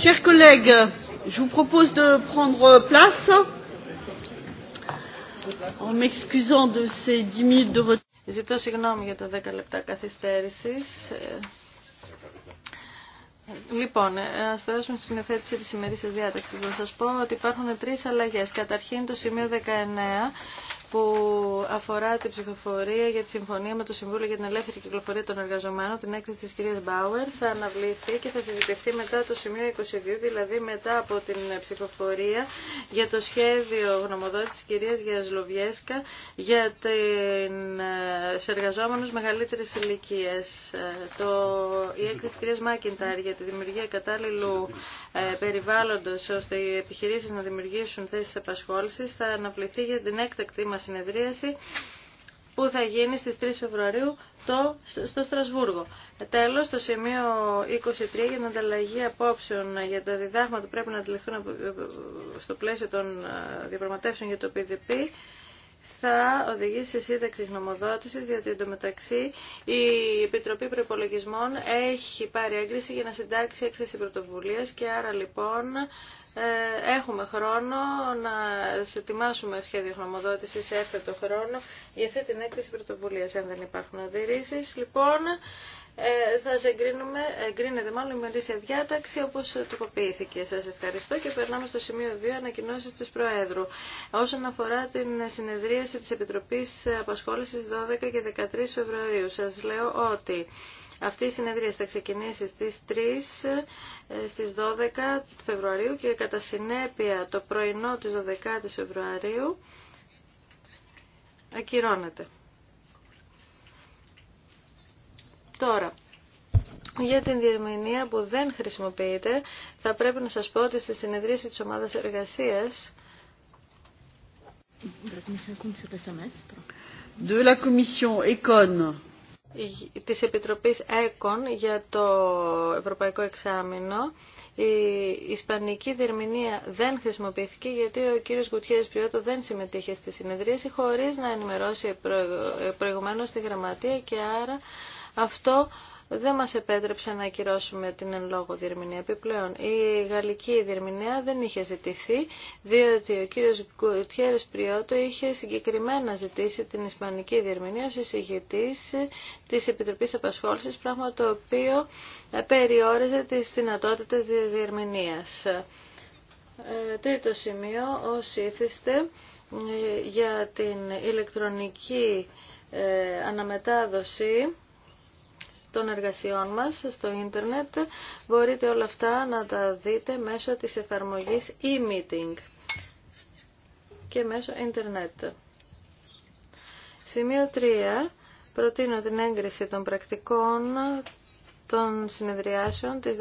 Chers collègues, je vous propose de prendre place en m'excusant de ces 10 minutes de retard. Ζητώ συγγνώμη για τα 10 λεπτά καθυστέρησης. Λοιπόν, α περάσουμε στη συνεθέτηση τη ημερήσια διάταξη. Να σα πω ότι υπάρχουν τρει αλλαγέ. Καταρχήν το σημείο 19 που αφορά την ψηφοφορία για τη συμφωνία με το Συμβούλιο για την Ελεύθερη Κυκλοφορία των Εργαζομένων, την έκθεση της κυρίας Μπάουερ, θα αναβληθεί και θα συζητηθεί μετά το σημείο 22, δηλαδή μετά από την ψηφοφορία για το σχέδιο γνωμοδότησης της κυρίας Γιασλοβιέσκα για τους ε, εργαζόμενους μεγαλύτερης ηλικίας. Ε, το, η έκθεση της κυρίας Μάκιντάρ για τη δημιουργία κατάλληλου ε, περιβάλλοντος ώστε οι επιχειρήσεις να δημιουργήσουν θέσεις απασχόλησης θα αναβληθεί για την έκτακτη μα συνεδρίαση που θα γίνει στις 3 Φεβρουαρίου το, στο Στρασβούργο. Τέλος, το σημείο 23 για την ανταλλαγή απόψεων για τα διδάγματα που πρέπει να αντιληφθούν στο πλαίσιο των ε, διαπραγματεύσεων για το PDP θα οδηγήσει σε σύνταξη γνωμοδότησης, διότι εντωμεταξύ η Επιτροπή Προπολογισμών έχει πάρει έγκριση για να συντάξει έκθεση πρωτοβουλίας και άρα λοιπόν ε, έχουμε χρόνο να ετοιμάσουμε σχέδιο χρονοδότηση σε έφετο χρόνο για αυτή την έκθεση πρωτοβουλία. Αν δεν υπάρχουν αντιρρήσει, λοιπόν, ε, θα σε εγκρίνουμε, εγκρίνεται μάλλον η μερίσια διάταξη όπω τοποποιήθηκε. Σα ευχαριστώ και περνάμε στο σημείο 2 ανακοινώσει τη Προέδρου. Όσον αφορά την συνεδρίαση τη Επιτροπή Απασχόληση 12 και 13 Φεβρουαρίου, σα λέω ότι αυτή η συνεδρία θα ξεκινήσει στις 3 ε, στις 12 Φεβρουαρίου και κατά συνέπεια το πρωινό της 12 Φεβρουαρίου ακυρώνεται. Τώρα, για την διερμηνία που δεν χρησιμοποιείται, θα πρέπει να σας πω ότι στη συνεδρία της ομάδας εργασίας de la commission ECON της Επιτροπής ΕΚΟΝ για το Ευρωπαϊκό Εξάμεινο. Η Ισπανική διερμηνία δεν χρησιμοποιήθηκε γιατί ο κύριος Γκουτιέρης Πιώτο δεν συμμετείχε στη συνεδρίαση χωρίς να ενημερώσει προηγουμένως τη γραμματεία και άρα αυτό δεν μας επέτρεψε να ακυρώσουμε την εν λόγω διερμηνία. Επιπλέον, η γαλλική διερμηνία δεν είχε ζητηθεί, διότι ο κύριος Γκουτιέρης Πριώτο είχε συγκεκριμένα ζητήσει την ισπανική διερμηνία ως εισηγητής της Επιτροπής Απασχόλησης, πράγμα το οποίο περιόριζε τις δυνατότητες διερμηνίας. Ε, τρίτο σημείο, ως ήθιστε, ε, για την ηλεκτρονική ε, αναμετάδοση των εργασιών μας στο ίντερνετ. Μπορείτε όλα αυτά να τα δείτε μέσω της εφαρμογής e-meeting και μέσω ίντερνετ. Σημείο 3. Προτείνω την έγκριση των πρακτικών των συνεδριάσεων της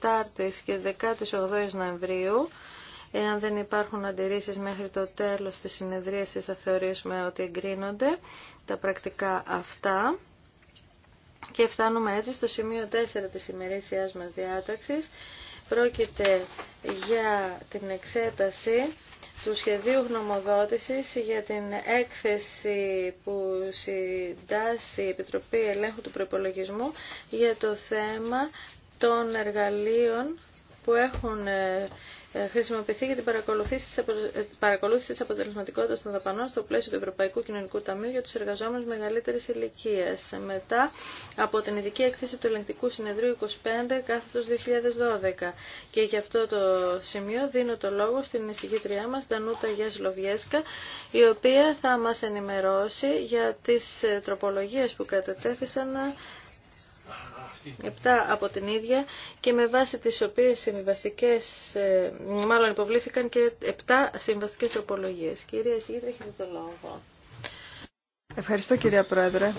14ης και 18ης Νοεμβρίου. Εάν δεν υπάρχουν αντιρρήσεις μέχρι το τέλος της συνεδρίασης θα θεωρήσουμε ότι εγκρίνονται τα πρακτικά αυτά. Και φτάνουμε έτσι στο σημείο 4 της ημερήσιάς μας διάταξης. Πρόκειται για την εξέταση του σχεδίου γνωμοδότησης για την έκθεση που συντάσσει η Επιτροπή Ελέγχου του Προπολογισμού για το θέμα των εργαλείων που έχουν ε, ε, χρησιμοποιηθεί για την παρακολούθηση ε, της αποτελεσματικότητας των δαπανών στο πλαίσιο του Ευρωπαϊκού Κοινωνικού Ταμείου για τους εργαζόμενους μεγαλύτερης ηλικίας. Μετά από την ειδική έκθεση του Ελεγκτικού Συνεδρίου 25 κάθετος 2012. Και γι' αυτό το σημείο δίνω το λόγο στην εισηγήτριά μας, Ντανούτα Γιασλοβιέσκα, η οποία θα μας ενημερώσει για τις ε, τροπολογίες που κατετέθησαν επτά από την ίδια και με βάση τις οποίες συμβιβαστικές, ε, μάλλον υποβλήθηκαν και επτά συμβαστικές τροπολογίες. Κυρία Ισηγήτρια, έχετε το λόγο. Ευχαριστώ κυρία Πρόεδρε,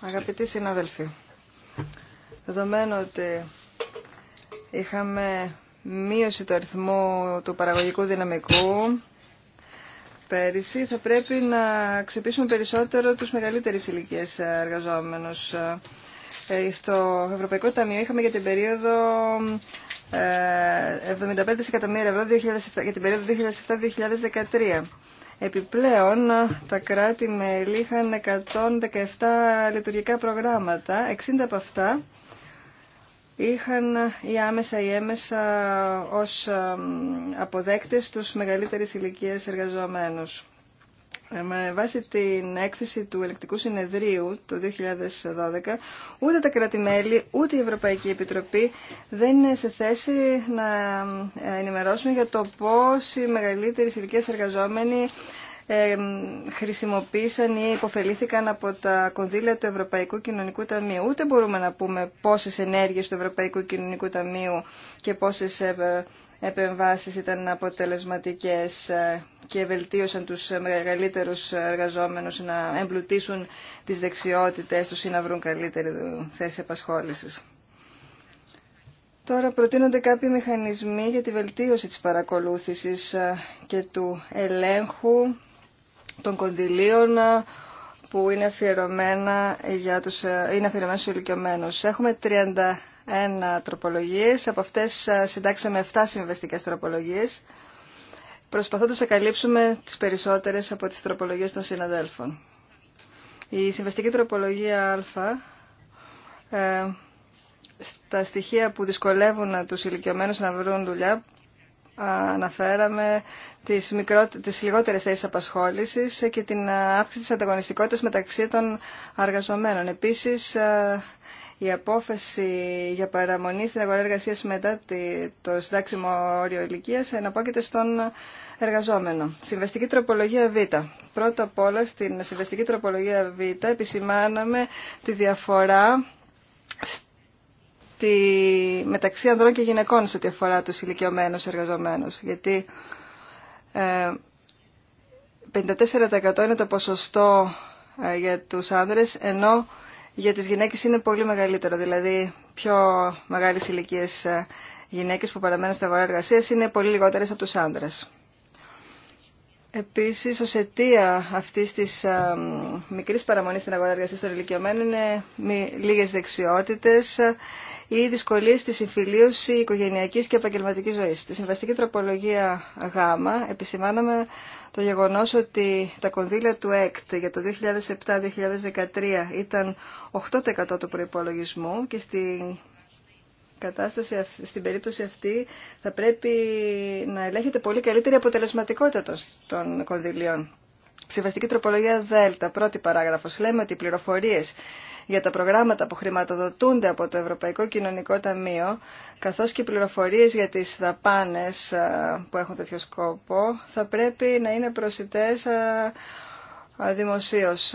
αγαπητοί συνάδελφοι. Δεδομένου ότι είχαμε μείωση του αριθμού του παραγωγικού δυναμικού πέρυσι, θα πρέπει να ξεπίσουμε περισσότερο τους μεγαλύτερες ηλικιές εργαζόμενους ε, στο Ευρωπαϊκό Ταμείο είχαμε για την περίοδο 75 ε, ευρώ 2007, για την περίοδο 2007-2013. Επιπλέον, τα κράτη-μέλη είχαν 117 λειτουργικά προγράμματα. 60 από αυτά είχαν ή άμεσα ή έμεσα ως ε, αποδέκτες τους μεγαλύτερης ηλικίας εργαζομένους. Ε, με βάση την έκθεση του Ελεκτικού Συνεδρίου το 2012, ούτε τα κράτη-μέλη, ούτε η Ευρωπαϊκή Επιτροπή δεν είναι σε θέση να ε, ενημερώσουν για το πώς οι μεγαλύτερες ηλικίες εργαζόμενοι ε, χρησιμοποίησαν ή υποφελήθηκαν από τα κονδύλια του Ευρωπαϊκού Κοινωνικού Ταμείου. Ούτε μπορούμε να πούμε πόσες ενέργειες του Ευρωπαϊκού Κοινωνικού Ταμείου και πόσες επεμβάσεις ήταν αποτελεσματικές ε, και βελτίωσαν τους μεγαλύτερους εργαζόμενους να εμπλουτίσουν τις δεξιότητες τους ή να βρουν καλύτερη θέση απασχόλησης. Τώρα προτείνονται κάποιοι μηχανισμοί για τη βελτίωση της παρακολούθησης ε, και του ελέγχου των κονδυλίων ε, που είναι αφιερωμένα για τους, είναι αφιερωμένα Έχουμε 1 τροπολογίες. Από αυτές ε, συντάξαμε 7 συμβαστικές τροπολογίες, προσπαθώντας να καλύψουμε τις περισσότερες από τις τροπολογίες των συναδέλφων. Η συμβεστική τροπολογία α, ε, στα στοιχεία που δυσκολεύουν τους ηλικιωμένους να βρουν δουλειά, αναφέραμε τις, μικρό, τις λιγότερες απασχόλησης και την ε, αύξηση της ανταγωνιστικότητας μεταξύ των εργαζομένων. Επίσης, η απόφαση για παραμονή στην αγορά εργασία μετά το συντάξιμο όριο ηλικία εναπόκειται στον εργαζόμενο. Συμβαστική τροπολογία Β. Πρώτα απ' όλα στην συμβαστική τροπολογία Β επισημάναμε τη διαφορά στη... μεταξύ ανδρών και γυναικών σε ό,τι αφορά του ηλικιωμένου εργαζομένους. Γιατί 54% ε, είναι το ποσοστό ε, για τους άνδρες, ενώ για τις γυναίκες είναι πολύ μεγαλύτερο. Δηλαδή, πιο μεγάλες ηλικίε ε, γυναίκες που παραμένουν στα αγορά εργασίας είναι πολύ λιγότερες από τους άντρες. Επίσης, ως αιτία αυτής της α, ε, μικρής παραμονής στην αγορά εργασίας των ηλικιωμένων είναι λίγες δεξιότητες ή δυσκολίε στη συμφιλίωση οικογενειακή και επαγγελματική ζωή. Στη συμβαστική τροπολογία Γ επισημάναμε το γεγονό ότι τα κονδύλια του ΕΚΤ για το 2007-2013 ήταν 8% του προπολογισμού και στην κατάσταση, στην περίπτωση αυτή θα πρέπει να ελέγχεται πολύ καλύτερη αποτελεσματικότητα των κονδυλίων. Συμβαστική τροπολογία Δέλτα, πρώτη παράγραφος, λέμε ότι οι πληροφορίες για τα προγράμματα που χρηματοδοτούνται από το Ευρωπαϊκό Κοινωνικό Ταμείο, καθώς και οι πληροφορίες για τις δαπάνες ε, που έχουν τέτοιο σκόπο, θα πρέπει να είναι προσιτές ε, ε, δημοσίως,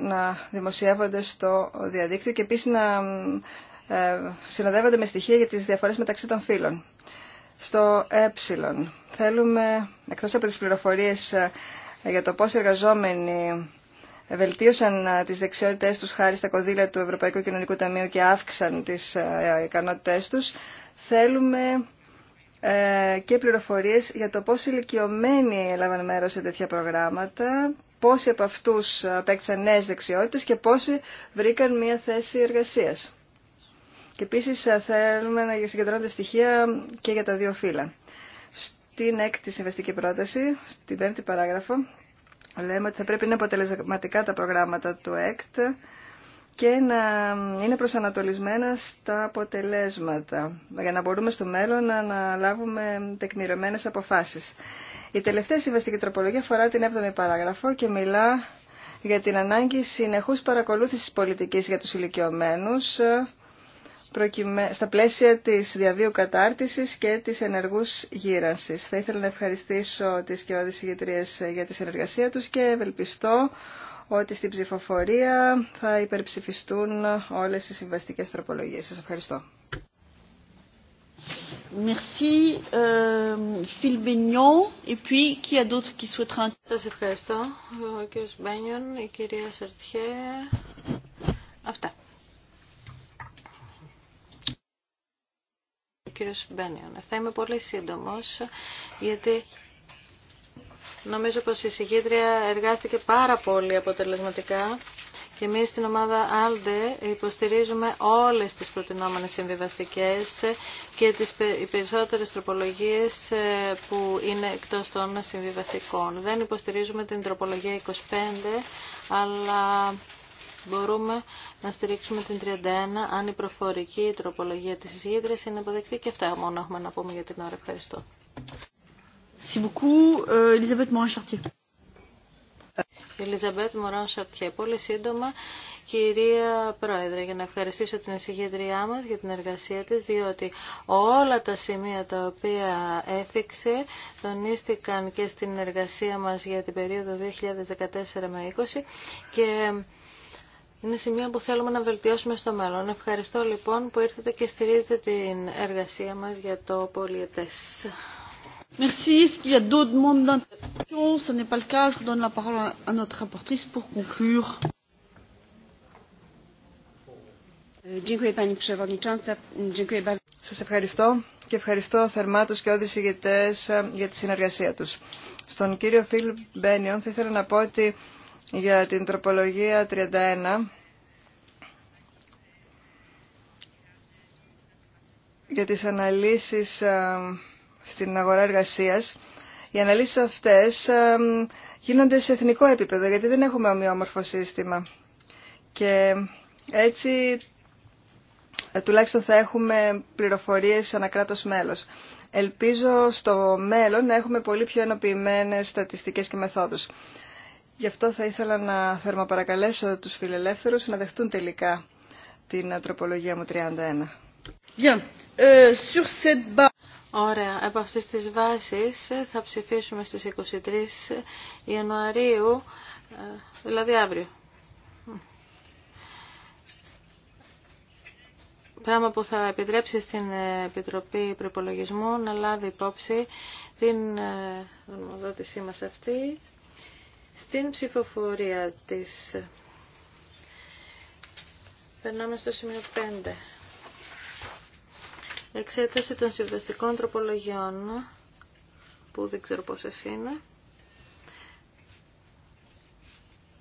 να δημοσιεύονται στο διαδίκτυο και επίσης να συνοδεύονται με στοιχεία για τις διαφορές μεταξύ των φύλων. Στο ε, θέλουμε, εκτός από τις πληροφορίες για το πώς οι εργαζόμενοι βελτίωσαν τις δεξιότητές τους χάρη στα κονδύλια του Ευρωπαϊκού Κοινωνικού Ταμείου και αύξησαν τις ικανότητές τους, θέλουμε ε, και πληροφορίες για το πώς ηλικιωμένοι έλαβαν μέρος σε τέτοια προγράμματα, πόσοι από αυτούς απέκτησαν νέες δεξιότητες και πόσοι βρήκαν μία θέση εργασίας. Και επίσης θέλουμε να συγκεντρώνονται στοιχεία και για τα δύο φύλλα. Στην έκτη συμβαστική πρόταση, στην πέμπτη παράγραφο, λέμε ότι θα πρέπει να είναι αποτελεσματικά τα προγράμματα του ΕΚΤ και να είναι προσανατολισμένα στα αποτελέσματα για να μπορούμε στο μέλλον να λάβουμε τεκμηρωμένες αποφάσεις. Η τελευταία συμβαστική τροπολογία αφορά την 7η παράγραφο και μιλά για την ανάγκη συνεχούς παρακολούθησης πολιτικής για τους ηλικιωμένους στα πλαίσια της διαβίου κατάρτισης και της ενεργούς γύρανσης. Θα ήθελα να ευχαριστήσω τις και ηγετρίες για τη συνεργασία τους και ευελπιστώ ότι στην ψηφοφορία θα υπερψηφιστούν όλες οι συμβαστικές τροπολογίες. Σας ευχαριστώ. Merci, euh, Phil Et puis, qui a qui Αυτά. κύριος Μπένιον. Θα είμαι πολύ σύντομος, γιατί νομίζω πως η συγκίτρια εργάστηκε πάρα πολύ αποτελεσματικά και εμείς στην ομάδα ALDE υποστηρίζουμε όλες τις προτινόμενες συμβιβαστικές και τις περισσότερες τροπολογίες ε, που είναι εκτός των συμβιβαστικών. Δεν υποστηρίζουμε την τροπολογία 25, αλλά Μπορούμε να στηρίξουμε την 31 αν η προφορική η τροπολογία της εισηγήτρες είναι αποδεκτή και αυτά μόνο έχουμε να πούμε για την ώρα. Ευχαριστώ. Ελιζαμπέτ Μωράν Σαρτιέ, πολύ σύντομα Κυρία Πρόεδρε, για να ευχαριστήσω την εισηγήτριά μα για την εργασία τη, διότι όλα τα σημεία τα οποία έθιξε τονίστηκαν και στην εργασία μα για την περίοδο 2014 με 2020 και είναι σημεία που θέλουμε να βελτιώσουμε στο μέλλον. Ευχαριστώ λοιπόν που ήρθατε και στηρίζετε την εργασία μας για το πολιετές. Merci. est a Ce n'est pas le cas. Je donne la parole à notre pour conclure. Σας ευχαριστώ και ευχαριστώ θερμά τους και όλους ε, για τη συνεργασία τους. Στον κύριο Φιλ Μπένιον θα ήθελα να πω ότι για την τροπολογία 31 για τις αναλύσεις ε, στην αγορά εργασίας. Οι αναλύσεις αυτές ε, γίνονται σε εθνικό επίπεδο γιατί δεν έχουμε ομοιόμορφο σύστημα. Και έτσι ε, τουλάχιστον θα έχουμε πληροφορίες ανακράτος μέλος. Ελπίζω στο μέλλον να έχουμε πολύ πιο ενοποιημένες στατιστικές και μεθόδους. Γι' αυτό θα ήθελα να θερμαπαρακαλέσω τους φιλελεύθερους να δεχτούν τελικά την τροπολογία μου 31. Bien. Euh, sur cette Ωραία. Από αυτές τις βάσεις θα ψηφίσουμε στις 23 Ιανουαρίου, ε, δηλαδή αύριο. Πράγμα που θα επιτρέψει στην Επιτροπή Προπολογισμού να λάβει υπόψη την ε, νομοδότησή μας αυτή στην ψηφοφορία της περνάμε στο σημείο 5. Εξέταση των συμβαστικών τροπολογιών που δεν ξέρω πόσες είναι.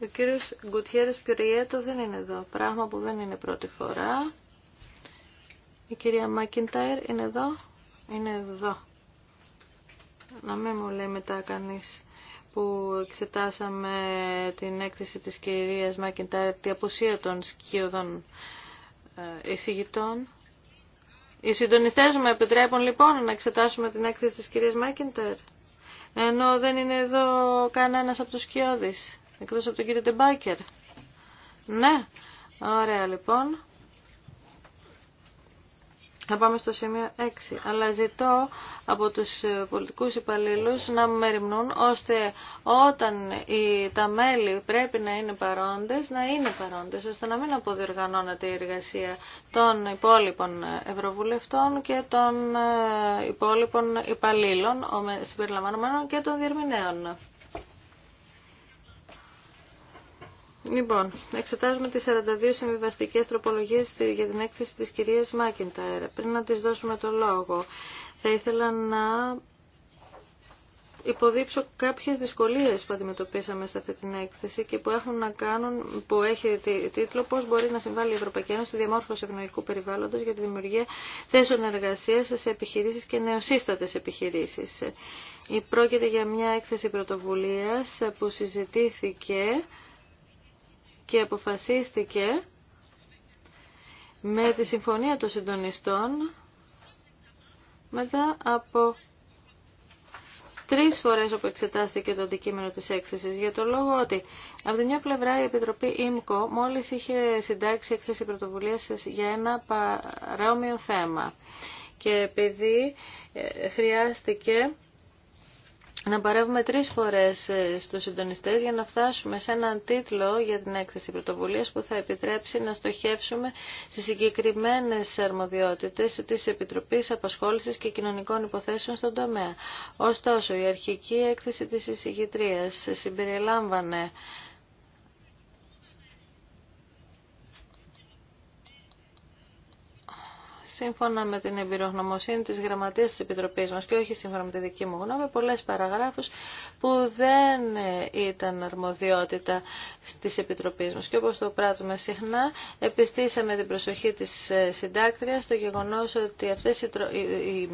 Ο κύριος Γκουτιέρης Πιουριέτο δεν είναι εδώ, πράγμα που δεν είναι πρώτη φορά. Η κυρία Μάκιντάιρ είναι εδώ, είναι εδώ. Να μην μου λέει μετά κανείς που εξετάσαμε την έκθεση της κυρίας Μακιντάρ, τη απουσία των σκιωδών ε, εισηγητών. Οι συντονιστές μου επιτρέπουν λοιπόν να εξετάσουμε την έκθεση της κυρίας Μάκιντάρ, ενώ δεν είναι εδώ κανένας από τους σκιώδεις, εκτός από τον κύριο Τεμπάκερ. Ναι, ωραία λοιπόν. Να πάμε στο σημείο 6. Αλλά ζητώ από τους ε, πολιτικούς υπαλλήλους να μεριμνούν ώστε όταν οι, τα μέλη πρέπει να είναι παρόντες, να είναι παρόντες, ώστε να μην αποδιοργανώνεται η εργασία των υπόλοιπων ευρωβουλευτών και των ε, υπόλοιπων υπαλλήλων, συμπεριλαμβανομένων και των διερμηνέων. Λοιπόν, εξετάζουμε τις 42 συμβιβαστικές τροπολογίες για την έκθεση της κυρίας Μάκινταερα. Πριν να της δώσουμε το λόγο, θα ήθελα να υποδείξω κάποιες δυσκολίες που αντιμετωπίσαμε σε αυτή την έκθεση και που έχουν να κάνουν, που έχει τίτλο πώς μπορεί να συμβάλλει η Ευρωπαϊκή Ένωση στη διαμόρφωση ευνοϊκού περιβάλλοντος για τη δημιουργία θέσεων εργασίας σε επιχειρήσεις και νεοσύστατες επιχειρήσεις. Πρόκειται για μια έκθεση πρωτοβουλίας που συζητήθηκε και αποφασίστηκε με τη συμφωνία των συντονιστών μετά από τρεις φορές όπου εξετάστηκε το αντικείμενο της έκθεσης, για το λόγο ότι από τη μια πλευρά η Επιτροπή ΙΜΚΟ μόλις είχε συντάξει έκθεση πρωτοβουλίας για ένα παρόμοιο θέμα και επειδή ε, χρειάστηκε να παρεύουμε τρεις φορές ε, στους συντονιστές για να φτάσουμε σε έναν τίτλο για την έκθεση πρωτοβουλίας που θα επιτρέψει να στοχεύσουμε στις συγκεκριμένες αρμοδιότητες της Επιτροπής Απασχόλησης και Κοινωνικών Υποθέσεων στον τομέα. Ωστόσο, η αρχική έκθεση της εισηγητρίας συμπεριλάμβανε σύμφωνα με την εμπειρογνωμοσύνη της γραμματείας της Επιτροπής μας και όχι σύμφωνα με τη δική μου γνώμη, πολλές παραγράφους που δεν ήταν αρμοδιότητα της Επιτροπής μας. Και όπως το πράττουμε συχνά, επιστήσαμε την προσοχή της ε, συντάκτριας στο γεγονός ότι αυτές οι,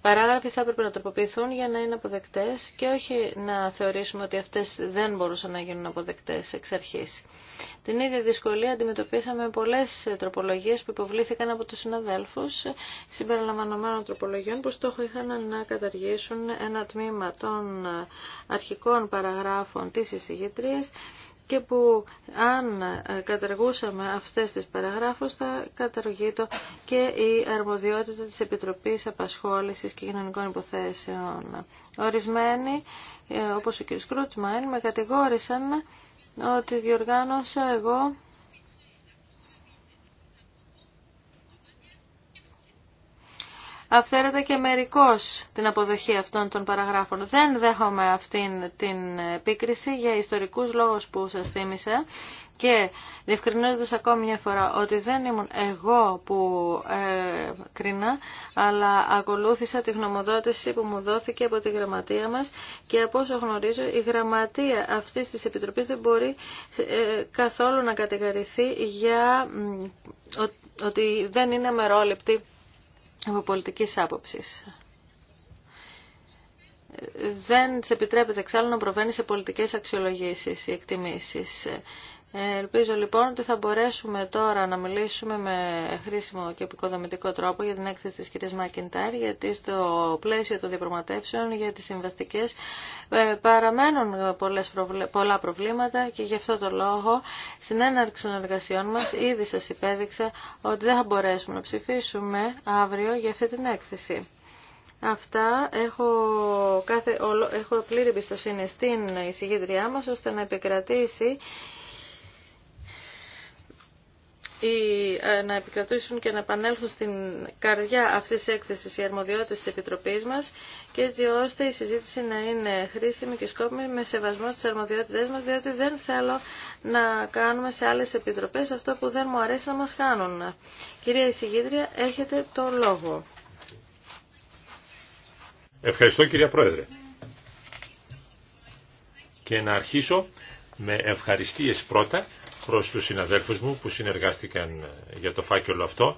παράγραφοι θα έπρεπε να τροποποιηθούν για να είναι αποδεκτές και όχι να θεωρήσουμε ότι αυτές δεν μπορούσαν να γίνουν αποδεκτές εξ αρχής. Την ίδια δυσκολία αντιμετωπίσαμε πολλές τροπολογίες που υποβλήθηκαν από τους συναδέλφους συμπεριλαμβανομένων τροπολογιών που στόχο είχαν να καταργήσουν ένα τμήμα των αρχικών παραγράφων της εισηγήτριας και που αν καταργούσαμε αυτές τις παραγράφους θα καταργείτο και η αρμοδιότητα της Επιτροπής Απασχόλησης και Κοινωνικών Υποθέσεων. Ορισμένοι, όπως ο κ. Κρούτσμαν, με κατηγόρησαν ότι διοργάνωσα εγώ αυθαίρετα και μερικώς την αποδοχή αυτών των παραγράφων. Δεν δέχομαι αυτήν την επίκριση για ιστορικούς λόγους που σας θύμισα και διευκρινίζοντας ακόμη μια φορά ότι δεν ήμουν εγώ που ε, κρίνα, αλλά ακολούθησα τη γνωμοδότηση που μου δόθηκε από τη γραμματεία μας και από όσο γνωρίζω η γραμματεία αυτής της Επιτροπής δεν μπορεί ε, καθόλου να κατηγορηθεί για ότι δεν είναι μερόληπτη από πολιτικής άποψης. Δεν σε επιτρέπεται εξάλλου να προβαίνει σε πολιτικές αξιολογήσεις ή εκτιμήσεις. Ελπίζω λοιπόν ότι θα μπορέσουμε τώρα να μιλήσουμε με χρήσιμο και επικοδομητικό τρόπο για την έκθεση της κυρίας Μακιντάρ, γιατί στο πλαίσιο των διαπραγματεύσεων για τις συμβαστικέ ε, παραμένουν πολλά προβλήματα και γι' αυτό το λόγο στην έναρξη των εργασιών μας ήδη σας υπέδειξα ότι δεν θα μπορέσουμε να ψηφίσουμε αύριο για αυτή την έκθεση. Αυτά έχω, κάθε, έχω πλήρη εμπιστοσύνη στην εισηγήτριά μας ώστε να επικρατήσει ε, να επικρατήσουν και να επανέλθουν στην καρδιά αυτής της έκθεσης οι αρμοδιότητες της Επιτροπής μας και έτσι ώστε η συζήτηση να είναι χρήσιμη και σκόπιμη με σεβασμό στις αρμοδιότητες μας διότι δεν θέλω να κάνουμε σε άλλες επιτροπές αυτό που δεν μου αρέσει να μας χάνουν. Κυρία Εισηγήτρια, έχετε το λόγο. Ευχαριστώ κυρία Πρόεδρε. Και να αρχίσω με ευχαριστίες πρώτα προς τους συναδέλφους μου που συνεργάστηκαν ε, για το φάκελο αυτό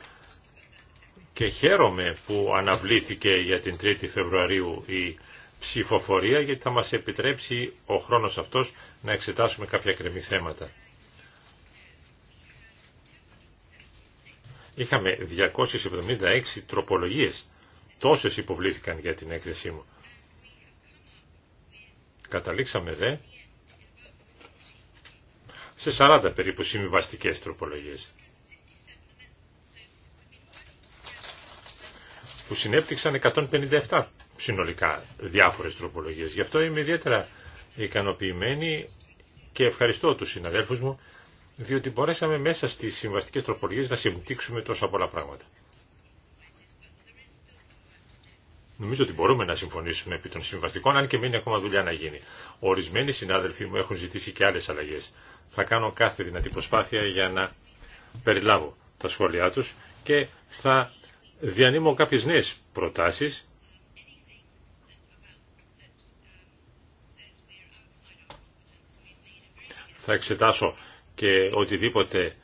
και χαίρομαι που αναβλήθηκε για την 3η Φεβρουαρίου η ψηφοφορία γιατί θα μας επιτρέψει ο χρόνος αυτός να εξετάσουμε κάποια κρεμή θέματα. Είχαμε 276 τροπολογίες, τόσες υποβλήθηκαν για την έκθεσή μου. Καταλήξαμε δε σε 40 περίπου συμβιβαστικές τροπολογίες που συνέπτυξαν 157 συνολικά διάφορες τροπολογίες. Γι' αυτό είμαι ιδιαίτερα ικανοποιημένη και ευχαριστώ τους συναδέλφους μου διότι μπορέσαμε μέσα στις συμβαστικές τροπολογίες να συμπτύξουμε τόσα πολλά πράγματα. Νομίζω ότι μπορούμε να συμφωνήσουμε επί των συμβαστικών, αν και μείνει ακόμα δουλειά να γίνει. Ορισμένοι συνάδελφοί μου έχουν ζητήσει και άλλες αλλαγές θα κάνω κάθε δυνατή προσπάθεια για να περιλάβω τα σχόλιά τους και θα διανύμω κάποιες νέες προτάσεις θα εξετάσω και οτιδήποτε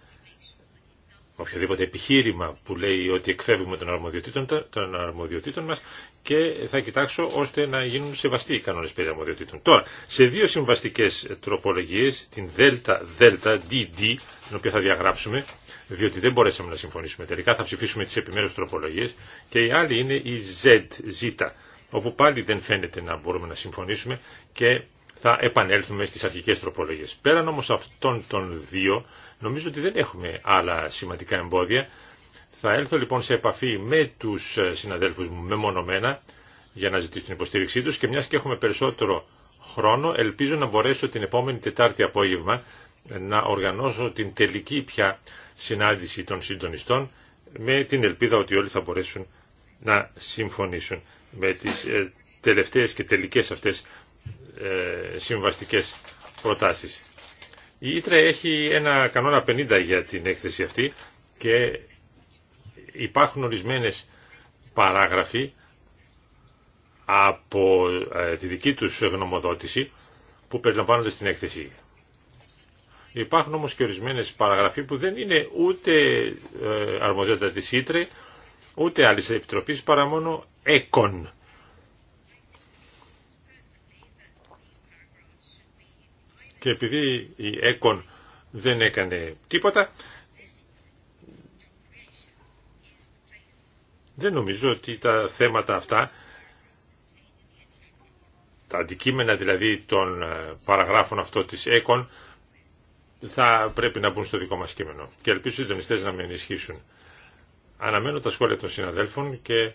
οποιοδήποτε επιχείρημα που λέει ότι εκφεύγουμε των αρμοδιοτήτων, των αρμοδιοτήτων μας και θα κοιτάξω ώστε να γίνουν σεβαστοί οι κανόνες περί αρμοδιοτήτων. Τώρα, σε δύο συμβαστικές τροπολογίες, την ΔΕΛΤΑ, ΔΕΛΤΑ, DD, την οποία θα διαγράψουμε, διότι δεν μπορέσαμε να συμφωνήσουμε. Τελικά θα ψηφίσουμε τις επιμέρους τροπολογίες και η άλλη είναι η Z, όπου πάλι δεν φαίνεται να μπορούμε να συμφωνήσουμε και θα επανέλθουμε στις αρχικές τροπολογίες. Πέραν όμως αυτών των δύο, νομίζω ότι δεν έχουμε άλλα σημαντικά εμπόδια. Θα έλθω λοιπόν σε επαφή με τους συναδέλφους μου μεμονωμένα για να ζητήσω την υποστήριξή τους και μιας και έχουμε περισσότερο χρόνο, ελπίζω να μπορέσω την επόμενη Τετάρτη απόγευμα να οργανώσω την τελική πια συνάντηση των συντονιστών με την ελπίδα ότι όλοι θα μπορέσουν να συμφωνήσουν με τις ε, τελευταίες και τελικές αυτές ε, συμβαστικές προτάσεις. Η Ήτρε έχει ένα κανόνα 50 για την έκθεση αυτή και υπάρχουν ορισμένες παράγραφοι από ε, τη δική τους γνωμοδότηση που περιλαμβάνονται στην έκθεση. Υπάρχουν όμως και ορισμένες παραγραφοί που δεν είναι ούτε ε, αρμοδιότητα της Ήτρε ούτε άλλης επιτροπής παρά μόνο έκον. και επειδή η ΕΚΟΝ δεν έκανε τίποτα, δεν νομίζω ότι τα θέματα αυτά, τα αντικείμενα δηλαδή των ε, παραγράφων αυτό της ΕΚΟΝ, θα πρέπει να μπουν στο δικό μας κείμενο. Και ελπίζω οι συντονιστές να με ενισχύσουν. Αναμένω τα σχόλια των συναδέλφων και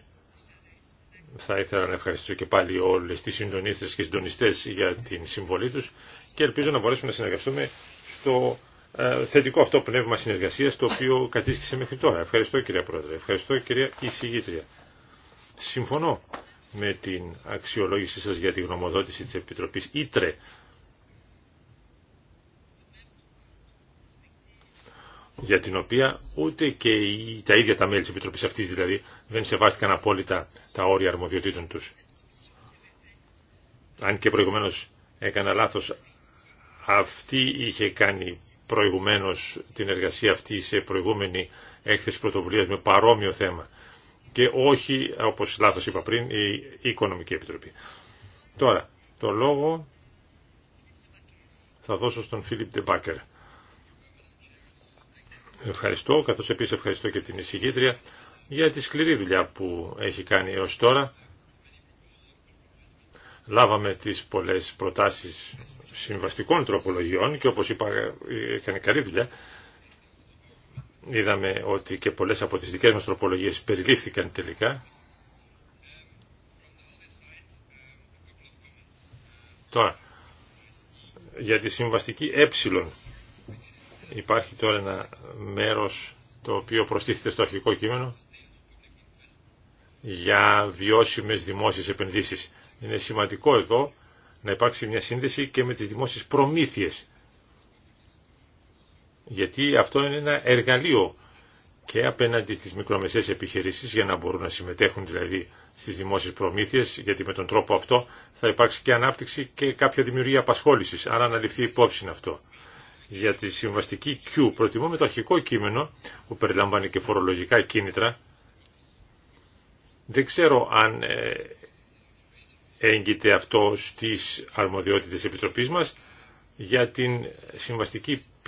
θα ήθελα να ευχαριστήσω και πάλι όλες τις συντονίστες και συντονιστές για την συμβολή τους και ελπίζω να μπορέσουμε να συνεργαστούμε στο ε, θετικό αυτό πνεύμα συνεργασίας το οποίο κατήσχησε μέχρι τώρα. Ευχαριστώ κυρία Πρόεδρε, ευχαριστώ κυρία Ισηγήτρια. Συμφωνώ με την αξιολόγησή σας για τη γνωμοδότηση της Επιτροπής Ήτρε. για την οποία ούτε και τα ίδια τα μέλη της Επιτροπής αυτής δηλαδή δεν σεβάστηκαν απόλυτα τα όρια αρμοδιοτήτων τους. Αν και προηγουμένως έκανα λάθος αυτή είχε κάνει προηγουμένως την εργασία αυτή σε προηγούμενη έκθεση πρωτοβουλίας με παρόμοιο θέμα και όχι, όπως λάθος είπα πριν, η Οικονομική Επιτροπή. Τώρα, το λόγο θα δώσω στον Φίλιπ Ντεμπάκερ. Ευχαριστώ, καθώς επίσης ευχαριστώ και την εισηγήτρια για τη σκληρή δουλειά που έχει κάνει έως τώρα λάβαμε τις πολλές προτάσεις συμβαστικών τροπολογιών και όπως είπα έκανε καλή δουλειά. Είδαμε ότι και πολλές από τις δικές μας τροπολογίες περιλήφθηκαν τελικά. Τώρα, για τη συμβαστική ε υπάρχει τώρα ένα μέρος το οποίο προστίθεται στο αρχικό κείμενο για βιώσιμες δημόσιες επενδύσεις. Είναι σημαντικό εδώ να υπάρξει μια σύνδεση και με τις δημόσιες προμήθειες. Γιατί αυτό είναι ένα εργαλείο και απέναντι στις μικρομεσαίες επιχειρήσεις για να μπορούν να συμμετέχουν δηλαδή στις δημόσιες προμήθειες γιατί με τον τρόπο αυτό θα υπάρξει και ανάπτυξη και κάποια δημιουργία απασχόλησης αν ληφθεί υπόψη αυτό. Για τη συμβαστική Q με το αρχικό κείμενο που περιλαμβάνει και φορολογικά κίνητρα. Δεν ξέρω αν ε, έγκυται αυτό στις αρμοδιότητες επιτροπής μας για την συμβαστική π.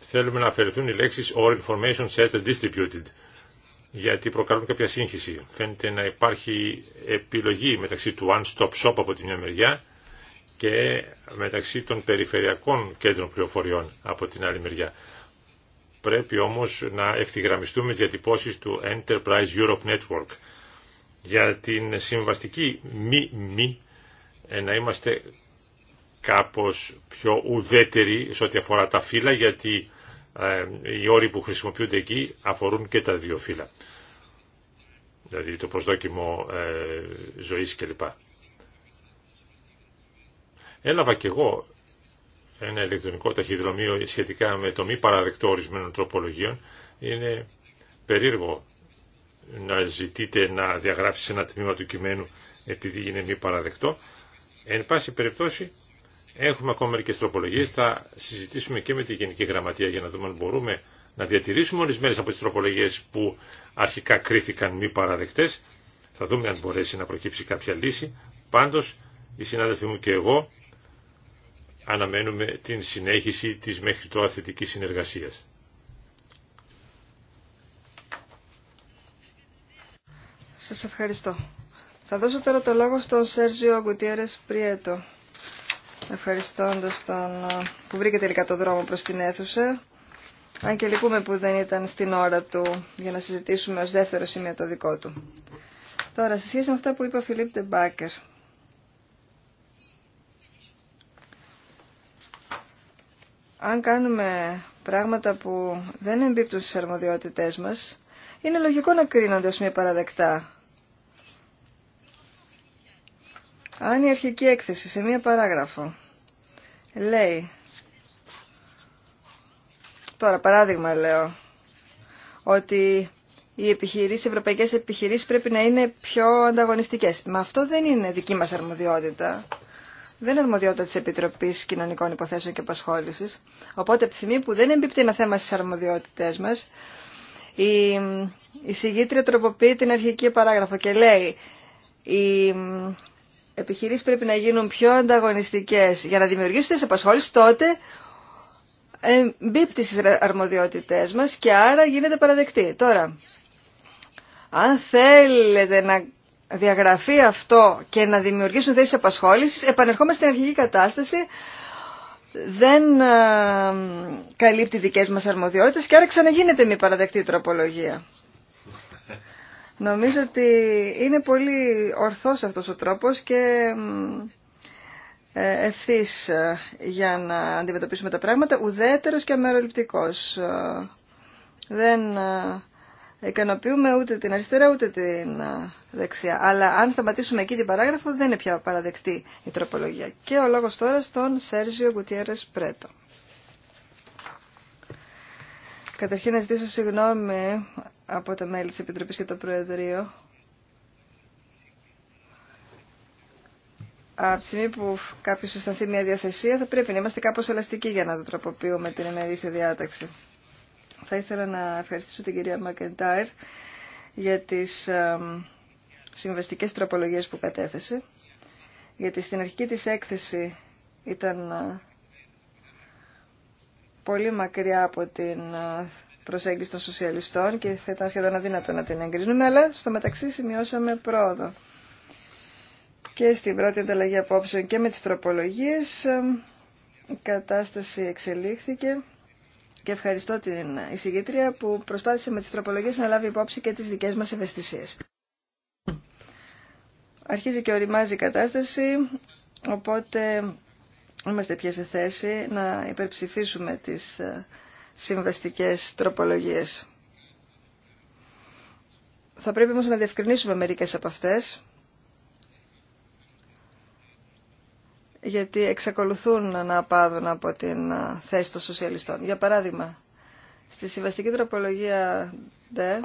θέλουμε να αφαιρεθούν οι λέξεις or information set distributed γιατί προκαλούν κάποια σύγχυση. Φαίνεται να υπάρχει επιλογή μεταξύ του one-stop shop από τη μια μεριά και μεταξύ των περιφερειακών κέντρων πληροφοριών από την άλλη μεριά. Πρέπει όμως να ευθυγραμμιστούμε τις διατυπώσεις του Enterprise Europe Network για την συμβαστική μη μη ε, να είμαστε κάπως πιο ουδέτεροι σε ό,τι αφορά τα φύλλα γιατί ε, οι όροι που χρησιμοποιούνται εκεί αφορούν και τα δύο φύλλα. Δηλαδή το προσδόκιμο ε, ζωής κλπ. Έλαβα κι εγώ ένα ηλεκτρονικό ταχυδρομείο σχετικά με το μη παραδεκτό ορισμένων τροπολογίων. Είναι περίεργο να ζητείτε να διαγράψει ένα τμήμα του κειμένου επειδή είναι μη παραδεκτό. Εν πάση περιπτώσει έχουμε ακόμα μερικές τροπολογίε, Θα συζητήσουμε και με τη Γενική Γραμματεία για να δούμε αν μπορούμε να διατηρήσουμε ορισμένε από τι τροπολογίε που αρχικά κρίθηκαν μη παραδεκτές. Θα δούμε αν μπορέσει να προκύψει κάποια λύση. πάντω, οι συνάδελφοί μου και εγώ αναμένουμε την συνέχιση της μέχρι τώρα θετικής συνεργασίας. Σας ευχαριστώ. Θα δώσω τώρα το λόγο στον Σέρζιο Αγκουτιέρες Πριέτο. Ευχαριστώντας τον ε, που βρήκε τελικά το δρόμο προς την αίθουσα. Αν και λυπούμε που δεν ήταν στην ώρα του για να συζητήσουμε ως δεύτερο σημείο το δικό του. Τώρα, σε σχέση με αυτά που είπε ο Φιλίπ Τεμπάκερ. Αν κάνουμε πράγματα που δεν εμπίπτουν στις αρμοδιότητές μας, είναι λογικό να κρίνονται ως μια παραδεκτά Αν η αρχική έκθεση σε μία παράγραφο λέει, τώρα παράδειγμα λέω, ότι οι επιχειρήσεις, οι ευρωπαϊκές επιχειρήσεις πρέπει να είναι πιο ανταγωνιστικές. Μα αυτό δεν είναι δική μας αρμοδιότητα. Δεν είναι αρμοδιότητα της Επιτροπής Κοινωνικών Υποθέσεων και Απασχόλησης. Οπότε από τη στιγμή που δεν εμπίπτει ένα θέμα στις αρμοδιότητες μας, η, η συγγήτρια τροποποιεί την αρχική παράγραφο και λέει η επιχειρήσεις πρέπει να γίνουν πιο ανταγωνιστικές για να δημιουργήσουν τις απασχόλησης, τότε μπίπτει στις αρμοδιότητές μας και άρα γίνεται παραδεκτή. Τώρα, αν θέλετε να διαγραφεί αυτό και να δημιουργήσουν θέσεις απασχόλησης, επανερχόμαστε στην αρχική κατάσταση, δεν ε, καλύπτει δικές μας αρμοδιότητες και άρα ξαναγίνεται μη παραδεκτή τροπολογία. Νομίζω ότι είναι πολύ ορθός αυτός ο τρόπος και ε, ευθύς ε, για να αντιμετωπίσουμε τα πράγματα, ουδέτερος και αμεροληπτικός. Ε, δεν ικανοποιούμε ούτε την αριστερά ούτε την δεξιά. Αλλά αν σταματήσουμε εκεί την παράγραφο δεν είναι πια παραδεκτή η τροπολογία. Και ο λόγος τώρα στον Σέρζιο Γκουτιέρες Πρέτο. Καταρχήν να ζητήσω συγγνώμη από τα μέλη της Επιτροπής και το Προεδρείο. Από τη στιγμή που κάποιος αισθανθεί μια διαθεσία θα πρέπει να είμαστε κάπως ελαστικοί για να το τροποποιούμε την ημερήσια διάταξη. Θα ήθελα να ευχαριστήσω την κυρία Μακεντάιρ για τις συμβαστικές τροπολογίες που κατέθεσε. Γιατί στην αρχική της έκθεση ήταν ε, πολύ μακριά από την ε, προσέγγιση των σοσιαλιστών και θα ήταν σχεδόν αδύνατο να την εγκρίνουμε, αλλά στο μεταξύ σημειώσαμε πρόοδο. Και στην πρώτη ανταλλαγή απόψεων και με τις τροπολογίες η κατάσταση εξελίχθηκε και ευχαριστώ την εισηγήτρια που προσπάθησε με τις τροπολογίες να λάβει υπόψη και τις δικές μας ευαισθησίες. Αρχίζει και οριμάζει η κατάσταση, οπότε είμαστε πια σε θέση να υπερψηφίσουμε τις ε, συμβαστικές τροπολογίες. Θα πρέπει όμως να διευκρινίσουμε μερικές από αυτές, γιατί εξακολουθούν να απάδουν από την ε, θέση των σοσιαλιστών. Για παράδειγμα, στη συμβαστική τροπολογία D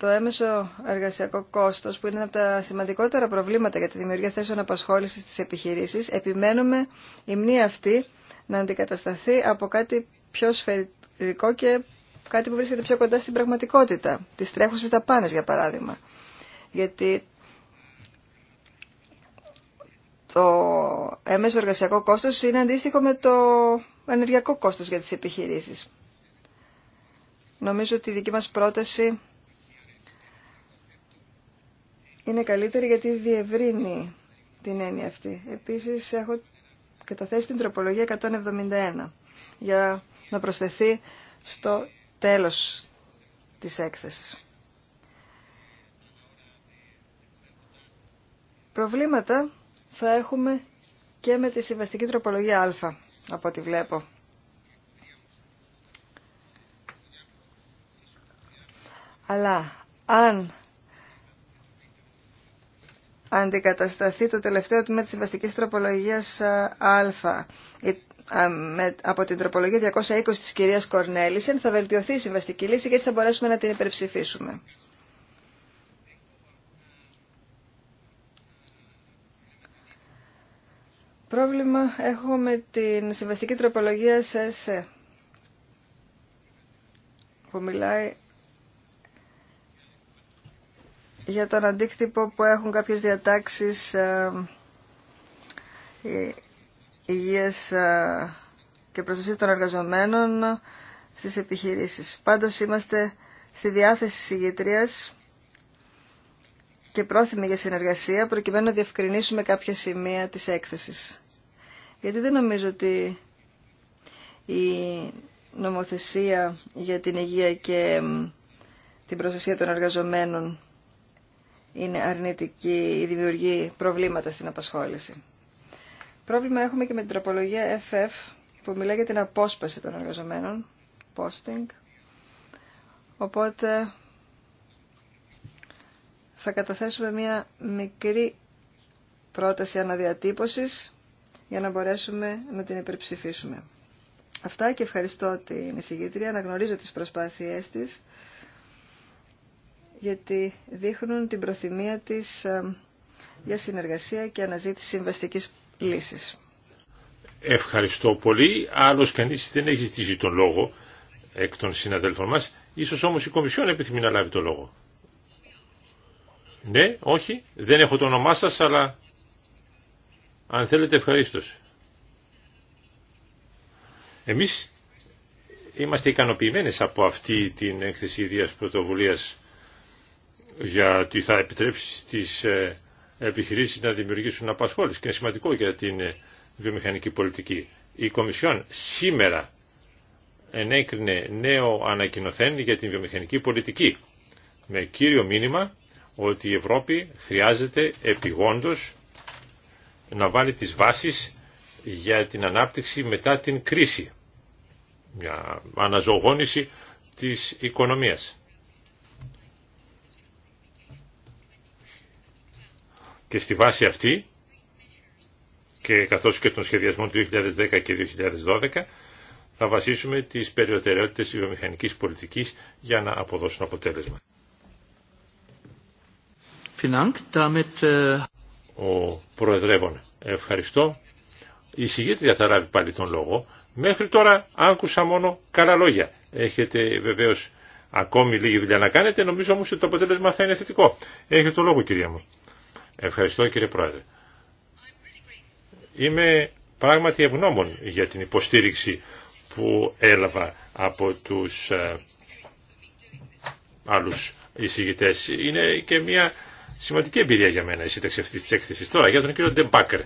το έμεσο εργασιακό κόστος, που είναι ένα από τα σημαντικότερα προβλήματα για τη δημιουργία θέσεων απασχόλησης στις επιχειρήσεις, επιμένουμε η μνή αυτή να αντικατασταθεί από κάτι πιο σφαιρικό και κάτι που βρίσκεται πιο κοντά στην πραγματικότητα, τις τρέχουσες πάνες, για παράδειγμα. Γιατί το έμεσο εργασιακό κόστος είναι αντίστοιχο με το ενεργειακό κόστος για τις επιχειρήσεις. Νομίζω ότι η δική μας πρόταση είναι καλύτερη γιατί διευρύνει την έννοια αυτή. Επίσης έχω καταθέσει την τροπολογία 171 για να προσθεθεί στο τέλος της έκθεσης. Προβλήματα θα έχουμε και με τη συμβαστική τροπολογία α, από ό,τι βλέπω. Αλλά αν αντικατασταθεί το τελευταίο τμήμα της συμβαστικής τροπολογίας ε, Α. Ε, από την τροπολογία 220 της κυρίας Κορνέλησεν θα βελτιωθεί η συμβαστική λύση και έτσι θα μπορέσουμε να την υπερψηφίσουμε. Πρόβλημα έχω με την συμβαστική τροπολογία ΣΕΣΕ που μιλάει για τον αντίκτυπο που έχουν κάποιες διατάξεις ε, ε, υγείας ε, και προστασίας των εργαζομένων στις επιχειρήσεις. Πάντως είμαστε στη διάθεση της και πρόθυμοι για συνεργασία προκειμένου να διευκρινίσουμε κάποια σημεία της έκθεσης. Γιατί δεν νομίζω ότι η νομοθεσία για την υγεία και την προστασία των εργαζομένων είναι αρνητική ή δημιουργεί προβλήματα στην απασχόληση. Πρόβλημα έχουμε και με την τροπολογία FF που μιλάει για την απόσπαση των εργαζομένων, posting. Οπότε θα καταθέσουμε μία μικρή πρόταση αναδιατύπωσης για να μπορέσουμε να την υπερψηφίσουμε. Αυτά και ευχαριστώ την εισηγήτρια, αναγνωρίζω τις προσπάθειές της γιατί δείχνουν την προθυμία της ε, για συνεργασία και αναζήτηση συμβαστικής λύσης. Ευχαριστώ πολύ. Άλλος κανείς δεν έχει ζητήσει τον λόγο εκ των συναδέλφων μας. Ίσως όμως η Κομισιόν επιθυμεί να λάβει τον λόγο. Ναι, όχι, δεν έχω το όνομά σας, αλλά αν θέλετε ευχαρίστως. Εμείς είμαστε ικανοποιημένες από αυτή την έκθεση ιδίας πρωτοβουλίας γιατί θα επιτρέψει στις ε, επιχειρήσεις να δημιουργήσουν απασχόληση και είναι σημαντικό για την ε, βιομηχανική πολιτική. Η Κομισιόν σήμερα ενέκρινε νέο ανακοινοθέν για την βιομηχανική πολιτική με κύριο μήνυμα ότι η Ευρώπη χρειάζεται επιγόντως να βάλει τις βάσεις για την ανάπτυξη μετά την κρίση, μια αναζωογόνηση της οικονομίας. Και στη βάση αυτή, και καθώς και των σχεδιασμών του 2010 και 2012, θα βασίσουμε τις περιοτεραιότητες της βιομηχανικής πολιτικής για να αποδώσουν αποτέλεσμα. Äh, Ο Προεδρεύων, ευχαριστώ. Η συγγήτρια θα πάλι τον λόγο. Μέχρι τώρα άκουσα μόνο καλά λόγια. Έχετε βεβαίως ακόμη λίγη δουλειά να κάνετε, νομίζω όμως ότι το αποτέλεσμα θα είναι θετικό. Έχετε το λόγο κυρία μου. Ευχαριστώ κύριε Πρόεδρε. Είμαι πράγματι ευγνώμων για την υποστήριξη που έλαβα από τους ε, άλλους εισηγητές. Είναι και μια σημαντική εμπειρία για μένα η σύνταξη αυτή τη έκθεση. Τώρα για τον κύριο Ντεμπάκερ.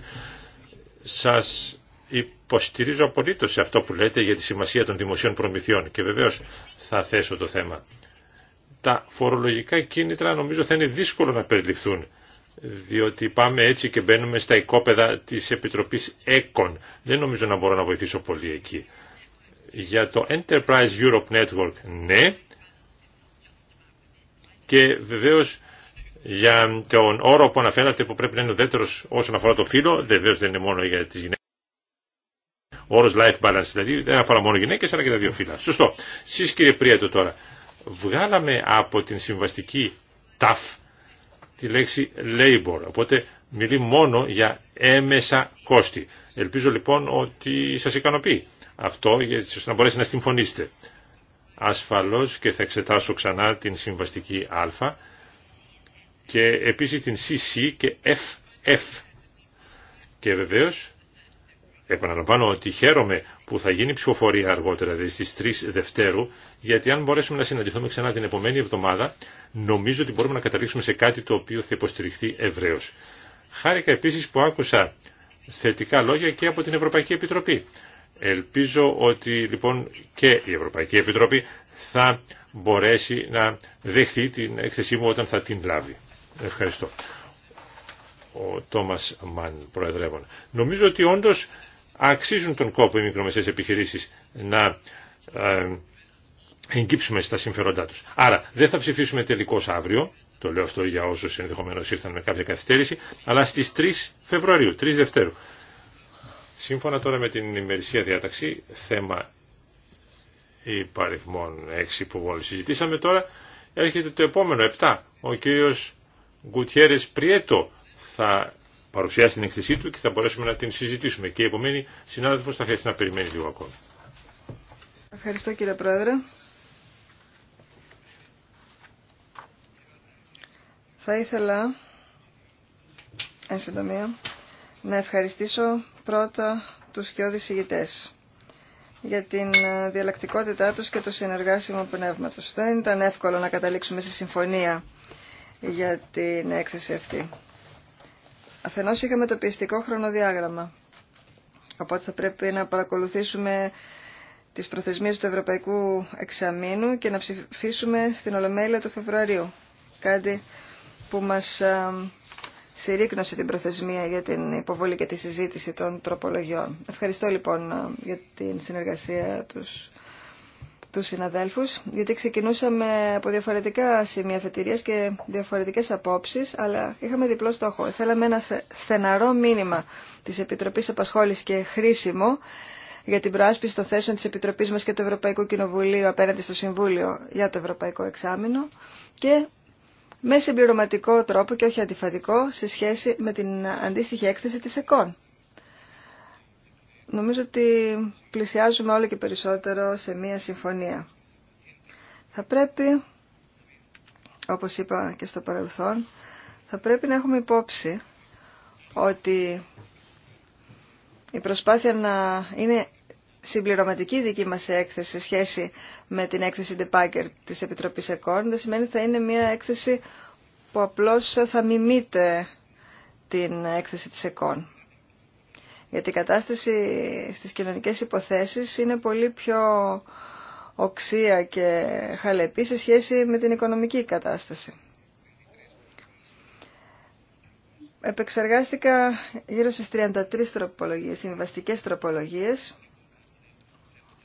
Σας υποστηρίζω απολύτως σε αυτό που λέτε για τη σημασία των δημοσίων προμηθειών και βεβαίως θα θέσω το θέμα. Τα φορολογικά κίνητρα νομίζω θα είναι δύσκολο να περιληφθούν διότι πάμε έτσι και μπαίνουμε στα οικόπεδα της Επιτροπής ΕΚΟΝ. Δεν νομίζω να μπορώ να βοηθήσω πολύ εκεί. Για το Enterprise Europe Network, ναι. Και βεβαίως για τον όρο που αναφέρατε που πρέπει να είναι ουδέτερος όσον αφορά το φύλλο, βεβαίως δεν είναι μόνο για τις γυναίκες. Όρο όρος life balance δηλαδή δεν αφορά μόνο γυναίκες αλλά και τα δύο φύλλα. Σωστό. Σεις κύριε Πρίατο τώρα, βγάλαμε από την συμβαστική TAF τη λέξη labor. Οπότε μιλεί μόνο για έμεσα κόστη. Ελπίζω λοιπόν ότι σας ικανοποιεί αυτό ώστε να μπορέσετε να συμφωνήσετε. Ασφαλώς και θα εξετάσω ξανά την συμβαστική α και επίσης την CC και FF. Και βεβαίως Επαναλαμβάνω ότι χαίρομαι που θα γίνει ψηφοφορία αργότερα, δηλαδή στις 3 Δευτέρου, γιατί αν μπορέσουμε να συναντηθούμε ξανά την επόμενη εβδομάδα, νομίζω ότι μπορούμε να καταλήξουμε σε κάτι το οποίο θα υποστηριχθεί ευρέω. Χάρηκα επίση που άκουσα θετικά λόγια και από την Ευρωπαϊκή Επιτροπή. Ελπίζω ότι λοιπόν και η Ευρωπαϊκή Επιτροπή θα μπορέσει να δεχθεί την έκθεσή μου όταν θα την λάβει. Ευχαριστώ. Ο Τόμας Μαν, Προεδρεύων. Νομίζω ότι όντως αξίζουν τον κόπο οι μικρομεσαίες επιχειρήσεις να ε, εγκύψουμε στα συμφέροντά τους. Άρα δεν θα ψηφίσουμε τελικώς αύριο, το λέω αυτό για όσους ενδεχομένως ήρθαν με κάποια καθυστέρηση, αλλά στις 3 Φεβρουαρίου, 3 Δευτέρου. Σύμφωνα τώρα με την ημερησία διάταξη, θέμα υπαριθμών 6 που μόλις συζητήσαμε τώρα, έρχεται το επόμενο 7. Ο κύριος Γκουτιέρες Πριέτο θα παρουσιάσει την εκθεσή του και θα μπορέσουμε να την συζητήσουμε. Και η επομένη συνάδελφο θα χρειαστεί να περιμένει λίγο ακόμα. Ευχαριστώ κύριε Πρόεδρε. Θα ήθελα, εν συντομία, να ευχαριστήσω πρώτα τους σκιώδης ηγητές για την ε, διαλλακτικότητά τους και το συνεργάσιμο πνεύμα τους. Δεν ήταν εύκολο να καταλήξουμε σε συμφωνία για την έκθεση αυτή. Αφενός είχαμε το πιεστικό χρονοδιάγραμμα. Οπότε θα πρέπει να παρακολουθήσουμε τις προθεσμίες του Ευρωπαϊκού Εξαμήνου και να ψηφίσουμε στην Ολομέλεια του Φεβρουαρίου. Κάτι που μας συρρήκνωσε την προθεσμία για την υποβολή και τη συζήτηση των τροπολογιών. Ευχαριστώ λοιπόν για την συνεργασία τους τους συναδέλφους, γιατί ξεκινούσαμε από διαφορετικά σημεία αφετηρίας και διαφορετικές απόψεις, αλλά είχαμε διπλό στόχο. Θέλαμε ένα στεναρό μήνυμα της Επιτροπής Απασχόλησης και χρήσιμο για την προάσπιση των θέσεων της Επιτροπής μας και του Ευρωπαϊκού Κοινοβουλίου απέναντι στο Συμβούλιο για το Ευρωπαϊκό Εξάμεινο και με συμπληρωματικό τρόπο και όχι αντιφατικό σε σχέση με την αντίστοιχη έκθεση της ΕΚΟΝ. Νομίζω ότι πλησιάζουμε όλο και περισσότερο σε μία συμφωνία. Θα πρέπει, όπως είπα και στο παρελθόν, θα πρέπει να έχουμε υπόψη ότι η προσπάθεια να είναι συμπληρωματική δική μας έκθεση σε σχέση με την έκθεση Depacker της Επιτροπής ΕΚΟΝ δεν σημαίνει θα είναι μια έκθεση που απλώς θα μιμείται την έκθεση της ΕΚΟΝ γιατί η κατάσταση στις κοινωνικές υποθέσεις είναι πολύ πιο οξία και χαλεπή σε σχέση με την οικονομική κατάσταση. Επεξεργάστηκα γύρω στις 33 τροπολογίες, συμβαστικές τροπολογίες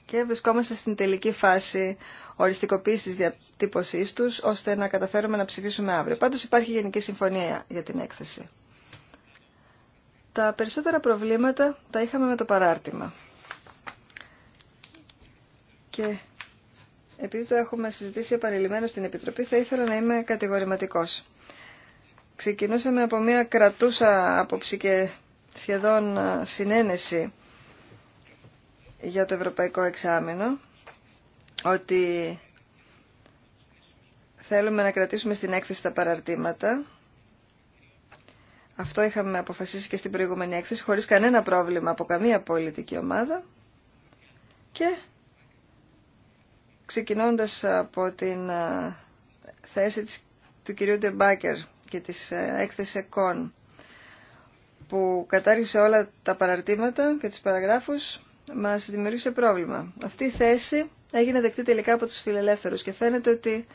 και βρισκόμαστε στην τελική φάση οριστικοποίησης της διατύπωσής τους, ώστε να καταφέρουμε να ψηφίσουμε αύριο. Πάντως υπάρχει γενική συμφωνία για την έκθεση. Τα περισσότερα προβλήματα τα είχαμε με το παράρτημα. Και επειδή το έχουμε συζητήσει επανειλημμένο στην Επιτροπή, θα ήθελα να είμαι κατηγορηματικός. Ξεκινούσαμε από μια κρατούσα άποψη και σχεδόν συνένεση για το Ευρωπαϊκό Εξάμεινο, ότι θέλουμε να κρατήσουμε στην έκθεση τα παραρτήματα αυτό είχαμε αποφασίσει και στην προηγούμενη έκθεση χωρίς κανένα πρόβλημα από καμία πολιτική ομάδα και ξεκινώντας από την ε, θέση του κυρίου Ντεμπάκερ και της ε, έκθεσης ΕΚΟΝ που κατάργησε όλα τα παραρτήματα και τις παραγράφους μας δημιούργησε πρόβλημα. Αυτή η θέση έγινε δεκτή τελικά από τους φιλελεύθερους και φαίνεται ότι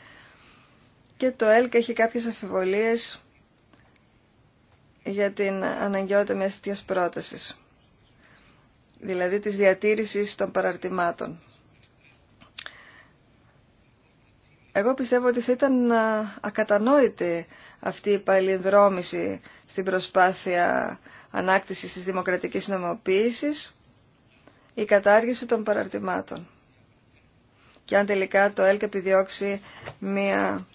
και το ΕΛΚ έχει κάποιες αφιβολίες για την αναγκαιότητα μιας τέτοιας πρότασης, δηλαδή της διατήρησης των παραρτημάτων. Εγώ πιστεύω ότι θα ήταν ακατανόητη αυτή η παλινδρόμηση στην προσπάθεια ανάκτησης της δημοκρατικής νομοποίησης η κατάργηση των παραρτημάτων. Και αν τελικά το ΕΛΚ επιδιώξει μία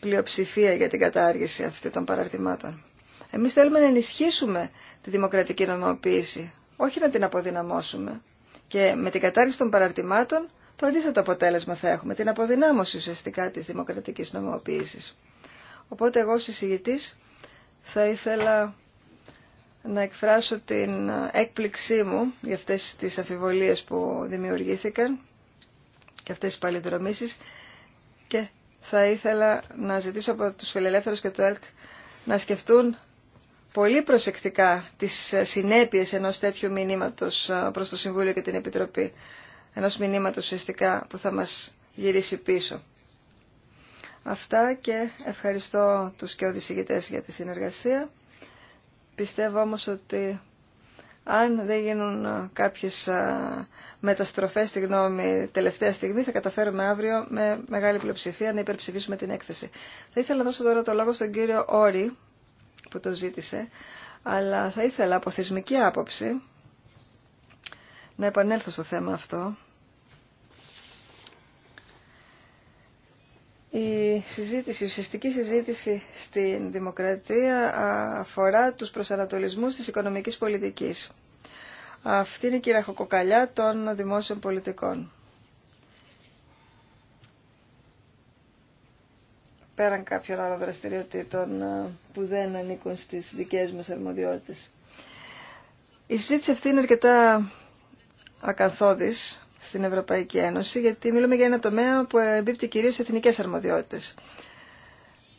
πλειοψηφία για την κατάργηση αυτή των παραρτημάτων. Εμείς θέλουμε να ενισχύσουμε τη δημοκρατική νομοποίηση, όχι να την αποδυναμώσουμε. Και με την κατάρριξη των παραρτημάτων το αντίθετο αποτέλεσμα θα έχουμε, την αποδυνάμωση ουσιαστικά της δημοκρατικής νομοποίησης. Οπότε εγώ ως θα ήθελα να εκφράσω την έκπληξή μου για αυτές τις αφιβολίες που δημιουργήθηκαν και αυτές τις παλιδρομήσεις και θα ήθελα να ζητήσω από τους φιλελεύθερους και το ΕΡΚ να σκεφτούν πολύ προσεκτικά τις συνέπειες ενός τέτοιου μηνύματος ε, προς το Συμβούλιο και την Επιτροπή. Ενός μηνύματος ουσιαστικά που θα μας γυρίσει πίσω. Αυτά και ευχαριστώ τους και οδησηγητές για τη συνεργασία. Πιστεύω όμως ότι αν δεν γίνουν ε, κάποιες ε, μεταστροφές στη γνώμη τελευταία στιγμή, θα καταφέρουμε αύριο με μεγάλη πλειοψηφία να υπερψηφίσουμε την έκθεση. Θα ήθελα να δώσω τώρα το λόγο στον κύριο Όρη, που το ζήτησε, αλλά θα ήθελα από θεσμική άποψη να επανέλθω στο θέμα αυτό. Η συζήτηση, η ουσιαστική συζήτηση στην δημοκρατία αφορά τους προσανατολισμούς της οικονομικής πολιτικής. Αυτή είναι η κυραχοκοκαλιά των δημόσιων πολιτικών. πέραν κάποιων άλλων δραστηριοτήτων ε, που δεν ανήκουν στις δικές μας αρμοδιότητες. Η συζήτηση αυτή είναι αρκετά ακαθόδης στην Ευρωπαϊκή Ένωση, γιατί μιλούμε για ένα τομέα που εμπίπτει κυρίως σε εθνικές αρμοδιότητες.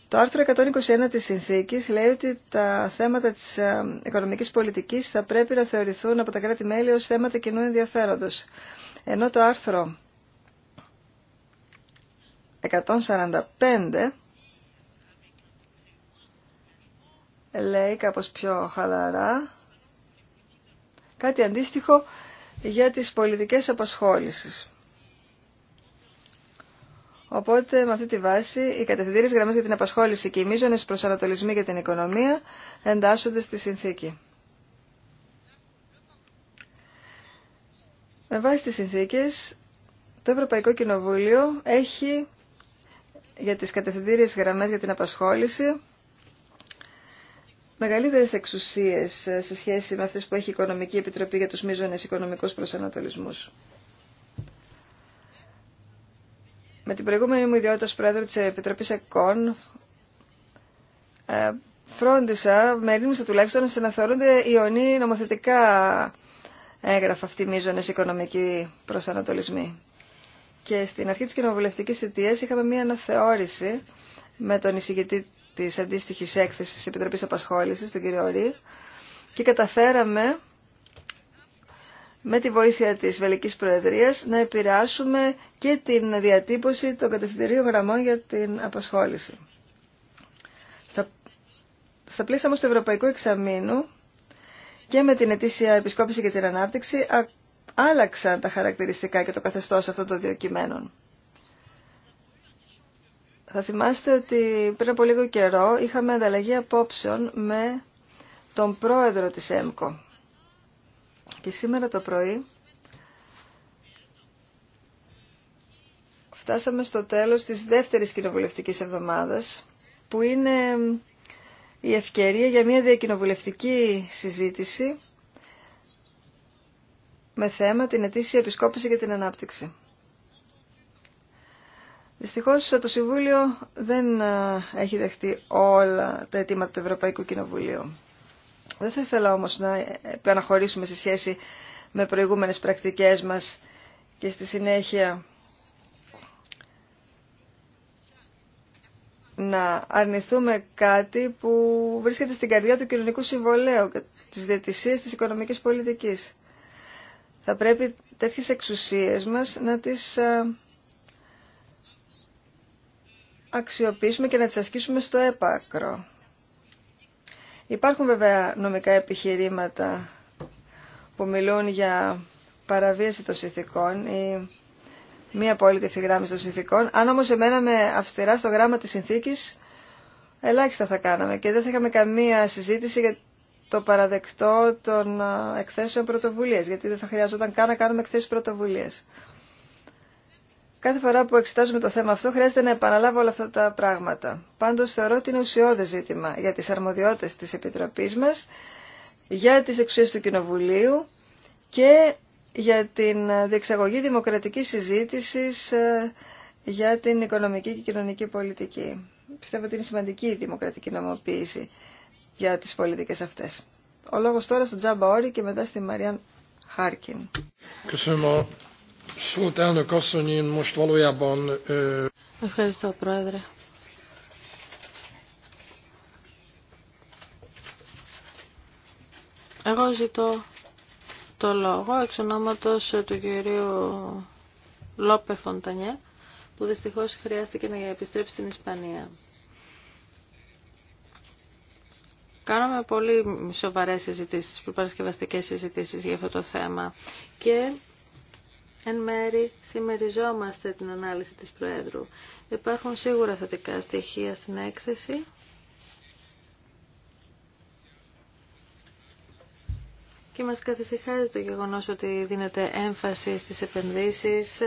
Το άρθρο 121 της συνθήκης λέει ότι τα θέματα της ε, οικονομικής πολιτικής θα πρέπει να θεωρηθούν από τα κράτη-μέλη ως θέματα κοινού ενδιαφέροντος. Ενώ το άρθρο 145 λέει κάπως πιο χαλαρά κάτι αντίστοιχο για τις πολιτικές απασχόλησης. Οπότε με αυτή τη βάση οι κατευθυντήριες γραμμές για την απασχόληση και οι μείζονες προσανατολισμοί για την οικονομία εντάσσονται στη συνθήκη. Με βάση τις συνθήκες, το Ευρωπαϊκό Κοινοβούλιο έχει για τις κατευθυντήριες γραμμές για την απασχόληση μεγαλύτερες εξουσίες ε, σε σχέση με αυτές που έχει η Οικονομική Επιτροπή για τους μείζονες οικονομικούς προσανατολισμούς. Με την προηγούμενη μου ιδιότητα ως πρόεδρο της Επιτροπής ΕΚΟΝ ε, φρόντισα, με ρίμισα τουλάχιστον, να αναθεωρούνται ιονοί νομοθετικά έγγραφα αυτοί μείζονες οικονομικοί προσανατολισμοί. Και στην αρχή της κοινοβουλευτικής θητείας είχαμε μία αναθεώρηση με τον εισηγητή Τη αντίστοιχη έκθεση τη Επιτροπή Απασχόληση, τον κύριο Ρίρ, και καταφέραμε με τη βοήθεια της Βελικής Προεδρίας να επηρεάσουμε και την διατύπωση των κατευθυντηρίων γραμμών για την απασχόληση. Στα, στα πλαίσια του Ευρωπαϊκού Εξαμήνου και με την ετήσια επισκόπηση για την ανάπτυξη άλλαξαν τα χαρακτηριστικά και το καθεστώς αυτών των δύο θα θυμάστε ότι πριν από λίγο καιρό είχαμε ανταλλαγή απόψεων με τον πρόεδρο της ΕΜΚΟ. Και σήμερα το πρωί φτάσαμε στο τέλος της δεύτερης κοινοβουλευτικής εβδομάδας, που είναι η ευκαιρία για μια διακοινοβουλευτική συζήτηση με θέμα την ετήσια επισκόπηση και την ανάπτυξη. Δυστυχώς το Συμβούλιο δεν ε, έχει δεχτεί όλα τα αιτήματα του Ευρωπαϊκού Κοινοβουλίου. Δεν θα ήθελα όμως να επαναχωρήσουμε σε σχέση με προηγούμενες πρακτικές μας και στη συνέχεια να αρνηθούμε κάτι που βρίσκεται στην καρδιά του κοινωνικού συμβολέου και της διατησίας της οικονομικής πολιτικής. Θα πρέπει τέτοιες εξουσίες μας να τις ε, αξιοποιήσουμε και να τις ασκήσουμε στο έπακρο. Υπάρχουν βέβαια νομικά επιχειρήματα που μιλούν για παραβίαση των συνθήκων ή μία απόλυτη ευθυγράμμιση των συνθήκων. Αν όμως εμέναμε με αυστηρά στο γράμμα της συνθήκης, ελάχιστα θα κάναμε και δεν θα είχαμε καμία συζήτηση για το παραδεκτό των ε, εκθέσεων πρωτοβουλίας, γιατί δεν θα χρειαζόταν καν να κάνουμε εκθέσεις πρωτοβουλίας. Κάθε φορά που εξετάζουμε το θέμα αυτό χρειάζεται να επαναλάβω όλα αυτά τα πράγματα. Πάντως θεωρώ ότι είναι ουσιώδη ζήτημα για τις αρμοδιότητες της Επιτροπής μας, για τις εξουσίες του Κοινοβουλίου και για την διεξαγωγή δημοκρατικής συζήτησης ε, για την οικονομική και κοινωνική πολιτική. Πιστεύω ότι είναι σημαντική η δημοκρατική νομοποίηση για τις πολιτικές αυτές. Ο λόγος τώρα στον Τζαμπαόρη και μετά στη Μαριάν Χάρκιν. Ευχαριστώ, Πρόεδρε. Εγώ ζητώ το λόγο εξ ονόματος ε, του κυρίου Λόπε Φοντανιέ, που δυστυχώς χρειάστηκε να επιστρέψει στην Ισπανία. Κάναμε πολύ σοβαρές συζητήσεις, προπαρασκευαστικές συζητήσεις για αυτό το θέμα και Εν μέρη, συμμεριζόμαστε την ανάλυση της Προέδρου. Υπάρχουν σίγουρα θετικά στοιχεία στην έκθεση. Και μας καθησυχάζει το γεγονός ότι δίνεται έμφαση στις επενδύσεις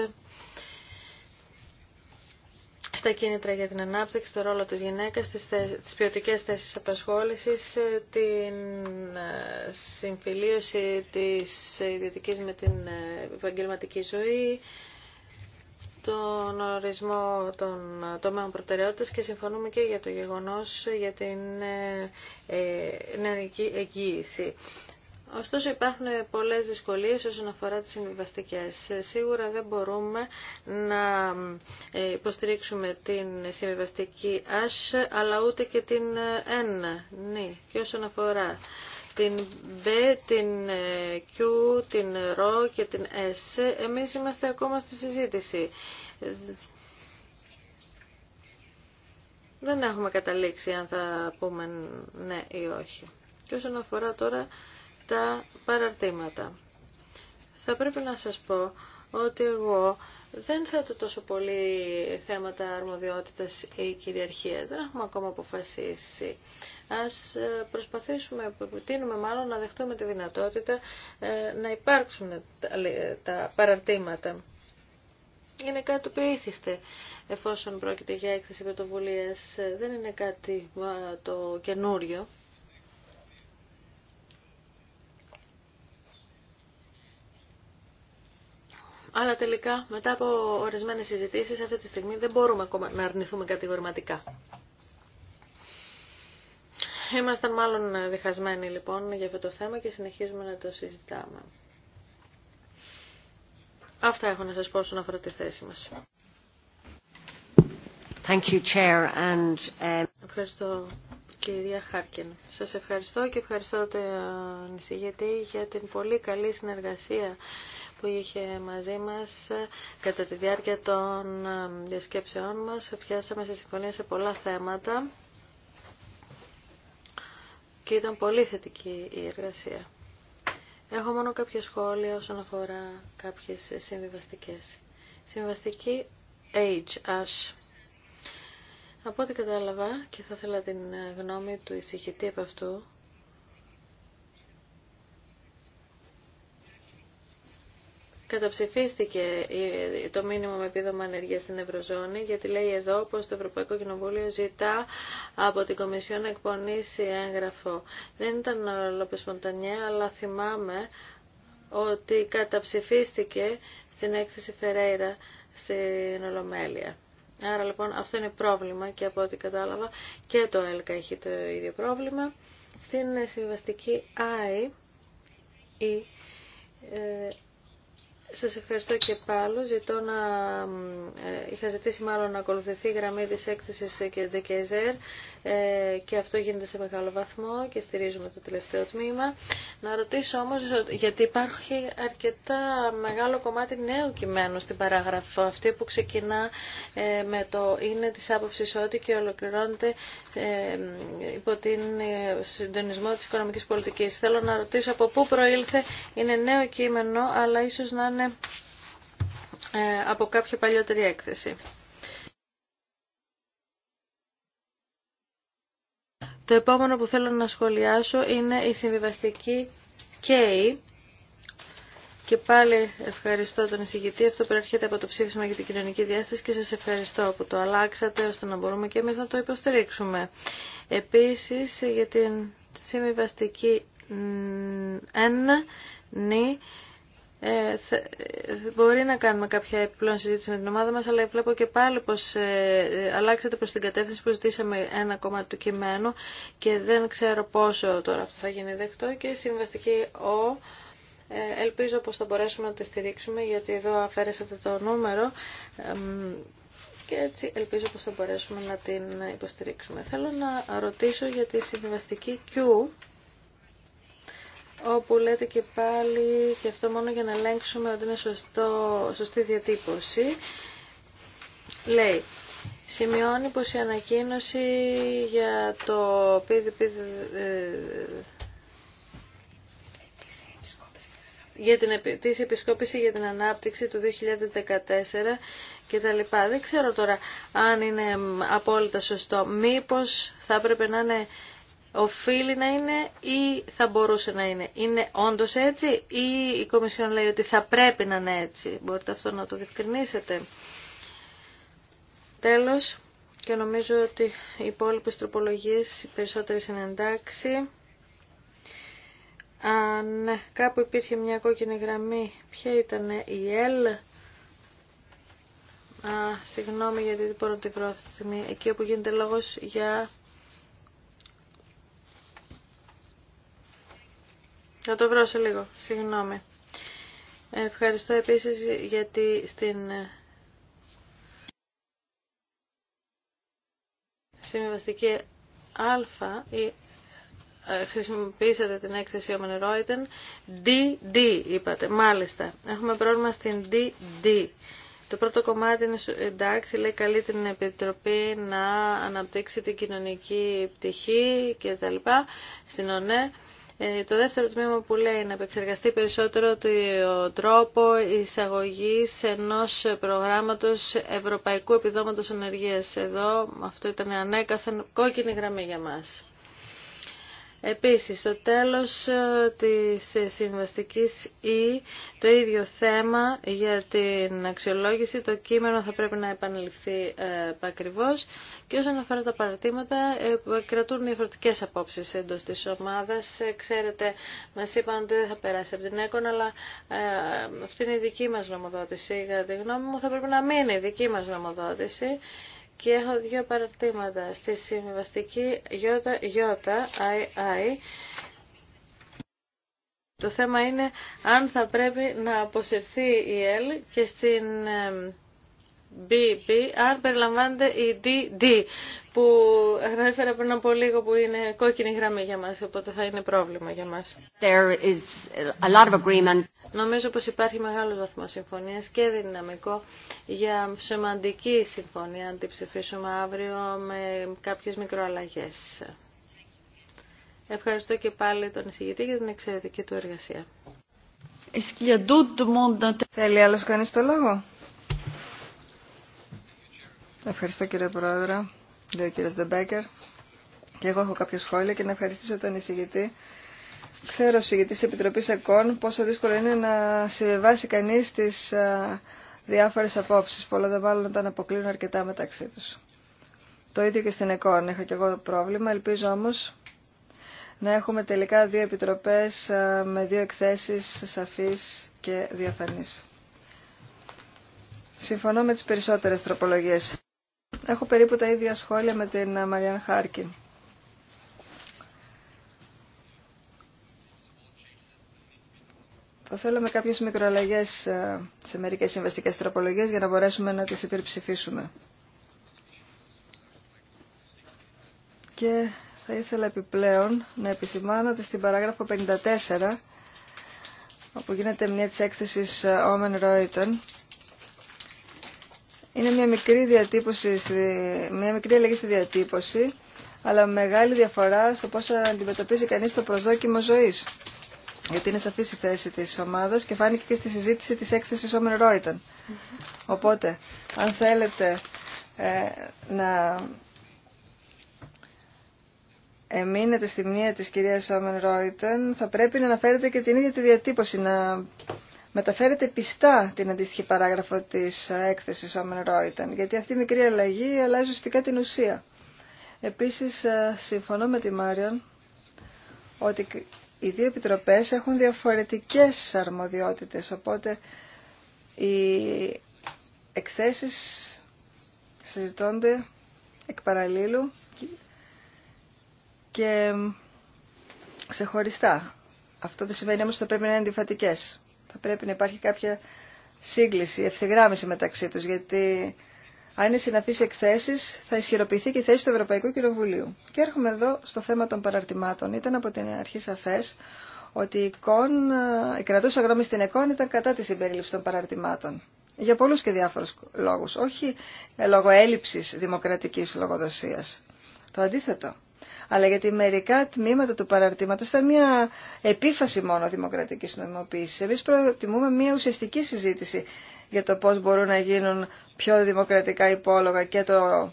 στα κίνητρα για την ανάπτυξη, το ρόλο της γυναίκας, τις, τις ποιοτικέ θέσεις απασχόλησης, ε, την ε, συμφιλίωση της ιδιωτικής με την ε, επαγγελματική ζωή, τον ορισμό των τομέων προτεραιότητας και συμφωνούμε και για το γεγονός για την νεανική εγγύηση. Ωστόσο υπάρχουν πολλές δυσκολίες όσον αφορά τις συμβιβαστικέ. Ε, σίγουρα δεν μπορούμε να ε, υποστηρίξουμε την συμβιβαστική ΑΣ, αλλά ούτε και την ε, ΕΝ. Ναι. Και όσον αφορά την B, την Q, την ΡΟ και την S, εμείς είμαστε ακόμα στη συζήτηση. Δεν έχουμε καταλήξει αν θα πούμε ναι ή όχι. Και όσον αφορά τώρα τα παραρτήματα. Θα πρέπει να σας πω ότι εγώ δεν θέτω τόσο πολύ θέματα αρμοδιότητας ή κυριαρχία. Δεν έχουμε ακόμα αποφασίσει. Ας ε, προσπαθήσουμε, προτείνουμε μάλλον να δεχτούμε τη δυνατότητα ε, να υπάρξουν τα παραρτήματα. Είναι κάτι που ήθιστε εφόσον πρόκειται για έκθεση πρωτοβουλία. Ε, δεν είναι κάτι το καινούριο. Αλλά τελικά μετά από ορισμένες συζητήσεις αυτή τη στιγμή δεν μπορούμε ακόμα να αρνηθούμε κατηγορηματικά. Ήμασταν μάλλον διχασμένοι λοιπόν για αυτό το θέμα και συνεχίζουμε να το συζητάμε. Αυτά έχω να σας πω όσον αφορά τη θέση μας. Thank you, Chair, and... Uh, ευχαριστώ κυρία Χάρκιν. Σας ευχαριστώ και ευχαριστώ τον εισηγητή για την πολύ καλή συνεργασία που είχε μαζί μας κατά τη διάρκεια των ε, διασκέψεών μας. Φτιάσαμε σε συμφωνία σε πολλά θέματα και ήταν πολύ θετική η εργασία. Έχω μόνο κάποια σχόλια όσον αφορά κάποιες συμβιβαστικές. Συμβαστική age, H. Από ό,τι κατάλαβα και θα ήθελα την γνώμη του ησυχητή από αυτού, Καταψηφίστηκε το μήνυμα με επίδομα ανεργία στην Ευρωζώνη, γιατί λέει εδώ πως το Ευρωπαϊκό Κοινοβούλιο ζητά από την Κομισιόν να εκπονήσει έγγραφο. Δεν ήταν ο Λόπε αλλά θυμάμαι ότι καταψηφίστηκε στην έκθεση Φερέιρα στην Ολομέλεια. Άρα λοιπόν αυτό είναι πρόβλημα και από ό,τι κατάλαβα και το ΕΛΚΑ έχει το ίδιο πρόβλημα. Στην συμβαστική ΆΗ σας ευχαριστώ και πάλι. Ζητώ να... Ε, είχα ζητήσει μάλλον να ακολουθηθεί η γραμμή της έκθεσης και ε, και αυτό γίνεται σε μεγάλο βαθμό και στηρίζουμε το τελευταίο τμήμα. Να ρωτήσω όμως, γιατί υπάρχει αρκετά μεγάλο κομμάτι νέο κειμένου στην παράγραφο αυτή που ξεκινά ε, με το είναι της άποψης ότι και ολοκληρώνεται υπό την συντονισμό της οικονομικής πολιτικής. Θέλω να ρωτήσω από πού προήλθε, είναι νέο κείμενο, αλλά ίσως να είναι ε, από κάποια παλιότερη έκθεση. Το επόμενο που θέλω να σχολιάσω είναι η συμβιβαστική K. Και πάλι ευχαριστώ τον εισηγητή. Αυτό προέρχεται από το ψήφισμα για την κοινωνική διάσταση και σας ευχαριστώ που το αλλάξατε ώστε να μπορούμε και εμείς να το υποστηρίξουμε. Επίσης για την συμβιβαστική N, ε, θα, μπορεί να κάνουμε κάποια επιπλέον συζήτηση με την ομάδα μας, αλλά βλέπω και πάλι πως ε, αλλάξατε προς την κατεύθυνση που ζητήσαμε ένα κομμάτι του κειμένου και δεν ξέρω πόσο τώρα αυτό θα γίνει δεκτό και συμβαστική ο... Ε, ελπίζω πως θα μπορέσουμε να τη στηρίξουμε γιατί εδώ αφαίρεσατε το νούμερο και έτσι ελπίζω πως θα μπορέσουμε να την υποστηρίξουμε. Θέλω να ρωτήσω για τη συμβαστική Q όπου λέτε και πάλι και αυτό μόνο για να ελέγξουμε ότι είναι σωστό, σωστή διατύπωση. Λέει, σημειώνει πως η ανακοίνωση για το PDP ε, για την της επισκόπηση για την ανάπτυξη του 2014 και τα λοιπά. Δεν ξέρω τώρα αν είναι απόλυτα σωστό. Μήπως θα έπρεπε να είναι οφείλει να είναι ή θα μπορούσε να είναι. Είναι όντως έτσι ή η Κομισιόν λέει ότι θα πρέπει να ειναι ειναι οντω ετσι έτσι. Μπορείτε αυτό να το διευκρινίσετε. Τέλος, και νομίζω ότι οι υπόλοιπε τροπολογίε οι περισσότερε είναι εντάξει. Αν κάπου υπήρχε μια κόκκινη γραμμή, ποια ήταν η L. Α, συγγνώμη γιατί δεν μπορώ να την βρω αυτή τη στιγμή. Εκεί όπου γίνεται λόγος για Θα το βρω σε λίγο. Συγγνώμη. Ευχαριστώ επίσης γιατί στην ε, συμβιβαστική α η ε, χρησιμοποίησατε την έκθεση Μενερόιτεν. DD είπατε, μάλιστα. Έχουμε πρόβλημα στην DD. Το πρώτο κομμάτι είναι εντάξει, λέει καλή την Επιτροπή να αναπτύξει την κοινωνική πτυχή και τα στην ΟΝΕ. Ε, το δεύτερο τμήμα που λέει να επεξεργαστεί περισσότερο το τρόπο εισαγωγή ενό προγράμματος Ευρωπαϊκού Επιδόματος Ενεργείας. Εδώ αυτό ήταν ανέκαθεν κόκκινη γραμμή για μας. Επίσης, στο τέλος ε, της συμβαστικής ή e, το ίδιο θέμα για την αξιολόγηση, το κείμενο θα πρέπει να επανεληφθεί ε, ακριβώς και όσον αφορά τα παρατήματα, ε, κρατούν διαφορετικές απόψεις εντός της ομάδας. Ξέρετε, μας είπαν ότι δεν θα περάσει από την έκονα, αλλά αυτή είναι η δική μας νομοδότηση. Για τη γνώμη μου θα πρέπει να μείνει η δική μας νομοδότηση και έχω δύο παραρτήματα. Στη συμβιβαστική ΙΙ το θέμα είναι αν θα πρέπει να αποσυρθεί η ΕΛ και στην BB αν περιλαμβάνεται η DD που ανέφερα πριν από λίγο που είναι κόκκινη γραμμή για μας, οπότε θα είναι πρόβλημα για μας. Νομίζω πως υπάρχει μεγάλο βαθμό συμφωνίας και δυναμικό για σημαντική συμφωνία αν την ψηφίσουμε αύριο με κάποιες μικροαλλαγές. Ευχαριστώ και πάλι τον εισηγητή για την εξαιρετική του εργασία. Θέλει άλλος κανείς το λόγο? Ευχαριστώ κύριε Πρόεδρε, λέει ο κύριος Δεμπέκερ. Και εγώ έχω κάποια σχόλια και να ευχαριστήσω τον εισηγητή. Ξέρω, εισηγητή τη Επιτροπή ΕΚΟΝ, πόσο δύσκολο είναι να συμβιβάσει κανεί τι διάφορε απόψει. Πολλά δεν βάλουν όταν αποκλίνουν αρκετά μεταξύ του. Το ίδιο και στην ΕΚΟΝ. Έχω και εγώ πρόβλημα. Ελπίζω όμω να έχουμε τελικά δύο επιτροπέ με δύο εκθέσει σαφεί και διαφανεί. Συμφωνώ με τι περισσότερε τροπολογίε. Έχω περίπου τα ίδια σχόλια με την ε, Μαριάν Χάρκιν. Θα θέλαμε κάποιες μικροαλλαγές ε, σε μερικές συμβαστικές τροπολογίες για να μπορέσουμε να τις υπερψηφίσουμε. Και θα ήθελα επιπλέον να επισημάνω ότι στην παράγραφο 54, όπου γίνεται μια της έκθεσης ε, Omen Reuten, είναι μια μικρή, διατύπωση, μια μικρή αλλαγή στη διατύπωση, αλλά μεγάλη διαφορά στο πώς αντιμετωπίζει κανείς το προσδόκιμο ζωής. Γιατί είναι σαφή η θέση τη ομάδα και φάνηκε και στη συζήτηση τη έκθεση Όμεν Ρόιτεν. Οπότε, αν θέλετε ε, να εμείνετε στη μνήμα τη κυρία Όμεν Ρόιτεν, θα πρέπει να αναφέρετε και την ίδια τη διατύπωση, να μεταφέρετε πιστά την αντίστοιχη παράγραφο της έκθεσης Omen γιατί αυτή η μικρή αλλαγή αλλάζει ουσιαστικά την ουσία. Επίσης, ε, συμφωνώ με τη Μάριον ότι οι δύο επιτροπές έχουν διαφορετικές αρμοδιότητες, οπότε οι εκθέσεις συζητώνται εκ παραλλήλου και ε, ξεχωριστά. Αυτό δεν σημαίνει όμως ότι θα πρέπει να είναι αντιφατικές. Θα πρέπει να υπάρχει κάποια σύγκληση, ευθυγράμμιση μεταξύ τους, γιατί αν είναι συναφείς εκθέσεις θα ισχυροποιηθεί και η θέση του Ευρωπαϊκού Κοινοβουλίου. Και έρχομαι εδώ στο θέμα των παραρτημάτων. Ήταν από την αρχή σαφές ότι η, η κρατούσα γνώμη στην ΕΚΟΝ ήταν κατά τη συμπερίληψη των παραρτημάτων. Για πολλού και διάφορου λόγου, όχι λόγω έλλειψη δημοκρατική λογοδοσία. Το αντίθετο, αλλά γιατί μερικά τμήματα του παραρτήματος ήταν μια επίφαση μόνο δημοκρατικής νομιμοποίησης. Εμείς προτιμούμε μια ουσιαστική συζήτηση για το πώς μπορούν να γίνουν πιο δημοκρατικά υπόλογα και το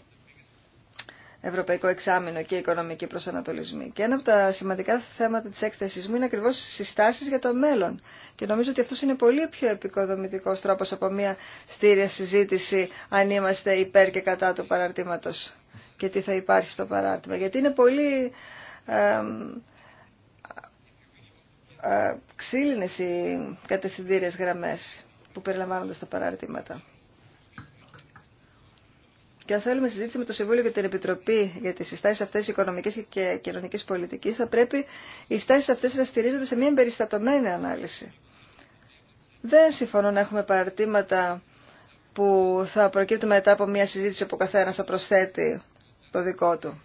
Ευρωπαϊκό Εξάμεινο και Οικονομική Προσανατολισμή. Και ένα από τα σημαντικά θέματα της έκθεσης μου είναι ακριβώς συστάσεις για το μέλλον. Και νομίζω ότι αυτό είναι πολύ πιο επικοδομητικός τρόπος από μια στήρια συζήτηση αν είμαστε υπέρ και κατά του παραρτήματος και τι θα υπάρχει στο παράρτημα. Γιατί είναι πολύ ε, ξύλινες οι κατευθυντήριες γραμμές που περιλαμβάνονται στα παράρτηματα. Και αν θέλουμε συζήτηση με το Συμβούλιο και την Επιτροπή για τι συστάσει αυτέ οικονομική και κοινωνική πολιτική, θα πρέπει οι συστάσει αυτέ να στηρίζονται σε μια εμπεριστατωμένη ανάλυση. Δεν συμφωνώ να έχουμε παραρτήματα που θα προκύπτουν μετά από μια συζήτηση που ο καθένα θα προσθέτει το δικό του.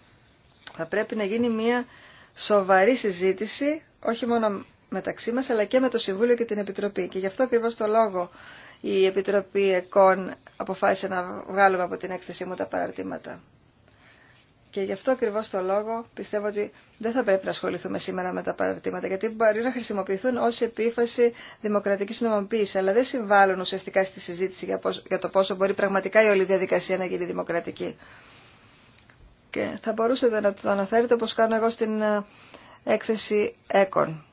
Θα πρέπει να γίνει μια σοβαρή συζήτηση, όχι μόνο μεταξύ μας, αλλά και με το Συμβούλιο και την Επιτροπή. Και γι' αυτό ακριβώ το λόγο η Επιτροπή ΕΚΟΝ αποφάσισε να βγάλουμε από την έκθεσή μου τα παραρτήματα. Και γι' αυτό ακριβώ το λόγο πιστεύω ότι δεν θα πρέπει να ασχοληθούμε σήμερα με τα παραρτήματα, γιατί μπορεί να χρησιμοποιηθούν ω επίφαση δημοκρατική νομοποίηση, αλλά δεν συμβάλλουν ουσιαστικά στη συζήτηση για το πόσο μπορεί πραγματικά η όλη διαδικασία να γίνει δημοκρατική και θα μπορούσατε να το αναφέρετε όπως κάνω εγώ στην ε, έκθεση ΕΚΟΝ.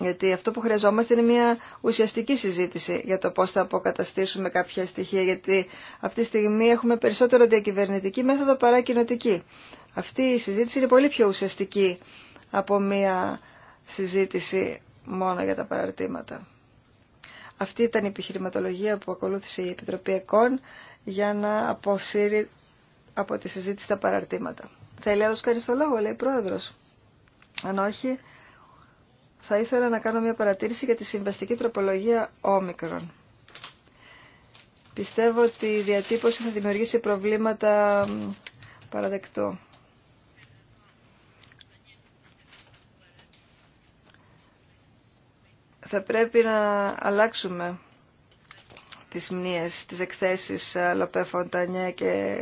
Γιατί αυτό που χρειαζόμαστε είναι μια ουσιαστική συζήτηση για το πώς θα αποκαταστήσουμε κάποια στοιχεία, γιατί αυτή τη στιγμή έχουμε περισσότερο διακυβερνητική μέθοδο παρά κοινοτική. Αυτή η συζήτηση είναι πολύ πιο ουσιαστική από μια συζήτηση μόνο για τα παραρτήματα. Αυτή ήταν η επιχειρηματολογία που ακολούθησε η Επιτροπή ΕΚΟΝ για να αποσύρει από τη συζήτηση τα παραρτήματα. Θέλει άλλος κανείς το λόγο, λέει πρόεδρος. Αν όχι, θα ήθελα να κάνω μια παρατήρηση για τη συμβαστική τροπολογία όμικρον. Πιστεύω ότι η διατύπωση θα δημιουργήσει προβλήματα παραδεκτό. Θα πρέπει να αλλάξουμε τις μνήες, τις εκθέσεις ε, Λοπέ Φοντανιέ και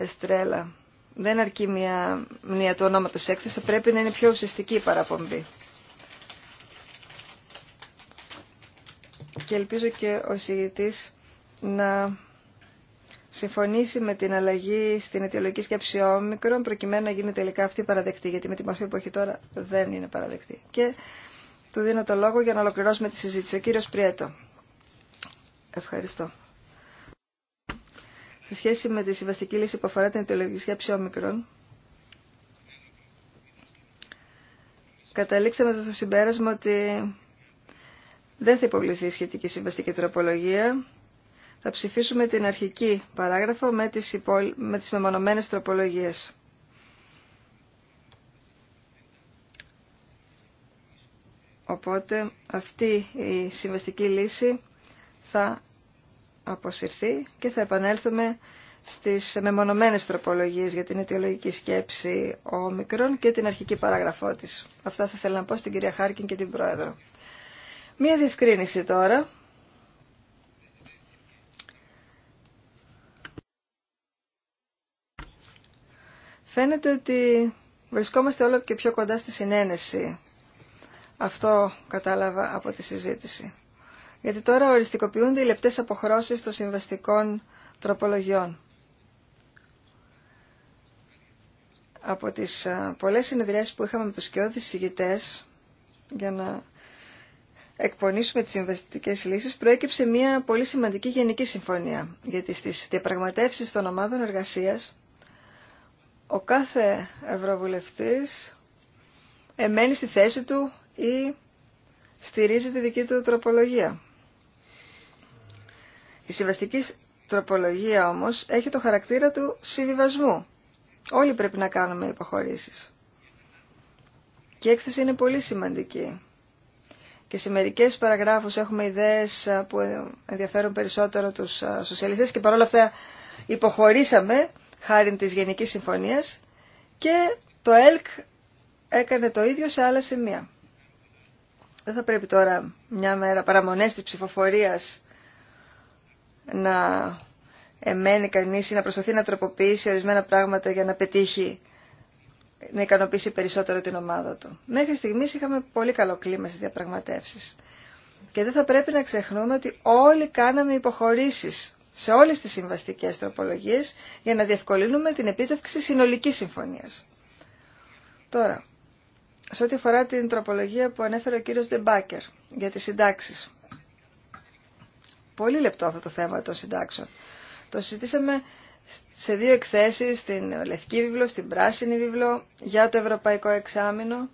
Εστρέλα. Δεν αρκεί μια μνήα του ονόματος έκθεση, πρέπει να είναι πιο ουσιαστική η παραπομπή. Και ελπίζω και ο συγγητή να συμφωνήσει με την αλλαγή στην αιτιολογική σκέψη όμικρων προκειμένου να γίνει τελικά αυτή παραδεκτή, γιατί με τη μορφή που έχει τώρα δεν είναι παραδεκτή. Και του δίνω το λόγο για να ολοκληρώσουμε τη συζήτηση. Ο κύριος Πριέτο. Ευχαριστώ σε σχέση με τη συμβαστική λύση που αφορά την αιτιολογική ψιόμικρων, καταλήξαμε στο συμπέρασμα ότι δεν θα υποβληθεί η σχετική συμβαστική τροπολογία. Θα ψηφίσουμε την αρχική παράγραφο με τις, με τις μεμονωμένες τροπολογίες. Οπότε αυτή η συμβαστική λύση θα αποσυρθεί και θα επανέλθουμε στις μεμονωμένες τροπολογίες για την αιτιολογική σκέψη όμικρον και την αρχική παράγραφό της. Αυτά θα ήθελα να πω στην κυρία Χάρκιν και την Πρόεδρο. Μία διευκρίνηση τώρα. Φαίνεται ότι βρισκόμαστε όλο και πιο κοντά στη συνένεση. Αυτό κατάλαβα από τη συζήτηση γιατί τώρα οριστικοποιούνται οι λεπτές αποχρώσεις των συμβαστικών τροπολογιών. Από τις ε, πολλές συνεδριάσεις που είχαμε με τους σκιώδεις συγητές για να εκπονήσουμε τις συμβαστικές λύσεις, προέκυψε μια πολύ σημαντική γενική συμφωνία, γιατί στις διαπραγματεύσεις των ομάδων εργασίας ο κάθε ευρωβουλευτής εμένει στη θέση του ή στηρίζει τη δική του τροπολογία. Η συμβαστική τροπολογία όμως έχει το χαρακτήρα του συμβιβασμού. Όλοι πρέπει να κάνουμε υποχωρήσεις. Και η έκθεση είναι πολύ σημαντική. Και σε μερικέ παραγράφους έχουμε ιδέες που ενδιαφέρουν περισσότερο τους σοσιαλιστές και παρόλα αυτά υποχωρήσαμε χάρη της Γενικής Συμφωνίας και το ΕΛΚ έκανε το ίδιο σε άλλα σημεία. Δεν θα πρέπει τώρα μια μέρα παραμονές της ψηφοφορίας να εμένει κανείς ή να προσπαθεί να τροποποιήσει ορισμένα πράγματα για να πετύχει να ικανοποιήσει περισσότερο την ομάδα του. Μέχρι στιγμής είχαμε πολύ καλό κλίμα στι διαπραγματεύσεις. Και δεν θα πρέπει να ξεχνούμε ότι όλοι κάναμε υποχωρήσεις σε όλες τις συμβαστικές τροπολογίες για να διευκολύνουμε την επίτευξη συνολικής συμφωνία. Τώρα, σε ό,τι αφορά την τροπολογία που ανέφερε ο κύριος Ντεμπάκερ για τις συντάξεις πολύ λεπτό αυτό το θέμα των συντάξεων. Το συζητήσαμε σε δύο εκθέσεις, στην Λευκή Βίβλο, στην Πράσινη Βίβλο, για το Ευρωπαϊκό Εξάμεινο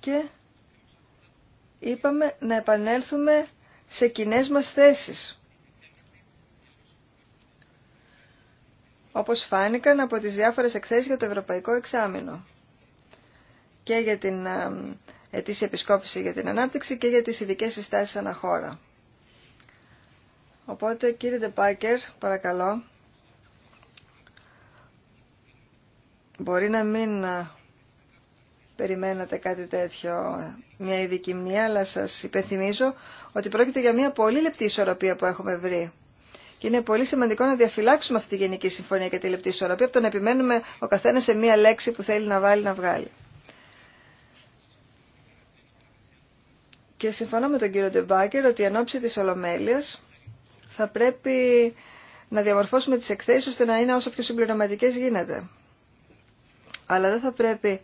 και είπαμε να επανέλθουμε σε κοινέ μας θέσεις. Όπως φάνηκαν από τις διάφορες εκθέσεις για το Ευρωπαϊκό Εξάμεινο και για την ε, ε, ετήσια επισκόπηση για την ανάπτυξη και για τις ειδικές συστάσεις αναχώρα. Οπότε κύριε Ντεπάκερ, παρακαλώ, μπορεί να μην ε, περιμένατε κάτι τέτοιο, μια ειδική μνήμα, αλλά σας υπενθυμίζω ότι πρόκειται για μια πολύ λεπτή ισορροπία που έχουμε βρει. Και είναι πολύ σημαντικό να διαφυλάξουμε αυτή τη Γενική Συμφωνία και τη λεπτή ισορροπία από το να επιμένουμε ο καθένας σε μία λέξη που θέλει να βάλει να βγάλει. Και συμφωνώ με τον κύριο Ντεμπάκερ ότι η ώψη της Ολομέλειας θα πρέπει να διαμορφώσουμε τις εκθέσεις ώστε να είναι όσο πιο συμπληρωματικές γίνεται. Αλλά δεν θα πρέπει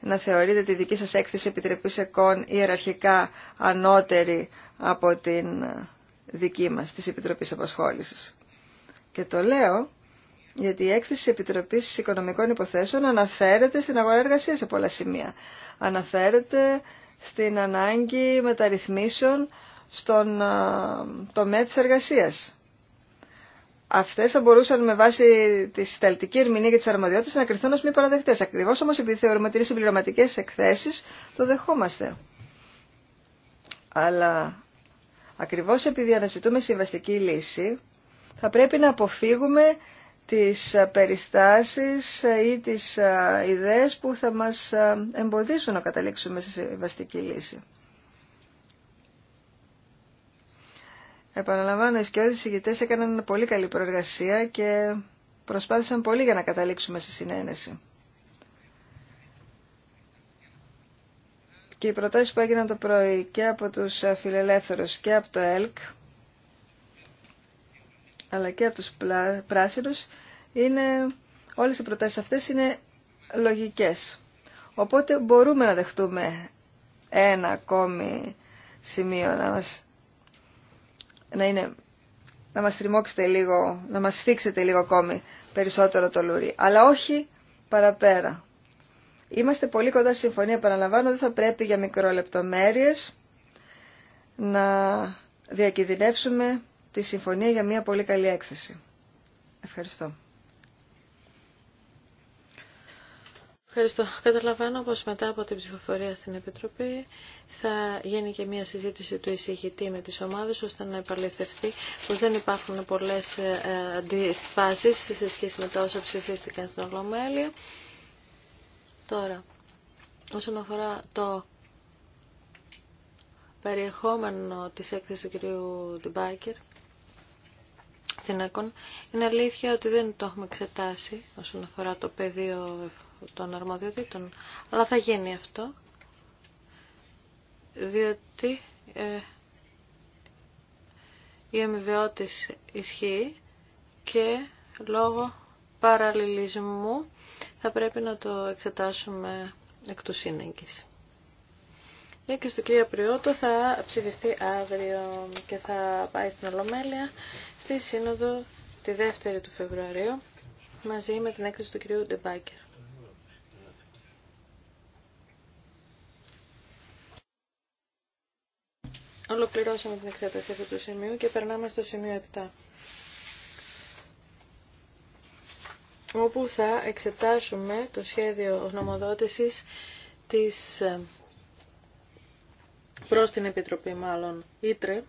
να θεωρείτε τη δική σας έκθεση επιτρεπής εκών ιεραρχικά ανώτερη από την δική μας, της Επιτροπής Απασχόλησης. Και το λέω γιατί η έκθεση Επιτροπής Οικονομικών Υποθέσεων αναφέρεται στην αγορά εργασία σε πολλά σημεία. Αναφέρεται στην ανάγκη μεταρρυθμίσεων στον ε, τομέα της εργασίας. Αυτές θα μπορούσαν με βάση τη συσταλτική ερμηνεία και τις αρμοδιότητες να κρυθούν ως μη παραδεκτές. Ακριβώς όμως επειδή θεωρούμε ότι είναι συμπληρωματικές εκθέσεις, το δεχόμαστε. Αλλά ακριβώς επειδή αναζητούμε συμβαστική λύση, θα πρέπει να αποφύγουμε τις περιστάσεις ή τις ε, ιδέες που θα μας ε, εμποδίσουν να καταλήξουμε σε συμβαστική λύση. Επαναλαμβάνω, οι σκιώδεις ηγητές έκαναν πολύ καλή προεργασία και προσπάθησαν πολύ για να καταλήξουμε στη συνένεση. Και οι προτάσεις που έγιναν το πρωί και από τους φιλελεύθερους και από το ΕΛΚ αλλά και από τους πράσινους είναι, όλες οι προτάσεις αυτές είναι λογικές. Οπότε μπορούμε να δεχτούμε ένα ακόμη σημείο να μας να, είναι, να μας λίγο, να μας φίξετε λίγο ακόμη περισσότερο το λουρί. Αλλά όχι παραπέρα. Είμαστε πολύ κοντά στη συμφωνία, παραλαμβάνω, δεν θα πρέπει για μικρολεπτομέρειες να διακινδυνεύσουμε τη συμφωνία για μια πολύ καλή έκθεση. Ευχαριστώ. Ευχαριστώ. Καταλαβαίνω πως μετά από την ψηφοφορία στην Επιτροπή θα γίνει και μια συζήτηση του εισηγητή με τις ομάδες ώστε να επαληθευτεί πως δεν υπάρχουν πολλές ε, αντιφάσεις σε σχέση με τα όσα ψηφίστηκαν στην Ολομέλεια. Τώρα, όσον αφορά το περιεχόμενο της έκθεσης του κυρίου Ντιμπάκερ, στην ΕΚΟΝ, είναι αλήθεια ότι δεν το έχουμε εξετάσει όσον αφορά το πεδίο των αρμοδιοτήτων. Αλλά θα γίνει αυτό, διότι ε, η αμοιβαιότης ισχύει και λόγω παραλληλισμού θα πρέπει να το εξετάσουμε εκ του σύνεγγης. Η ναι, και στο κύριο Πριώτο θα ψηφιστεί αύριο και θα πάει στην Ολομέλεια στη Σύνοδο τη 2η του Φεβρουαρίου μαζί με την έκθεση του κυρίου Ντεμπάκερ. Ολοκληρώσαμε την εξέταση αυτού του σημείου και περνάμε στο σημείο 7 όπου θα εξετάσουμε το σχέδιο γνωμοδότησης της ε, προς την Επιτροπή μάλλον Ήτρε.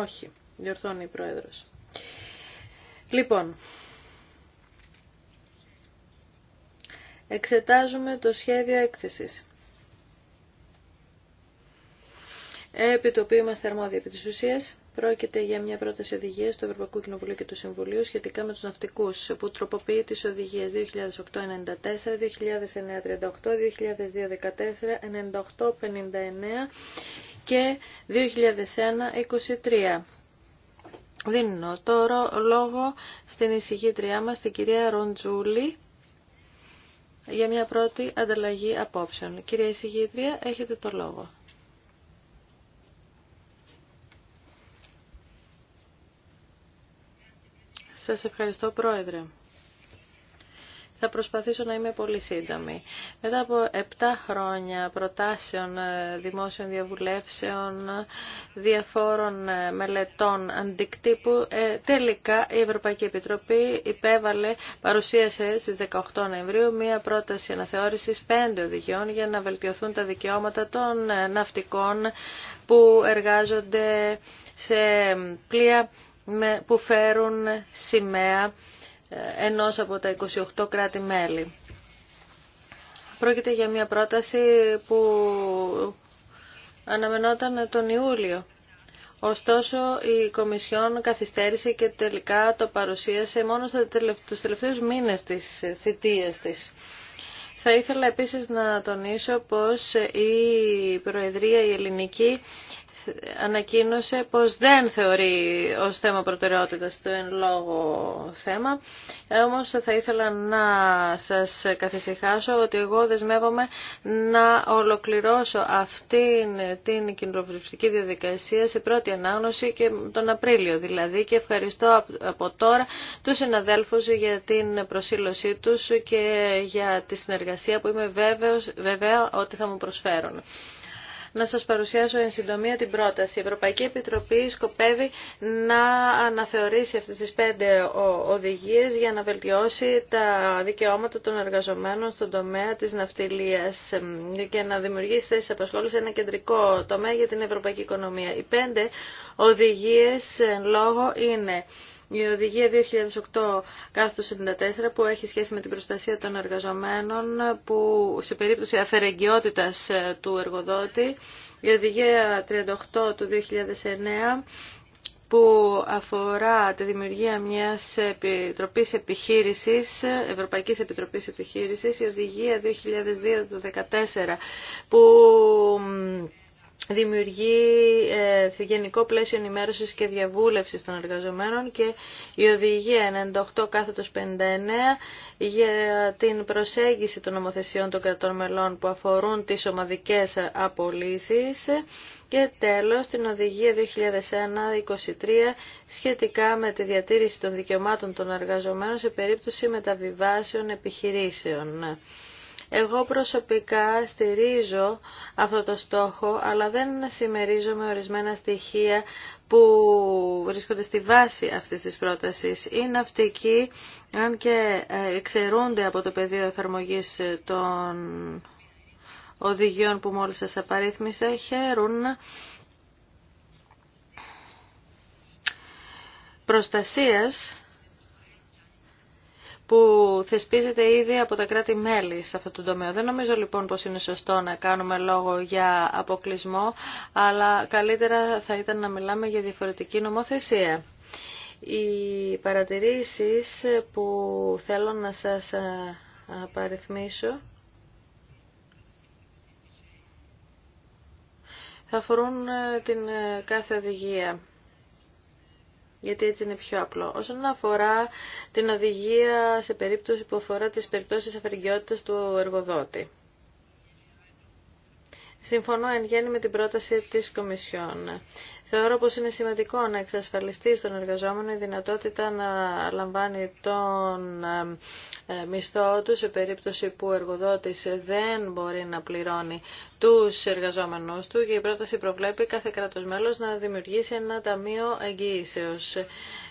Όχι, διορθώνει η Πρόεδρος. Λοιπόν, εξετάζουμε το σχέδιο έκθεσης. επί το οποίο είμαστε αρμόδιοι επί της ουσίας. Πρόκειται για μια πρόταση οδηγία του Ευρωπαϊκού Κοινοβουλίου και του Συμβουλίου σχετικά με του ναυτικού, που τροποποιεί τι οδηγίε 2008-94, 2009-38, 2002-14, 98-59 και 2001-23. Δίνω τώρα λόγο στην εισηγήτριά μας, την κυρία Ροντζούλη, για μια πρώτη ανταλλαγή απόψεων. Κυρία εισηγήτρια, έχετε το λόγο. Σας ευχαριστώ Πρόεδρε. Θα προσπαθήσω να είμαι πολύ σύντομη. Μετά από 7 χρόνια προτάσεων ε, δημόσιων διαβουλεύσεων, διαφόρων ε, μελετών αντικτύπου, ε, τελικά η Ευρωπαϊκή Επιτροπή υπέβαλε, παρουσίασε στις 18 Νοεμβρίου μία πρόταση αναθεώρησης 5 οδηγιών για να βελτιωθούν τα δικαιώματα των ναυτικών που εργάζονται σε πλοία που φέρουν σημαία ε, ενός από τα 28 κράτη-μέλη. Πρόκειται για μια πρόταση που αναμενόταν τον Ιούλιο. Ωστόσο, η Κομισιόν καθυστέρησε και τελικά το παρουσίασε μόνο στους τελευταίους μήνες της θητείας της. Θα ήθελα επίσης να τονίσω πως η Προεδρία η Ελληνική ανακοίνωσε πως δεν θεωρεί ως θέμα προτεραιότητας το εν λόγω θέμα. Ε, όμως θα ήθελα να σας καθησυχάσω ότι εγώ δεσμεύομαι να ολοκληρώσω αυτή την κοινοβουλευτική διαδικασία σε πρώτη ανάγνωση και τον Απρίλιο δηλαδή και ευχαριστώ από τώρα τους συναδέλφους για την προσήλωσή τους και για τη συνεργασία που είμαι βέβαιος, βέβαια ότι θα μου προσφέρουν. Να σας παρουσιάσω εν συντομία την πρόταση. Η Ευρωπαϊκή Επιτροπή σκοπεύει να αναθεωρήσει αυτές τις πέντε οδηγίες για να βελτιώσει τα δικαιώματα των εργαζομένων στον τομέα της ναυτιλίας και να δημιουργήσει θέσεις απασχόλησης σε ένα κεντρικό τομέα για την ευρωπαϊκή οικονομία. Οι πέντε οδηγίες λόγω είναι η Οδηγία 2008 2008-74 που έχει σχέση με την προστασία των εργαζομένων που σε περίπτωση αφαιρεγγιότητας ε, του εργοδότη. Η Οδηγία 38 του 2009 που αφορά τη δημιουργία μιας επιτροπής επιχείρησης, Ευρωπαϊκής Επιτροπής Επιχείρησης, η Οδηγία 2002-2014 που δημιουργεί ε, γενικό πλαίσιο ενημέρωσης και διαβούλευσης των εργαζομένων και η οδηγία 98 59 για την προσέγγιση των νομοθεσιών των κρατών μελών που αφορούν τις ομαδικές απολύσεις και τέλος την οδηγία 2001-23 σχετικά με τη διατήρηση των δικαιωμάτων των εργαζομένων σε περίπτωση μεταβιβάσεων επιχειρήσεων. Εγώ προσωπικά στηρίζω αυτό το στόχο, αλλά δεν συμμερίζομαι ορισμένα στοιχεία που βρίσκονται στη βάση αυτής της πρότασης. Οι ναυτικοί, αν και ε, εξαιρούνται από το πεδίο εφαρμογής ε, των οδηγιών που μόλις σας απαρίθμησα, χαίρουν προστασίας που θεσπίζεται ήδη από τα κράτη-μέλη σε αυτό το τομέα. Δεν νομίζω λοιπόν πως είναι σωστό να κάνουμε λόγο για αποκλεισμό, αλλά καλύτερα θα ήταν να μιλάμε για διαφορετική νομοθεσία. Οι παρατηρήσεις που θέλω να σας ε, απαριθμίσω θα αφορούν ε, την ε, κάθε οδηγία γιατί έτσι είναι πιο απλό. Όσον αφορά την οδηγία σε περίπτωση που αφορά τις περιπτώσεις αφαιρεγγιότητας του εργοδότη. Συμφωνώ εν γέννη με την πρόταση της Κομισιόν. Θεωρώ πως είναι σημαντικό να εξασφαλιστεί στον εργαζόμενο η δυνατότητα να λαμβάνει τον μισθό του σε περίπτωση που ο εργοδότης δεν μπορεί να πληρώνει τους εργαζόμενους του και η πρόταση προβλέπει κάθε κράτος μέλος να δημιουργήσει ένα ταμείο εγγυήσεως.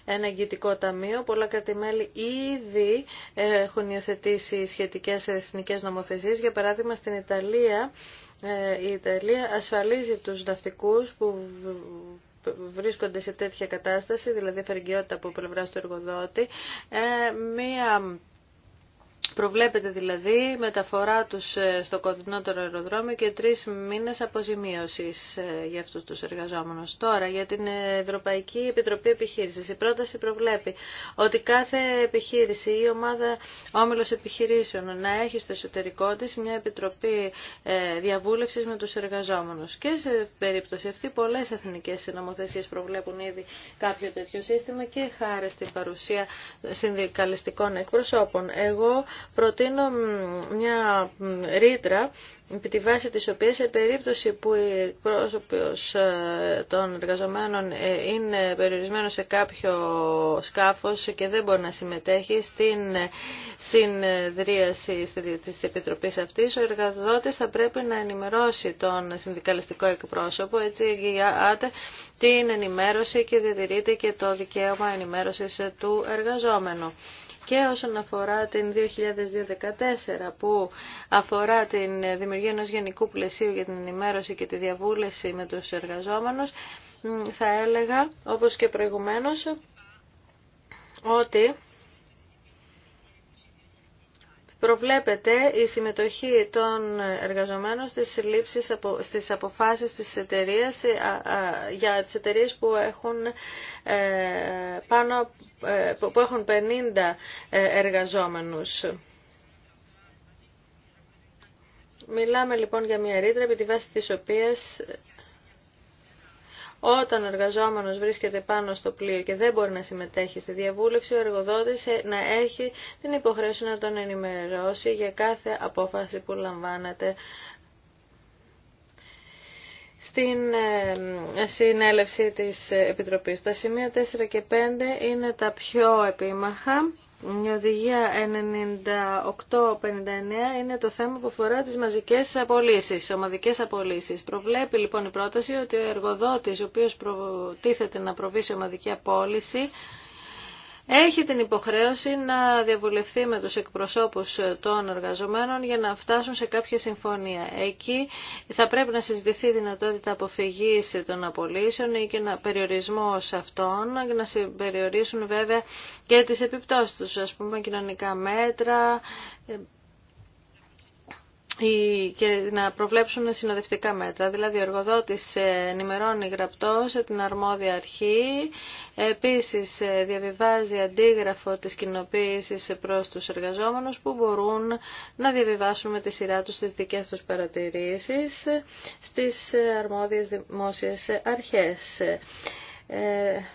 Ένα εγγυητικό ταμείο, πολλά κράτη-μέλη ήδη έχουν υιοθετήσει σχετικές εθνικές νομοθεσίες. Για παράδειγμα, στην Ιταλία ε, η Ιταλία ασφαλίζει τους ναυτικούς που βρίσκονται σε τέτοια κατάσταση, δηλαδή φεργιότητα από πλευρά του εργοδότη, ε, μία Προβλέπεται δηλαδή μεταφορά τους ε, στο κοντινότερο αεροδρόμιο και τρεις μήνες αποζημίωσης ε, για αυτούς τους εργαζόμενους. Τώρα για την Ευρωπαϊκή Επιτροπή Επιχείρησης. Η πρόταση προβλέπει ότι κάθε επιχείρηση ή ομάδα όμιλος επιχειρήσεων να έχει στο εσωτερικό της μια επιτροπή ε, διαβούλευσης με τους εργαζόμενους. Και σε περίπτωση αυτή πολλές εθνικές νομοθεσίες προβλέπουν ήδη κάποιο τέτοιο σύστημα και χάρη στην παρουσία συνδικαλιστικών εκπροσώπων. Εγώ προτείνω μια ρήτρα επί τη βάση της οποίας σε περίπτωση που ο πρόσωπος ε, των εργαζομένων ε, είναι περιορισμένο σε κάποιο σκάφος και δεν μπορεί να συμμετέχει στην συνδρίαση της Επιτροπής αυτής, ο εργαζότης θα πρέπει να ενημερώσει τον συνδικαλιστικό εκπρόσωπο, έτσι εγγυάται την ενημέρωση και διατηρείται και το δικαίωμα ενημέρωσης του εργαζόμενου και όσον αφορά την 2014 που αφορά την δημιουργία ενός γενικού πλαισίου για την ενημέρωση και τη διαβούλευση με τους εργαζόμενους θα έλεγα όπως και προηγουμένως ότι προβλέπεται η συμμετοχή των εργαζομένων στις, λήψεις, στις αποφάσεις της εταιρείας ε, για τις εταιρείες που έχουν, ε, πάνω, ε, που έχουν 50 εργαζόμενους. Μιλάμε λοιπόν για μια ρήτρα επί τη βάση της οποίας όταν ο εργαζόμενος βρίσκεται πάνω στο πλοίο και δεν μπορεί να συμμετέχει στη διαβούλευση, ο εργοδότης ε, να έχει την υποχρέωση να τον ενημερώσει για κάθε απόφαση που λαμβάνεται στην ε, συνέλευση της Επιτροπής. Τα σημεία 4 και 5 είναι τα πιο επίμαχα. Η οδηγία 98-59 είναι το θέμα που αφορά τις μαζικές απολύσεις, ομαδικές απολύσεις. Προβλέπει λοιπόν η πρόταση ότι ο εργοδότης ο οποίος προτίθεται να προβεί σε ομαδική απόλυση έχει την υποχρέωση να διαβουλευτεί με τους εκπροσώπους των εργαζομένων για να φτάσουν σε κάποια συμφωνία. Εκεί θα πρέπει να συζητηθεί δυνατότητα αποφυγής των απολύσεων ή και να περιορισμός αυτών, να περιορίσουν βέβαια και τις επιπτώσεις τους, ας πούμε κοινωνικά μέτρα, και να προβλέψουν συνοδευτικά μέτρα. Δηλαδή, ο εργοδότη ενημερώνει γραπτό σε την αρμόδια αρχή, επίσης διαβιβάζει αντίγραφο της κοινοποίηση προς του εργαζόμενου που μπορούν να διαβιβάσουν με τη σειρά τους τις δικές τους παρατηρήσεις στις αρμόδιες δημόσιες αρχές. Ε,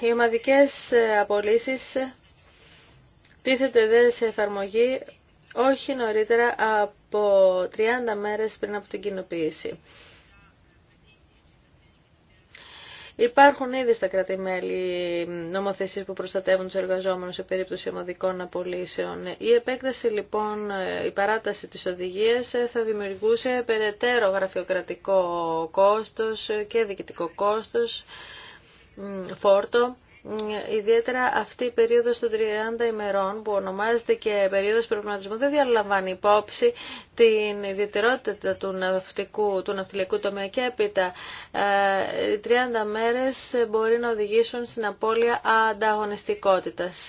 οι ομαδικές απολύσεις τίθεται δε σε εφαρμογή όχι νωρίτερα από 30 μέρες πριν από την κοινοποίηση. Υπάρχουν ήδη στα κράτη-μέλη νομοθεσίες που προστατεύουν τους εργαζόμενους σε περίπτωση ομαδικών απολύσεων. Η επέκταση λοιπόν, η παράταση της οδηγίας θα δημιουργούσε περαιτέρω γραφειοκρατικό κόστος και διοικητικό κόστος, φόρτο ιδιαίτερα αυτή η περίοδος των 30 ημερών που ονομάζεται και περίοδος προγραμματισμού δεν διαλαμβάνει υπόψη την ιδιαιτερότητα του, ναυτικού, του ναυτιλιακού τομέα και έπειτα ε, οι 30 μέρες μπορεί να οδηγήσουν στην απώλεια ανταγωνιστικότητας.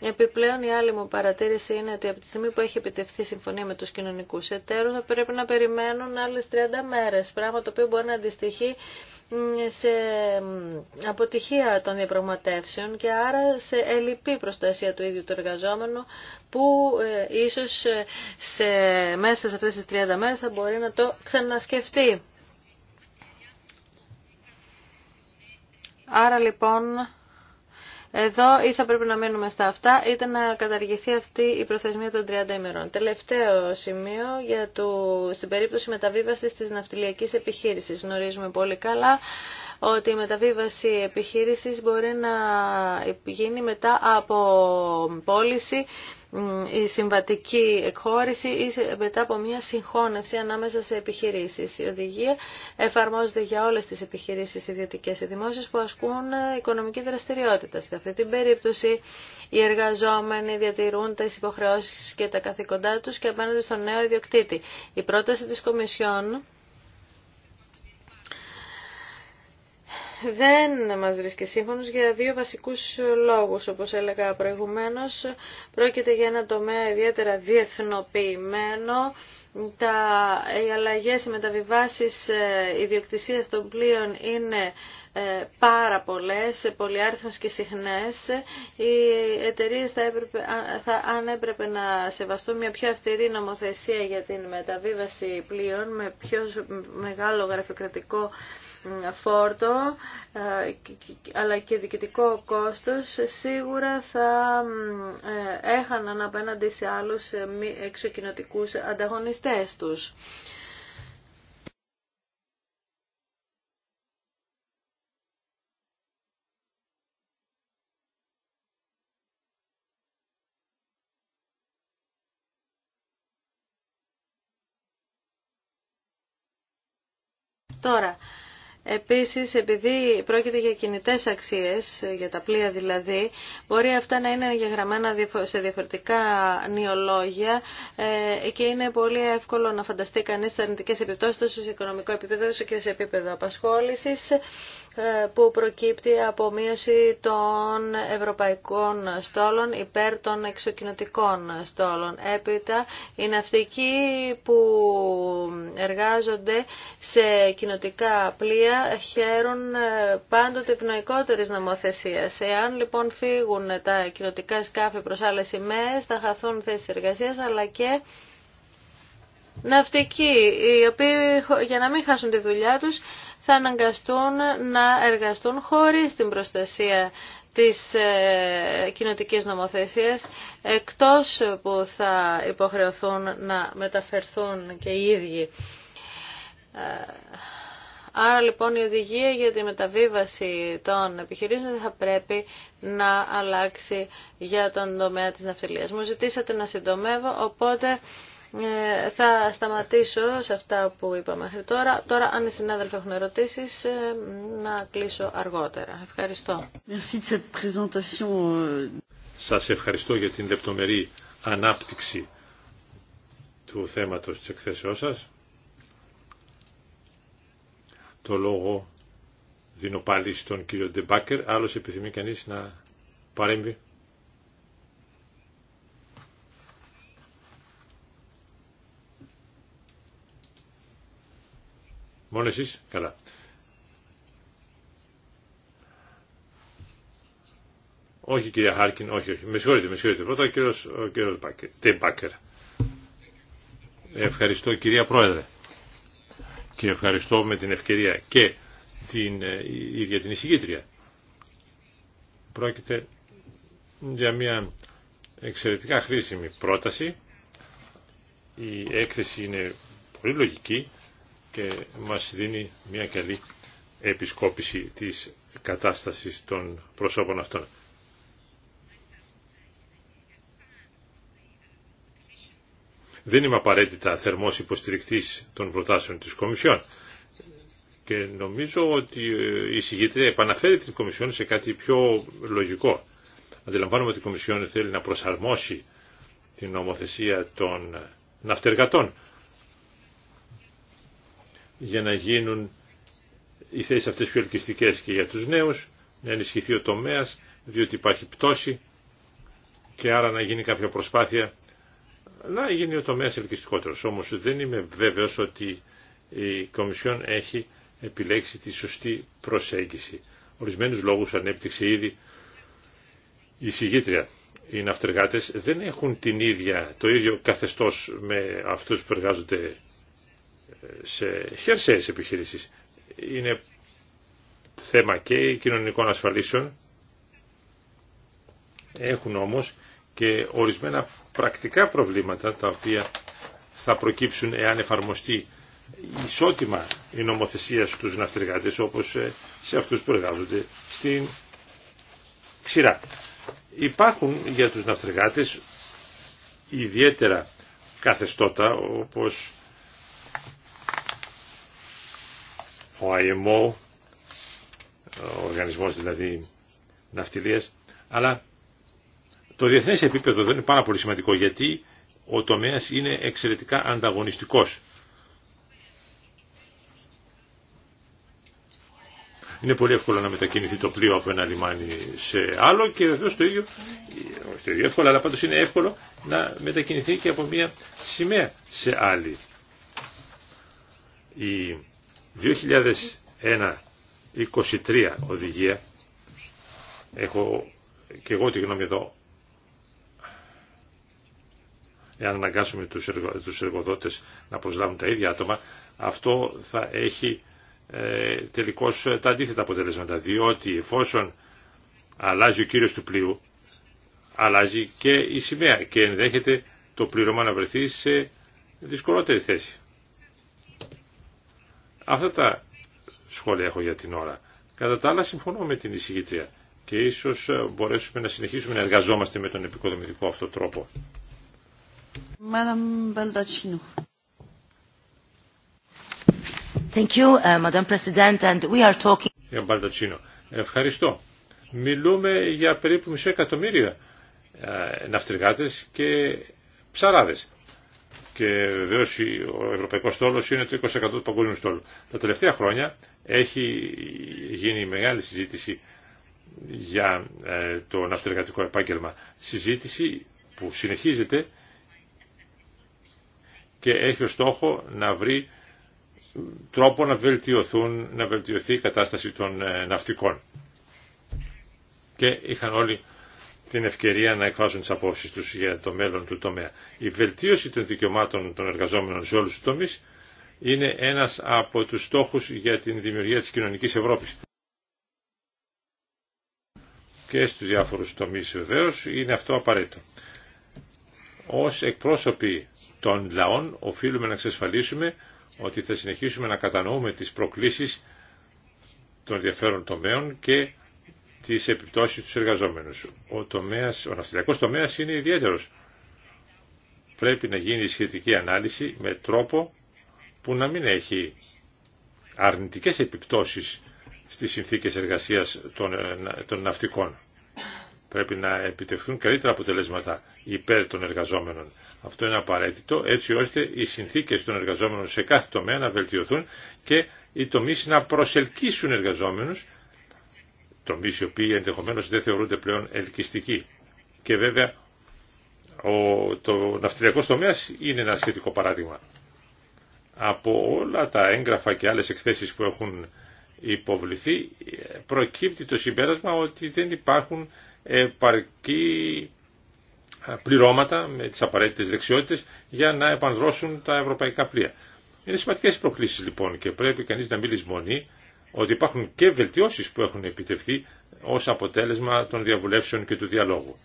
Επιπλέον η άλλη μου παρατήρηση είναι ότι από τη στιγμή που έχει επιτευχθεί συμφωνία με τους κοινωνικούς εταίρους θα πρέπει να περιμένουν άλλες 30 μέρες, πράγμα το οποίο μπορεί να αντιστοιχεί σε αποτυχία των διαπραγματεύσεων και άρα σε ελλειπή προστασία του ίδιου του εργαζόμενου που ε, ίσως ε, σε, μέσα σε αυτές τις 30 μέρες θα μπορεί να το ξανασκεφτεί. Άρα λοιπόν εδώ ή θα πρέπει να μείνουμε στα αυτά, είτε να καταργηθεί αυτή η προθεσμία των 30 ημερών. Τελευταίο σημείο για το, στην περίπτωση μεταβίβασης της ναυτιλιακής επιχείρησης. Γνωρίζουμε πολύ καλά ότι η μεταβίβαση επιχείρησης μπορεί να γίνει μετά από πώληση η συμβατική εκχώρηση ή μετά από μια συγχώνευση ανάμεσα σε επιχειρήσεις. Η οδηγία εφαρμόζεται για όλες τις επιχειρήσεις ιδιωτικές ή δημόσιες που ασκούν οικονομική δραστηριότητα. Σε αυτή την περίπτωση οι εργαζόμενοι διατηρούν τις υποχρεώσεις και τα καθήκοντά τους και απέναντι στον νέο ιδιοκτήτη. Η πρόταση της Κομισιόν δεν μας βρίσκει σύμφωνος για δύο βασικούς λόγους. Όπως έλεγα προηγουμένως, πρόκειται για ένα τομέα ιδιαίτερα διεθνοποιημένο. Τα, οι αλλαγές, οι μεταβιβάσεις ε, ιδιοκτησίας των πλοίων είναι ε, πάρα πολλές, πολυάριθμες και συχνές. Οι εταιρείε θα, αν έπρεπε να σεβαστούν μια πιο αυστηρή νομοθεσία για την μεταβίβαση πλοίων με πιο μεγάλο γραφειοκρατικό φόρτο ε, αλλά και διοικητικό κόστος σίγουρα θα ε, έχαναν απέναντι σε άλλους ε, εξοκοινωτικούς ανταγωνιστές τους. Τώρα, Επίσης, επειδή πρόκειται για κινητές αξίες, για τα πλοία δηλαδή, μπορεί αυτά να είναι γεγραμμένα σε διαφορετικά νιολόγια ε, και είναι πολύ εύκολο να φανταστεί κανείς τις αρνητικές επιπτώσεις στο σε οικονομικό επίπεδο και σε επίπεδο απασχόλησης ε, που προκύπτει από μείωση των ευρωπαϊκών στόλων υπέρ των εξοκοινωτικών στόλων. Έπειτα, οι ναυτικοί που εργάζονται σε κοινοτικά πλοία χαίρουν ε, πάντοτε πνοϊκότερη νομοθεσία. Εάν λοιπόν φύγουν τα κοινοτικά σκάφη προ άλλε σημαίε, θα χαθούν θέσει εργασία αλλά και ναυτικοί, οι οποίοι για να μην χάσουν τη δουλειά τους θα αναγκαστούν να εργαστούν χωρίς την προστασία της ε, κοινοτικής νομοθεσίας, εκτός που θα υποχρεωθούν να μεταφερθούν και οι ίδιοι. Ε, Άρα λοιπόν η οδηγία για τη μεταβίβαση των επιχειρήσεων θα πρέπει να αλλάξει για τον τομέα της ναυτιλίας. Μου ζητήσατε να συντομεύω, οπότε ε, θα σταματήσω σε αυτά που είπα μέχρι τώρα. Τώρα, αν οι συνάδελφοι έχουν ερωτήσει, ε, να κλείσω αργότερα. Ευχαριστώ. Euh. Σας ευχαριστώ για την λεπτομερή ανάπτυξη του θέματος της εκθέσεώς σας. Το λόγο δίνω πάλι στον κύριο Ντεμπάκερ. Άλλος επιθυμεί κανείς να παρέμβει. Μόνο εσείς. Καλά. Όχι κυρία Χάρκιν, όχι, όχι. Με συγχωρείτε, με συγχωρείτε. Πρώτα ο κύριος, Ντεμπάκερ. Ευχαριστώ κυρία Πρόεδρε και ευχαριστώ με την ευκαιρία και την ε, ίδια την εισηγήτρια. Πρόκειται για μια εξαιρετικά χρήσιμη πρόταση. Η έκθεση είναι πολύ λογική και μας δίνει μια καλή επισκόπηση της κατάστασης των προσώπων αυτών. Δεν είμαι απαραίτητα θερμός υποστηρικτής των προτάσεων της Κομισιόν. Και νομίζω ότι ε, η συγγήτρια επαναφέρει την Κομισιόν σε κάτι πιο λογικό. Αντιλαμβάνομαι ότι η Κομισιόν θέλει να προσαρμόσει την νομοθεσία των ναυτεργατών για να γίνουν οι θέσεις αυτές πιο ελκυστικές και για τους νέους, να ενισχυθεί ο τομέας, διότι υπάρχει πτώση και άρα να γίνει κάποια προσπάθεια να γίνει ο τομέας ελκυστικότερος. Όμως δεν είμαι βέβαιος ότι η Κομισιόν έχει επιλέξει τη σωστή προσέγγιση. Ορισμένους λόγους ανέπτυξε ήδη η συγγήτρια. Οι ναυτεργάτες δεν έχουν την ίδια, το ίδιο καθεστώς με αυτούς που εργάζονται ε, σε χερσαίες επιχειρήσεις. Είναι θέμα και κοινωνικών ασφαλίσεων. Έχουν όμως και ορισμένα πρακτικά προβλήματα τα οποία θα προκύψουν εάν εφαρμοστεί ισότιμα η νομοθεσία στους ναυτεργάτες όπως ε, σε αυτούς που εργάζονται στην ξηρά. Υπάρχουν για τους ναυτεργάτες ιδιαίτερα καθεστώτα όπως ο IMO, ο οργανισμός δηλαδή ναυτιλίας, αλλά το διεθνές επίπεδο δεν είναι πάρα πολύ σημαντικό γιατί ο τομέας είναι εξαιρετικά ανταγωνιστικός. Είναι πολύ εύκολο να μετακινηθεί το πλοίο από ένα λιμάνι σε άλλο και βεβαίω το ίδιο, όχι το ίδιο εύκολο, αλλά πάντως είναι εύκολο να μετακινηθεί και από μία σημαία σε άλλη. Η 2001-23 οδηγία, έχω και εγώ τη γνώμη εδώ, εάν αναγκάσουμε τους, εργο, τους εργοδότες να προσλάβουν τα ίδια άτομα, αυτό θα έχει ε, τελικώς ε, τα αντίθετα αποτελέσματα, διότι εφόσον αλλάζει ο κύριος του πλοίου, αλλάζει και η σημαία και ενδέχεται το πλήρωμα να βρεθεί σε δυσκολότερη θέση. Αυτά τα σχόλια έχω για την ώρα. Κατά τα άλλα συμφωνώ με την εισηγήτρια και ίσως ε, μπορέσουμε να συνεχίσουμε να εργαζόμαστε με τον επικοδομητικό αυτό τρόπο. Ευχαριστώ. Μιλούμε για περίπου μισό εκατομμύριο ε, ναυτεργάτες και ψαράδες. Και βεβαίω ο ευρωπαϊκός στόλος είναι το 20% του παγκόσμιου στόλου. Τα τελευταία χρόνια έχει γίνει μεγάλη συζήτηση για ε, το ναυτεργατικό επάγγελμα. Συζήτηση που συνεχίζεται και έχει ως στόχο να βρει τρόπο να, βελτιωθούν, να βελτιωθεί η κατάσταση των ε, ναυτικών. Και είχαν όλοι την ευκαιρία να εκφράσουν τις απόψεις τους για το μέλλον του τομέα. Η βελτίωση των δικαιωμάτων των εργαζόμενων σε όλους τους τομείς είναι ένας από τους στόχους για την δημιουργία της κοινωνικής Ευρώπης. Και στους διάφορους τομείς βεβαίω είναι αυτό απαραίτητο. Ως εκπρόσωποι των λαών οφείλουμε να εξασφαλίσουμε ότι θα συνεχίσουμε να κατανοούμε τις προκλήσεις των ενδιαφέρων τομέων και τις επιπτώσεις τους εργαζόμενους. Ο, τομέας, ο ναυτιλιακός τομέας είναι ιδιαίτερος. Πρέπει να γίνει σχετική ανάλυση με τρόπο που να μην έχει αρνητικές επιπτώσεις στις συνθήκες εργασίας των, των ναυτικών. Πρέπει να επιτευχθούν καλύτερα αποτελέσματα υπέρ των εργαζόμενων. Αυτό είναι απαραίτητο έτσι ώστε οι συνθήκες των εργαζόμενων σε κάθε τομέα να βελτιωθούν και οι τομείς να προσελκύσουν εργαζόμενους, τομείς οι οποίοι ενδεχομένως δεν θεωρούνται πλέον ελκυστικοί. Και βέβαια ο, το ναυτιλιακός τομέας είναι ένα σχετικό παράδειγμα. Από όλα τα έγγραφα και άλλες εκθέσεις που έχουν υποβληθεί προκύπτει το συμπέρασμα ότι δεν υπάρχουν επαρκεί πληρώματα με τις απαραίτητες δεξιότητες για να επανδρώσουν τα ευρωπαϊκά πλοία. Είναι σημαντικές οι προκλήσεις λοιπόν και πρέπει κανείς να μην λησμονεί ότι υπάρχουν και βελτιώσεις που έχουν επιτευχθεί ως αποτέλεσμα των διαβουλεύσεων και του διαλόγου.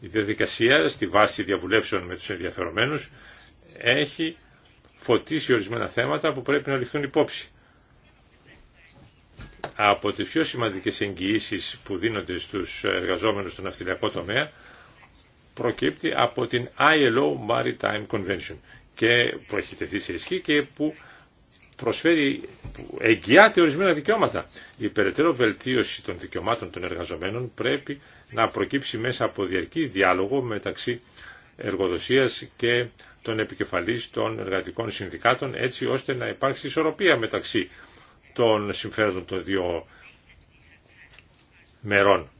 Η διαδικασία στη βάση διαβουλεύσεων με τους ενδιαφερομένους έχει φωτίσει ορισμένα θέματα που πρέπει να ληφθούν υπόψη από τις πιο σημαντικές εγγυήσεις που δίνονται στους εργαζόμενους στον αυτιλιακό τομέα προκύπτει από την ILO Maritime Convention και που έχει τεθεί σε ισχύ και που προσφέρει, εγγυάται ορισμένα δικαιώματα. Η περαιτέρω βελτίωση των δικαιωμάτων των εργαζομένων πρέπει να προκύψει μέσα από διαρκή διάλογο μεταξύ εργοδοσίας και των επικεφαλής των εργατικών συνδικάτων έτσι ώστε να υπάρξει ισορροπία μεταξύ των συμφέροντων των δύο μερών.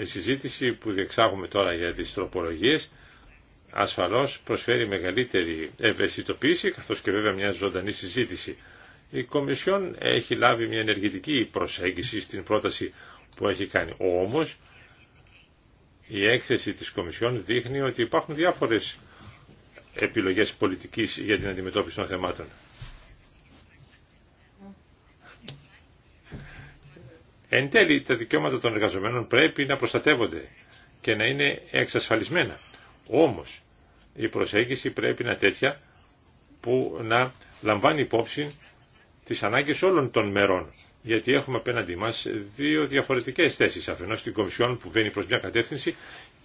Η συζήτηση που διεξάγουμε τώρα για τις τροπολογίες ασφαλώς προσφέρει μεγαλύτερη ευαισθητοποίηση καθώς και βέβαια μια ζωντανή συζήτηση. Η Κομισιόν έχει λάβει μια ενεργητική προσέγγιση στην πρόταση που έχει κάνει. Όμως η έκθεση της Κομισιόν δείχνει ότι υπάρχουν διάφορες επιλογές πολιτικής για την αντιμετώπιση των θεμάτων. Εν τέλει τα δικαιώματα των εργαζομένων πρέπει να προστατεύονται και να είναι εξασφαλισμένα. Όμως η προσέγγιση πρέπει να τέτοια που να λαμβάνει υπόψη τις ανάγκες όλων των μερών. Γιατί έχουμε απέναντί μας δύο διαφορετικές θέσεις. Αφενός την Κομισιόν που βγαίνει προς μια κατεύθυνση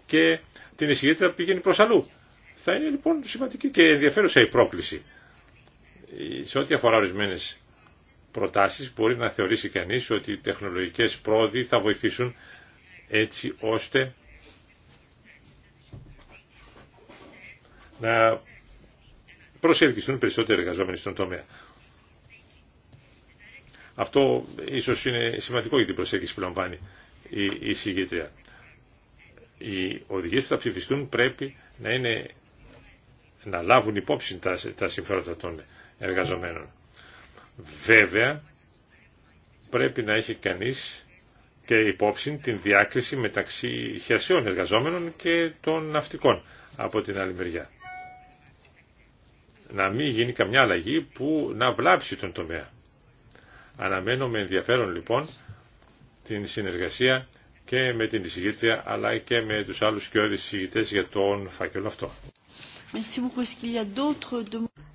και την εισηγήτρια που πηγαίνει προς αλλού. Θα είναι λοιπόν σημαντική και ενδιαφέρουσα η πρόκληση. Σε ό,τι αφορά ορισμένες προτάσεις μπορεί να θεωρήσει κανείς ότι οι τεχνολογικές πρόοδοι θα βοηθήσουν έτσι ώστε να προσελκυστούν περισσότεροι εργαζόμενοι στον τομέα. Αυτό ίσως είναι σημαντικό για την προσέγγιση που λαμβάνει η, η Οι οδηγίες που θα ψηφιστούν πρέπει να, είναι, να λάβουν υπόψη τα, τα συμφέροντα των εργαζομένων. Βέβαια, πρέπει να έχει κανείς και υπόψη την διάκριση μεταξύ χερσαίων εργαζόμενων και των ναυτικών από την άλλη μεριά. Να μην γίνει καμιά αλλαγή που να βλάψει τον τομέα. Αναμένω με ενδιαφέρον λοιπόν την συνεργασία και με την εισηγήτρια αλλά και με τους άλλους κοιόδης εισηγητές για τον φάκελο αυτό.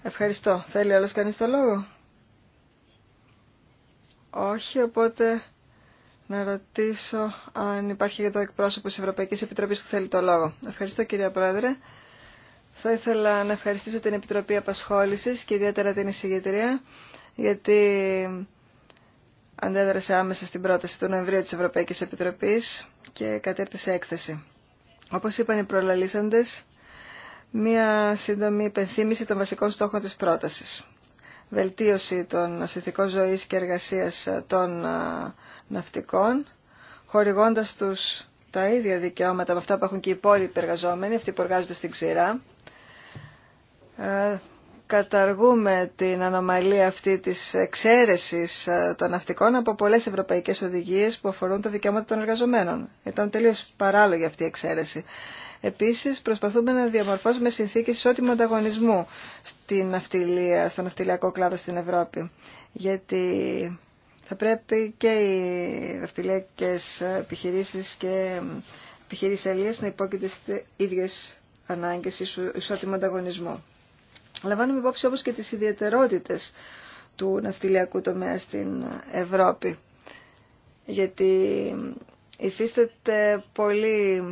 Ευχαριστώ. Θέλει άλλος κανείς το λόγο. Όχι, οπότε να ρωτήσω αν υπάρχει εδώ εκπρόσωπο τη Ευρωπαϊκή Επιτροπή που θέλει το λόγο. Ευχαριστώ κυρία Πρόεδρε. Θα ήθελα να ευχαριστήσω την Επιτροπή Απασχόληση και ιδιαίτερα την εισηγητρία γιατί αντέδρασε άμεσα στην πρόταση του Νοεμβρίου της Ευρωπαϊκής Επιτροπής και κατέρτησε έκθεση. Όπως είπαν οι προλαλήσαντες, μία σύντομη υπενθύμηση των βασικών στόχων της πρότασης βελτίωση των συνθηκών ζωής και εργασίας των ναυτικών, χορηγώντας τους τα ίδια δικαιώματα με αυτά που έχουν και οι υπόλοιποι εργαζόμενοι, αυτοί που εργάζονται στην ξηρά. Ε, καταργούμε την ανομαλία αυτή της εξαίρεσης ε, των ναυτικών από πολλές ευρωπαϊκές οδηγίες που αφορούν τα δικαιώματα των εργαζομένων. Ήταν τελείως παράλογη αυτή η εξαίρεση. Επίσης προσπαθούμε να διαμορφώσουμε συνθήκες ισότιμου ανταγωνισμού στην ναυτιλία, στον ναυτιλιακό κλάδο στην Ευρώπη. Γιατί θα πρέπει και οι ναυτιλιακές επιχειρήσεις και επιχειρήσεις αλλιές να υπόκειται στις ίδιες ανάγκες ισότιμου ανταγωνισμού. Λαμβάνουμε υπόψη όπως και τις ιδιαιτερότητες του ναυτιλιακού τομέα στην Ευρώπη. Γιατί υφίσταται πολύ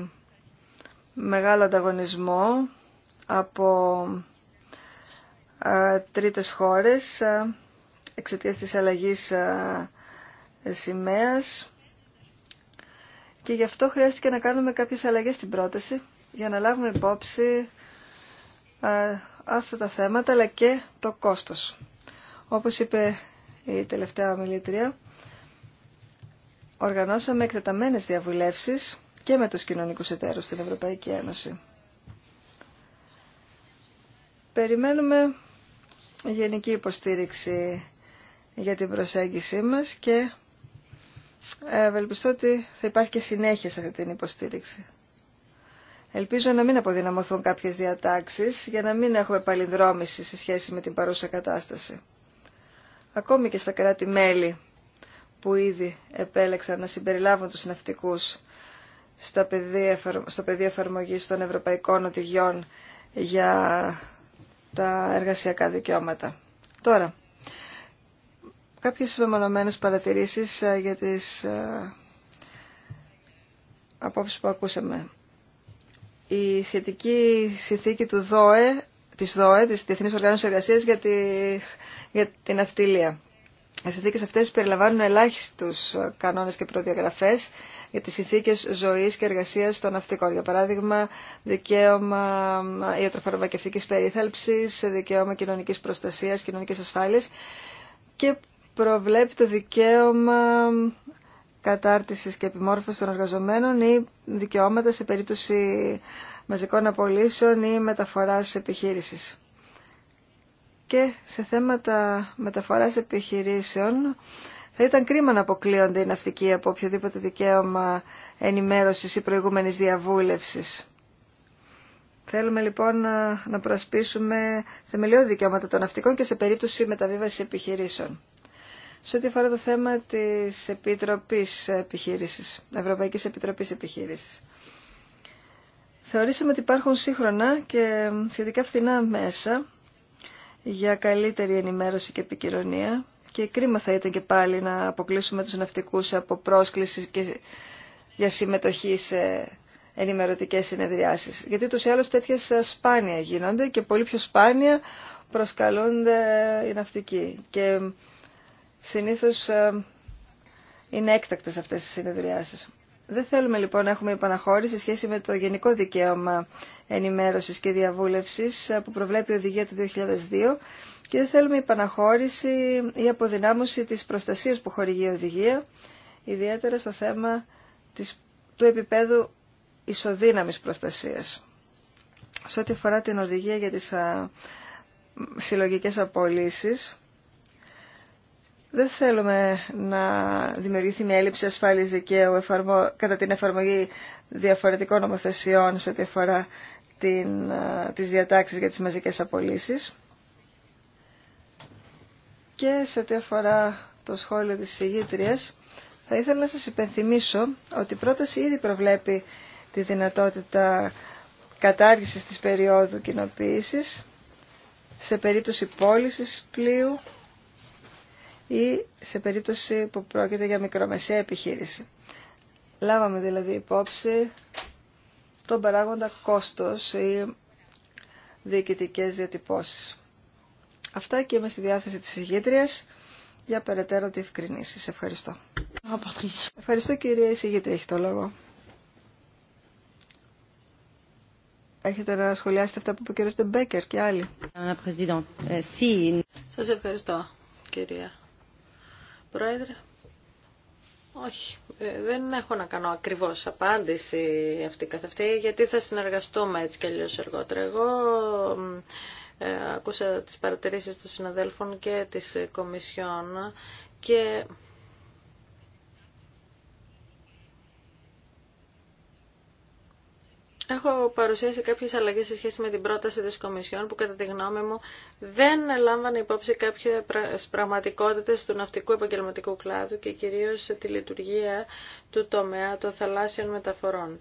μεγάλο ανταγωνισμό από ε, τρίτες χώρες ε, εξαιτίας της αλλαγής ε, σημαίας και γι' αυτό χρειάστηκε να κάνουμε κάποιες αλλαγές στην πρόταση για να λάβουμε υπόψη αυτά τα θέματα αλλά και το κόστος. Όπως είπε η τελευταία ομιλήτρια, οργανώσαμε εκτεταμένες διαβουλεύσεις και με τους κοινωνικούς εταίρους στην Ευρωπαϊκή Ένωση. Περιμένουμε γενική υποστήριξη για την προσέγγιση μας και ε, ευελπιστώ ότι θα υπάρχει και συνέχεια σε αυτή την υποστήριξη. Ελπίζω να μην αποδυναμωθούν κάποιες διατάξεις για να μην έχουμε παλινδρόμηση σε σχέση με την παρούσα κατάσταση. Ακόμη και στα κράτη-μέλη που ήδη επέλεξαν να συμπεριλάβουν τους ναυτικούς στο πεδίο εφαρμογή των ευρωπαϊκών οδηγιών για τα εργασιακά δικαιώματα. Τώρα, κάποιες μεμονωμένες παρατηρήσεις ε, για τις ε, απόψεις που ακούσαμε. Η σχετική συνθήκη του ΔΟΕ, της ΔΟΕ, της Διεθνής Οργάνωσης Εργασίας για, για την αυτιλία. Οι συνθήκε αυτές περιλαμβάνουν ελάχιστου κανόνες και προδιαγραφέ για τις συνθήκε ζωής και εργασίας των ναυτικών. Για παράδειγμα, δικαίωμα ιατροφαρμακευτική περίθαλψη, δικαίωμα κοινωνικής προστασίας, κοινωνική ασφάλεια και προβλέπει το δικαίωμα κατάρτισης και επιμόρφωσης των εργαζομένων ή δικαιώματα σε περίπτωση μαζικών απολύσεων ή μεταφοράς επιχείρησης και σε θέματα μεταφοράς επιχειρήσεων θα ήταν κρίμα να αποκλείονται οι ναυτικοί από οποιοδήποτε δικαίωμα ενημέρωσης ή προηγούμενης διαβούλευσης. Θέλουμε λοιπόν να, να προσπίσουμε θεμελιώδη δικαιώματα των ναυτικών και σε περίπτωση μεταβίβασης επιχειρήσεων. Σε ό,τι αφορά το θέμα της Επιτροπής Επιχείρησης, Ευρωπαϊκής Επιτροπής Επιχείρησης. Θεωρήσαμε ότι υπάρχουν σύγχρονα και σχετικά φθηνά μέσα για καλύτερη ενημέρωση και επικοινωνία και κρίμα θα ήταν και πάλι να αποκλείσουμε τους ναυτικούς από πρόσκληση και για συμμετοχή σε ενημερωτικές συνεδριάσεις. Γιατί τους άλλως τέτοιες σπάνια γίνονται και πολύ πιο σπάνια προσκαλούνται οι ναυτικοί. Και συνήθως ε, είναι έκτακτες αυτές οι συνεδριάσεις. Δεν θέλουμε λοιπόν να έχουμε επαναχώρηση σε σχέση με το γενικό δικαίωμα ενημέρωσης και διαβούλευσης ε, που προβλέπει η οδηγία του 2002 και δεν θέλουμε επαναχώρηση ή αποδυνάμωση της προστασίας που χορηγεί η οδηγία, ιδιαίτερα στο θέμα της, του επίπεδου ισοδύναμης προστασίας. Σε ό,τι αφορά την οδηγία για τις α, ε, συλλογικές απολύσεις, δεν θέλουμε να δημιουργηθεί μια έλλειψη ασφάλειας δικαίου κατά την εφαρμογή διαφορετικών νομοθεσιών σε ό,τι αφορά την, τις διατάξεις για τις μαζικές απολύσεις. Και σε ό,τι αφορά το σχόλιο της ηγήτριας, θα ήθελα να σας υπενθυμίσω ότι η πρόταση ήδη προβλέπει τη δυνατότητα κατάργησης της περίοδου κοινοποίησης σε περίπτωση πώλησης πλοίου ή σε περίπτωση που πρόκειται για μικρομεσαία επιχείρηση. Λάβαμε δηλαδή υπόψη τον παράγοντα κόστος ή διοικητικές διατυπώσεις. Αυτά και είμαι στη διάθεση της ηγήτριας για περαιτέρω διευκρινήσεις. Ευχαριστώ. Ευχαριστώ κυρία εισηγήτρια, έχει το λόγο. Έχετε να σχολιάσετε αυτά που είπε ο κ. Ντεμπέκερ και άλλοι. Ε, Σας ευχαριστώ κυρία Πρόεδρε. Όχι, ε, δεν έχω να κάνω ακριβώς απάντηση αυτή καθ' γιατί θα συνεργαστούμε έτσι και αλλιώς εργότερα. Εγώ ε, ακούσα τις παρατηρήσεις των συναδέλφων και της Κομισιόν και έχω παρουσιάσει κάποιες αλλαγές σε σχέση με την πρόταση της Κομισιόν που κατά τη γνώμη μου δεν λάμβανε υπόψη κάποιες πραγματικότητες του ναυτικού επαγγελματικού κλάδου και κυρίως τη λειτουργία του τομέα των θαλάσσιων μεταφορών.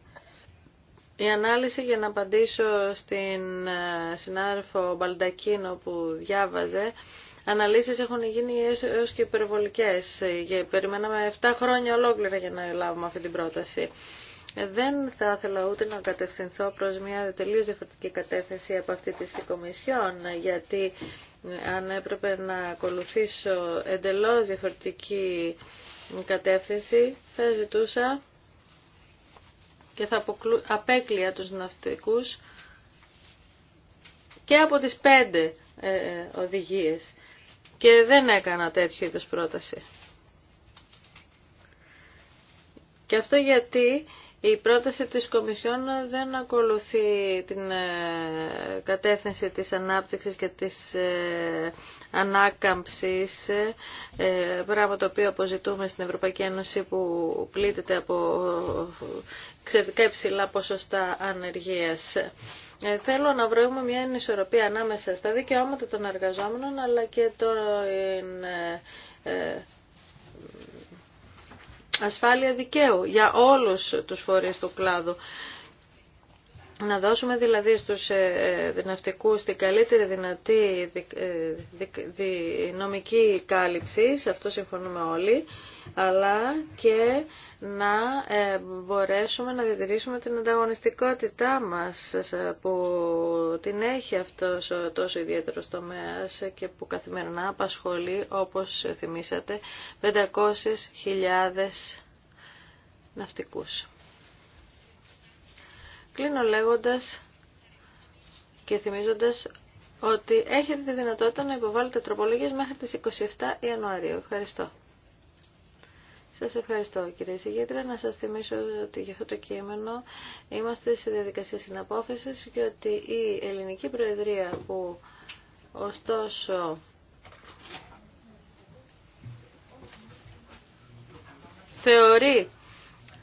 Η ανάλυση για να απαντήσω στην ε, συνάδελφο Μπαλντακίνο που διάβαζε Αναλύσεις έχουν γίνει έως και υπερβολικές. Ε, περιμέναμε 7 χρόνια ολόκληρα για να λάβουμε αυτή την πρόταση δεν θα ήθελα ούτε να κατευθυνθώ προς μια τελείως διαφορετική κατεύθυνση από αυτή τη Κομισιόν, γιατί ε, αν έπρεπε να ακολουθήσω εντελώς διαφορετική κατεύθυνση, θα ζητούσα και θα απέκλεια τους ναυτικούς και από τις πέντε ε, ε, οδηγίες. Και δεν έκανα τέτοιο είδο πρόταση. Και αυτό γιατί η πρόταση της Κομισιόν δεν ακολουθεί την ε, κατεύθυνση της ανάπτυξης και της ε, ανάκαμψης, ε, πράγμα το οποίο αποζητούμε στην Ευρωπαϊκή Ένωση που πλήττεται από εξαιρετικά υψηλά ποσοστά ανεργίας. θέλω να βρούμε μια ενισορροπία ανάμεσα στα δικαιώματα των εργαζόμενων αλλά και των ασφάλεια δικαίου για όλους τους φορείς του κλάδου. Να δώσουμε δηλαδή στους ε, ε, ναυτικούς την καλύτερη δυνατή ε, νομική κάλυψη, σε αυτό συμφωνούμε όλοι, αλλά και να μπορέσουμε να διατηρήσουμε την ανταγωνιστικότητά μας που την έχει αυτός ο τόσο ιδιαίτερος τομέας και που καθημερινά απασχολεί, όπως θυμήσατε, 500.000 ναυτικούς. Κλείνω λέγοντας και θυμίζοντας ότι έχετε τη δυνατότητα να υποβάλλετε τροπολογίες μέχρι τις 27 Ιανουαρίου. Ευχαριστώ. Σας ευχαριστώ κύριε Συγγέντρια. Να σας θυμίσω ότι για αυτό το κείμενο είμαστε σε διαδικασία συναπόφασης και ότι η ελληνική προεδρία που ωστόσο θεωρεί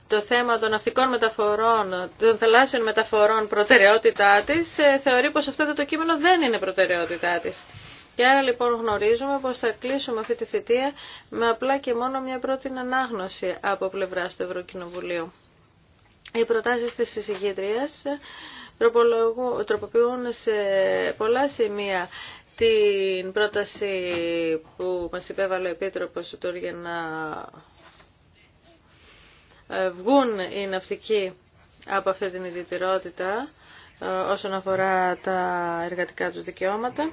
το θέμα των ναυτικών μεταφορών, των θαλάσσιων μεταφορών προτεραιότητά της, ε, θεωρεί πως αυτό το κείμενο δεν είναι προτεραιότητά της. Και άρα λοιπόν γνωρίζουμε πως θα κλείσουμε αυτή τη θητεία με απλά και μόνο μια πρώτη ανάγνωση από πλευρά του Ευρωκοινοβουλίου. Οι προτάσεις της συζυγήτριας ε, τροποποιούν σε πολλά σημεία την πρόταση που μας υπέβαλε ο Επίτροπος του για να ε, βγουν οι ναυτικοί από αυτή την ιδιαιτερότητα ε, όσον αφορά τα εργατικά τους δικαιώματα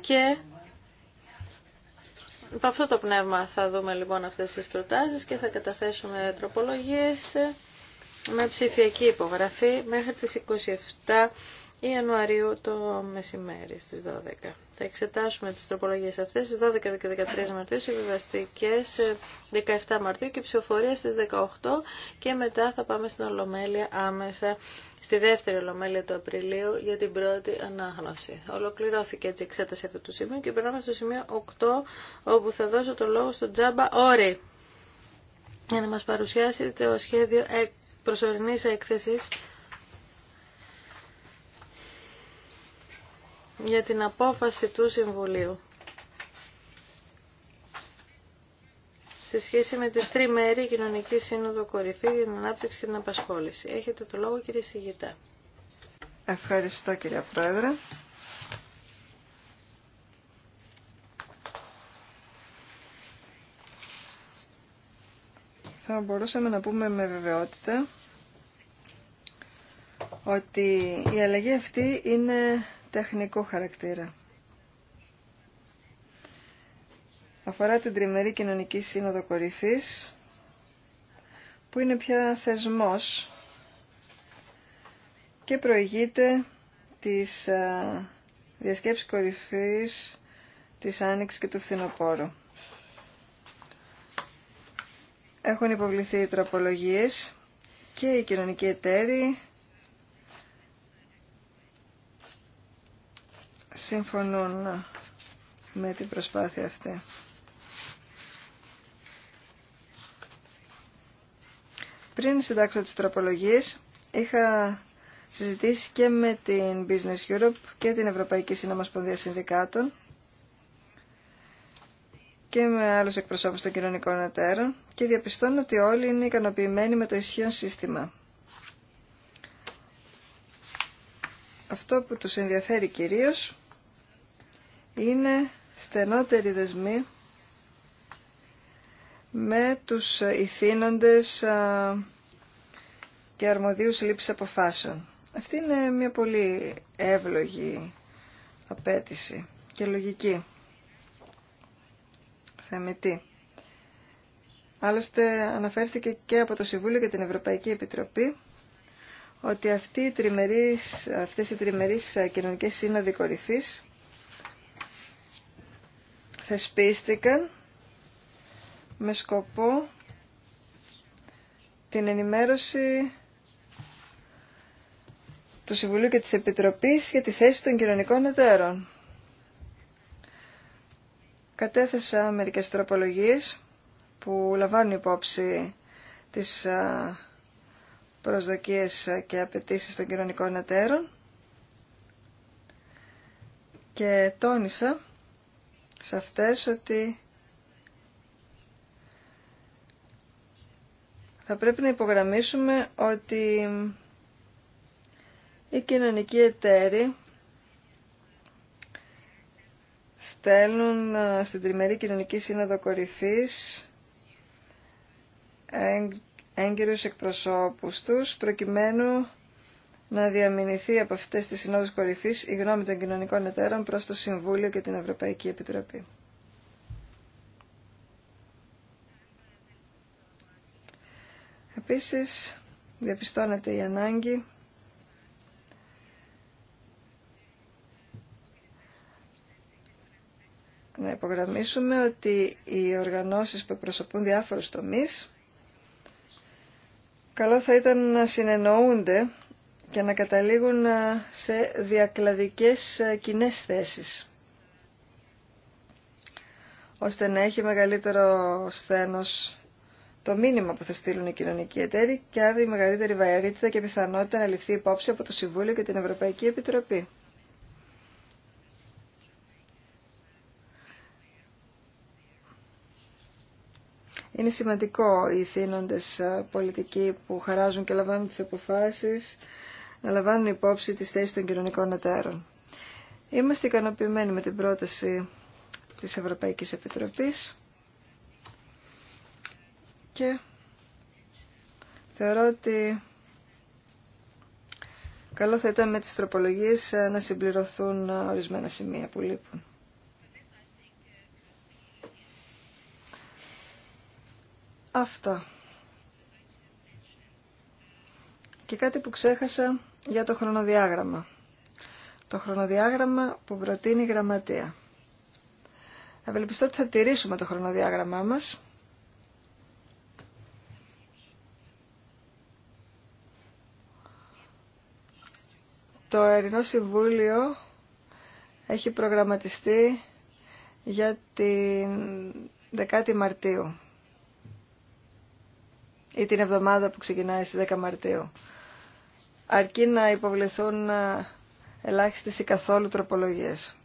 και από αυτό το πνεύμα θα δούμε λοιπόν αυτές τις προτάσεις και θα καταθέσουμε τροπολογίες με ψηφιακή υπογραφή μέχρι τις 27 ή Ιανουαρίου το μεσημέρι στις 12. Θα εξετάσουμε τις τροπολογίες αυτές στις 12 και 13 Μαρτίου, συμβιβαστικές 17 ε, Μαρτίου και ψηφοφορία στις 18 και μετά θα πάμε στην Ολομέλεια άμεσα, στη δεύτερη Ολομέλεια του Απριλίου για την πρώτη ανάγνωση. Ολοκληρώθηκε έτσι η εξέταση αυτού του σημείου και περνάμε στο σημείο 8 όπου θα δώσω το λόγο στον Τζάμπα Όρη για να μας παρουσιάσει το σχέδιο προσωρινής έκθεσης για την απόφαση του Συμβουλίου σε σχέση με τη τριμερή κοινωνική σύνοδο κορυφή για την ανάπτυξη και την απασχόληση. Έχετε το λόγο κύριε Σιγητά. Ευχαριστώ κύριε Πρόεδρε. Θα μπορούσαμε να πούμε με βεβαιότητα ότι η αλλαγή αυτή είναι τεχνικού χαρακτήρα. Αφορά την Τριμερή Κοινωνική Σύνοδο Κορυφής, που είναι πια θεσμός και προηγείται της διασκέψης κορυφής της Άνοιξης και του Φθινοπόρου. Έχουν υποβληθεί οι και οι κοινωνικοί εταίροι συμφωνούν με την προσπάθεια αυτή. Πριν συντάξω τις τροπολογίες, είχα συζητήσει και με την Business Europe και την Ευρωπαϊκή Συνομοσπονδία Συνδικάτων και με άλλους εκπροσώπους των κοινωνικών εταίρων και διαπιστώνω ότι όλοι είναι ικανοποιημένοι με το ισχύον σύστημα. Αυτό που τους ενδιαφέρει κυρίως είναι στενότεροι δεσμοί με τους ηθήνοντες και αρμοδίους λήψης αποφάσεων. Αυτή είναι μια πολύ εύλογη απέτηση και λογική. Θεμητή. Άλλωστε αναφέρθηκε και από το Συμβούλιο και την Ευρωπαϊκή Επιτροπή ότι αυτοί οι τριμερείς, αυτές οι τριμερείς κοινωνικές σύνοδοι κορυφής θεσπίστηκαν με σκοπό την ενημέρωση του Συμβουλίου και της Επιτροπής για τη θέση των κοινωνικών εταίρων. Κατέθεσα μερικές τροπολογίες που λαμβάνουν υπόψη τις προσδοκίες και απαιτήσεις των κοινωνικών εταίρων και τόνισα σε αυτές ότι θα πρέπει να υπογραμμίσουμε ότι οι κοινωνικοί εταίροι στέλνουν ε, στην Τριμερή Κοινωνική Σύνοδο Κορυφής έγκυρους εκπροσώπους τους προκειμένου να διαμηνηθεί από αυτές τις συνόδους κορυφής η γνώμη των κοινωνικών εταίρων προς το Συμβούλιο και την Ευρωπαϊκή Επιτροπή. Επίσης, διαπιστώνεται η ανάγκη να υπογραμμίσουμε ότι οι οργανώσεις που εκπροσωπούν διάφορους τομείς καλό θα ήταν να συνεννοούνται και να καταλήγουν ε, σε διακλαδικές ε, κοινέ θέσεις ώστε να έχει μεγαλύτερο σθένος το μήνυμα που θα στείλουν οι κοινωνικοί εταίροι και άρα η μεγαλύτερη βαρύτητα και πιθανότητα να ληφθεί υπόψη από το Συμβούλιο και την Ευρωπαϊκή Επιτροπή. Είναι σημαντικό οι θύνοντες ε, πολιτικοί που χαράζουν και λαμβάνουν τις αποφάσεις να λαμβάνουν υπόψη τις θέσεις των κοινωνικών εταίρων. Είμαστε ικανοποιημένοι με την πρόταση της Ευρωπαϊκής Επιτροπής και θεωρώ ότι καλό θα ήταν με τις τροπολογίες ε, να συμπληρωθούν ε, ορισμένα σημεία που λείπουν. Αυτά. Και κάτι που ξέχασα για το χρονοδιάγραμμα. Το χρονοδιάγραμμα που προτείνει η Γραμματεία. Ευελπιστώ ότι θα τηρήσουμε το χρονοδιάγραμμά μας. Το Ερεινό Συμβούλιο έχει προγραμματιστεί για την 10η Μαρτίου ή την εβδομάδα που ξεκινάει στις 10 Μαρτίου αρκεί να υποβληθούν ε, ελάχιστες ή καθόλου τροπολογίες.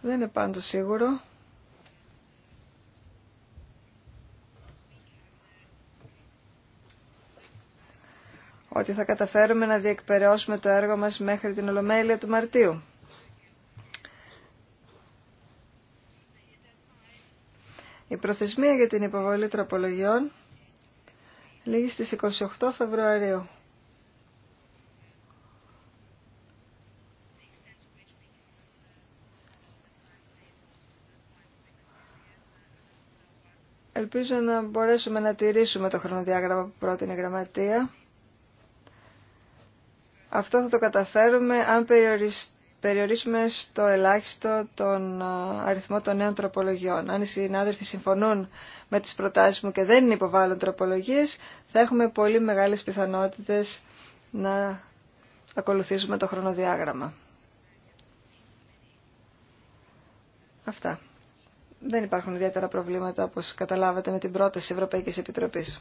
Δεν είναι πάντως σίγουρο. ότι θα καταφέρουμε να διεκπαιρεώσουμε το έργο μας μέχρι την Ολομέλεια του Μαρτίου. Η προθεσμία για την υποβολή τροπολογιών Λίγη στις 28 Φεβρουαρίου. Ελπίζω να μπορέσουμε να τηρήσουμε το χρονοδιάγραμμα που πρότεινε η Γραμματεία. Αυτό θα το καταφέρουμε αν περιοριστούμε περιορίσουμε στο ελάχιστο τον ε, αριθμό των νέων τροπολογιών. Αν οι συνάδελφοι συμφωνούν με τις προτάσεις μου και δεν υποβάλλουν τροπολογίες, θα έχουμε πολύ μεγάλες πιθανότητες να ακολουθήσουμε το χρονοδιάγραμμα. Αυτά. Δεν υπάρχουν ιδιαίτερα προβλήματα, όπως καταλάβατε, με την πρόταση Ευρωπαϊκής Επιτροπής.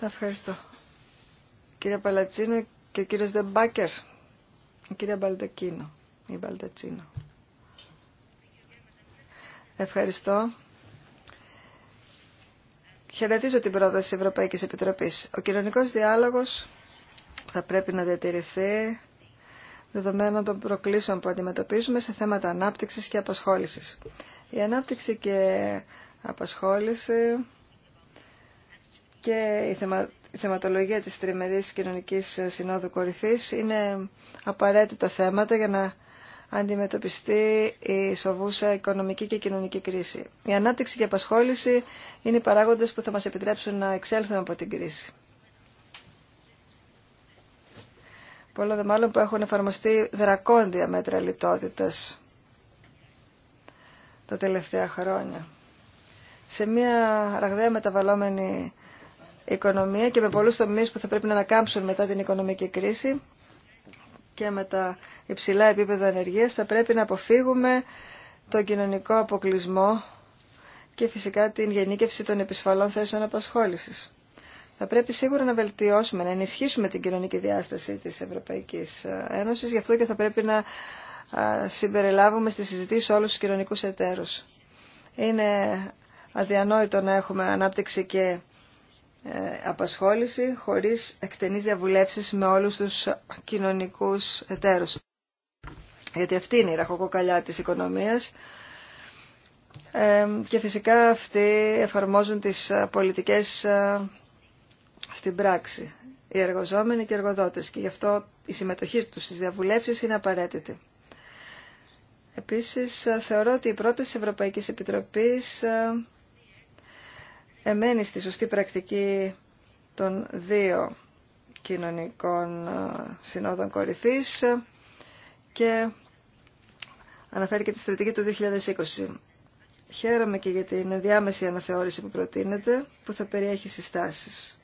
Ευχαριστώ κυρία Παλατσίνο και ο κύριος Δεμπάκερ. Η κυρία Μπαλτακίνο. Η Μπαλτατσίνο. Ευχαριστώ. Χαιρετίζω την πρόταση της Ευρωπαϊκής Επιτροπής. Ο κοινωνικός διάλογος θα πρέπει να διατηρηθεί δεδομένων των προκλήσεων που αντιμετωπίζουμε σε θέματα ανάπτυξης και απασχόλησης. Η ανάπτυξη και απασχόληση και η, θεμα, θεματολογία της τριμερής κοινωνικής συνόδου κορυφής είναι απαραίτητα θέματα για να αντιμετωπιστεί η σοβούσα οικονομική και κοινωνική κρίση. Η ανάπτυξη και η απασχόληση είναι οι παράγοντες που θα μας επιτρέψουν να εξέλθουμε από την κρίση. Πολλά δε μάλλον που έχουν εφαρμοστεί δρακόντια μέτρα λιτότητας τα τελευταία χρόνια. Σε μια ραγδαία μεταβαλλόμενη οικονομία και με πολλούς τομείς που θα πρέπει να ανακάμψουν μετά την οικονομική κρίση και με τα υψηλά επίπεδα ανεργίας θα πρέπει να αποφύγουμε τον κοινωνικό αποκλεισμό και φυσικά την γενίκευση των επισφαλών θέσεων απασχόλησης. Θα πρέπει σίγουρα να βελτιώσουμε, να ενισχύσουμε την κοινωνική διάσταση της Ευρωπαϊκής Ένωσης, γι' αυτό και θα πρέπει να συμπεριλάβουμε στη συζητήση όλους τους κοινωνικούς εταίρους. Είναι αδιανόητο να έχουμε ανάπτυξη και ε, απασχόληση χωρίς εκτενείς διαβουλεύσεις με όλους τους κοινωνικούς εταίρους. Γιατί αυτή είναι η ραχοκοκαλιά της οικονομίας ε, και φυσικά αυτοί εφαρμόζουν τις ε, πολιτικές στην πράξη, οι εργοζόμενοι και οι εργοδότες και γι' αυτό η συμμετοχή τους στις διαβουλεύσεις είναι απαραίτητη. Επίσης θεωρώ ότι η πρόταση Ευρωπαϊκής Επιτροπής εμένει στη σωστή πρακτική των δύο κοινωνικών ε, συνόδων κορυφής και αναφέρει και τη στρατηγική του 2020. Χαίρομαι και για την διάμεση αναθεώρηση που προτείνεται, που θα περιέχει συστάσεις.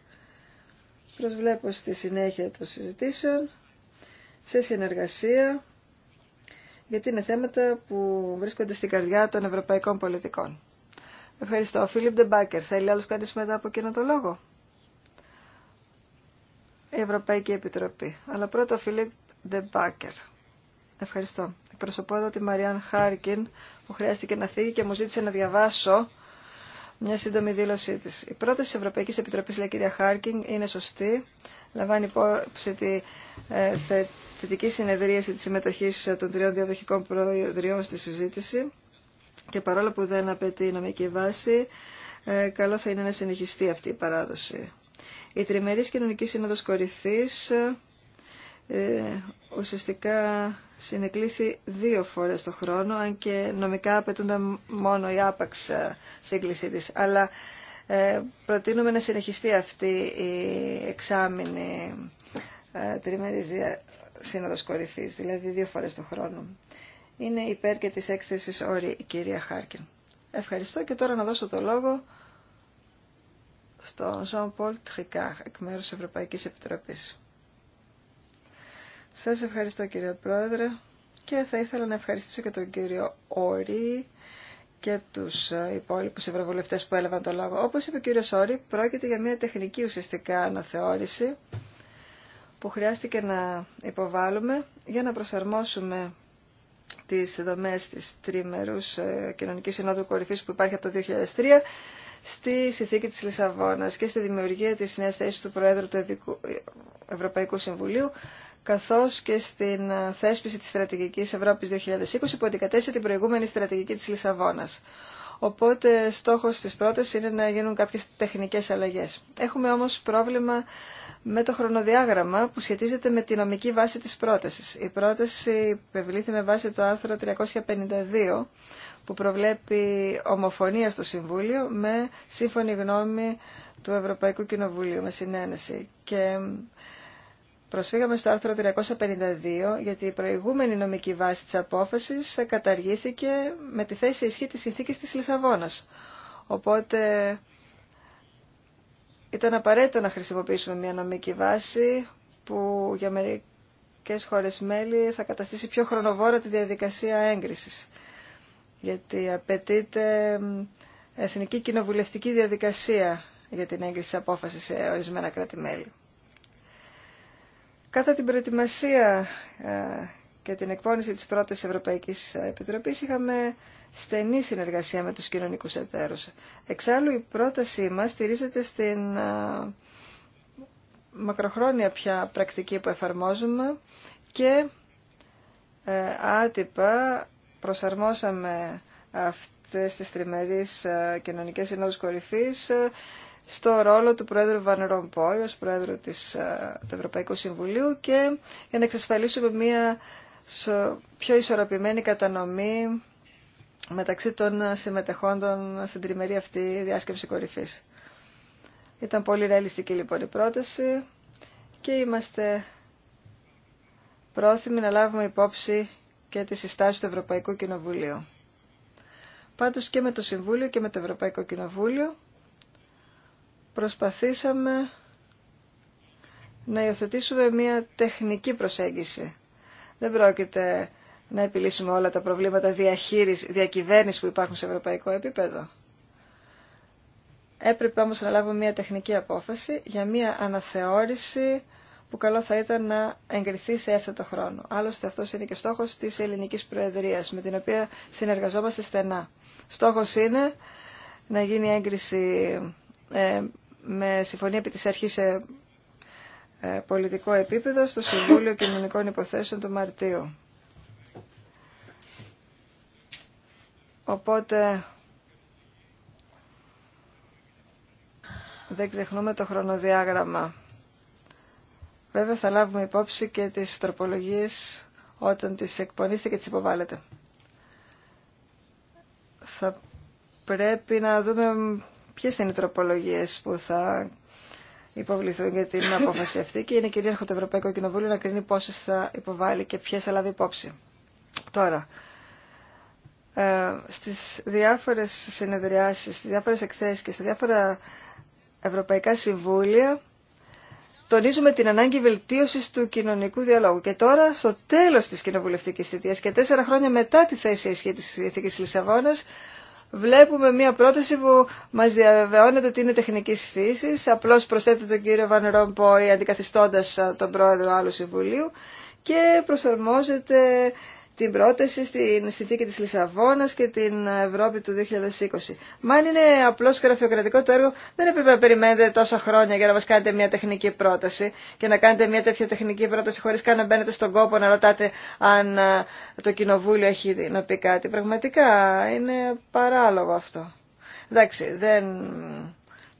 Προσβλέπω στη συνέχεια των συζητήσεων, σε συνεργασία, γιατί είναι θέματα που βρίσκονται στην καρδιά των ευρωπαϊκών πολιτικών. Ευχαριστώ. Φίλιπ Ντεμπάκερ, θέλει άλλος κανείς μετά από εκείνο το λόγο. Η Ευρωπαϊκή Επιτροπή. Αλλά πρώτα ο Φίλιπ Ντεμπάκερ. Ευχαριστώ. Εκπροσωπώ εδώ τη Μαριάν Χάρκιν που χρειάστηκε να φύγει και μου ζήτησε να διαβάσω μια σύντομη δήλωσή τη. Η πρόταση τη Ευρωπαϊκή Επιτροπή, λέει κυρία Χάρκιν είναι σωστή. Λαμβάνει υπόψη τη ε, θετική συνεδρίαση τη συμμετοχή των τριών διαδοχικών προεδριών στη συζήτηση και παρόλο που δεν απαιτεί νομική βάση, ε, καλό θα είναι να συνεχιστεί αυτή η παράδοση. Η Τριμερής Κοινωνική Σύνοδος Κορυφής ε, ουσιαστικά συνεκλήθη δύο φορές το χρόνο, αν και νομικά απαιτούνταν μόνο η άπαξ ε, σύγκλησή της. Αλλά προτείνουμε να συνεχιστεί αυτή η εξάμηνη τριμερής σύνοδος κορυφής, δηλαδή δύο φορές το χρόνο είναι υπέρ και της έκθεσης όρη η κυρία Χάρκιν. Ευχαριστώ και τώρα να δώσω το λόγο στον Ζων Πολ Τχικάχ, εκ μέρους Ευρωπαϊκής Επιτροπής. Σας ευχαριστώ κύριε Πρόεδρε και θα ήθελα να ευχαριστήσω και τον κύριο Όρη και τους υπόλοιπους ευρωβουλευτές που έλαβαν το λόγο. Όπως είπε ο κύριος Όρη, πρόκειται για μια τεχνική ουσιαστικά αναθεώρηση που χρειάστηκε να υποβάλουμε για να προσαρμόσουμε τις δομές της τρίμερους ε, κοινωνικής συνόδου κορυφής που υπάρχει από το 2003 στη συνθήκη της Λισαβόνας και στη δημιουργία της νέας θέσης του Προέδρου του Ευρωπαϊκού Συμβουλίου καθώς και στην ε, θέσπιση της στρατηγικής Ευρώπης 2020 που αντικατέστησε την προηγούμενη στρατηγική της Λισαβόνας. Οπότε στόχος της πρότασης είναι να γίνουν κάποιες τεχνικές αλλαγές. Έχουμε όμως πρόβλημα με το χρονοδιάγραμμα που σχετίζεται με τη νομική βάση της πρότασης. Η πρόταση υπευλήθη με βάση το άρθρο 352 που προβλέπει ομοφωνία στο Συμβούλιο με σύμφωνη γνώμη του Ευρωπαϊκού Κοινοβουλίου, με συνένεση. Και προσφύγαμε στο άρθρο 352 γιατί η προηγούμενη νομική βάση της απόφασης καταργήθηκε με τη θέση ισχύ της συνθήκης της Λισαβόνας. Οπότε ήταν απαραίτητο να χρησιμοποιήσουμε μια νομική βάση που για μερικές χώρες μέλη θα καταστήσει πιο χρονοβόρα τη διαδικασία έγκρισης. Γιατί απαιτείται εθνική κοινοβουλευτική διαδικασία για την έγκριση απόφαση σε ορισμένα κράτη-μέλη. Κατά την προετοιμασία ε, για την εκπόνηση της πρώτης Ευρωπαϊκής Επιτροπής είχαμε στενή συνεργασία με τους κοινωνικούς εταίρους. Εξάλλου η πρότασή μας στηρίζεται στην μακροχρόνια πια πρακτική που εφαρμόζουμε και ε, άτυπα προσαρμόσαμε αυτές τις τριμερείς κοινωνικές συνόδους κορυφής ε, στο ρόλο του Πρόεδρου Βαν Ρομπόι ως Πρόεδρο του Ευρωπαϊκού Συμβουλίου και για να εξασφαλίσουμε μια πιο ισορροπημένη κατανομή μεταξύ των συμμετεχόντων στην τριμερή αυτή διάσκεψη κορυφής. Ήταν πολύ ρεαλιστική λοιπόν η πρόταση και είμαστε πρόθυμοι να λάβουμε υπόψη και τη συστάσεις του Ευρωπαϊκού Κοινοβουλίου. Πάντως και με το Συμβούλιο και με το Ευρωπαϊκό Κοινοβούλιο προσπαθήσαμε να υιοθετήσουμε μια τεχνική προσέγγιση δεν πρόκειται να επιλύσουμε όλα τα προβλήματα διαχείρισης, διακυβέρνησης που υπάρχουν σε ευρωπαϊκό επίπεδο. Έπρεπε όμως να λάβουμε μια τεχνική απόφαση για μια αναθεώρηση που καλό θα ήταν να εγκριθεί σε έφθετο χρόνο. Άλλωστε αυτός είναι και στόχος της ελληνικής προεδρίας με την οποία συνεργαζόμαστε στενά. Στόχος είναι να γίνει έγκριση ε, με συμφωνία επί της αρχής ε, πολιτικό επίπεδο στο Συμβούλιο Κοινωνικών Υποθέσεων του Μαρτίου. Οπότε δεν ξεχνούμε το χρονοδιάγραμμα. Βέβαια θα λάβουμε υπόψη και τις τροπολογίες όταν τις εκπονήσετε και τις υποβάλλετε. Θα πρέπει να δούμε ποιες είναι οι τροπολογίες που θα υποβληθούν για την απόφαση αυτή και είναι κυρίαρχο το Ευρωπαϊκό Κοινοβούλιο να κρίνει πόσε θα υποβάλει και ποιε θα λάβει υπόψη. Τώρα, ε, στις διάφορες συνεδριάσεις, στις διάφορες εκθέσεις και στα διάφορα ευρωπαϊκά συμβούλια τονίζουμε την ανάγκη βελτίωσης του κοινωνικού διαλόγου. Και τώρα, στο τέλο τη κοινοβουλευτική θητεία και τέσσερα χρόνια μετά τη θέση ισχύ της Διεθήκης Λισαβόνας, βλέπουμε μια πρόταση που μας διαβεβαιώνεται ότι είναι τεχνικής φύσης, απλώς προσθέτει τον κύριο Βαν Ρομπόη αντικαθιστώντας τον πρόεδρο άλλου συμβουλίου και προσαρμόζεται την πρόταση στην συνθήκη της Λισαβόνας και την Ευρώπη του 2020. Μα αν είναι απλώς γραφειοκρατικό το έργο, δεν έπρεπε να περιμένετε τόσα χρόνια για να μας κάνετε μια τεχνική πρόταση και να κάνετε μια τέτοια τεχνική πρόταση χωρίς καν να μπαίνετε στον κόπο να ρωτάτε αν ε, το Κοινοβούλιο έχει να πει κάτι. Πραγματικά είναι παράλογο αυτό. Εντάξει, δεν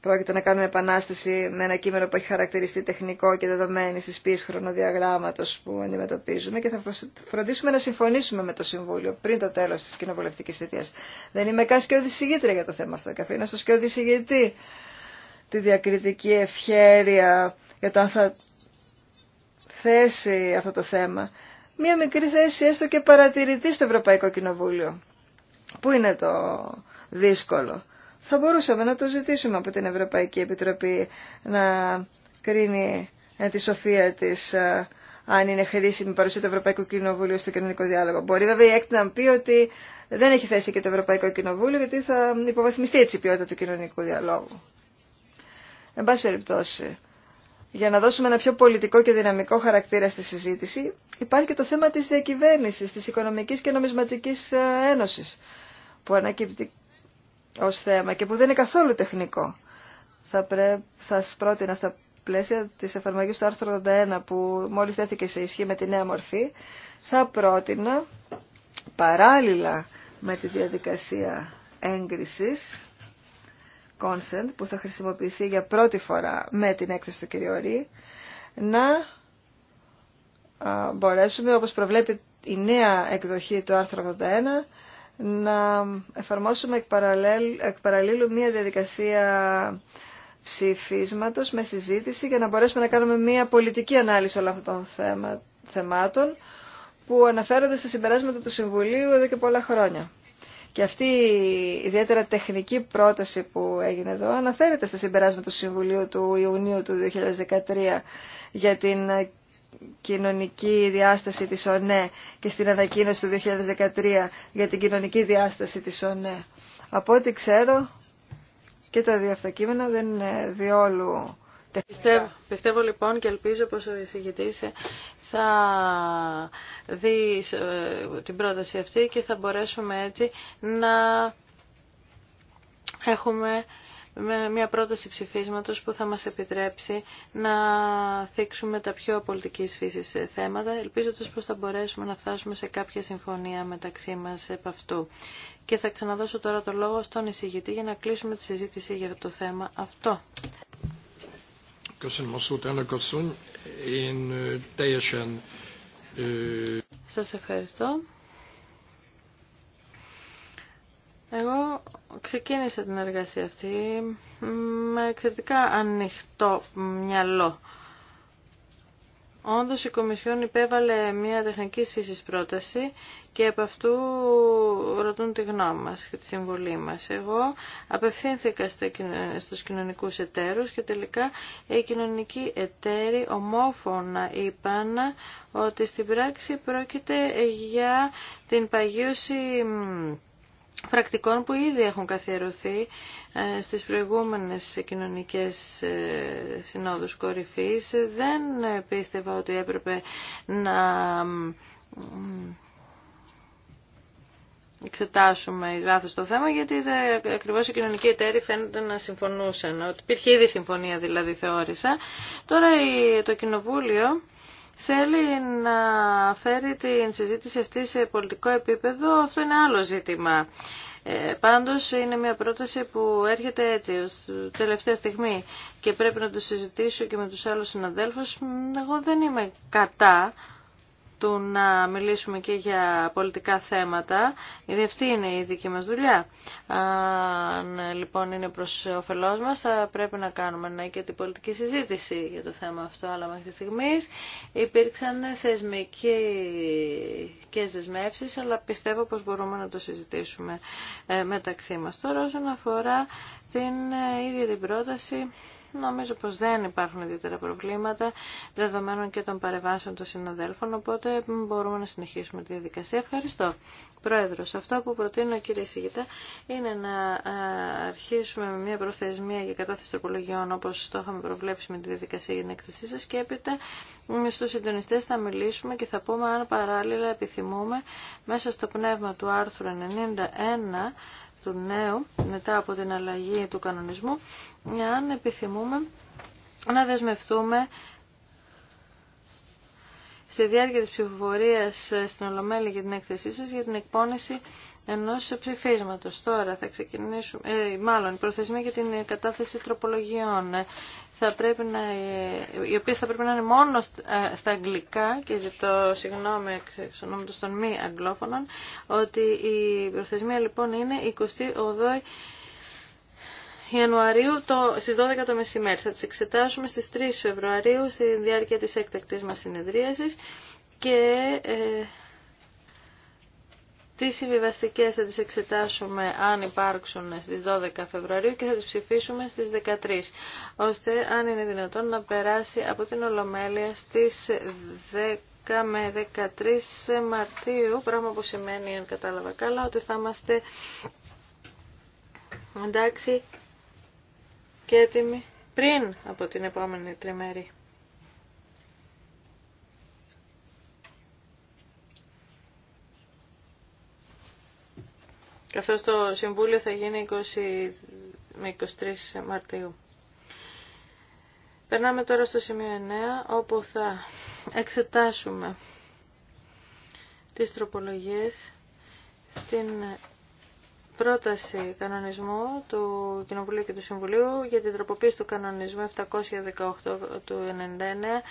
πρόκειται να κάνουμε επανάσταση με ένα κείμενο που έχει χαρακτηριστεί τεχνικό και δεδομένη στις πίεση χρονοδιαγράμματος που αντιμετωπίζουμε και θα φροντίσουμε να συμφωνήσουμε με το Συμβούλιο πριν το τέλος της κοινοβουλευτικής θητείας. Δεν είμαι καν σκιωδησηγήτρια για το θέμα αυτό. Καθήνα στο σκιωδησηγητή τη διακριτική ευχέρεια για το αν θα θέσει αυτό το θέμα. Μία μικρή θέση έστω και παρατηρητή στο Ευρωπαϊκό Κοινοβούλιο. Πού είναι το δύσκολο θα μπορούσαμε να το ζητήσουμε από την Ευρωπαϊκή Επιτροπή να κρίνει ε, τη σοφία της ε, αν είναι χρήσιμη η παρουσία του Ευρωπαϊκού Κοινοβουλίου στο κοινωνικό διάλογο. Μπορεί βέβαια η ΕΚΤ να πει ότι δεν έχει θέση και το Ευρωπαϊκό Κοινοβούλιο γιατί θα υποβαθμιστεί έτσι η ποιότητα του κοινωνικού διαλόγου. Εν πάση περιπτώσει, για να δώσουμε ένα πιο πολιτικό και δυναμικό χαρακτήρα στη συζήτηση, υπάρχει και το θέμα της διακυβέρνηση, τη οικονομική και Νομισματικής ε, Ένωσης, που ανακύπτει ως θέμα και που δεν είναι καθόλου τεχνικό. Θα, πρέ... θα σας πρότεινα στα πλαίσια της εφαρμογής του άρθρου 81 που μόλις θέθηκε σε ισχύ με τη νέα μορφή, θα πρότεινα παράλληλα με τη διαδικασία έγκρισης consent που θα χρησιμοποιηθεί για πρώτη φορά με την έκθεση του κυριορή να μπορέσουμε όπως προβλέπει η νέα εκδοχή του άρθρου 81 να εφαρμόσουμε εκ, παραλέλ, παραλίλου μία διαδικασία ψηφίσματος με συζήτηση για να μπορέσουμε να κάνουμε μία πολιτική ανάλυση όλων αυτών των θέμα, θεμάτων που αναφέρονται στα συμπεράσματα του Συμβουλίου εδώ και πολλά χρόνια. Και αυτή η ιδιαίτερα τεχνική πρόταση που έγινε εδώ αναφέρεται στα συμπεράσματα του Συμβουλίου του Ιουνίου του 2013 για την κοινωνική διάσταση της ΟΝΕ και στην ανακοίνωση του 2013 για την κοινωνική διάσταση της ΟΝΕ. Από ό,τι ξέρω και τα δύο αυτά κείμενα δεν είναι διόλου Πιστεύω, πιστεύω λοιπόν και ελπίζω πως ο εισηγητής ε, θα δει ε, την πρόταση αυτή και θα μπορέσουμε έτσι να έχουμε με μια πρόταση ψηφίσματος που θα μας επιτρέψει να θίξουμε τα πιο πολιτική φύσης θέματα, ελπίζοντας πως θα μπορέσουμε να φτάσουμε σε κάποια συμφωνία μεταξύ μας επ' αυτού. Και θα ξαναδώσω τώρα το λόγο στον εισηγητή για να κλείσουμε τη συζήτηση για το θέμα αυτό. Σας ευχαριστώ. Εγώ ξεκίνησα την εργασία αυτή με εξαιρετικά ανοιχτό μυαλό. Όντως η Κομισιόν υπέβαλε μια τεχνική φύσης πρόταση και από αυτού ρωτούν τη γνώμη μας και τη συμβολή μας. Εγώ απευθύνθηκα στους κοινωνικούς εταίρους και τελικά οι κοινωνικοί εταίροι ομόφωνα είπαν ότι στην πράξη πρόκειται για την παγίωση πρακτικών που ήδη έχουν καθιερωθεί ε, στις προηγούμενες κοινωνικές ε, συνόδους κορυφής. Δεν πίστευα ότι έπρεπε να εξετάσουμε εις βάθος το θέμα, γιατί ακριβώς οι κοινωνικοί εταίροι φαίνεται να συμφωνούσαν. υπήρχε ήδη συμφωνία δηλαδή θεώρησα. Τώρα το Κοινοβούλιο θέλει να φέρει την συζήτηση αυτή σε πολιτικό επίπεδο, αυτό είναι άλλο ζήτημα. Ε, πάντως είναι μια πρόταση που έρχεται έτσι, ως τελευταία στιγμή και πρέπει να το συζητήσω και με τους άλλους συναδέλφους. Εγώ δεν είμαι κατά του να μιλήσουμε και για πολιτικά θέματα, γιατί αυτή είναι η δική μας δουλειά. Αν λοιπόν είναι προς όφελός μας, θα πρέπει να κάνουμε να και την πολιτική συζήτηση για το θέμα αυτό, αλλά μέχρι στιγμή. υπήρξαν και δεσμεύσει, αλλά πιστεύω πως μπορούμε να το συζητήσουμε ε, μεταξύ μας. Τώρα όσον αφορά την ε, ίδια την πρόταση, Νομίζω πως δεν υπάρχουν ιδιαίτερα προβλήματα δεδομένων και των παρεμβάσεων των συναδέλφων, οπότε μπορούμε να συνεχίσουμε τη διαδικασία. Ευχαριστώ. Πρόεδρος, αυτό που προτείνω κύριε Σιγητά είναι να αρχίσουμε με μια προθεσμία για κατάθεση τροπολογιών όπως το είχαμε προβλέψει με τη διαδικασία για την έκθεσή σας και έπειτα στους συντονιστές θα μιλήσουμε και θα πούμε αν παράλληλα επιθυμούμε μέσα στο πνεύμα του άρθρου 91 του νέου μετά από την αλλαγή του κανονισμού αν επιθυμούμε να δεσμευτούμε στη διάρκεια της ψηφοφορία στην Ολομέλη για την έκθεσή σας για την εκπόνηση ενός ψηφίσματος. Τώρα θα ξεκινήσουμε, ε, μάλλον η προθεσμία για την κατάθεση τροπολογιών θα πρέπει να, οι οποίε θα πρέπει να είναι μόνο ε, στα αγγλικά και ζητώ συγγνώμη εξ ονόματο των μη αγγλόφωνων ότι η προθεσμία λοιπόν είναι 28 Ιανουαρίου το, στις 12 το μεσημέρι. Θα τις εξετάσουμε στις 3 Φεβρουαρίου στη διάρκεια της έκτακτης μας συνεδρίασης και... Ε, τι συμβιβαστικές θα τις εξετάσουμε αν υπάρξουν στις 12 Φεβρουαρίου και θα τις ψηφίσουμε στις 13, ώστε αν είναι δυνατόν να περάσει από την Ολομέλεια στις 10 με 13 Μαρτίου, πράγμα που σημαίνει, αν κατάλαβα καλά, ότι θα είμαστε εντάξει και έτοιμοι πριν από την επόμενη τριμερή. καθώς το Συμβούλιο θα γίνει 20 με 23 Μαρτίου. Περνάμε τώρα στο σημείο 9, όπου θα εξετάσουμε τις τροπολογίες στην πρόταση κανονισμού του Κοινοβουλίου και του Συμβουλίου για την τροποποίηση του κανονισμού 718 του 1999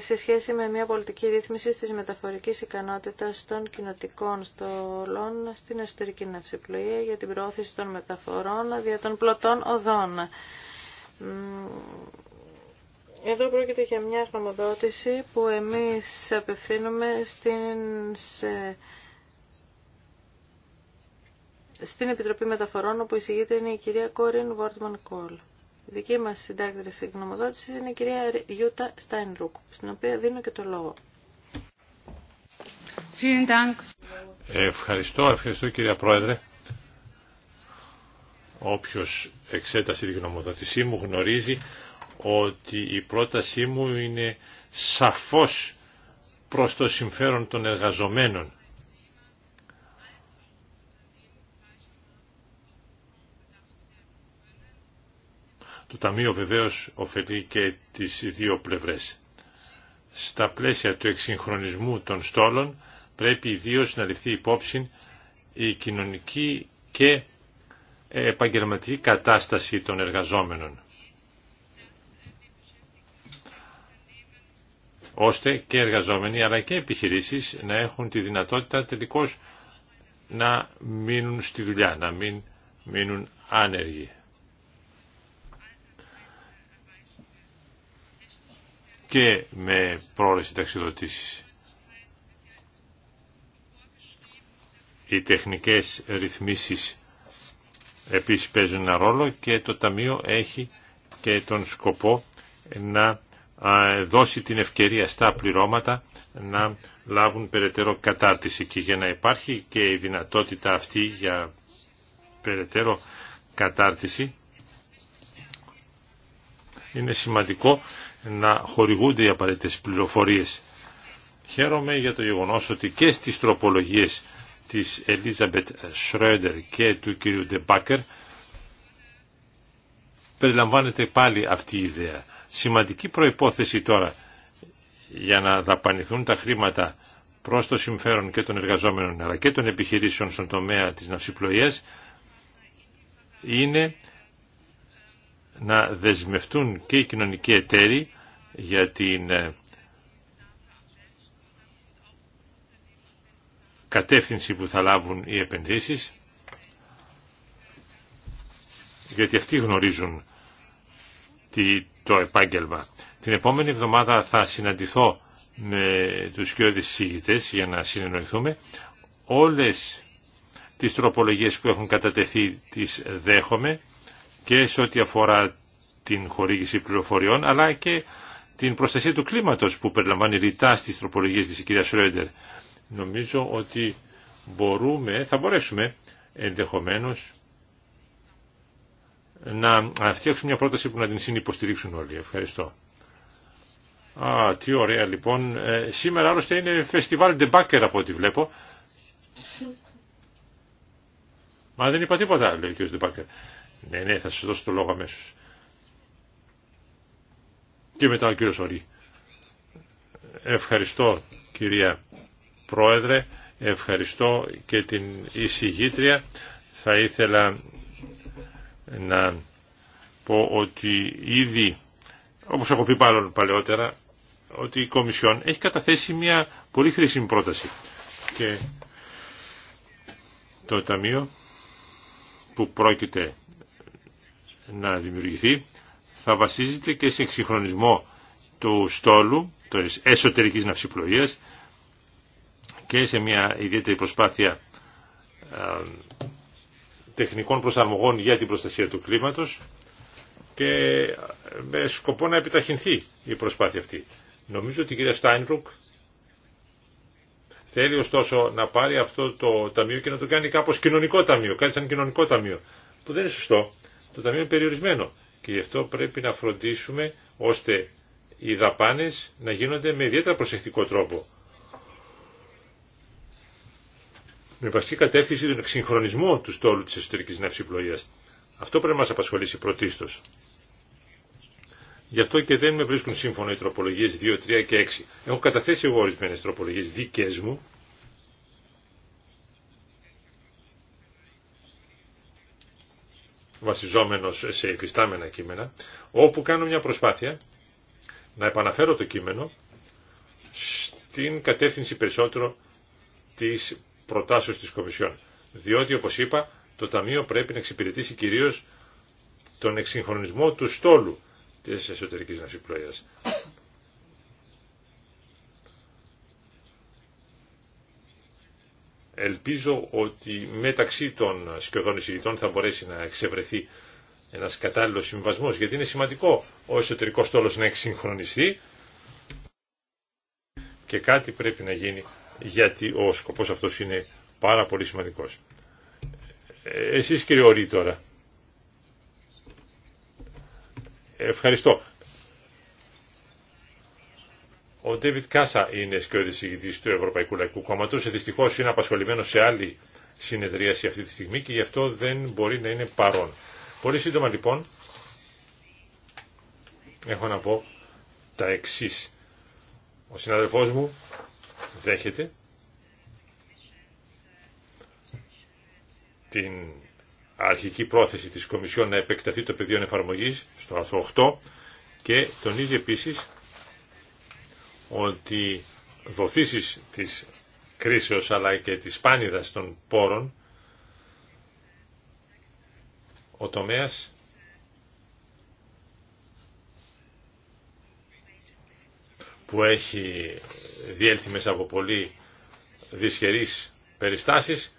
σε σχέση με μια πολιτική ρύθμιση της μεταφορικής ικανότητας των κοινοτικών στολών στην εσωτερική ναυσιπλοεία για την προώθηση των μεταφορών δια των πλωτών οδών. Εδώ πρόκειται για μια γνωμοδότηση που εμείς απευθύνουμε στην, στην Επιτροπή Μεταφορών, όπου εισηγείται είναι η κυρία Κόριν Βόρτμαν Κόλ. Η δική μας συντάκτρια γνωμοδότησης είναι η κυρία Γιούτα Στάινρουκ, στην οποία δίνω και το λόγο. Ευχαριστώ, ευχαριστώ κυρία Πρόεδρε. Όποιο εξέτασε τη γνωμοδότησή μου γνωρίζει ότι η πρότασή μου είναι σαφώς προς το συμφέρον των εργαζομένων Το Ταμείο βεβαίως ωφελεί και τις δύο πλευρές. Στα πλαίσια του εξυγχρονισμού των στόλων πρέπει ιδίω να ληφθεί υπόψη η κοινωνική και επαγγελματική κατάσταση των εργαζόμενων. ώστε και εργαζόμενοι αλλά και επιχειρήσεις να έχουν τη δυνατότητα τελικώς να μείνουν στη δουλειά, να μην μείνουν άνεργοι. και με πρόορες συνταξιδοτήσεις. Οι τεχνικές ρυθμίσεις επίσης παίζουν ένα ρόλο και το Ταμείο έχει και τον σκοπό να δώσει την ευκαιρία στα πληρώματα να λάβουν περαιτέρω κατάρτιση και για να υπάρχει και η δυνατότητα αυτή για περαιτέρω κατάρτιση είναι σημαντικό να χορηγούνται οι απαραίτητες πληροφορίες. Χαίρομαι για το γεγονός ότι και στις τροπολογίες της Ελίζαμπετ Σρόντερ και του κ. Ντεμπάκερ περιλαμβάνεται πάλι αυτή η ιδέα. Σημαντική προϋπόθεση τώρα για να δαπανηθούν τα χρήματα προς το συμφέρον και των εργαζόμενων αλλά και των επιχειρήσεων στον τομέα της ναυσιπλοείας είναι να δεσμευτούν και οι κοινωνικοί εταίροι για την ε, κατεύθυνση που θα λάβουν οι επενδύσεις γιατί αυτοί γνωρίζουν το επάγγελμα. Την επόμενη εβδομάδα θα συναντηθώ με τους κοιόδης συζήτητες για να συνεννοηθούμε. Όλες τις τροπολογίες που έχουν κατατεθεί τις δέχομαι και σε ό,τι αφορά την χορήγηση πληροφοριών αλλά και την προστασία του κλίματος που περιλαμβάνει ρητά στις τροπολογίες της κυρία Σρέντερ. Νομίζω ότι μπορούμε, θα μπορέσουμε ενδεχομένως να φτιάξουμε μια πρόταση που να την συνυποστηρίξουν όλοι. Ευχαριστώ. Α, τι ωραία λοιπόν. Ε, σήμερα άλλωστε είναι φεστιβάλ ντεμπάκερ από ό,τι βλέπω. Μα δεν είπα τίποτα, λέει ο κ. Ντεμπάκερ. Ναι, ναι, θα σα δώσω το λόγο αμέσω. Και μετά ο κύριο Ορή. Ευχαριστώ κυρία Πρόεδρε, ευχαριστώ και την εισηγήτρια. Θα ήθελα να πω ότι ήδη, όπως έχω πει πάλι παλαιότερα, ότι η Κομισιόν έχει καταθέσει μια πολύ χρήσιμη πρόταση. Και το Ταμείο που πρόκειται να δημιουργηθεί θα βασίζεται και σε εξυγχρονισμό του στόλου, της εσωτερικής ναυσιπλοείας και σε μια ιδιαίτερη προσπάθεια τεχνικών προσαρμογών για την προστασία του κλίματος και ε, με σκοπό να επιταχυνθεί η προσπάθεια αυτή. Νομίζω ότι η κυρία Στάινρουκ θέλει ωστόσο να πάρει αυτό το ταμείο και να το κάνει κάπως κοινωνικό ταμείο, κάτι σαν κοινωνικό ταμείο, που δεν είναι σωστό το ταμείο είναι περιορισμένο και γι' αυτό πρέπει να φροντίσουμε ώστε οι δαπάνες να γίνονται με ιδιαίτερα προσεκτικό τρόπο. Με βασική κατεύθυνση τον εξυγχρονισμό του στόλου της εσωτερικής ναυσιπλοείας. Αυτό πρέπει να μας απασχολήσει πρωτίστως. Γι' αυτό και δεν με βρίσκουν σύμφωνο οι τροπολογίες 2, 3 και 6. Έχω καταθέσει εγώ ορισμένες τροπολογίες δικές μου, βασιζόμενος σε υφιστάμενα κείμενα, όπου κάνω μια προσπάθεια να επαναφέρω το κείμενο στην κατεύθυνση περισσότερο της προτάσεως της Κομισιόν. Διότι, όπως είπα, το Ταμείο πρέπει να εξυπηρετήσει κυρίως τον εξυγχρονισμό του στόλου της εσωτερικής ναυσιπλοείας. Ελπίζω ότι μεταξύ των σκιωδών εισηγητών θα μπορέσει να εξευρεθεί ένας κατάλληλος συμβασμός, γιατί είναι σημαντικό ο εσωτερικός τόλος να εξυγχρονιστεί και κάτι πρέπει να γίνει, γιατί ο σκοπός αυτός είναι πάρα πολύ σημαντικός. Ε, εσείς κύριε Ορή τώρα. Ευχαριστώ. Ο Ντέβιτ Κάσα είναι σκιώδης ηγητής του Ευρωπαϊκού Λαϊκού Κόμματος. Ε, δυστυχώς είναι απασχολημένος σε άλλη συνεδρίαση αυτή τη στιγμή και γι' αυτό δεν μπορεί να είναι παρόν. Πολύ σύντομα λοιπόν έχω να πω τα εξή. Ο συναδελφός μου δέχεται την αρχική πρόθεση της Κομισιόν να επεκταθεί το πεδίο εφαρμογής στο άρθρο 8 και τονίζει επίσης ότι βοθήσεις της κρίσεως αλλά και της πάνιδας των πόρων ο τομέας που έχει διέλθει μέσα από πολύ δυσχερείς περιστάσεις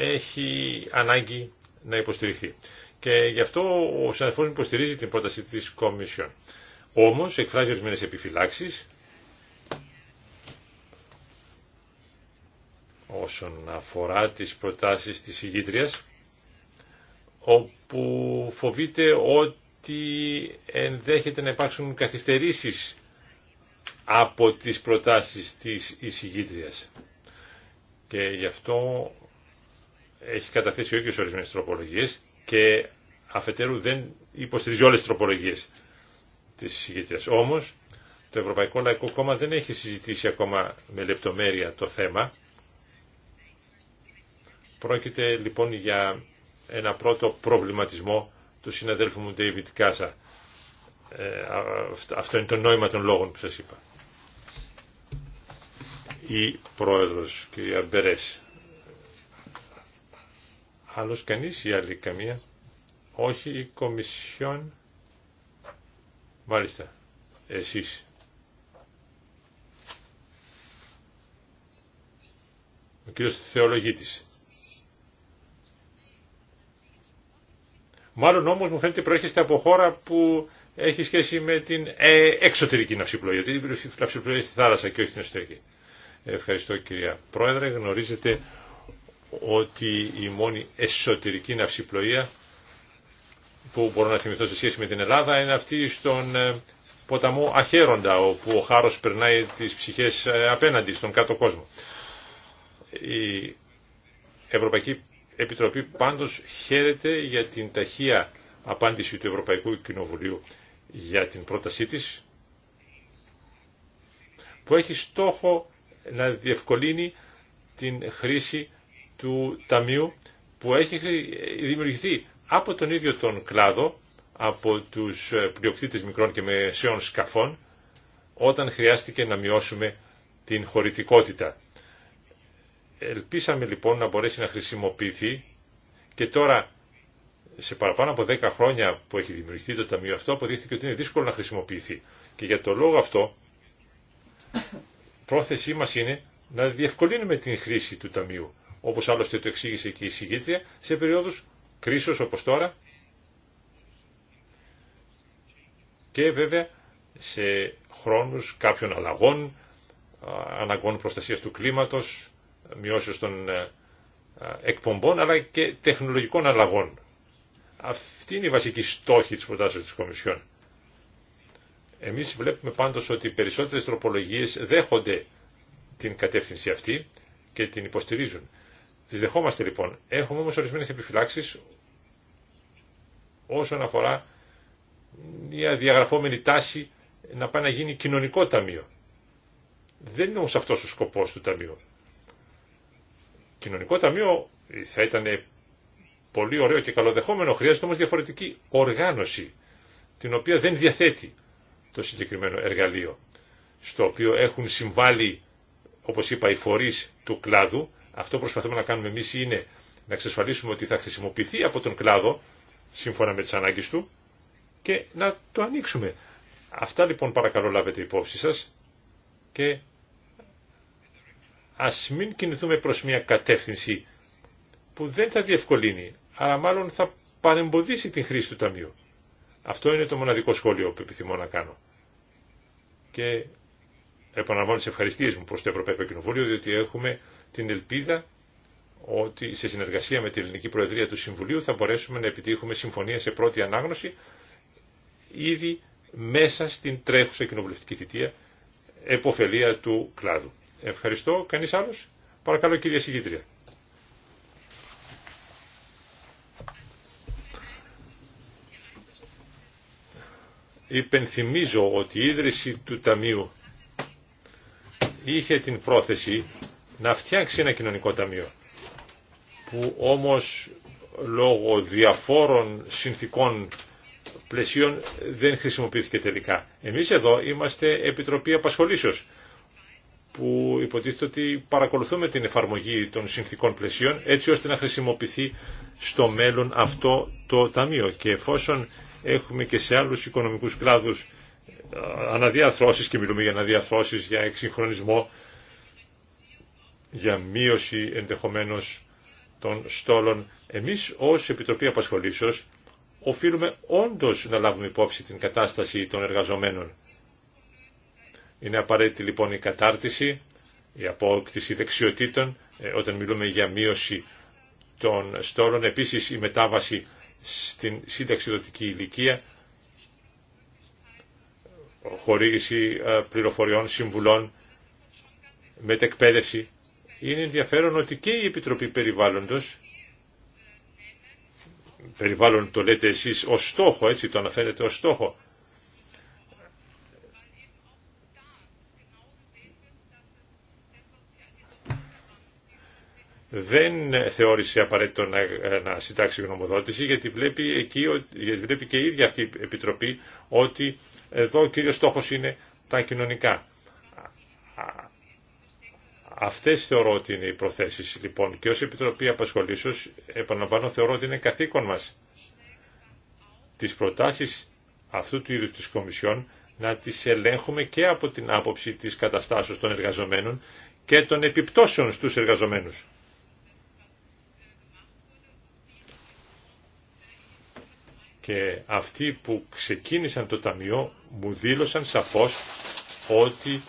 έχει ανάγκη να υποστηριχθεί. Και γι' αυτό ο συναδελφός υποστηρίζει την πρόταση της Κομισιόν. Όμως εκφράζει ορισμένες επιφυλάξεις όσον αφορά τις προτάσεις της ηγήτριας όπου φοβείται ότι ενδέχεται να υπάρξουν καθυστερήσεις από τις προτάσεις της εισηγήτριας. Και γι' αυτό έχει καταθέσει ο ίδιος ορισμένες τροπολογίες και αφετέρου δεν υποστηρίζει όλες τις τροπολογίες της Όμως, το Ευρωπαϊκό Λαϊκό Κόμμα δεν έχει συζητήσει ακόμα με λεπτομέρεια το θέμα. Πρόκειται λοιπόν για ένα πρώτο προβληματισμό του συναδέλφου μου David Κάσα. Ε, αυτό είναι το νόημα των λόγων που σας είπα. Η πρόεδρος, κυρία Μπερές. Άλλος κανείς ή άλλη καμία. Όχι, η Κομισιόν. Μάλιστα. Εσείς. Ο κύριος Θεολογίτης. Μάλλον όμως μου φαίνεται προέρχεστε από χώρα που έχει σχέση με την ε, εξωτερική ναυσιπλοεία. Γιατί η ναυσιπλοεία είναι στη θάλασσα και όχι στην εσωτερική. Ευχαριστώ κυρία Πρόεδρε. Γνωρίζετε ότι η μόνη εσωτερική ναυσιπλοεία που μπορώ να θυμηθώ σε σχέση με την Ελλάδα είναι αυτή στον ε, ποταμό Αχέροντα, όπου ο χάρος περνάει τις ψυχές ε, απέναντι στον κάτω κόσμο. Η Ευρωπαϊκή Επιτροπή πάντως χαίρεται για την ταχεία απάντηση του Ευρωπαϊκού Κοινοβουλίου για την πρότασή της, που έχει στόχο να διευκολύνει την χρήση του Ταμείου που έχει δημιουργηθεί από τον ίδιο τον κλάδο, από τους ε, πλειοκτήτες μικρών και μεσαίων σκαφών, όταν χρειάστηκε να μειώσουμε την χωρητικότητα. Ελπίσαμε λοιπόν να μπορέσει να χρησιμοποιηθεί και τώρα σε παραπάνω από 10 χρόνια που έχει δημιουργηθεί το ταμείο αυτό αποδείχθηκε ότι είναι δύσκολο να χρησιμοποιηθεί. Και για το λόγο αυτό πρόθεσή μας είναι να διευκολύνουμε την χρήση του ταμείου, όπως άλλωστε το εξήγησε και η συγκήτρια, σε περίοδους κρίσεως όπως τώρα και βέβαια σε χρόνους κάποιων αλλαγών, αναγκών προστασίας του κλίματος, μειώσεως των ε, εκπομπών αλλά και τεχνολογικών αλλαγών. Αυτή είναι η βασική στόχη της προτάσεως της Κομισιόν. Εμείς βλέπουμε πάντως ότι οι περισσότερες τροπολογίες δέχονται την κατεύθυνση αυτή και την υποστηρίζουν. Τι δεχόμαστε λοιπόν. Έχουμε όμω ορισμένε επιφυλάξει όσον αφορά μια διαγραφόμενη τάση να πάει να γίνει κοινωνικό ταμείο. Δεν είναι όμω αυτός ο σκοπός του ταμείου. Κοινωνικό ταμείο θα ήταν πολύ ωραίο και καλοδεχόμενο, χρειάζεται όμω διαφορετική οργάνωση, την οποία δεν διαθέτει το συγκεκριμένο εργαλείο, στο οποίο έχουν συμβάλει, όπως είπα, οι φορείς του κλάδου, αυτό που προσπαθούμε να κάνουμε εμεί είναι να εξασφαλίσουμε ότι θα χρησιμοποιηθεί από τον κλάδο σύμφωνα με τι ανάγκε του και να το ανοίξουμε. Αυτά λοιπόν παρακαλώ λάβετε υπόψη σας και ας μην κινηθούμε προς μια κατεύθυνση που δεν θα διευκολύνει, αλλά μάλλον θα παρεμποδίσει την χρήση του Ταμείου. Αυτό είναι το μοναδικό σχόλιο που επιθυμώ να κάνω. Και επαναλαμβάνω τι ευχαριστίε μου προ το Ευρωπαϊκό Κοινοβούλιο, διότι έχουμε την ελπίδα ότι σε συνεργασία με την Ελληνική Προεδρία του Συμβουλίου θα μπορέσουμε να επιτύχουμε συμφωνία σε πρώτη ανάγνωση ήδη μέσα στην τρέχουσα κοινοβουλευτική θητεία εποφελία του κλάδου. Ευχαριστώ. Κανείς άλλος. Παρακαλώ κυρία Συγκήτρια. Υπενθυμίζω ότι η ίδρυση του Ταμείου είχε την πρόθεση να φτιάξει ένα κοινωνικό ταμείο που όμως λόγω διαφόρων συνθήκων πλαισίων δεν χρησιμοποιήθηκε τελικά. Εμείς εδώ είμαστε Επιτροπή Απασχολήσεως που υποτίθεται ότι παρακολουθούμε την εφαρμογή των συνθήκων πλαισίων έτσι ώστε να χρησιμοποιηθεί στο μέλλον αυτό το ταμείο και εφόσον έχουμε και σε άλλους οικονομικούς κλάδους ε, αναδιαθρώσεις και μιλούμε για αναδιαθρώσεις, για εξυγχρονισμό για μείωση ενδεχομένως των στόλων. Εμείς ως Επιτροπή Απασχολήσεως οφείλουμε όντως να λάβουμε υπόψη την κατάσταση των εργαζομένων. Είναι απαραίτητη λοιπόν η κατάρτιση, η απόκτηση δεξιοτήτων ε, όταν μιλούμε για μείωση των στόλων, επίσης η μετάβαση στην συνταξιδοτική ηλικία, χορήγηση ε, πληροφοριών, συμβουλών, μετεκπαίδευση είναι ενδιαφέρον ότι και η Επιτροπή Περιβάλλοντος, περιβάλλον το λέτε εσείς ως στόχο, έτσι το αναφέρετε ως στόχο, δεν θεώρησε απαραίτητο να, να συντάξει γνωμοδότηση γιατί βλέπει, εκεί, γιατί βλέπει και η ίδια αυτή η Επιτροπή ότι εδώ ο κύριος στόχος είναι τα κοινωνικά. Αυτές θεωρώ ότι είναι οι προθέσεις λοιπόν και ως Επιτροπή Απασχολήσεως επαναλαμβάνω θεωρώ ότι είναι καθήκον μας τις προτάσεις αυτού του είδους της Κομισιόν να τις ελέγχουμε και από την άποψη της καταστάσεως των εργαζομένων και των επιπτώσεων στους εργαζομένους. Και αυτοί που ξεκίνησαν το Ταμείο μου δήλωσαν σαφώς ότι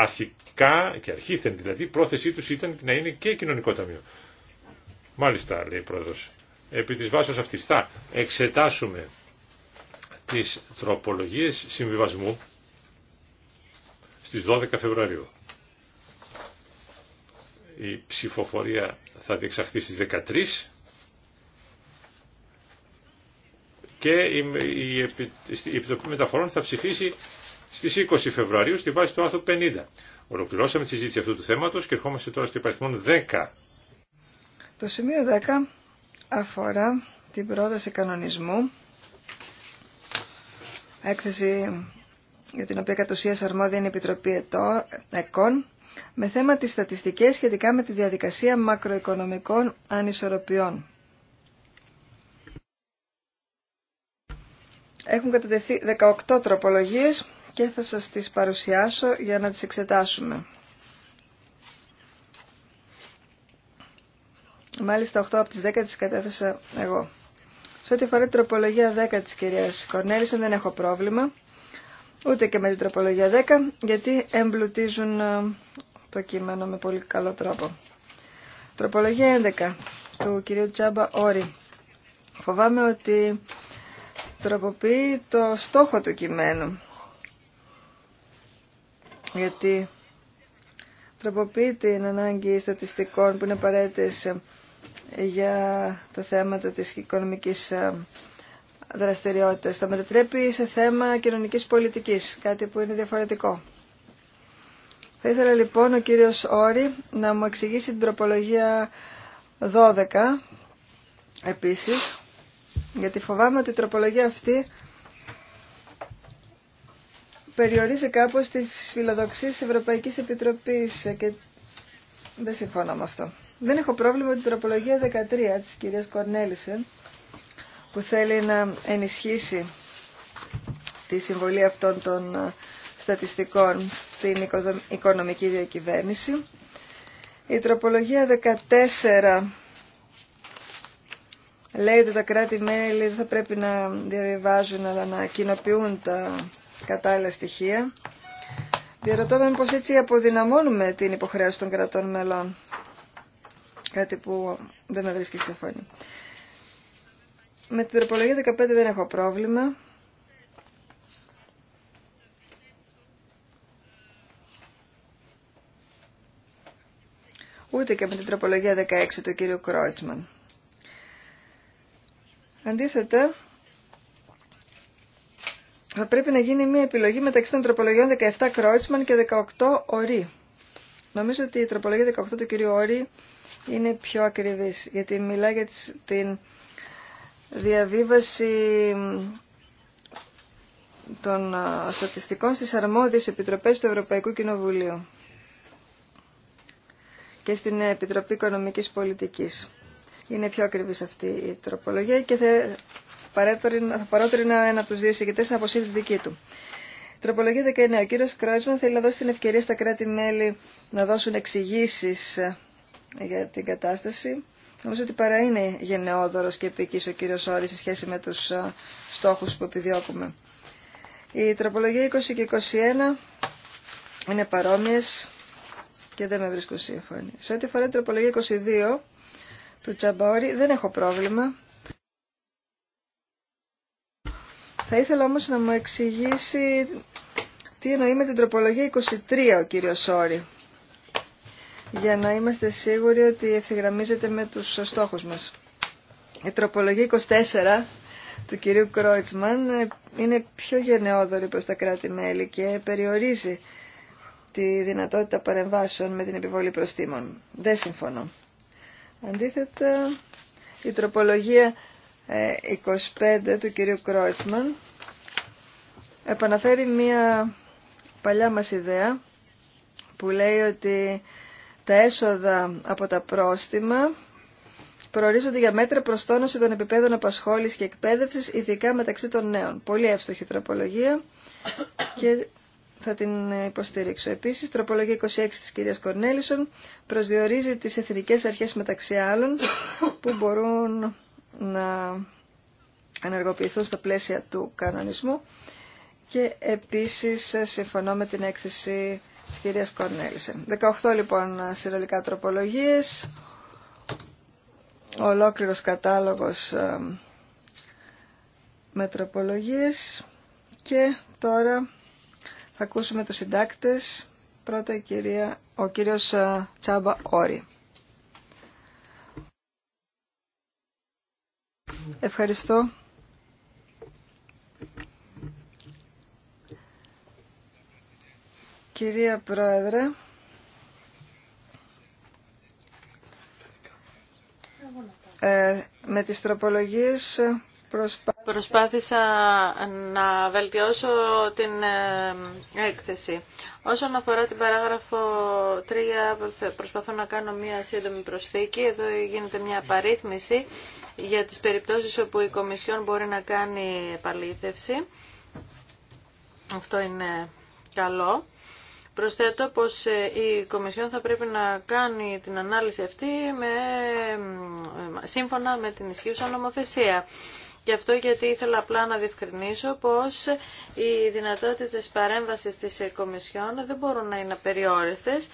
αρχικά και αρχήθεν δηλαδή πρόθεσή τους ήταν να είναι και κοινωνικό ταμείο. Μάλιστα λέει η πρόεδρος. Επί της βάσης αυτής θα εξετάσουμε τις τροπολογίες συμβιβασμού στις 12 Φεβρουαρίου. Η ψηφοφορία θα διεξαχθεί στις 13 και η Επιτροπή Μεταφορών θα ψηφίσει στις 20 Φεβρουαρίου στη βάση του άρθρου 50. Ολοκληρώσαμε τη συζήτηση αυτού του θέματος και ερχόμαστε τώρα στο υπαριθμό 10. Το σημείο 10 αφορά την πρόταση κανονισμού, έκθεση για την οποία κατ' ουσίας αρμόδια είναι η Επιτροπή ΕΚΟΝ, με θέμα τις στατιστικές σχετικά με τη διαδικασία μακροοικονομικών ανισορροπιών. Έχουν κατατεθεί 18 τροπολογίες και θα σας τις παρουσιάσω για να τις εξετάσουμε. Μάλιστα 8 από τις 10 τις κατέθεσα εγώ. Σε ό,τι αφορά την τροπολογία 10 της κυρίας Κορνέλησεν δεν έχω πρόβλημα, ούτε και με την τροπολογία 10, γιατί εμπλουτίζουν ε, το κείμενο με πολύ καλό τρόπο. Τροπολογία 11 του κυρίου Τσάμπα Όρη. Φοβάμαι ότι τροποποιεί το στόχο του κειμένου γιατί τροποποιεί την ανάγκη στατιστικών που είναι απαραίτητες για τα θέματα της οικονομικής ε, δραστηριότητας. Θα μετατρέπει σε θέμα κοινωνικής πολιτικής, κάτι που είναι διαφορετικό. Θα ήθελα λοιπόν ο κύριος Όρη να μου εξηγήσει την τροπολογία 12 επίσης, γιατί φοβάμαι ότι η τροπολογία αυτή περιορίζει κάπως τις φιλοδοξίες της Ευρωπαϊκής Επιτροπής και δεν συμφωνώ με αυτό. Δεν έχω πρόβλημα με την τροπολογία 13 της κυρίας Κορνέλισεν που θέλει να ενισχύσει τη συμβολή αυτών των ε, στατιστικών στην οικονομική διακυβέρνηση. Η τροπολογία 14 λέει ότι τα κράτη-μέλη δεν θα πρέπει να διαβιβάζουν αλλά να κοινοποιούν τα κατάλληλα στοιχεία. Διαρωτώ με πως έτσι αποδυναμώνουμε την υποχρέωση των κρατών μελών. Κάτι που δεν με βρίσκει φωνή Με την τροπολογία 15 δεν έχω πρόβλημα. Ούτε και με την τροπολογία 16 του κύριου Κρόιτσμαν. Αντίθετα, θα πρέπει να γίνει μια επιλογή μεταξύ των τροπολογιών 17 Κρότσμαν και 18 Ορί. Νομίζω ότι η τροπολογία 18 του κυρίου Ορί είναι πιο ακριβής, γιατί μιλάει για την διαβίβαση των στατιστικών στις αρμόδιες επιτροπές του Ευρωπαϊκού Κοινοβουλίου και στην Επιτροπή Οικονομικής Πολιτικής. Είναι πιο ακριβής αυτή η τροπολογία και θα παρότρινα ένα από του δύο συγκεκριτές να αποσύρει τη δική του. Τροπολογία 19. Ο κύριο Κρόισμαν θέλει να δώσει την ευκαιρία στα κράτη-μέλη να δώσουν εξηγήσει ε, για την κατάσταση. Νομίζω ότι παρά είναι γενναιόδωρο και επίκη ο κύριο Όρη σε σχέση με του ε, στόχου που επιδιώκουμε. Η τροπολογία 20 και 21 είναι παρόμοιε και δεν με βρίσκουν σύμφωνοι. Σε ό,τι αφορά την τροπολογία 22 του Τσαμπόρη δεν έχω πρόβλημα. Θα ήθελα όμως να μου εξηγήσει τι εννοεί με την τροπολογία 23 ο κύριος Σόρη. Για να είμαστε σίγουροι ότι ευθυγραμμίζεται με τους στόχους μας. Η τροπολογία 24 του κυρίου Κρόιτσμαν είναι πιο γενναιόδορη προς τα κράτη-μέλη και περιορίζει τη δυνατότητα παρεμβάσεων με την επιβολή προστήμων. Δεν συμφωνώ. Αντίθετα, η τροπολογία 25 ε, του κυρίου Κρόιτσμαν επαναφέρει μία παλιά μας ιδέα που λέει ότι τα έσοδα από τα πρόστιμα προορίζονται για μέτρα προστόνωση των επιπέδων απασχόλησης και εκπαίδευσης, ειδικά μεταξύ των νέων. Πολύ εύστοχη τροπολογία και θα την υποστηρίξω. Επίσης, τροπολογία 26 της κυρίας Κορνέλισον προσδιορίζει τις εθνικές αρχές μεταξύ άλλων που μπορούν να ενεργοποιηθούν στα πλαίσια του κανονισμού και επίσης ε, συμφωνώ με την έκθεση της κυρίας Κορνέλισε. 18 λοιπόν συνολικά τροπολογίες, ολόκληρος κατάλογος ε, με τροπολογίες και τώρα θα ακούσουμε τους συντάκτες. Πρώτα κυρία, ο κύριος ε, Τσάμπα Όρη. Ευχαριστώ. Κυρία Πρόεδρε, ε, με τις τροπολογίες Προσπάθησα να βελτιώσω την ε, έκθεση. Όσον αφορά την παράγραφο 3, προσπαθώ να κάνω μία σύντομη προσθήκη. Εδώ γίνεται μία παρήθμιση για τις περιπτώσεις όπου η Κομισιόν μπορεί να κάνει επαλήθευση. Αυτό είναι καλό. Προσθέτω πως ε, η Κομισιόν θα πρέπει να κάνει την ανάλυση αυτή με, σύμφωνα με την ισχύουσα νομοθεσία. Γι' αυτό γιατί ήθελα απλά να διευκρινίσω πως οι δυνατότητες παρέμβασης της Κομισιόν δεν μπορούν να είναι απεριόριστες.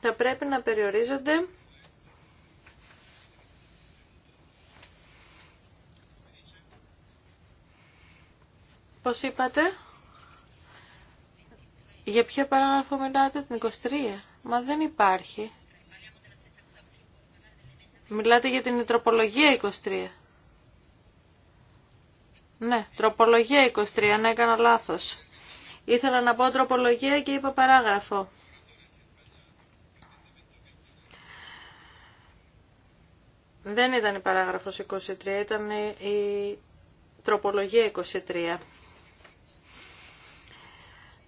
Θα πρέπει να περιορίζονται Πώς είπατε, για ποια παράγραφο μιλάτε, την 23, μα δεν υπάρχει. Μιλάτε για την τροπολογία 23. Ναι, τροπολογία 23, ναι, έκανα λάθος. Ήθελα να πω τροπολογία και είπα παράγραφο. Δεν ήταν η παράγραφος 23, ήταν η τροπολογία 23.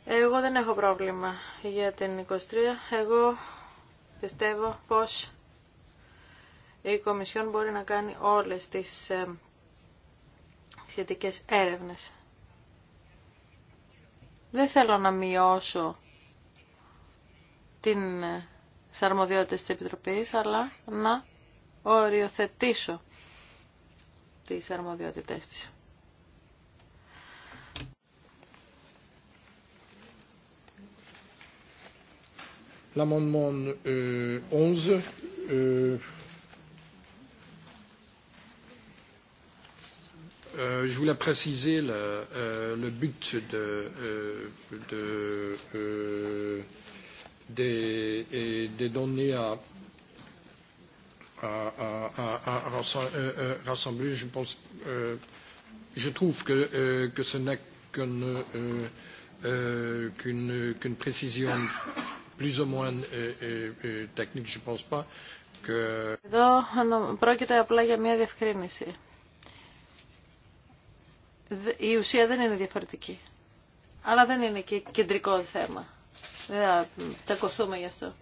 Εγώ δεν έχω πρόβλημα για την 23. Εγώ πιστεύω πως η Κομισιόν μπορεί να κάνει όλες τις ε, σχετικές έρευνες. Δεν θέλω να μειώσω την αρμοδιότητα της Επιτροπής, αλλά να οριοθετήσω τις αρμοδιότητές της. L'amendement 11 euh, Je voulais préciser le but de des données à rassembler. Je pense, je trouve que que ce n'est qu'une qu'une précision plus ou moins technique. Je ne pense pas que. Εδώ πρόκειται απλά για μια διευκρίνηση η ουσία δεν είναι διαφορετική. Αλλά δεν είναι και κεντρικό θέμα. Δεν θα τσακωθούμε γι' αυτό.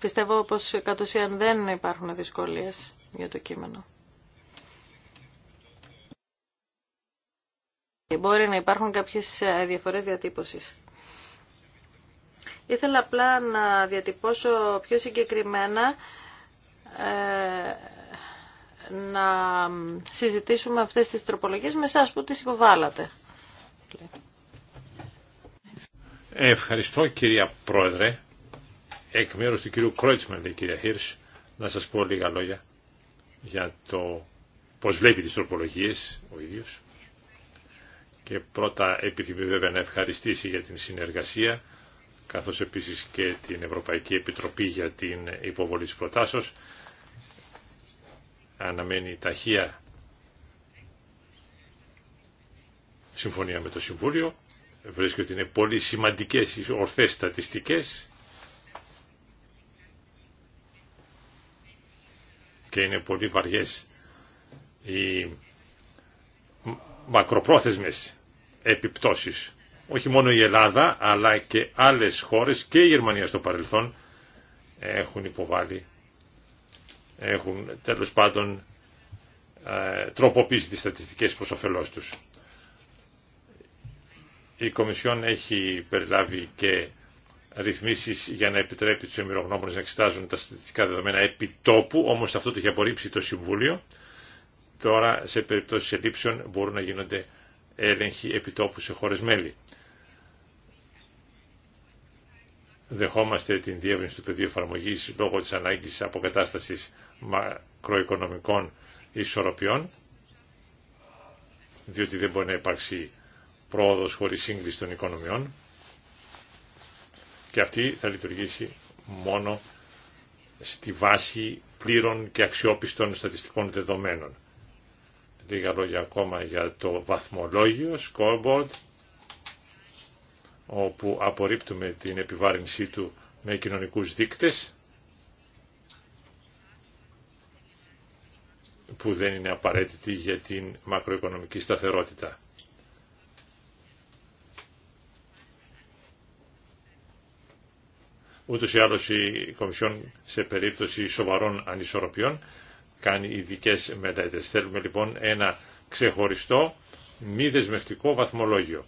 Πιστεύω πως κατ' ουσίαν δεν υπάρχουν δυσκολίες για το κείμενο. Μπορεί να υπάρχουν κάποιες ε, διαφορές διατύπωσης. Ήθελα απλά να διατυπώσω πιο συγκεκριμένα ε, να συζητήσουμε αυτές τις τροπολογίες με εσάς που τις υποβάλλατε. Ευχαριστώ κυρία Πρόεδρε. Εκ μέρους του κυρίου Κρότσμαν, λέει κυρία Χίρς, να σας πω λίγα λόγια για το πώς βλέπει τις τροπολογίες ο ίδιος. Και πρώτα επιθυμεί βέβαια να ευχαριστήσει για την συνεργασία καθώς επίσης και την Ευρωπαϊκή Επιτροπή για την υποβολή της προτάσεως. Αναμένει ταχεία συμφωνία με το Συμβούλιο. Βρίσκει ότι είναι πολύ σημαντικές οι ορθές στατιστικές και είναι πολύ βαριές οι μακροπρόθεσμες επιπτώσεις όχι μόνο η Ελλάδα αλλά και άλλες χώρες και η Γερμανία στο παρελθόν έχουν υποβάλει, έχουν τέλος πάντων ε, τροποποιήσει τις στατιστικές προς όφελός τους. Η Κομισιόν έχει περιλάβει και ρυθμίσεις για να επιτρέπει τους εμμυρογνώμονες να εξετάζουν τα στατιστικά δεδομένα επί τόπου, όμως αυτό το έχει απορρίψει το Συμβούλιο. Τώρα σε περιπτώσεις ελλείψεων μπορούν να γίνονται έλεγχοι επιτόπου σε χώρες μέλη. Δεχόμαστε την διεύρυνση του πεδίου εφαρμογή λόγω της ανάγκης αποκατάστασης μακροοικονομικών ισορροπιών, διότι δεν μπορεί να υπάρξει πρόοδος χωρίς σύγκριση των οικονομιών και αυτή θα λειτουργήσει μόνο στη βάση πλήρων και αξιόπιστων στατιστικών δεδομένων. Λίγα λόγια ακόμα για το βαθμολόγιο, scoreboard, όπου απορρίπτουμε την επιβάρυνσή του με κοινωνικούς δείκτες, που δεν είναι απαραίτητη για την μακροοικονομική σταθερότητα. Ούτως ή άλλως η Κομισιόν σε περίπτωση σοβαρών ανισορροπιών κάνει ειδικέ μελέτε. Θέλουμε λοιπόν ένα ξεχωριστό μη δεσμευτικό βαθμολόγιο.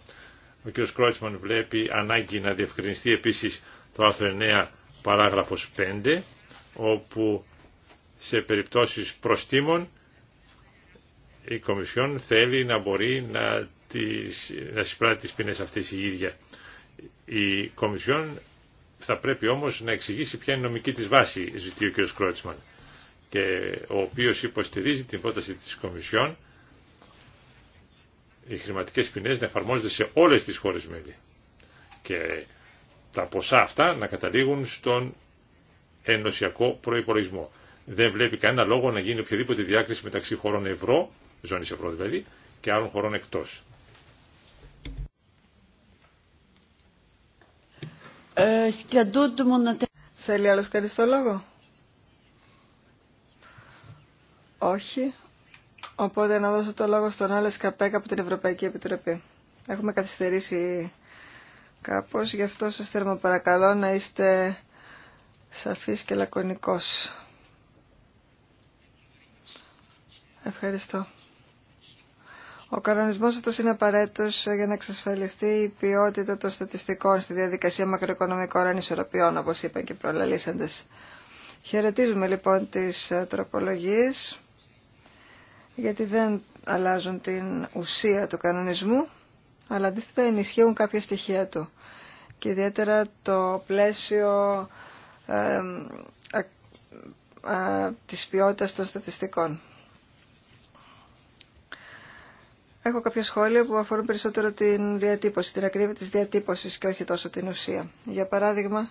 Ο κ. Κρότσμαν βλέπει ανάγκη να διευκρινιστεί επίσης το άρθρο 9 παράγραφο 5 όπου σε περιπτώσεις προστήμων η Κομισιόν θέλει να μπορεί να, τις, να συμπράττει τις ποινές αυτές η ίδια. Η Κομισιόν θα πρέπει όμως να εξηγήσει ποια είναι η νομική τη βάση, ζητεί ο κ. Κρότσμαν και ο οποίος υποστηρίζει την πρόταση της Κομισιόν οι χρηματικές ποινές να εφαρμόζονται σε όλες τις χώρες μέλη και τα ποσά αυτά να καταλήγουν στον ενωσιακό προϋπολογισμό. Δεν βλέπει κανένα λόγο να γίνει οποιαδήποτε διάκριση μεταξύ χωρών ευρώ, ζώνης ευρώ δηλαδή, και άλλων χωρών εκτός. Ε, Θέλει άλλος καλύτερο λόγο. Όχι. Οπότε να δώσω το λόγο στον Άλε Καπέκα από την Ευρωπαϊκή Επιτροπή. Έχουμε καθυστερήσει κάπως, γι' αυτό σας θέλω παρακαλώ να είστε σαφής και λακωνικός. Ευχαριστώ. Ο κανονισμός αυτός είναι απαραίτητος για να εξασφαλιστεί η ποιότητα των στατιστικών στη διαδικασία μακροοικονομικών ανισορροπιών, όπως είπαν και οι προλαλήσαντες. Χαιρετίζουμε λοιπόν τις ε, τροπολογίες γιατί δεν αλλάζουν την ουσία του κανονισμού, αλλά αντίθετα ενισχύουν κάποια στοιχεία του. Και ιδιαίτερα το πλαίσιο ε, α, της ποιότητας των στατιστικών. Έχω κάποια σχόλια που αφορούν περισσότερο την διατύπωση, την ακρίβεια της διατύπωσης και όχι τόσο την ουσία. Για παράδειγμα,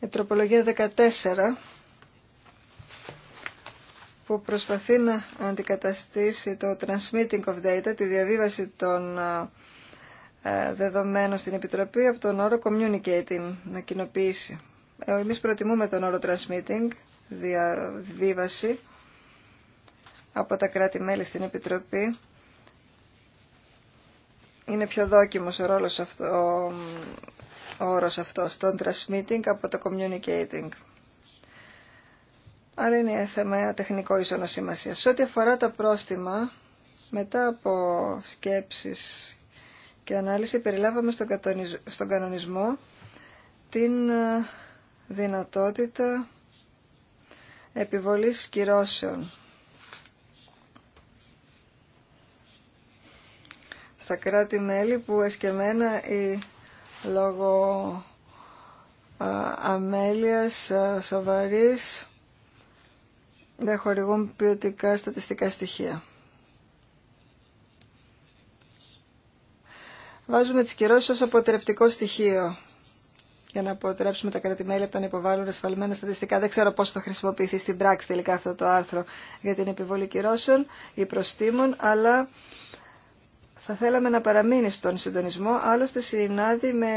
η τροπολογία 14 που προσπαθεί να αντικαταστήσει το transmitting of data, τη διαβίβαση των ε, ε, δεδομένων στην Επιτροπή από τον όρο communicating, να κοινοποιήσει. Ε, εμείς προτιμούμε τον όρο transmitting, διαβίβαση από τα κράτη-μέλη στην Επιτροπή. Είναι πιο δόκιμος ο, ρόλος αυτό, ο όρος αυτός, τον transmitting από το communicating. Άρα είναι θέμα τεχνικό ίσονο Σε ό,τι αφορά τα πρόστιμα, μετά από σκέψεις και ανάλυση, περιλάβαμε στον κανονισμό την ε, δυνατότητα επιβολής κυρώσεων. Στα κράτη-μέλη που έσκεμμένα ή λόγω ε, αμέλειας ε, σοβαρής δεν χορηγούν ποιοτικά στατιστικά στοιχεία. Βάζουμε τις κυρώσεις ως αποτρεπτικό στοιχείο για να αποτρέψουμε τα κρατημέλη από τον υποβάλλον ασφαλμένα στατιστικά. Δεν ξέρω πώς θα χρησιμοποιηθεί στην πράξη τελικά αυτό το άρθρο για την επιβολή κυρώσεων ή προστήμων, αλλά θα θέλαμε να παραμείνει στον συντονισμό, άλλωστε συνάδει με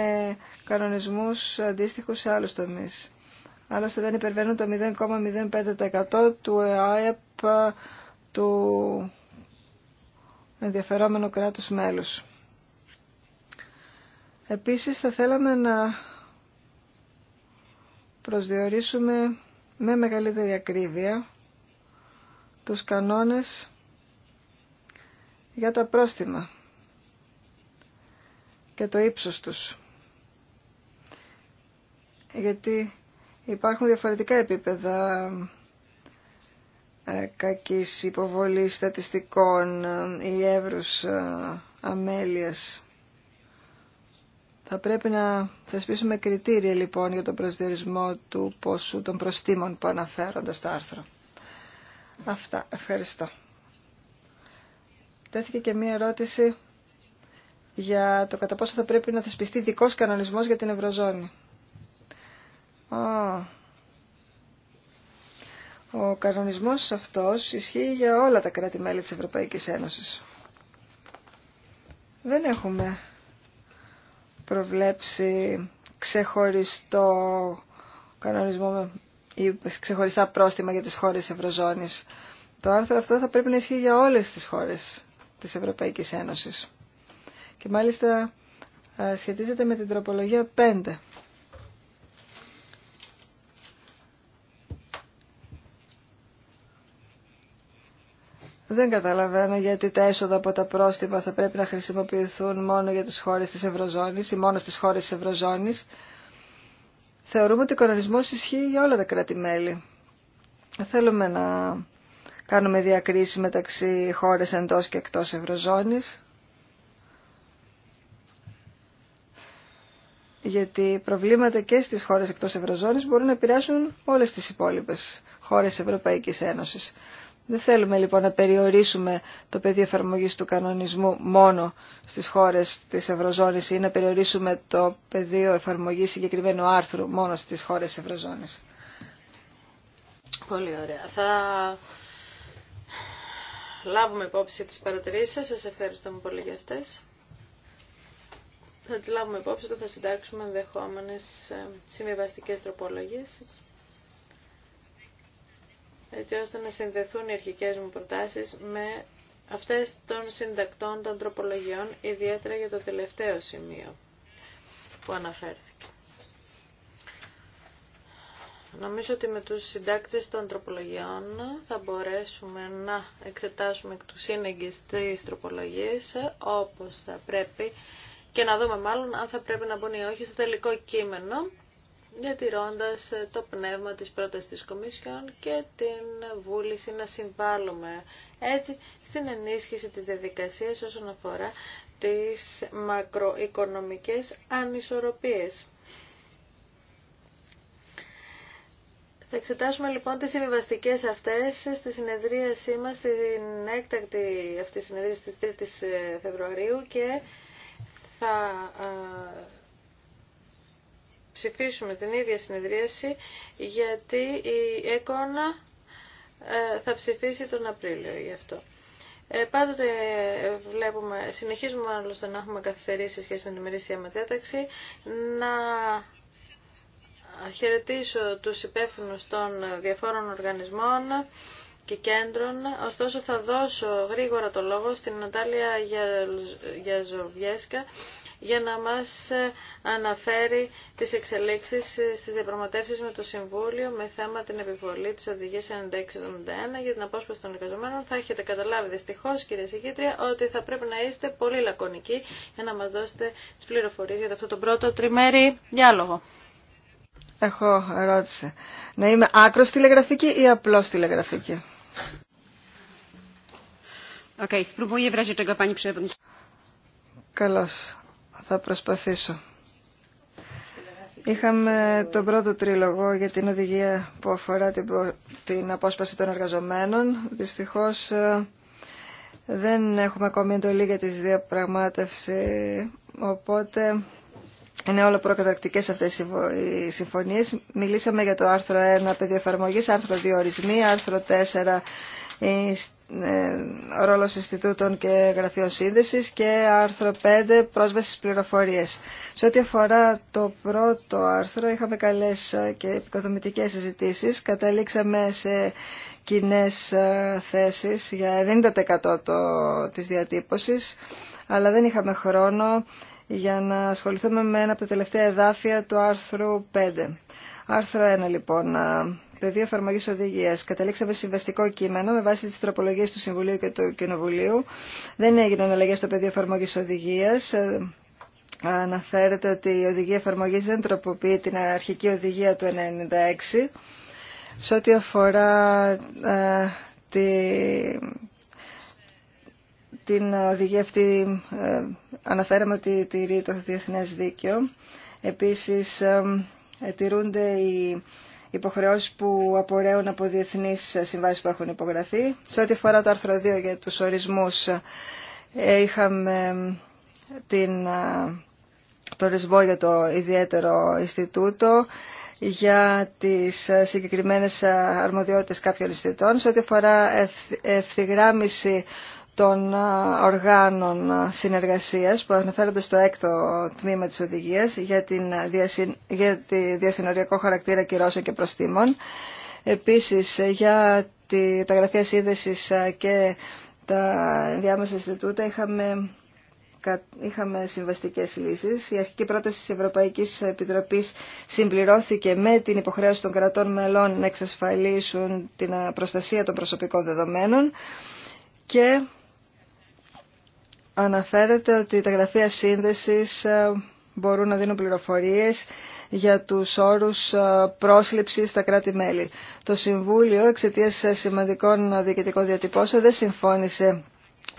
κανονισμούς αντίστοιχους σε άλλους τομείς. Άλλωστε δεν υπερβαίνουν το 0,05% του ΕΑΕΠ του ενδιαφερόμενου κράτους μέλους. Επίσης θα θέλαμε να προσδιορίσουμε με μεγαλύτερη ακρίβεια τους κανόνες για τα πρόστιμα και το ύψος τους. Γιατί Υπάρχουν διαφορετικά επίπεδα ε, κακής υποβολής στατιστικών ή ε, εύρους ε, αμέλειας. Θα πρέπει να θεσπίσουμε κριτήρια λοιπόν για τον προσδιορισμό του ποσού των προστήμων που αναφέρονται στο άρθρο. Αυτά. Ευχαριστώ. Τέθηκε και μία ερώτηση για το κατά πόσο θα πρέπει να θεσπιστεί δικός κανονισμός για την Ευρωζώνη. Ο κανονισμός αυτός ισχύει για όλα τα κράτη-μέλη της Ευρωπαϊκής Ένωσης. Δεν έχουμε προβλέψει ξεχωριστό κανονισμό ή ξεχωριστά πρόστιμα για τις χώρες Ευρωζώνης. Το άρθρο αυτό θα πρέπει να ισχύει για όλες τις χώρες της Ευρωπαϊκής Ένωσης. Και μάλιστα σχετίζεται με την τροπολογία 5 Δεν καταλαβαίνω γιατί τα έσοδα από τα πρόστιμα θα πρέπει να χρησιμοποιηθούν μόνο για τις χώρες της Ευρωζώνης ή μόνο στις χώρες της Ευρωζώνης. Θεωρούμε ότι ο κανονισμός ισχύει για όλα τα κράτη-μέλη. Θέλουμε να κάνουμε διακρίση μεταξύ χώρες εντός και εκτός Ευρωζώνης. γιατί προβλήματα και στις χώρες εκτός Ευρωζώνης μπορούν να επηρεάσουν όλες τις υπόλοιπες χώρες Ευρωπαϊκής Ένωσης. Δεν θέλουμε λοιπόν να περιορίσουμε το πεδίο εφαρμογής του κανονισμού μόνο στις χώρες της Ευρωζώνης ή να περιορίσουμε το πεδίο εφαρμογής συγκεκριμένου άρθρου μόνο στις χώρες της Ευρωζώνης. Πολύ ωραία. Θα λάβουμε υπόψη τις παρατηρήσεις σας. Σας ευχαριστούμε πολύ για αυτές. Θα τις λάβουμε υπόψη και θα συντάξουμε ενδεχόμενες ε, συμβιβαστικές τροπολογίες έτσι ώστε να συνδεθούν οι αρχικές μου προτάσεις με αυτές των συντακτών των τροπολογιών, ιδιαίτερα για το τελευταίο σημείο που αναφέρθηκε. Νομίζω ότι με τους συντάκτες των τροπολογιών θα μπορέσουμε να εξετάσουμε εκ του σύνεγγυς της τροπολογίες όπως θα πρέπει και να δούμε μάλλον αν θα πρέπει να μπουν ή όχι στο τελικό κείμενο διατηρώντας ε, το πνεύμα της πρότασης της Κομισιόν και την βούληση να συμβάλλουμε έτσι στην ενίσχυση της διαδικασίας όσον αφορά τις μακροοικονομικές ανισορροπίες. Θα εξετάσουμε λοιπόν τις συμβιβαστικέ αυτές στη συνεδρίασή μας, στην έκτακτη αυτή συνεδρίαση της 3ης ε, Φεβρουαρίου και θα ε, ψηφίσουμε την ίδια συνεδρίαση γιατί η ΕΚΟΝΑ ε, θα ψηφίσει τον Απρίλιο γι' αυτό. Ε, πάντοτε ε, βλέπουμε, συνεχίζουμε να έχουμε καθυστερήσει σε σχέση με την ημερήσια μετέταξη, να χαιρετήσω τους υπεύθυνους των διαφόρων οργανισμών και κέντρων. Ωστόσο θα δώσω γρήγορα το λόγο στην Νατάλια Γιαζοβιέσκα, για να μας ε, αναφέρει τις εξελίξεις ε, στις διαπραγματεύσεις με το Συμβούλιο με θέμα την επιβολή της οδηγίας 9671 για την απόσπαση των εργαζομένων. Θα έχετε καταλάβει δυστυχώς κύριε Συγκήτρια ότι θα πρέπει να είστε πολύ λακωνικοί για να μας δώσετε τις πληροφορίες για αυτό το πρώτο τριμέρι διάλογο. Έχω ερώτηση. Να είμαι άκρος τηλεγραφική ή απλώς τηλεγραφική. Okay, θα προσπαθήσω. Είχαμε τον πρώτο τρίλογο για την οδηγία που αφορά την απόσπαση των εργαζομένων. Δυστυχώς ε, δεν έχουμε ακόμη εντολή για τη διαπραγμάτευση, οπότε είναι όλο πρόκαταρκτικές αυτές οι συμφωνίες. Μιλήσαμε για το άρθρο 1, παιδιοφαρμογής, άρθρο 2, ορισμοί, άρθρο 4, ο ε, ε, ρόλος Ινστιτούτων και Γραφείων Σύνδεσης και άρθρο 5 πρόσβαση στις πληροφορίες. Σε ό,τι αφορά το πρώτο άρθρο είχαμε καλές και επικοδομητικές συζητήσεις. Καταλήξαμε σε κοινέ ε, θέσεις για 90% της διατύπωσης αλλά δεν είχαμε χρόνο για να ασχοληθούμε με ένα από τα τελευταία εδάφια του άρθρου 5. Άρθρο 1 λοιπόν. Πεδίο εφαρμογή οδηγία. Καταλήξαμε συμβαστικό κείμενο με βάση τι τροπολογίε του Συμβουλίου και του Κοινοβουλίου. Δεν έγιναν αλλαγέ στο πεδίο εφαρμογή οδηγία. Ε, αναφέρεται ότι η οδηγία εφαρμογή δεν τροποποιεί την αρχική οδηγία του 1996. Σε ό,τι αφορά ε, τη, την οδηγία αυτή, α, ε, αναφέραμε ότι τηρεί το διεθνέ δίκαιο. Επίσης, τηρούνται οι υποχρεώσεις που απορρέουν από διεθνείς συμβάσεις που έχουν υπογραφεί. Σε ό,τι αφορά το άρθρο 2 για τους ορισμούς, ε, είχαμε την, ε, το ορισμό για το ιδιαίτερο Ινστιτούτο, για τις ε, συγκεκριμένες αρμοδιότητες κάποιων ιστιτών. Σε ό,τι αφορά ευθυγράμμιση των οργάνων συνεργασίας που αναφέρονται στο έκτο τμήμα της οδηγίας για, την για τη διασυνοριακό χαρακτήρα κυρώσεων και προστήμων. Επίσης ε, για τη... τα γραφεία σύνδεσης και τα διάμεσα Ινστιτούτα είχαμε είχαμε συμβαστικές λύσεις. Η αρχική πρόταση της Ευρωπαϊκής Επιτροπής συμπληρώθηκε με την υποχρέωση των κρατών μελών να εξασφαλίσουν την προστασία των προσωπικών δεδομένων και αναφέρεται ότι τα γραφεία σύνδεσης ε, μπορούν να δίνουν πληροφορίες για τους όρους ε, πρόσληψης στα κράτη-μέλη. Το Συμβούλιο εξαιτία σημαντικών διοικητικών διατυπώσεων δεν συμφώνησε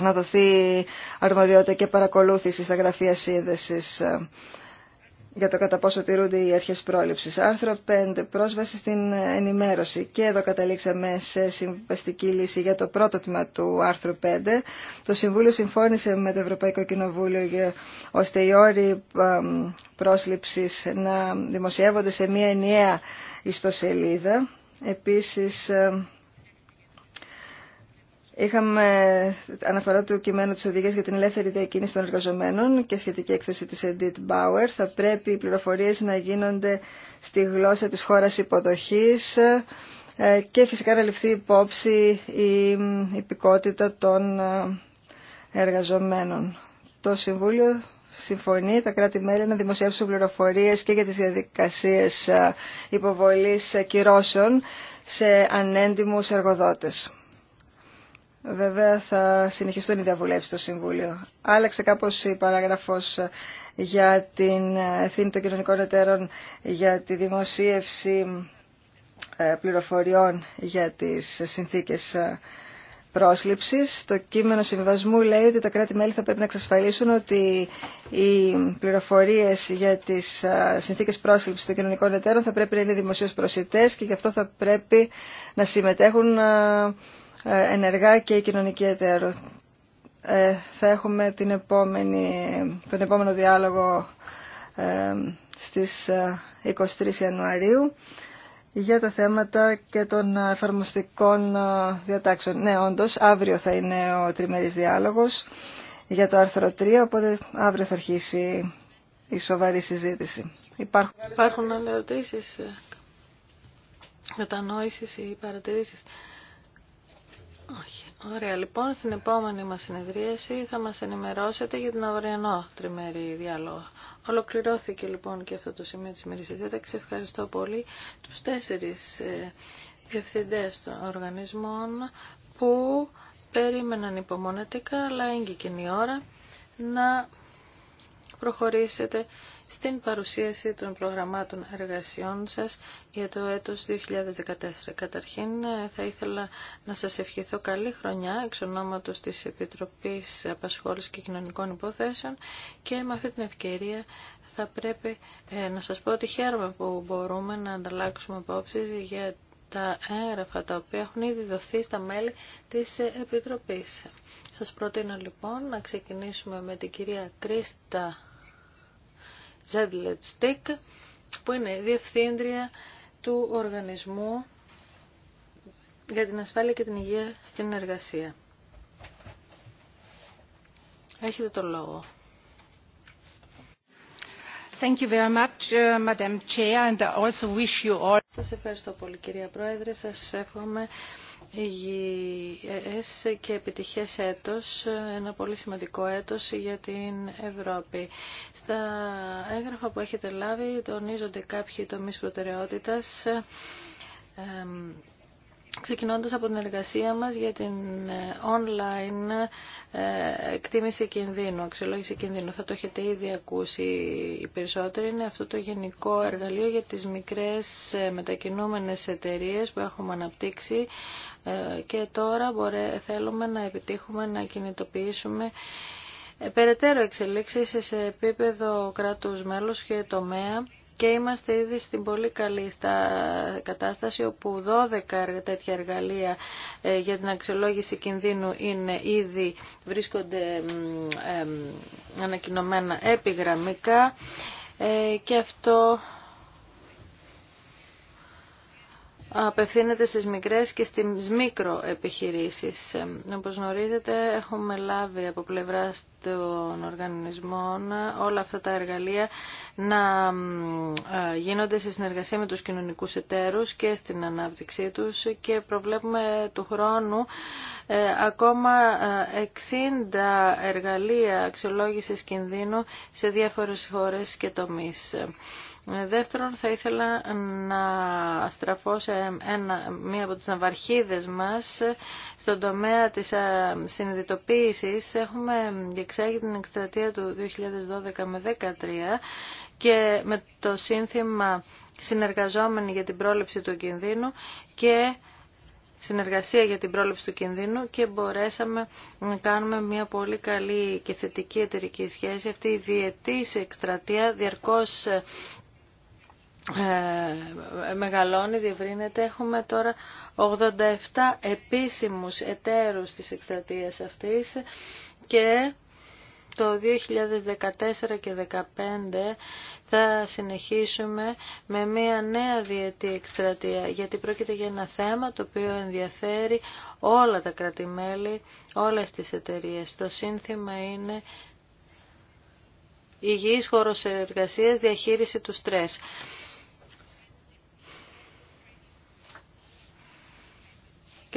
να δοθεί αρμοδιότητα και παρακολούθηση στα γραφεία σύνδεσης ε, για το κατά πόσο τηρούνται οι αρχές πρόληψης. Άρθρο 5. Πρόσβαση στην ενημέρωση. Και εδώ καταλήξαμε σε συμβαστική λύση για το πρώτο τμήμα του άρθρου 5. Το Συμβούλιο συμφώνησε με το Ευρωπαϊκό Κοινοβούλιο για, ώστε οι όροι πρόσληψης να δημοσιεύονται σε μια ενιαία ιστοσελίδα. Επίσης, Είχαμε αναφορά του κειμένου τη οδηγία για την ελεύθερη διακίνηση των εργαζομένων και σχετική έκθεση της Edith Bauer. Θα πρέπει οι πληροφορίες να γίνονται στη γλώσσα της χώρας υποδοχής ε, και φυσικά να ληφθεί υπόψη η υπηκότητα των ε, εργαζομένων. Το Συμβούλιο συμφωνεί τα κράτη-μέλη να δημοσιεύσουν πληροφορίες και για τι διαδικασίε ε, υποβολή κυρώσεων σε ανέντιμου εργοδότες. Βέβαια θα συνεχιστούν οι διαβουλεύσεις στο Συμβούλιο. Άλλαξε κάπως η παράγραφος για την ευθύνη των κοινωνικών εταίρων για τη δημοσίευση ε, πληροφοριών για τις συνθήκες ε, πρόσληψης. Το κείμενο συμβασμού λέει ότι τα κράτη-μέλη θα πρέπει να εξασφαλίσουν ότι οι πληροφορίες για τις ε, συνθήκες πρόσληψης των κοινωνικών εταίρων θα πρέπει να είναι δημοσίως προσιτές και γι' αυτό θα πρέπει να συμμετέχουν ενεργά και η κοινωνική Ε, Θα έχουμε την επόμενη, τον επόμενο διάλογο ε, στις 23 ε, Ιανουαρίου για τα θέματα και των εφαρμοστικών ε, διατάξεων. Ναι, όντως, αύριο θα είναι ο τριμερής διάλογος για το άρθρο 3, οπότε αύριο θα αρχίσει η σοβαρή συζήτηση. Υπάρχουν, Υπάρχουν ερωτήσεις, κατανόησεις ή παρατηρήσεις. Όχι. Ωραία, λοιπόν, στην επόμενη μας συνεδρίαση θα μας ενημερώσετε για την αυριανό τριμερή διάλογο. Ολοκληρώθηκε λοιπόν και αυτό το σημείο της ημερής διάταξης. Ευχαριστώ πολύ τους τέσσερις ε, διευθυντές των οργανισμών που περίμεναν υπομονετικά, αλλά έγκυκε η ώρα να προχωρήσετε στην παρουσίαση των προγραμμάτων εργασιών σας για το έτος 2014. Καταρχήν θα ήθελα να σας ευχηθώ καλή χρονιά εξ ονόματος της Επιτροπής Απασχόλησης και Κοινωνικών Υποθέσεων και με αυτή την ευκαιρία θα πρέπει ε, να σας πω ότι χαίρομαι που μπορούμε να ανταλλάξουμε απόψεις για τα έγγραφα τα οποία έχουν ήδη δοθεί στα μέλη της Επιτροπής. Σας προτείνω λοιπόν να ξεκινήσουμε με την κυρία Κρίστα Τζέντλετ Στίκ, που είναι διευθύντρια του Οργανισμού για την Ασφάλεια και την Υγεία στην Εργασία. Έχετε το λόγο. Thank you very much, uh, Madam Chair, and also wish you all... Σας ευχαριστώ πολύ, κυρία Πρόεδρε. Σας εύχομαι υγιές και επιτυχές έτος, ένα πολύ σημαντικό έτος για την Ευρώπη. Στα έγγραφα που έχετε λάβει τονίζονται κάποιοι τομείς προτεραιότητας ξεκινώντας από την εργασία μας για την ε, online ε, εκτίμηση κινδύνου, αξιολόγηση κινδύνου. Θα το έχετε ήδη ακούσει οι περισσότεροι. Είναι αυτό το γενικό εργαλείο για τις μικρές ε, μετακινούμενες εταιρείες που έχουμε αναπτύξει και τώρα θέλουμε να επιτύχουμε να κινητοποιήσουμε περαιτέρω εξελίξεις σε επίπεδο κράτους μέλους και τομέα και είμαστε ήδη στην πολύ καλή κατάσταση όπου 12 τέτοια εργαλεία ε, για την αξιολόγηση κινδύνου είναι ήδη βρίσκονται ε, ανακοινωμένα επιγραμμικά ε, και αυτό απευθύνεται στις μικρές και στις μικροεπιχειρήσεις. Όπως γνωρίζετε έχουμε λάβει από πλευρά των οργανισμών όλα αυτά τα εργαλεία να γίνονται σε συνεργασία με τους κοινωνικούς εταίρους και στην ανάπτυξή τους και προβλέπουμε του χρόνου ε, ακόμα 60 εργαλεία αξιολόγησης κινδύνου σε διάφορες χώρες και τομείς. Δεύτερον, θα ήθελα να στραφώ σε ένα, μία από τις ναυαρχίδες μας στον τομέα της ε, συνειδητοποίησης. Έχουμε διεξάγει την εκστρατεία του 2012 με 2013 και με το σύνθημα «Συνεργαζόμενοι για την πρόληψη του κινδύνου» και συνεργασία για την πρόληψη του κινδύνου και μπορέσαμε να κάνουμε μια πολύ καλή και θετική εταιρική σχέση. Αυτή η διετής εκστρατεία διαρκώς ε, μεγαλώνει, διευρύνεται. Έχουμε τώρα 87 επίσημους εταίρους της εκστρατείας αυτής και το 2014 και 2015 θα συνεχίσουμε με μια νέα διετή εκστρατεία, γιατί πρόκειται για ένα θέμα το οποίο ενδιαφέρει όλα τα κρατημέλη, όλες τις εταιρείες. Το σύνθημα είναι υγιής χώρος εργασίας, διαχείριση του στρες.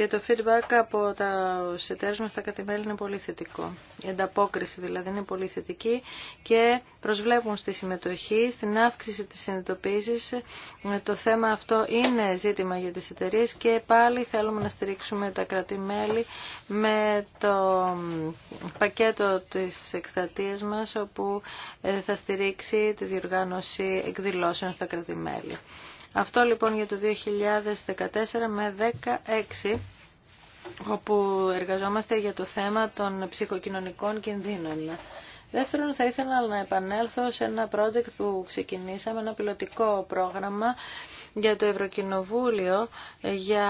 και το feedback από τα εταίρους μας στα κατημέλη είναι πολύ θετικό. Η ανταπόκριση δηλαδή είναι πολύ θετική και προσβλέπουν στη συμμετοχή, στην αύξηση της συνειδητοποίησης. Ε, το θέμα αυτό είναι ζήτημα για τις εταιρείε και πάλι θέλουμε να στηρίξουμε τα κρατημέλη με το πακέτο της εκστατείας μας όπου ε, θα στηρίξει τη διοργάνωση εκδηλώσεων στα κρατημέλη. Αυτό λοιπόν για το 2014 με 16 όπου εργαζόμαστε για το θέμα των ψυχοκοινωνικών κινδύνων. Δεύτερον, θα ήθελα να επανέλθω σε ένα project που ξεκινήσαμε, ένα πιλωτικό πρόγραμμα για το Ευρωκοινοβούλιο ε, για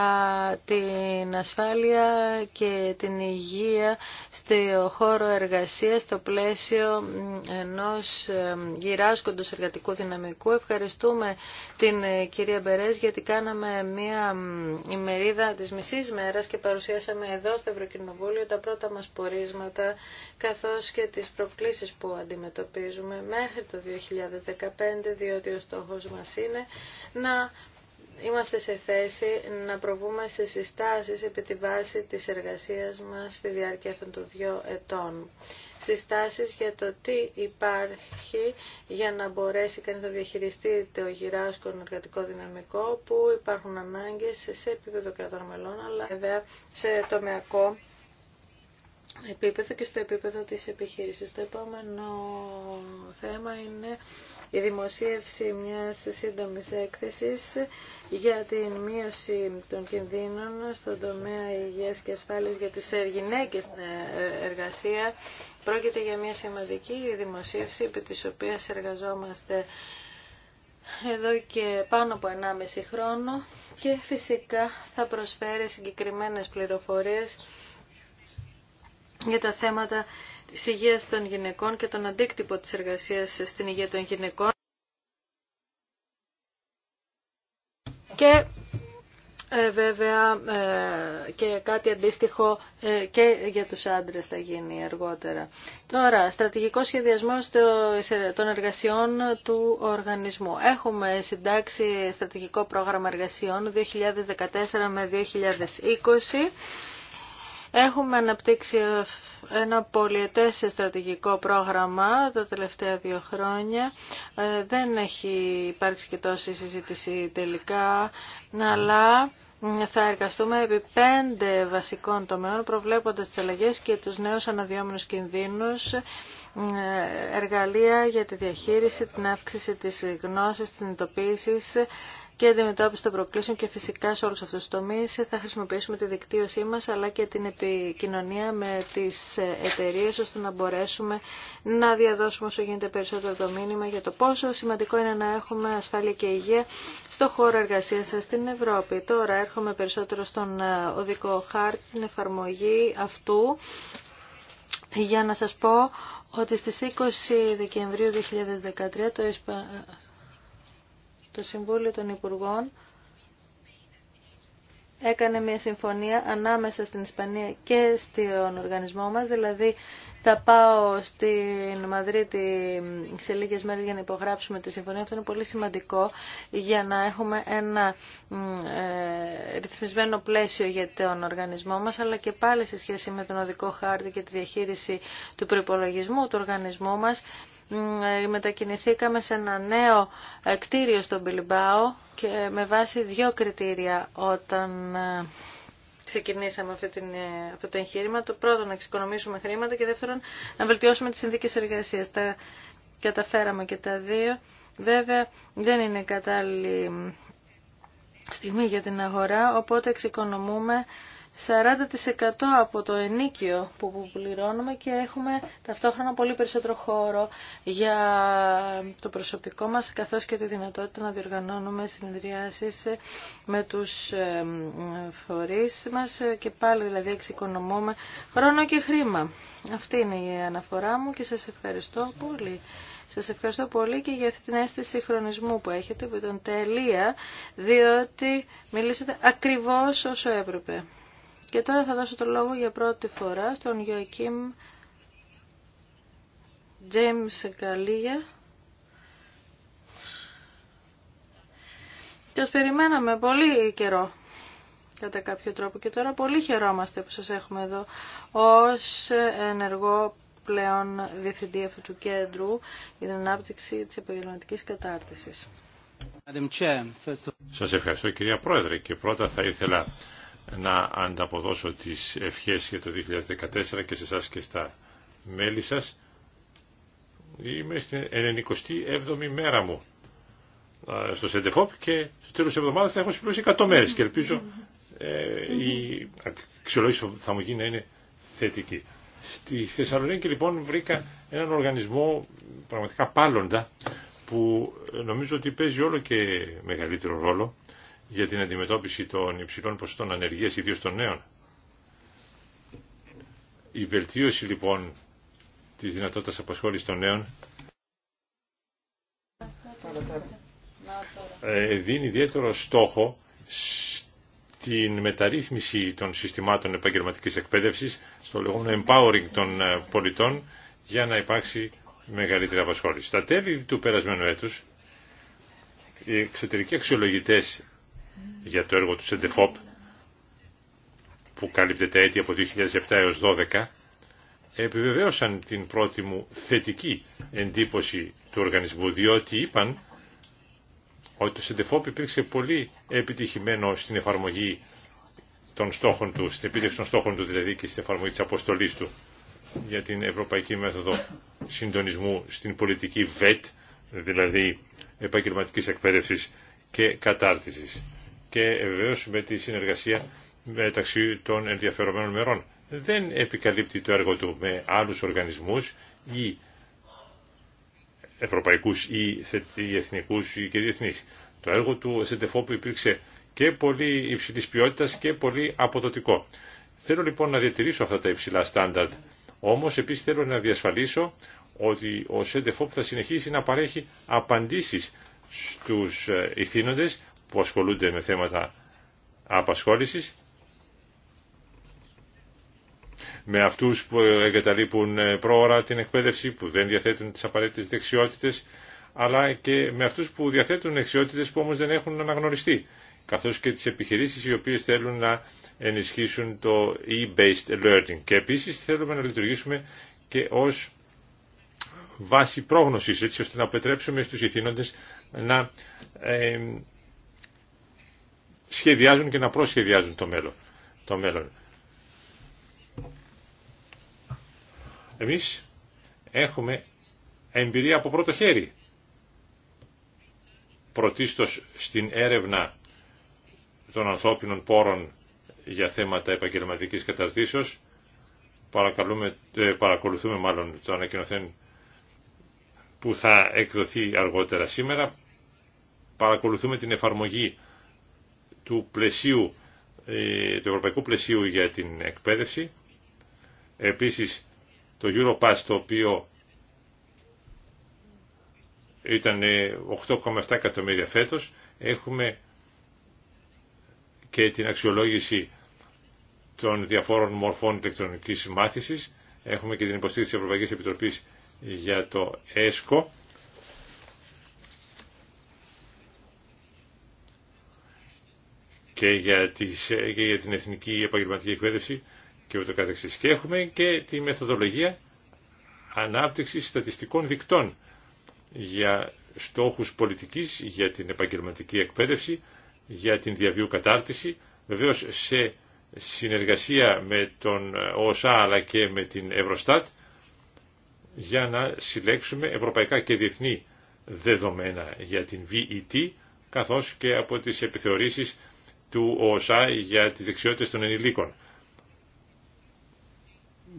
την ασφάλεια και την υγεία στο χώρο εργασίας στο πλαίσιο ενός ε, γυράσκοντος εργατικού δυναμικού. Ευχαριστούμε την ε, κυρία Μπερές γιατί κάναμε μια ημερίδα της μισής μέρας και παρουσιάσαμε εδώ στο Ευρωκοινοβούλιο τα πρώτα μας πορίσματα καθώς και τις προκλήσεις που αντιμετωπίζουμε μέχρι το 2015 διότι ο στόχος μας είναι να είμαστε σε θέση να προβούμε σε συστάσεις επί τη βάση της εργασίας μας στη διάρκεια αυτών των δύο ετών. Συστάσεις για το τι υπάρχει για να μπορέσει κανείς να διαχειριστεί το γυράσκον εργατικό δυναμικό που υπάρχουν ανάγκες σε επίπεδο κρατών μελών αλλά βέβαια σε τομεακό επίπεδο και στο επίπεδο της επιχείρησης. Το επόμενο θέμα είναι η δημοσίευση μιας σύντομης έκθεσης για την μείωση των κινδύνων στον τομέα υγείας και ασφάλειας για τις ε, γυναίκες στην ε, εργασία. Πρόκειται για μια σημαντική δημοσίευση επί της οποίας εργαζόμαστε εδώ και πάνω από 1,5 χρόνο και φυσικά θα προσφέρει συγκεκριμένες πληροφορίες για τα θέματα της υγείας των γυναικών και τον αντίκτυπο της εργασίας στην υγεία των γυναικών. Και ε, βέβαια ε, και κάτι αντίστοιχο ε, και για τους άντρες θα γίνει αργότερα. Τώρα, στρατηγικό σχεδιασμό των εργασιών του οργανισμού. Έχουμε συντάξει στρατηγικό πρόγραμμα εργασιών 2014 με 2020 Έχουμε αναπτύξει ένα πολυετές στρατηγικό πρόγραμμα τα τελευταία δύο χρόνια. Ε, δεν έχει υπάρξει και τόση συζήτηση τελικά, αλλά θα εργαστούμε επί πέντε βασικών τομέων, προβλέποντας τις αλλαγές και τους νέους αναδυόμενους κινδύνους, ε, εργαλεία για τη διαχείριση, την αύξηση της γνώσης, της συνειδητοποίησης, και αντιμετώπιση των προκλήσεων και φυσικά σε όλους αυτούς τους τομείς θα χρησιμοποιήσουμε τη δικτύωσή μας αλλά και την επικοινωνία με τις εταιρείες ώστε να μπορέσουμε να διαδώσουμε όσο γίνεται περισσότερο το μήνυμα για το πόσο σημαντικό είναι να έχουμε ασφάλεια και υγεία στο χώρο εργασίας σας στην Ευρώπη. Τώρα έρχομαι περισσότερο στον οδικό χάρτη, την εφαρμογή αυτού για να σας πω ότι στις 20 Δεκεμβρίου 2013 το το Συμβούλιο των Υπουργών έκανε μια συμφωνία ανάμεσα στην Ισπανία και στον οργανισμό μας, δηλαδή θα πάω στην Μαδρίτη σε λίγες μέρες για να υπογράψουμε τη συμφωνία. Αυτό είναι πολύ σημαντικό για να έχουμε ένα ε, ρυθμισμένο πλαίσιο για τον οργανισμό μας, αλλά και πάλι σε σχέση με τον οδικό χάρτη και τη διαχείριση του προπολογισμού του οργανισμού μας, ε, μετακινηθήκαμε σε ένα νέο ε, κτίριο στον Μπιλμπάο και με βάση δύο κριτήρια όταν ε, ξεκινήσαμε αυτό το εγχείρημα. Το πρώτο να εξοικονομήσουμε χρήματα και δεύτερον να βελτιώσουμε τις συνθήκες εργασίας. Τα καταφέραμε και τα δύο. Βέβαια δεν είναι κατάλληλη στιγμή για την αγορά, οπότε εξοικονομούμε 40% από το ενίκιο που πληρώνουμε και έχουμε ταυτόχρονα πολύ περισσότερο χώρο για το προσωπικό μας καθώς και τη δυνατότητα να διοργανώνουμε συνεδριάσεις με τους φορείς μας και πάλι δηλαδή εξοικονομούμε χρόνο και χρήμα. Αυτή είναι η αναφορά μου και σας ευχαριστώ πολύ. Σας ευχαριστώ πολύ και για αυτή την αίσθηση χρονισμού που έχετε, που ήταν τελεία, διότι μιλήσατε ακριβώς όσο έπρεπε. Και τώρα θα δώσω το λόγο για πρώτη φορά στον Ιωακίμ Τζέιμς Και Σας περιμέναμε πολύ καιρό κατά κάποιο τρόπο και τώρα πολύ χαιρόμαστε που σας έχουμε εδώ ως ενεργό πλέον διευθυντή αυτού του κέντρου για την ανάπτυξη της επαγγελματική κατάρτισης. Σας ευχαριστώ κυρία Πρόεδρε και πρώτα θα ήθελα να ανταποδώσω τις ευχές για το 2014 και σε εσά και στα μέλη σας. Είμαι στην 97η μέρα μου στο Σεντεφόπ και στο τέλος της εβδομάδας θα έχω συμπληρώσει 100 μέρες και ελπίζω ε, η αξιολόγηση που θα μου γίνει να είναι θετική. Στη Θεσσαλονίκη λοιπόν βρήκα έναν οργανισμό πραγματικά πάλλοντα που νομίζω ότι παίζει όλο και μεγαλύτερο ρόλο για την αντιμετώπιση των υψηλών ποσοστών ανεργίας, ιδίως των νέων. Η βελτίωση λοιπόν της δυνατότητας απασχόλησης των νέων ε, δίνει ιδιαίτερο στόχο στην μεταρρύθμιση των συστημάτων επαγγελματικής εκπαίδευσης στο λεγόμενο empowering των ε, πολιτών για να υπάρξει μεγαλύτερη απασχόληση. Στα τέλη του περασμένου έτους οι εξωτερικοί αξιολογητές για το έργο του ΣΕΝΤΕΦΟΠ που καλύπτεται έτη από 2007 έως 2012 επιβεβαίωσαν την πρώτη μου θετική εντύπωση του οργανισμού διότι είπαν ότι το ΣΕΝΤΕΦΟΠ υπήρξε πολύ επιτυχημένο στην εφαρμογή των στόχων του, στην επίτευξη των στόχων του δηλαδή και στην εφαρμογή της αποστολής του για την ευρωπαϊκή μέθοδο συντονισμού στην πολιτική ΒΕΤ, δηλαδή επαγγελματικής εκπαίδευσης και κατάρτισης και βεβαίω με τη συνεργασία μεταξύ των ενδιαφερομένων μερών. Δεν επικαλύπτει το έργο του με άλλους οργανισμούς ή ευρωπαϊκούς ή εθνικούς ή και Το έργο του ΣΕΝΤΕΦΟΠ υπήρξε και πολύ υψηλής ποιότητας και πολύ αποδοτικό. Θέλω λοιπόν να διατηρήσω αυτά τα υψηλά στάνταρτ, όμως επίσης θέλω να διασφαλίσω ότι ο ΣΕΝΤΕΦΟΠ θα συνεχίσει να παρέχει απαντήσεις στους ε, ηθήνοντες που ασχολούνται με θέματα απασχόλησης, με αυτούς που εγκαταλείπουν ε, πρόωρα την εκπαίδευση, που δεν διαθέτουν τις απαραίτητες δεξιότητες, αλλά και με αυτούς που διαθέτουν δεξιότητες που όμως δεν έχουν αναγνωριστεί, καθώς και τις επιχειρήσεις οι οποίες θέλουν να ενισχύσουν το e-based learning. Και επίσης θέλουμε να λειτουργήσουμε και ως βάση πρόγνωσης, έτσι ώστε να πετρέψουμε στους ηθήνοντες να ε, σχεδιάζουν και να προσχεδιάζουν το μέλλον. Το Εμείς έχουμε εμπειρία από πρώτο χέρι. Πρωτίστως στην έρευνα των ανθρώπινων πόρων για θέματα επαγγελματικής καταρτήσεως παρακαλούμε, ε, παρακολουθούμε μάλλον το ανακοινωθέν που θα εκδοθεί αργότερα σήμερα παρακολουθούμε την εφαρμογή του, πλαισίου, ε, του ευρωπαϊκού πλαισίου για την εκπαίδευση. Επίσης το Europass το οποίο ήταν 8,7 ε, εκατομμύρια φέτος. Έχουμε και την αξιολόγηση των διαφόρων μορφών ηλεκτρονικής μάθησης. Έχουμε και την υποστήριξη της Ευρωπαϊκής Επιτροπής για το ΕΣΚΟ και για, την εθνική επαγγελματική εκπαίδευση και ούτω καθεξής. Και έχουμε και τη μεθοδολογία ανάπτυξης στατιστικών δικτών για στόχους πολιτικής, για την επαγγελματική εκπαίδευση, για την διαβίου κατάρτιση, βεβαίως σε συνεργασία με τον ΟΣΑ αλλά και με την Ευρωστάτ για να συλλέξουμε ευρωπαϊκά και διεθνή δεδομένα για την VET καθώς και από τις επιθεωρήσεις του ΟΣΑ για τις δεξιότητες των ενηλίκων.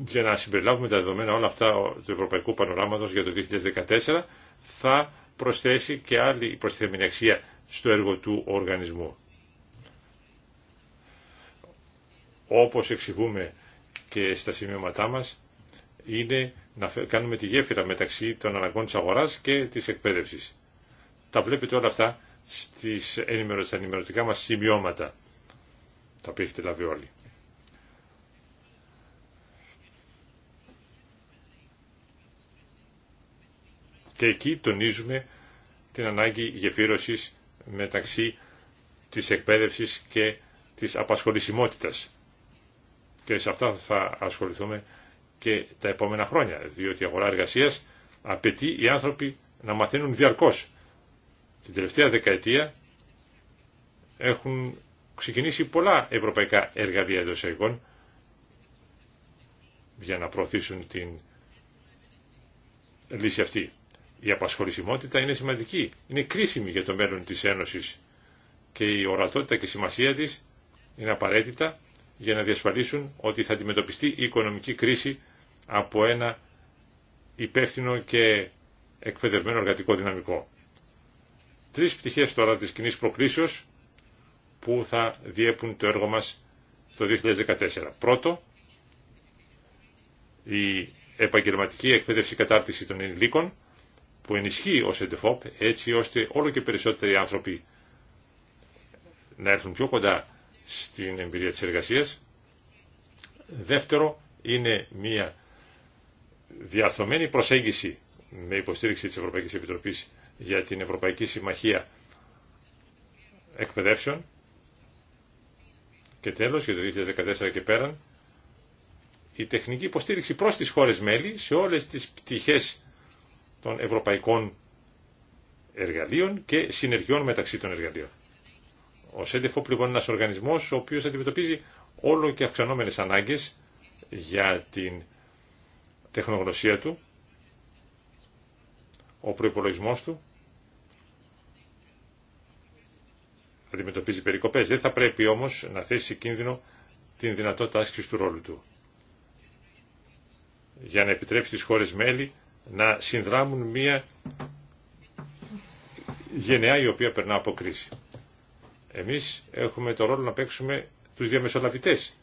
Για να συμπεριλάβουμε τα δεδομένα όλα αυτά του ευρωπαϊκού πανοράματος για το 2014 θα προσθέσει και άλλη προσθέμενη αξία στο έργο του οργανισμού. Όπως εξηγούμε και στα σημείωματά μας, είναι να κάνουμε τη γέφυρα μεταξύ των αναγκών της αγοράς και της εκπαίδευσης. Τα βλέπετε όλα αυτά στις ενημερωτικά μας σημειώματα, τα οποία έχετε λάβει όλοι. Και εκεί τονίζουμε την ανάγκη γεφύρωσης μεταξύ της εκπαίδευσης και της απασχολησιμότητας. Και σε αυτά θα ασχοληθούμε και τα επόμενα χρόνια, διότι η αγορά εργασίας απαιτεί οι άνθρωποι να μαθαίνουν διαρκώς την τελευταία δεκαετία έχουν ξεκινήσει πολλά ευρωπαϊκά εργαλεία εντό για να προωθήσουν την λύση αυτή. Η απασχολησιμότητα είναι σημαντική, είναι κρίσιμη για το μέλλον της Ένωσης και η ορατότητα και η σημασία της είναι απαραίτητα για να διασφαλίσουν ότι θα αντιμετωπιστεί η οικονομική κρίση από ένα υπεύθυνο και εκπαιδευμένο εργατικό δυναμικό. Τρεις πτυχές τώρα της κοινή προκλήσεως που θα διέπουν το έργο μας το 2014. Πρώτο, η επαγγελματική εκπαίδευση κατάρτιση των ενηλίκων που ενισχύει ως ΕΝΤΕΦΟΠ έτσι ώστε όλο και περισσότεροι άνθρωποι να έρθουν πιο κοντά στην εμπειρία της εργασίας. Δεύτερο, είναι μια διαρθωμένη προσέγγιση με υποστήριξη της Ευρωπαϊκής Επιτροπής για την Ευρωπαϊκή Συμμαχία Εκπαιδεύσεων και τέλος για το 2014 και πέραν η τεχνική υποστήριξη προς τις χώρες μέλη σε όλες τις πτυχές των ευρωπαϊκών εργαλείων και συνεργειών μεταξύ των εργαλείων. Ο ΣΕΝΤΕΦΟΠ λοιπόν είναι ένας οργανισμός ο οποίος αντιμετωπίζει όλο και αυξανόμενες ανάγκες για την τεχνογνωσία του, ο προϋπολογισμός του αντιμετωπίζει περικοπές. Δεν θα πρέπει όμως να θέσει κίνδυνο την δυνατότητα άσκηση του ρόλου του. Για να επιτρέψει τις χώρες μέλη να συνδράμουν μία γενεά η οποία περνά από κρίση. Εμείς έχουμε το ρόλο να παίξουμε τους διαμεσολαβητές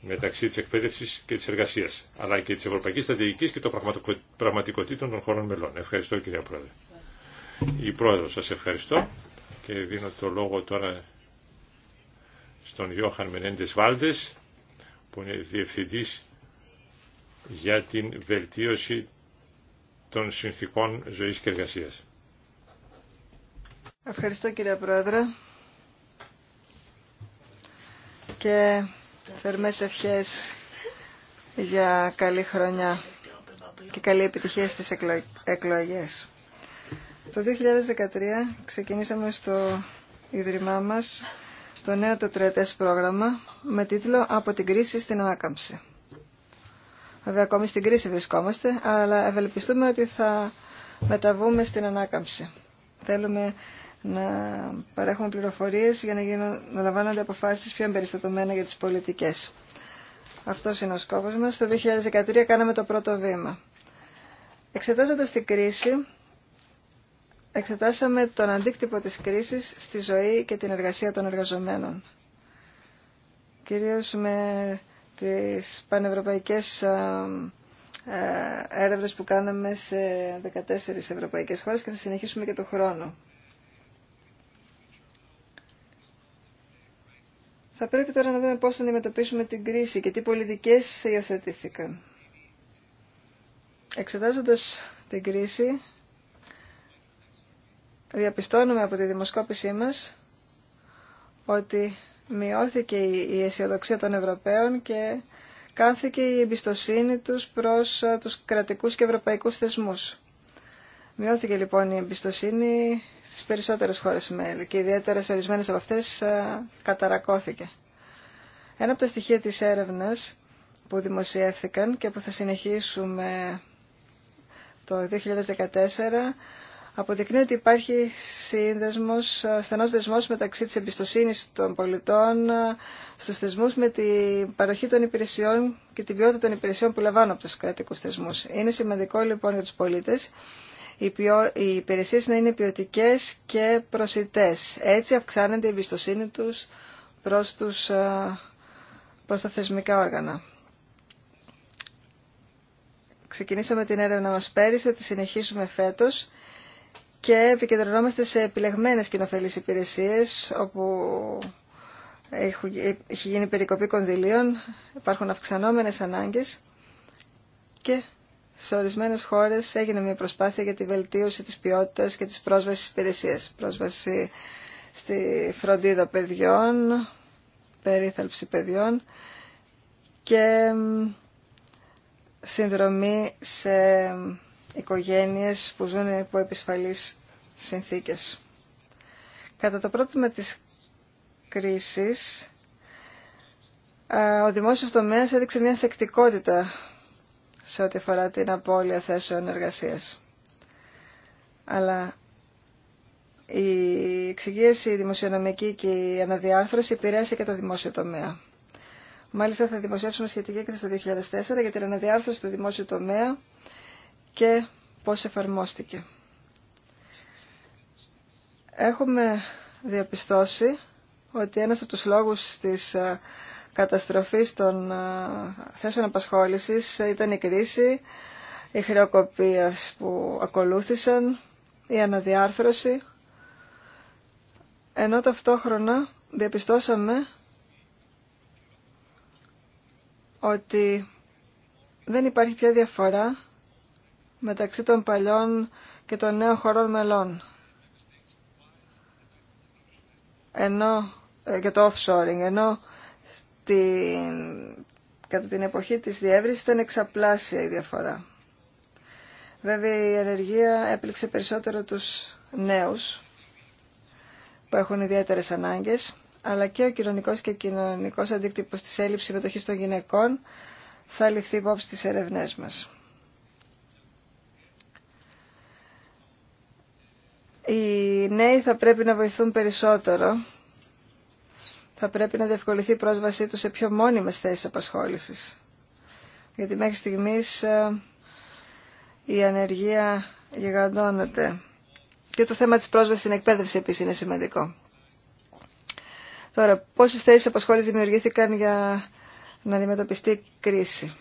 μεταξύ της εκπαίδευσης και της εργασίας, αλλά και της ευρωπαϊκής στρατηγικής και των πραγματικοτήτων των χωρών μελών. Ευχαριστώ κυρία Πρόεδρε. Η Πρόεδρο σας ευχαριστώ και δίνω το λόγο τώρα στον Γιώχαν Μενέντες Βάλτες που είναι διευθυντής για την βελτίωση των συνθήκων ζωής και εργασίας. Ευχαριστώ κύριε Πρόεδρε και θερμές ευχές για καλή χρονιά και καλή επιτυχία στις εκλογές. Το 2013 ξεκινήσαμε στο Ίδρυμά μας το νέο τετραετές πρόγραμμα με τίτλο «Από την κρίση στην ανάκαμψη». Βέβαια, ακόμη στην κρίση βρισκόμαστε, αλλά ευελπιστούμε ότι θα μεταβούμε στην ανάκαμψη. Θέλουμε να παρέχουμε πληροφορίες για να, γίνουν, λαμβάνονται αποφάσεις πιο εμπεριστατωμένα για τις πολιτικές. Αυτό είναι ο σκόπος μας. Το 2013 κάναμε το πρώτο βήμα. Εξετάζοντας την κρίση, εξετάσαμε τον αντίκτυπο της κρίσης στη ζωή και την εργασία των εργαζομένων. Κυρίως με τις πανευρωπαϊκές ε, έρευνες που κάναμε σε 14 ευρωπαϊκές χώρες και θα συνεχίσουμε και το χρόνο. Θα πρέπει τώρα να δούμε πώς θα αντιμετωπίσουμε την κρίση και τι πολιτικές υιοθετήθηκαν. Εξετάζοντας την κρίση, διαπιστώνουμε από τη δημοσκόπησή μας ότι μειώθηκε η αισιοδοξία των Ευρωπαίων και κάθηκε η εμπιστοσύνη τους προς ε, τους κρατικούς και ευρωπαϊκούς θεσμούς. Μειώθηκε λοιπόν η εμπιστοσύνη στις περισσότερες χώρες μέλη και ιδιαίτερα σε ορισμένες από αυτές ε, καταρακώθηκε. Ένα από τα στοιχεία της έρευνας που δημοσιεύθηκαν και που θα συνεχίσουμε το 2014 αποδεικνύει ότι υπάρχει σύνδεσμος, στενός δεσμός μεταξύ της εμπιστοσύνης των πολιτών στους θεσμούς με την παροχή των υπηρεσιών και την ποιότητα των υπηρεσιών που λαμβάνουν από τους κρατικούς θεσμούς. Είναι σημαντικό λοιπόν για τους πολίτες οι, ποιο, οι υπηρεσίες να είναι ποιοτικέ και προσιτές. Έτσι αυξάνεται η εμπιστοσύνη του προ τους, ε, προς τα θεσμικά όργανα. Ξεκινήσαμε την έρευνα μας πέρυσι, θα τη συνεχίσουμε φέτος και επικεντρωνόμαστε σε επιλεγμένες κοινοφελείς υπηρεσίες όπου έχει γίνει περικοπή κονδυλίων, υπάρχουν αυξανόμενες ανάγκες και σε ορισμένες χώρες έγινε μια προσπάθεια για τη βελτίωση της ποιότητας και της πρόσβασης στις υπηρεσίες. Πρόσβαση στη φροντίδα παιδιών, περίθαλψη παιδιών και συνδρομή σε οικογένειες που ζουν υπό επισφαλείς συνθήκες. Κατά το πρώτο της κρίσης, ο δημόσιος τομέας έδειξε μια θεκτικότητα σε ό,τι αφορά την απώλεια θέσεων εργασίας. Αλλά η εξυγίαση δημοσιονομική και η αναδιάρθρωση επηρέασε και το δημόσιο τομέα. Μάλιστα θα δημοσιεύσουμε σχετική έκθεση το 2004 για την αναδιάρθρωση του δημόσιου τομέα και πώς εφαρμόστηκε. Έχουμε διαπιστώσει ότι ένας από τους λόγους της ε, καταστροφής των ε, θέσεων απασχόλησης ε, ήταν η κρίση, η χρεοκοπία που ακολούθησαν, η αναδιάρθρωση, ενώ ταυτόχρονα διαπιστώσαμε ότι δεν υπάρχει πια διαφορά μεταξύ των παλιών και των νέων χωρών μελών. Ενώ, ε, και το offshoring, ενώ κατά την εποχή της διεύρυνσης ήταν εξαπλάσια η διαφορά. Βέβαια η ενεργεία έπληξε περισσότερο τους νέους που έχουν ιδιαίτερες ανάγκες, αλλά και ο κοινωνικός και κοινωνικός αντίκτυπος της έλλειψης συμμετοχής των γυναικών θα ληφθεί υπόψη στις ερευνές μας. νέοι θα πρέπει να βοηθούν περισσότερο. Θα πρέπει να διευκολυθεί η πρόσβασή τους σε πιο μόνιμες θέσεις απασχόλησης. Γιατί μέχρι στιγμής ε, η ανεργία γιγαντώνεται. Και το θέμα της πρόσβασης στην εκπαίδευση επίσης είναι σημαντικό. Τώρα, πόσες θέσεις απασχόλησης δημιουργήθηκαν για να αντιμετωπιστεί κρίση.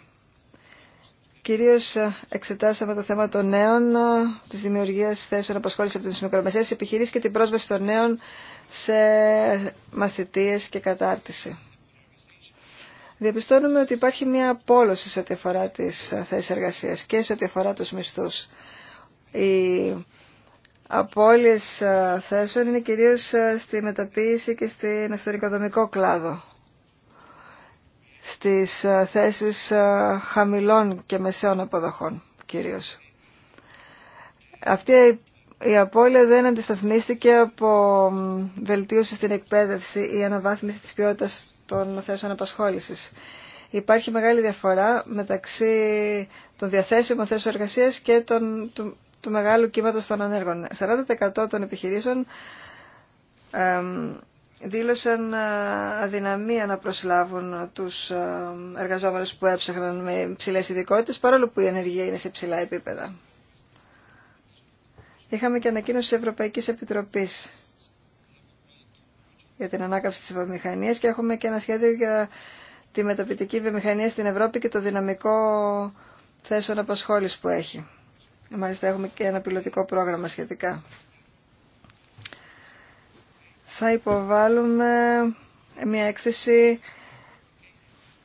Κυρίως ε, εξετάσαμε το θέμα των νέων, ε, της δημιουργίας θέσεων απασχόλησης από τις μικρομεσαίες επιχειρήσεις και την πρόσβαση των νέων σε μαθητείες και κατάρτιση. Διαπιστώνουμε ότι υπάρχει μια απόλωση σε ό,τι αφορά τις ε, θέσεις εργασίας και σε ό,τι αφορά τους μισθούς. Οι απώλειες θέσεων είναι κυρίως στη μεταποίηση και στην αυτορικοδομικό κλάδο στις ε, θέσεις ε, χαμηλών και μεσαίων αποδοχών κυρίως. Αυτή η απώλεια δεν αντισταθμίστηκε από βελτίωση στην εκπαίδευση ή αναβάθμιση της ποιότητας των θέσεων απασχόλησης. Υπάρχει μεγάλη διαφορά μεταξύ των διαθέσιμων θέσεων εργασίας και των, του, μεγάλου κύματος των ανέργων. 40% των επιχειρήσεων δήλωσαν ε, αδυναμία να προσλάβουν τους ε, εργαζόμενους που έψαχναν με ψηλές ειδικότητε, παρόλο που η ενεργεία είναι σε υψηλά επίπεδα. Είχαμε και ανακοίνωση της Ευρωπαϊκής Επιτροπής για την ανάκαμψη της βιομηχανίας και έχουμε και ένα σχέδιο για τη μεταπητική βιομηχανία στην Ευρώπη και το δυναμικό θέσεων απασχόληση που έχει. Μάλιστα έχουμε και ένα πιλωτικό πρόγραμμα σχετικά θα υποβάλουμε μια έκθεση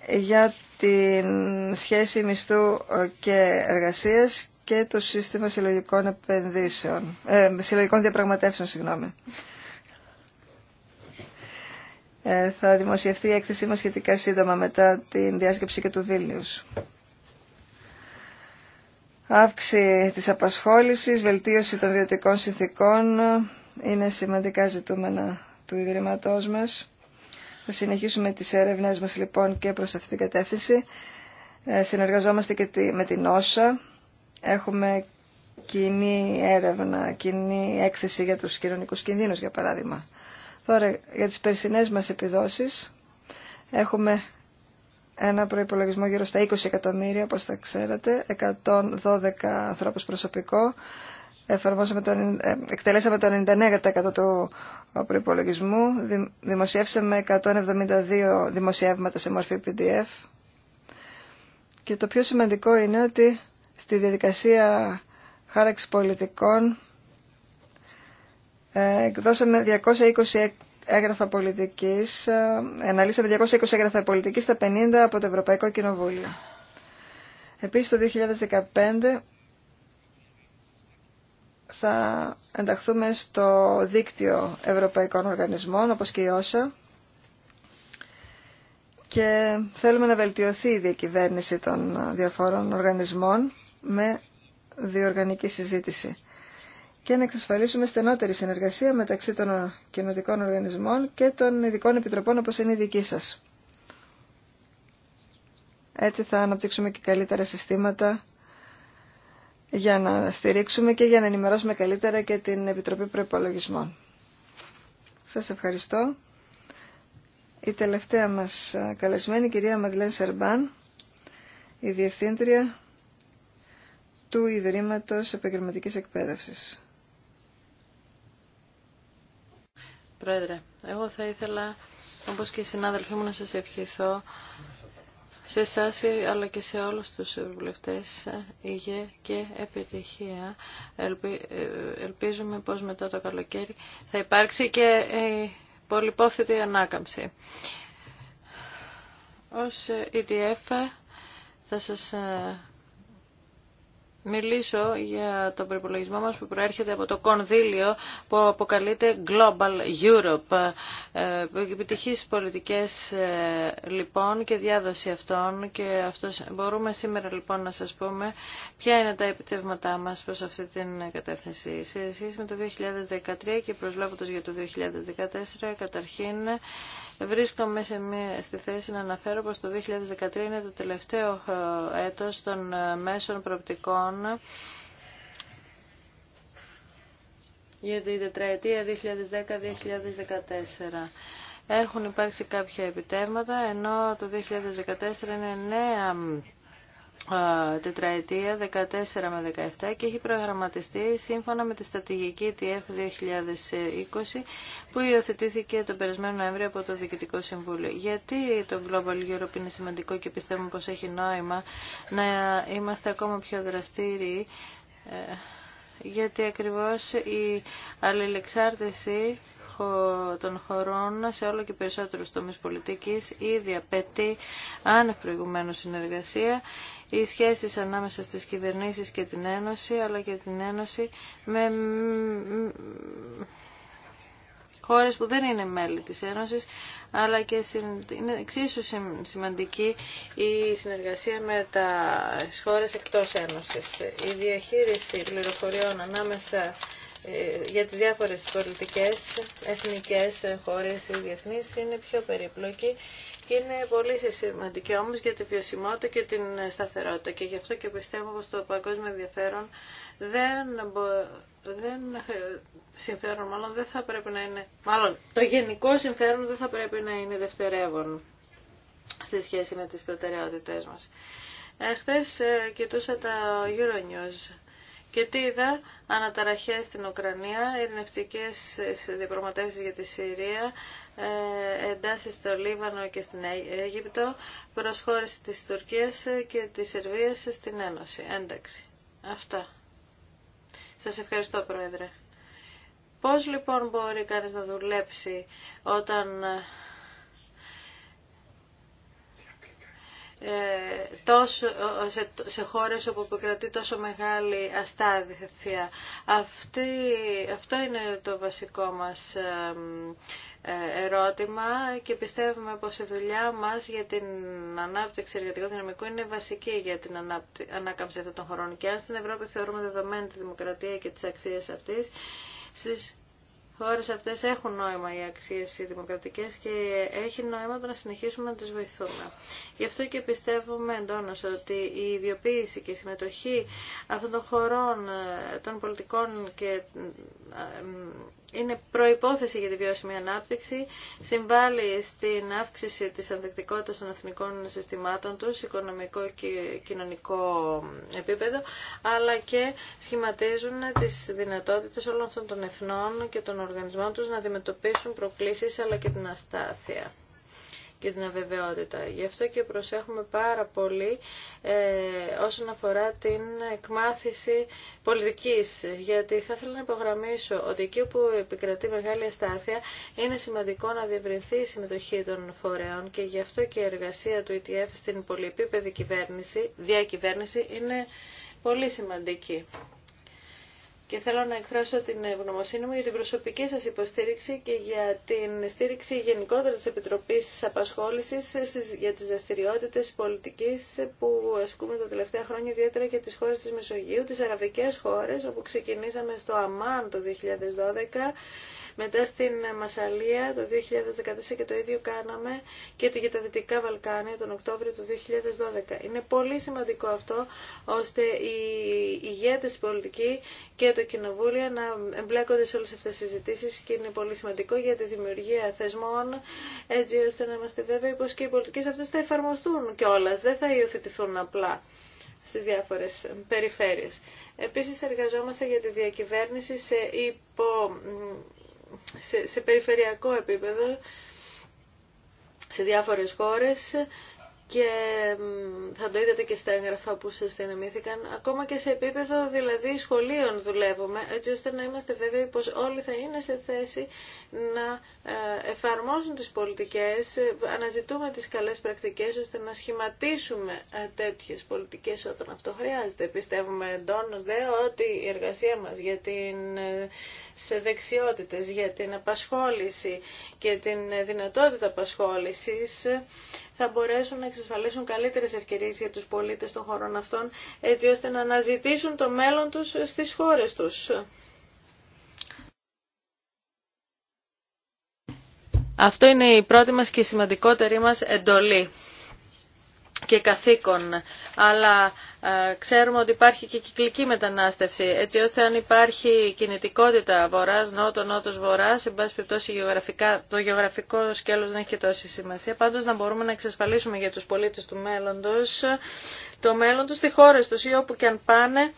για τη σχέση μισθού και εργασίας και το σύστημα συλλογικών, επενδύσεων, ε, συλλογικών διαπραγματεύσεων. Συγγνώμη. Ε, θα δημοσιευθεί η έκθεσή μας σχετικά σύντομα μετά την διάσκεψη και του Βίλνιους. Αύξηση της απασχόλησης, βελτίωση των βιωτικών συνθήκων, είναι σημαντικά ζητούμενα του Ιδρύματός μας. Θα συνεχίσουμε τις έρευνές μας λοιπόν και προς αυτήν την κατεύθυνση. Ε, συνεργαζόμαστε και με την όσα. Έχουμε κοινή έρευνα, κοινή έκθεση για τους κοινωνικούς κινδύνους για παράδειγμα. Τώρα για τις περσινές μας επιδόσεις έχουμε ένα προϋπολογισμό γύρω στα 20 εκατομμύρια, όπως θα ξέρετε, 112 ανθρώπους προσωπικό, εφαρμόσαμε τον ε, εκτελέσαμε το 99% του προϋπολογισμού, δημοσιεύσαμε 172 δημοσιεύματα σε μορφή PDF και το πιο σημαντικό είναι ότι στη διαδικασία χάραξη πολιτικών ε, εκδώσαμε 220 έγγραφα πολιτικής, αναλύσαμε ε, 220 έγγραφα πολιτικής στα 50 από το Ευρωπαϊκό Κοινοβούλιο. Επίσης το 2015 θα ενταχθούμε στο δίκτυο ευρωπαϊκών οργανισμών, όπως και η ΩΣΑ. και θέλουμε να βελτιωθεί η διακυβέρνηση των διαφόρων οργανισμών με διοργανική συζήτηση και να εξασφαλίσουμε στενότερη συνεργασία μεταξύ των κοινωτικών οργανισμών και των ειδικών επιτροπών όπως είναι η δική σας. Έτσι θα αναπτύξουμε και καλύτερα συστήματα για να στηρίξουμε και για να ενημερώσουμε καλύτερα και την Επιτροπή Προϋπολογισμών. Σας ευχαριστώ. Η τελευταία μας καλεσμένη, η κυρία Μαγκλέν Σερμπάν, η Διευθύντρια του Ιδρύματος Επαγγελματικής Εκπαίδευσης. Πρόεδρε, εγώ θα ήθελα, όπως και οι συνάδελφοί μου, να σας ευχηθώ σε εσά αλλά και σε όλους τους ευρωβουλευτές ε, υγεία και επιτυχία. Ε, ελπίζουμε πως μετά το καλοκαίρι θα υπάρξει και η ε, πολυπόθητη ανάκαμψη. Ως EDF θα σας μιλήσω για τον προπολογισμό μας που προέρχεται από το κονδύλιο που αποκαλείται Global Europe. Ε, επιτυχείς πολιτικές ε, λοιπόν και διάδοση αυτών και αυτός, μπορούμε σήμερα λοιπόν να σας πούμε ποια είναι τα επιτεύγματά μας προς αυτή την κατεύθυνση. Σε σχέση με το 2013 και προσλάβοντας για το 2014 καταρχήν Βρίσκομαι σε μια, στη θέση να αναφέρω πως το 2013 είναι το τελευταίο ε, έτος των ε, μέσων προοπτικών για τη τετραετία 2010-2014. Έχουν υπάρξει κάποια επιτεύγματα, ενώ το 2014 είναι νέα τετραετία 14 με 17 και έχει προγραμματιστεί σύμφωνα με τη στρατηγική TF 2020 που υιοθετήθηκε τον περασμένο Νοέμβριο από το Διοικητικό Συμβούλιο. Γιατί το Global Europe είναι σημαντικό και πιστεύουμε πως έχει νόημα να είμαστε ακόμα πιο δραστήριοι ε, γιατί ακριβώς η αλληλεξάρτηση των χωρών σε όλο και περισσότερου τομεί πολιτική ήδη απαιτεί άνευ προηγουμένου συνεργασία οι σχέσεις ανάμεσα στις κυβερνήσεις και την Ένωση αλλά και την Ένωση με χώρες που δεν είναι μέλη της Ένωσης, αλλά και είναι εξίσου σημαντική η συνεργασία με τα χώρες εκτός Ένωσης. Η διαχείριση πληροφοριών ανάμεσα ε, για τις διάφορες πολιτικές, εθνικές ε, χώρες ή διεθνείς είναι πιο περίπλοκη και είναι πολύ σημαντική όμως για τη βιωσιμότητα και την ε, σταθερότητα και γι' αυτό και πιστεύω πως το παγκόσμιο ενδιαφέρον δεν, δεν συμφέρον μάλλον δεν θα πρέπει να είναι μάλλον το γενικό συμφέρον δεν θα πρέπει να είναι δευτερεύον σε σχέση με τις προτεραιότητές μας. Ε, χθες κοιτούσα τα Euronews και τι είδα, αναταραχές στην Ουκρανία, ειρηνευτικές ε, διαπραγματεύσεις για τη Συρία, ε, εντάσεις στο Λίβανο και στην Αίγυπτο, προσχώρηση της Τουρκίας ε, και της Σερβίας στην Ένωση. Ένταξη. Αυτά. Σας ευχαριστώ Πρόεδρε. Πώς λοιπόν μπορεί κανείς να δουλέψει όταν Ε, τόσο, σε, σε χώρες όπου επικρατεί τόσο μεγάλη αστάθεια. Αυτή, αυτό είναι το βασικό μας ε, ερώτημα και πιστεύουμε πως η δουλειά μας για την ανάπτυξη εργατικού δυναμικού είναι βασική για την ανάκαμψη αυτών των χωρών. Και αν στην Ευρώπη θεωρούμε δεδομένη τη δημοκρατία και τις αξίες αυτής, στις χώρες αυτές έχουν νόημα οι αξίες οι δημοκρατικές και έχει νόημα το να συνεχίσουμε να τις βοηθούμε. Γι' αυτό και πιστεύουμε εντόνως ότι η ιδιοποίηση και η συμμετοχή αυτών των χωρών, ε, των πολιτικών και ε, είναι προϋπόθεση για τη βιώσιμη ανάπτυξη, συμβάλλει στην αύξηση της ανθεκτικότητας των εθνικών συστημάτων τους, οικονομικό και κοινωνικό επίπεδο, αλλά και σχηματίζουν τις δυνατότητες όλων αυτών των εθνών και των οργανισμών τους να αντιμετωπίσουν προκλήσεις αλλά και την αστάθεια και την αβεβαιότητα. Γι' αυτό και προσέχουμε πάρα πολύ ε, όσον αφορά την εκμάθηση πολιτικής. Γιατί θα ήθελα να υπογραμμίσω ότι εκεί όπου επικρατεί μεγάλη αστάθεια είναι σημαντικό να διευρυνθεί η συμμετοχή των φορέων και γι' αυτό και η εργασία του ETF στην πολυεπίπεδη διακυβέρνηση είναι πολύ σημαντική και θέλω να εκφράσω την ευγνωμοσύνη μου για την προσωπική σας υποστήριξη και για την στήριξη γενικότερα της Επιτροπής Απασχόλησης για τις δραστηριότητε πολιτικής που ασκούμε τα τελευταία χρόνια ιδιαίτερα για τις χώρες της Μεσογείου, τις αραβικές χώρες όπου ξεκινήσαμε στο Αμάν το 2012 μετά στην Μασαλία το 2014 και το ίδιο κάναμε και για τα Δυτικά Βαλκάνια τον Οκτώβριο του 2012. Είναι πολύ σημαντικό αυτό ώστε οι ηγέτες πολιτικοί και το κοινοβούλιο να εμπλέκονται σε όλες αυτές τις συζητήσεις και είναι πολύ σημαντικό για τη δημιουργία θεσμών έτσι ώστε να είμαστε βέβαιοι πως και οι πολιτικές αυτές θα εφαρμοστούν κιόλα, δεν θα υιοθετηθούν απλά στις διάφορες περιφέρειες. Επίσης εργαζόμαστε για τη διακυβέρνηση σε υπό σε, περιφερειακό επίπεδο σε διάφορες χώρες και θα το είδατε και στα έγγραφα που σας ενεμήθηκαν, ακόμα και σε επίπεδο δηλαδή σχολείων δουλεύουμε, έτσι ώστε να είμαστε βέβαιοι πως όλοι θα είναι σε θέση να ε, εφαρμόσουν τις πολιτικές, ε, αναζητούμε τις καλές πρακτικές ώστε να σχηματίσουμε ε, τέτοιες πολιτικές όταν αυτό χρειάζεται. Πιστεύουμε εντόνως δε ότι η εργασία μας για την σε δεξιότητες, για την απασχόληση και την δυνατότητα απασχόλησης θα μπορέσουν να εξασφαλίσουν καλύτερες ευκαιρίες για τους πολίτες των χωρών αυτών, έτσι ώστε να αναζητήσουν το μέλλον τους στις χώρες τους. Αυτό είναι η πρώτη μας και η σημαντικότερη μας εντολή και καθήκον, αλλά ε, ξέρουμε ότι υπάρχει και κυκλική μετανάστευση, έτσι ώστε αν υπάρχει κινητικότητα βορράς, νότο, νότος, βορράς, εν πάση περιπτώσει γεωγραφικά, το γεωγραφικό σκέλος δεν έχει τόση σημασία, πάντως να μπορούμε να εξασφαλίσουμε για τους πολίτες του μέλλοντος, το μέλλον τους στη χώρα τους ή όπου και αν πάνε,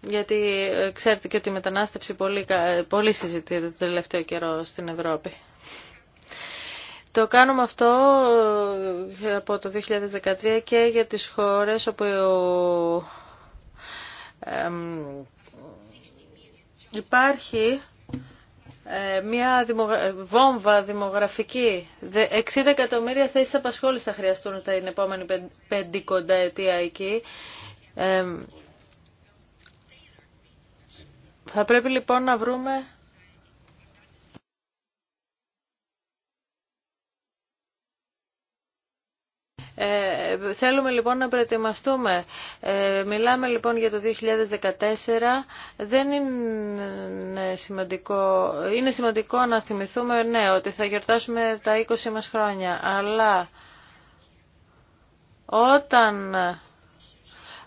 γιατί ε, ξέρετε και ότι η μετανάστευση πολύ, ε, πολύ συζητείται το τελευταίο καιρό στην Ευρώπη. Το κάνουμε αυτό ε, από το 2013 και για τις χώρες όπου υπάρχει ε, μια βόμβα δημογραφική. 60 εκατομμύρια θέσεις απασχόληση θα χρειαστούν τα επόμενη αιτία εκεί. θα πρέπει λοιπόν να βρούμε Ε, θέλουμε λοιπόν να προετοιμαστούμε. Ε, μιλάμε λοιπόν για το 2014. Δεν είναι σημαντικό, είναι σημαντικό να θυμηθούμε ναι, ότι θα γιορτάσουμε τα 20 μας χρόνια. Αλλά όταν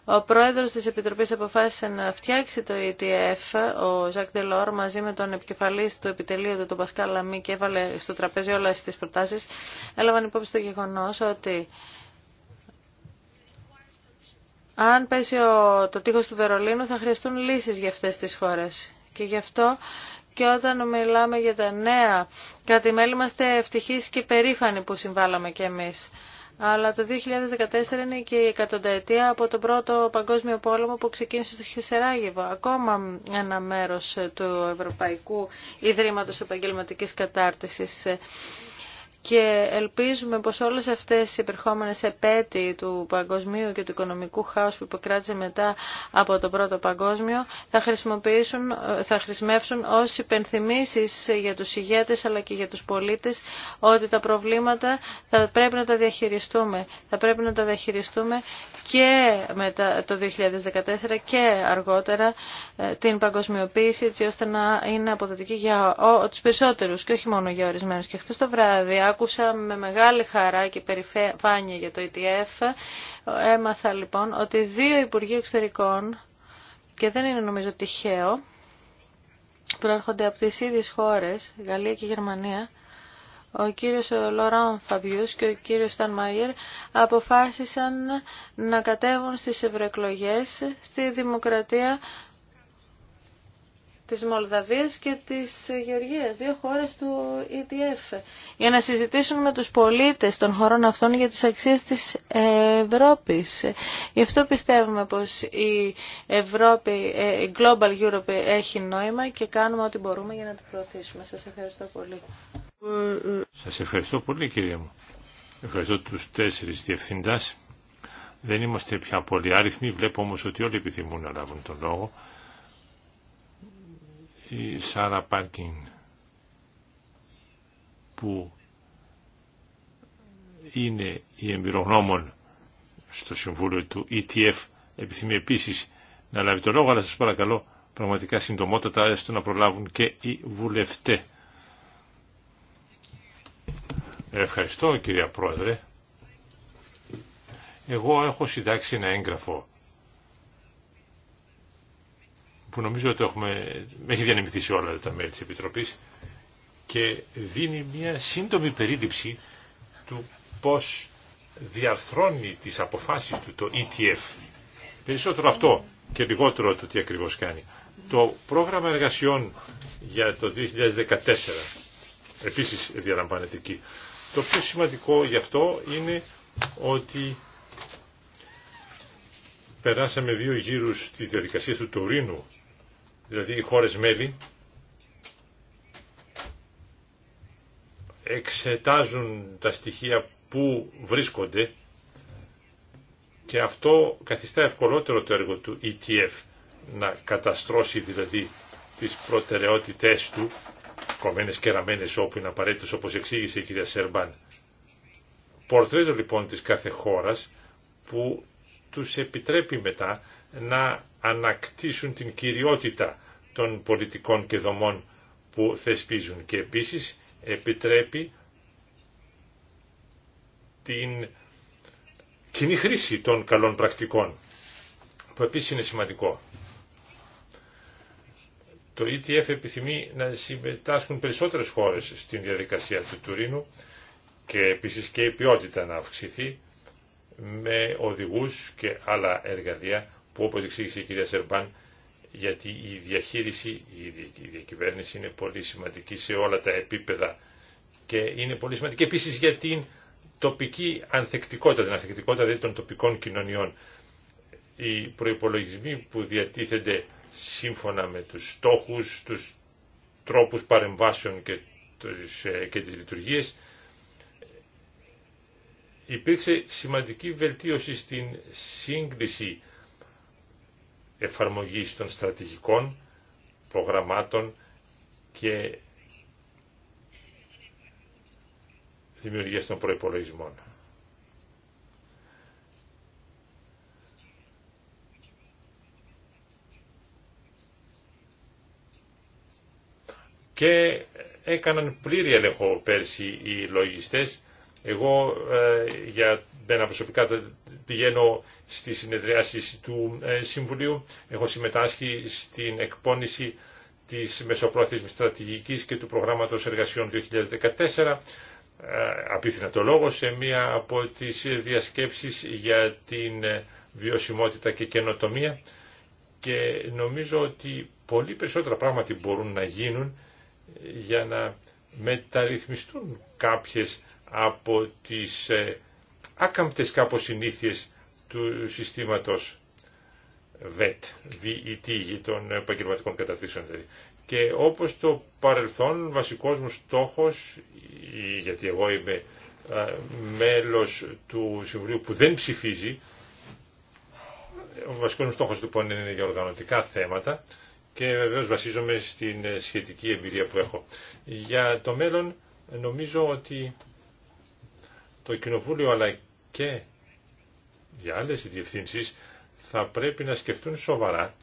ο πρόεδρος της Επιτροπής αποφάσισε να φτιάξει το ETF, ο Ζακ Τέλορ μαζί με τον επικεφαλής του επιτελείου του, τον Πασκάλ Λαμή, και έβαλε στο τραπέζι όλες τις προτάσεις, έλαβαν υπόψη το γεγονός ότι αν πέσει το τείχος του Βερολίνου θα χρειαστούν λύσεις για αυτές τις χώρες. Και γι' αυτό και όταν μιλάμε για τα νεα κρατημέλη είμαστε ευτυχείς και περήφανοι που συμβάλαμε κι εμείς. Αλλά το 2014 είναι και η εκατονταετία από τον πρώτο Παγκόσμιο Πόλεμο που ξεκίνησε στο Χισεράγευο. Ακόμα ένα μέρος του Ευρωπαϊκού Ιδρύματος Επαγγελματικής Κατάρτισης και ελπίζουμε πως όλες αυτές οι υπερχόμενες επέτειοι του παγκοσμίου και του οικονομικού χάους που υποκράτησε μετά από το πρώτο παγκόσμιο θα, χρησιμοποιήσουν, θα χρησιμεύσουν ως υπενθυμίσεις για τους ηγέτες αλλά και για τους πολίτες ότι τα προβλήματα θα πρέπει να τα διαχειριστούμε. Θα πρέπει να τα διαχειριστούμε και μετά το 2014 και αργότερα ε, την παγκοσμιοποίηση έτσι ώστε να είναι αποδοτική για τους περισσότερους και όχι μόνο για ορισμένους. Και χθες το βράδυ Ακούσαμε με μεγάλη χαρά και περιφάνεια για το ETF. Έμαθα λοιπόν ότι δύο Υπουργοί Εξωτερικών, και δεν είναι νομίζω τυχαίο, προέρχονται από τις ίδιες χώρες, Γαλλία και Γερμανία, ο κύριος Λοράν Φαμπιούς και ο κύριος Μάιερ αποφάσισαν να κατέβουν στις ευρωεκλογέ στη δημοκρατία της Μολδαβίας και της Γεωργίας, δύο χώρες του ETF. για να συζητήσουν με τους πολίτες των χωρών αυτών για τις αξίες της Ευρώπης. Γι' αυτό πιστεύουμε πως η Ευρώπη, ε, Global Europe έχει νόημα και κάνουμε ό,τι μπορούμε για να την προωθήσουμε. Σας ευχαριστώ πολύ. Σας ευχαριστώ πολύ κυρία μου. Ευχαριστώ τους τέσσερις διευθυντάς. Δεν είμαστε πια πολύ άριθμοι, βλέπω όμως ότι όλοι επιθυμούν να λάβουν τον λόγο η Σάρα Πάρκιν που είναι η εμπειρογνώμων στο Συμβούλιο του ETF επιθυμεί επίσης να λάβει το λόγο αλλά σας παρακαλώ πραγματικά συντομότατα έστω να προλάβουν και οι βουλευτέ. Ευχαριστώ κυρία Πρόεδρε. Εγώ έχω συντάξει ένα έγγραφο που νομίζω ότι έχουμε, έχει διανεμηθεί σε όλα τα μέλη της Επιτροπής και δίνει μια σύντομη περίληψη του πώς διαρθρώνει τις αποφάσεις του το ETF. Περισσότερο αυτό και λιγότερο το τι ακριβώς κάνει. Το πρόγραμμα εργασιών για το 2014 επίσης διαλαμβάνεται εκεί. Το πιο σημαντικό γι' αυτό είναι ότι περάσαμε δύο γύρους τη διαδικασία του Τουρίνου, δηλαδή οι χώρες μέλη εξετάζουν τα στοιχεία που βρίσκονται και αυτό καθιστά ευκολότερο το έργο του ETF να καταστρώσει δηλαδή τις προτεραιότητές του κομμένες και ραμμένες όπου είναι απαραίτητος όπως εξήγησε η κυρία Σερμπάν. Πορτρέζω λοιπόν της κάθε χώρας που τους επιτρέπει μετά να ανακτήσουν την κυριότητα των πολιτικών και δομών που θεσπίζουν και επίσης επιτρέπει την κοινή χρήση των καλών πρακτικών που επίσης είναι σημαντικό. Το ETF επιθυμεί να συμμετάσχουν περισσότερες χώρες στην διαδικασία του Τουρίνου και επίσης και η ποιότητα να αυξηθεί με οδηγούς και άλλα εργαλεία που όπως εξήγησε η κυρία Σερμπάν γιατί η διαχείριση, η διακυβέρνηση είναι πολύ σημαντική σε όλα τα επίπεδα και είναι πολύ σημαντική επίσης για την τοπική ανθεκτικότητα, την ανθεκτικότητα δηλαδή των τοπικών κοινωνιών. Οι προϋπολογισμοί που διατίθενται σύμφωνα με τους στόχους, τους τρόπους παρεμβάσεων και, τους, λειτουργίε. τις υπήρξε σημαντική βελτίωση στην σύγκριση εφαρμογής των στρατηγικών προγραμμάτων και δημιουργίας των προϋπολογισμών. Και έκαναν πλήρη έλεγχο πέρσι οι λογιστές εγώ ε, για μένα προσωπικά πηγαίνω στη συνεδριάσεις του ε, Συμβουλίου. Έχω συμμετάσχει στην εκπόνηση της Μεσοπρόθεσμης Στρατηγικής και του Προγράμματος Εργασιών 2014. Ε, απίθυνα το λόγο σε μία από τις διασκέψεις για την βιωσιμότητα και καινοτομία και νομίζω ότι πολύ περισσότερα πράγματα μπορούν να γίνουν για να μεταρρυθμιστούν κάποιες από τις ε, άκαμπτες κάπως συνήθειες του συστήματος VET, VET των επαγγελματικών καταρτήσεων δηλαδή. Και όπως το παρελθόν, βασικός μου στόχος, γιατί εγώ είμαι ε, μέλος του Συμβουλίου που δεν ψηφίζει, ο βασικός μου στόχος λοιπόν είναι για οργανωτικά θέματα και βεβαίως βασίζομαι στην ε, σχετική εμπειρία που έχω. Για το μέλλον νομίζω ότι το Κοινοβούλιο αλλά και για άλλες διευθύνσει θα πρέπει να σκεφτούν σοβαρά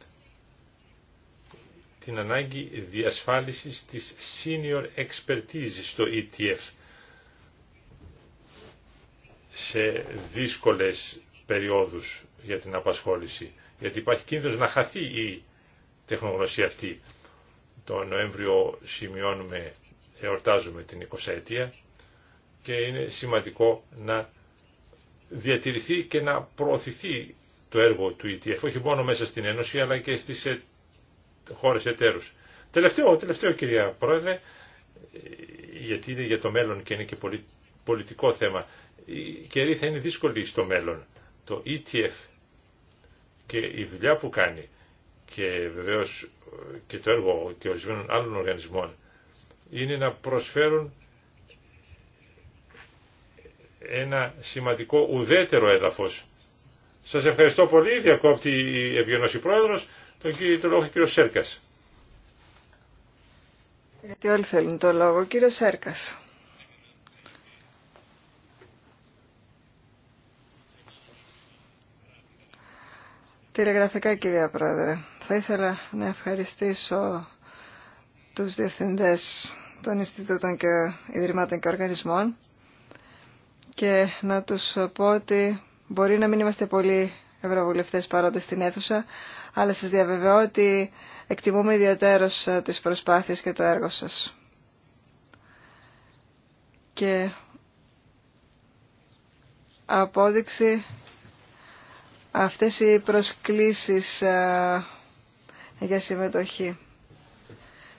την ανάγκη διασφάλισης της senior expertise στο ETF σε δύσκολες περιόδους για την απασχόληση. Γιατί υπάρχει κίνδυνος να χαθεί η τεχνογνωσία αυτή. Το Νοέμβριο σημειώνουμε, εορτάζουμε την 20 αιτία και είναι σημαντικό να διατηρηθεί και να προωθηθεί το έργο του ETF, όχι μόνο μέσα στην Ένωση αλλά και στις ε, χώρες εταίρους. Τελευταίο, τελευταίο κυρία Πρόεδρε, γιατί είναι για το μέλλον και είναι και πολιτικό θέμα. Η καιρή θα είναι δύσκολη στο μέλλον. Το ETF και η δουλειά που κάνει και βεβαίως και το έργο και ορισμένων άλλων οργανισμών είναι να προσφέρουν ένα σημαντικό ουδέτερο έδαφος. Σας ευχαριστώ πολύ. Διακόπτη η Ευγενώση Πρόεδρος, τον κύριο το λόγο κύριο Σέρκας. Γιατί όλοι θέλουν το λόγο. Κύριο Σέρκας. Τηλεγραφικά κυρία Πρόεδρε, θα ήθελα να ευχαριστήσω τους διευθυντές των Ινστιτούτων και Ιδρυμάτων και Οργανισμών και να τους πω ότι μπορεί να μην είμαστε πολλοί ευρωβουλευτές παρόντες στην αίθουσα, αλλά σας διαβεβαιώ ότι εκτιμούμε ιδιαίτερως ε, τις προσπάθειες και το έργο σας. Και απόδειξη αυτές οι προσκλήσεις ε, για συμμετοχή.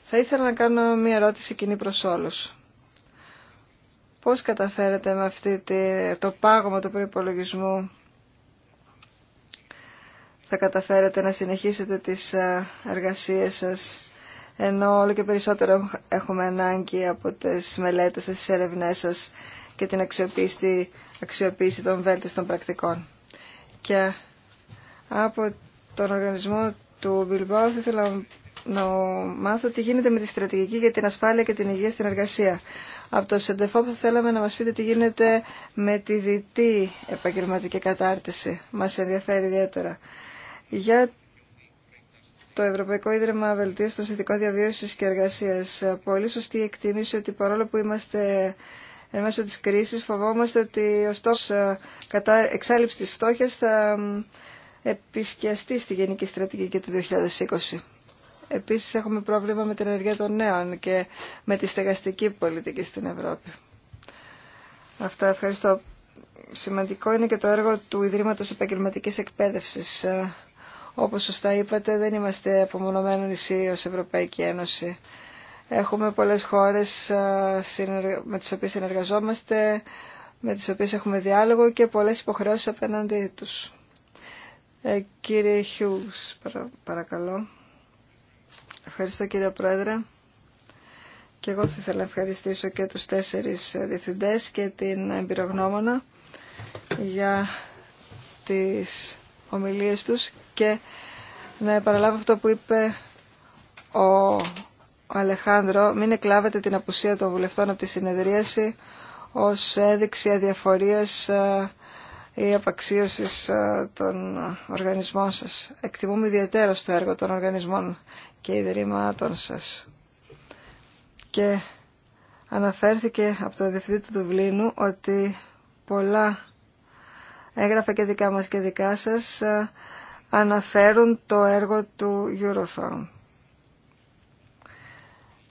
Θα ήθελα να κάνω μία ερώτηση κοινή προς όλους. Πώς καταφέρετε με αυτή το πάγωμα του προϋπολογισμού θα καταφέρετε να συνεχίσετε τις ε, εργασίες σας ενώ όλο και περισσότερο έχουμε ανάγκη από τις μελέτες σας, τις έρευνές σας και την αξιοποίηση, αξιοποίηση των βέλτιστων πρακτικών. Και από τον οργανισμό του Bilbao θα ήθελα να μάθω τι γίνεται με τη στρατηγική για την ασφάλεια και την υγεία στην εργασία. Από το ΣΕΝΤΕΦΟΠ θα θέλαμε να μας πείτε τι γίνεται με τη διτή επαγγελματική κατάρτιση. Μας ενδιαφέρει ιδιαίτερα. Για το Ευρωπαϊκό Ίδρυμα Βελτίωση των Συνθηκών Διαβίωση και εργασία, Πολύ σωστή εκτίμηση ότι παρόλο που είμαστε εν μέσω τη κρίση, φοβόμαστε ότι ο στόχος ε, κατά εξάλληψη της φτώχειας θα επισκιαστεί στη Γενική Στρατηγική του 2020. Επίσης έχουμε πρόβλημα με την ενεργεία των νέων και με τη στεγαστική πολιτική στην Ευρώπη. Αυτά ευχαριστώ. Σημαντικό είναι και το έργο του Ιδρύματος Επαγγελματικής εκπαίδευση, ε, Όπως σωστά είπατε, δεν είμαστε απομονωμένοι νησί ως Ευρωπαϊκή Ένωση. Έχουμε πολλές χώρες ε, με τις οποίες συνεργαζόμαστε, με τις οποίες έχουμε διάλογο και πολλές υποχρεώσεις απέναντι τους. Ε, κύριε Χιούς, παρακαλώ. Ευχαριστώ κύριε Πρόεδρε. Και εγώ θα ήθελα να ευχαριστήσω και τους τέσσερις διευθυντές και την εμπειρογνώμονα για τις ομιλίες τους και να επαναλάβω αυτό που είπε ο Αλεχάνδρο, μην εκλάβετε την απουσία των βουλευτών από τη συνεδρίαση ως έδειξη αδιαφορίας ε, ή απαξίωσης ε, των οργανισμών σας. Εκτιμούμε ιδιαίτερα στο έργο των οργανισμών και ιδρύματων σας. Και αναφέρθηκε από το Διευθυντή του Δουβλίνου ότι πολλά έγγραφα και δικά μας και δικά σας ε, αναφέρουν το έργο του Eurofound.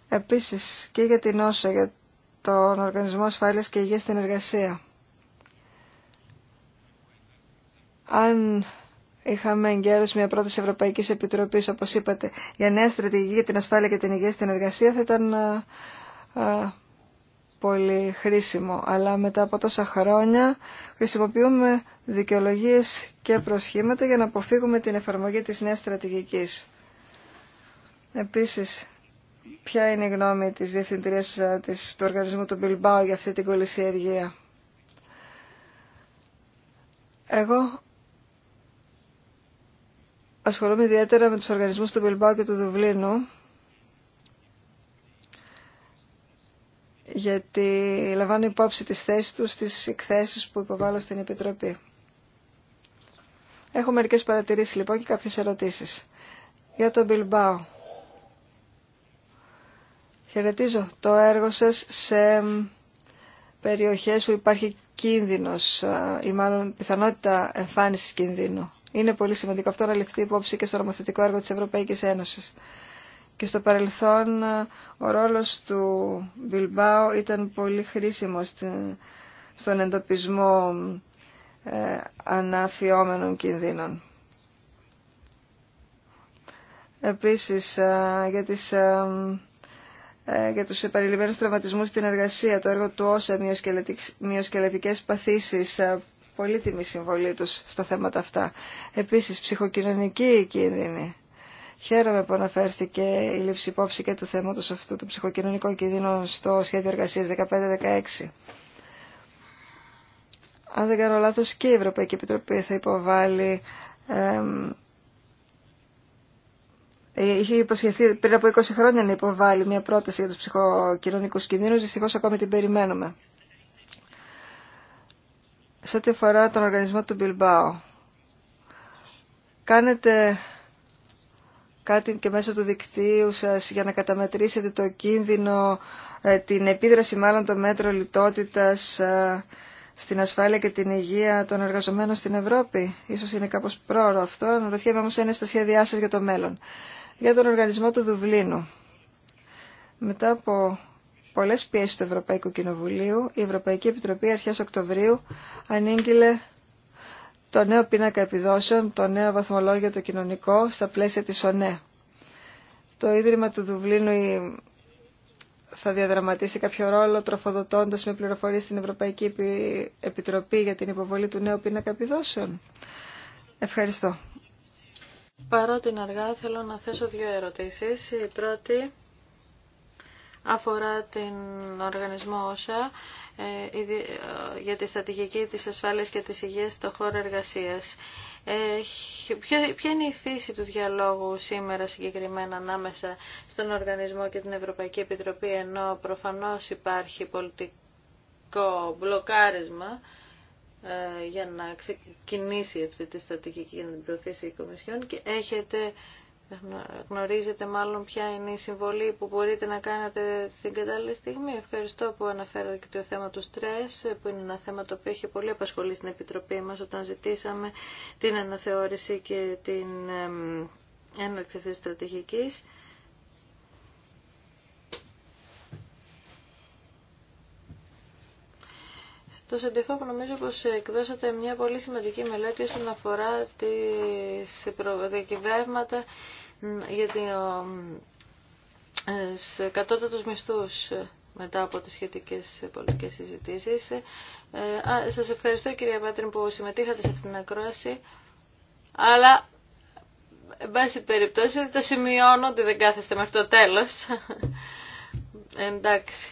Επίσης και για την όσα για τον Οργανισμό Ασφάλειας και Υγείας στην Εργασία. αν είχαμε εγκαίρως μια πρόταση Ευρωπαϊκής Επιτροπής, όπως είπατε, για νέα στρατηγική για την ασφάλεια και την υγεία στην εργασία, θα ήταν πολύ χρήσιμο. Αλλά μετά από τόσα χρόνια χρησιμοποιούμε δικαιολογίες και προσχήματα για να αποφύγουμε την εφαρμογή της νέας στρατηγικής. Επίσης, ποια είναι η γνώμη της Διευθυντηρίας του οργανισμού του Μπιλμπάου για αυτή την κολυσιεργία. Εγώ ασχολούμαι ιδιαίτερα με τους οργανισμούς του Μπιλμπάου και του Δουβλίνου γιατί λαμβάνω υπόψη τις θέσεις τους στις εκθέσεις που υποβάλλω στην Επιτροπή. Έχω μερικές παρατηρήσεις λοιπόν και κάποιες ερωτήσεις. Για τον Μπιλμπάου. Χαιρετίζω το έργο σας σε περιοχές που υπάρχει κίνδυνος ε, ή μάλλον πιθανότητα εμφάνισης κινδύνου. Είναι πολύ σημαντικό αυτό να ληφθεί υπόψη και στο νομοθετικό έργο της Ευρωπαϊκής Ένωσης. Και στο παρελθόν ο ρόλος του Μπιλμπάου ήταν πολύ χρήσιμο στον εντοπισμό ε, αναφιόμενων κινδύνων. Επίσης, ε, για, τις, ε, για τους επανειλημμένους τραυματισμούς στην εργασία, το έργο του ΩΣΑ, μειοσκελετικές παθήσεις, πολύτιμη συμβολή τους στα θέματα αυτά. Επίσης, ψυχοκοινωνική κίνδυνη. Χαίρομαι που αναφέρθηκε η λήψη υπόψη και του θέματος αυτού του ψυχοκοινωνικών κινδύνων στο σχέδιο εργασίας 15-16. Αν δεν κάνω λάθος και η Ευρωπαϊκή Επιτροπή θα υποβάλει Είχε υποσχεθεί πριν από 20 χρόνια να υποβάλει μια πρόταση για τους ψυχοκοινωνικούς κινδύνους, δυστυχώς ακόμη την περιμένουμε σε ό,τι αφορά τον οργανισμό του Μπιλμπάου. Κάνετε κάτι και μέσω του δικτύου σας για να καταμετρήσετε το κίνδυνο, ε, την επίδραση μάλλον των μέτρων λιτότητας ε, στην ασφάλεια και την υγεία των εργαζομένων στην Ευρώπη. Ίσως είναι κάπως πρόωρο αυτό. Ρωτιέμαι όμως είναι στα σχέδιά σας για το μέλλον. Για τον οργανισμό του Δουβλίνου. Μετά από πολλές πιέσεις του Ευρωπαϊκού Κοινοβουλίου, η Ευρωπαϊκή Επιτροπή αρχές Οκτωβρίου ανήγγειλε το νέο πίνακα επιδόσεων, το νέο βαθμολόγιο το κοινωνικό στα πλαίσια της ΟΝΕ. Το Ίδρυμα του Δουβλίνου θα διαδραματίσει κάποιο ρόλο τροφοδοτώντας με πληροφορίες την Ευρωπαϊκή Επιτροπή για την υποβολή του νέου πίνακα επιδόσεων. Ευχαριστώ. Παρότι αργά θέλω να θέσω δύο ερωτήσεις. Η πρώτη αφορά την οργανισμό όσα ε, ε, για τη στρατηγική της ασφάλειας και της υγείας στο χώρο εργασίας. ποια, είναι η φύση του διαλόγου σήμερα συγκεκριμένα ανάμεσα στον οργανισμό και την Ευρωπαϊκή Επιτροπή ενώ προφανώς υπάρχει πολιτικό μπλοκάρισμα ε, για να ξεκινήσει αυτή τη στρατηγική και να την προωθήσει Κομισιόν και έχετε γνωρίζετε μάλλον ποια είναι η συμβολή που μπορείτε να κάνετε στην κατάλληλη στιγμή. Ευχαριστώ που αναφέρατε και το θέμα του στρες, που είναι ένα θέμα το οποίο έχει πολύ απασχολεί στην Επιτροπή μας όταν ζητήσαμε την αναθεώρηση και την έναρξη αυτής της στρατηγικής. Το Σεντιφόπ νομίζω πως εκδώσατε μια πολύ σημαντική μελέτη όσον αφορά τις προδιακυβεύματα για τους ε, κατώτατους μισθούς μετά από τις σχετικές πολιτικές συζητήσεις. Ε, α, σας ευχαριστώ κυρία Πάτριν που συμμετείχατε σε αυτήν την ακρόαση, αλλά εν πάση περιπτώσει το σημειώνω ότι δεν κάθεστε μέχρι το τέλος. Ε, εντάξει.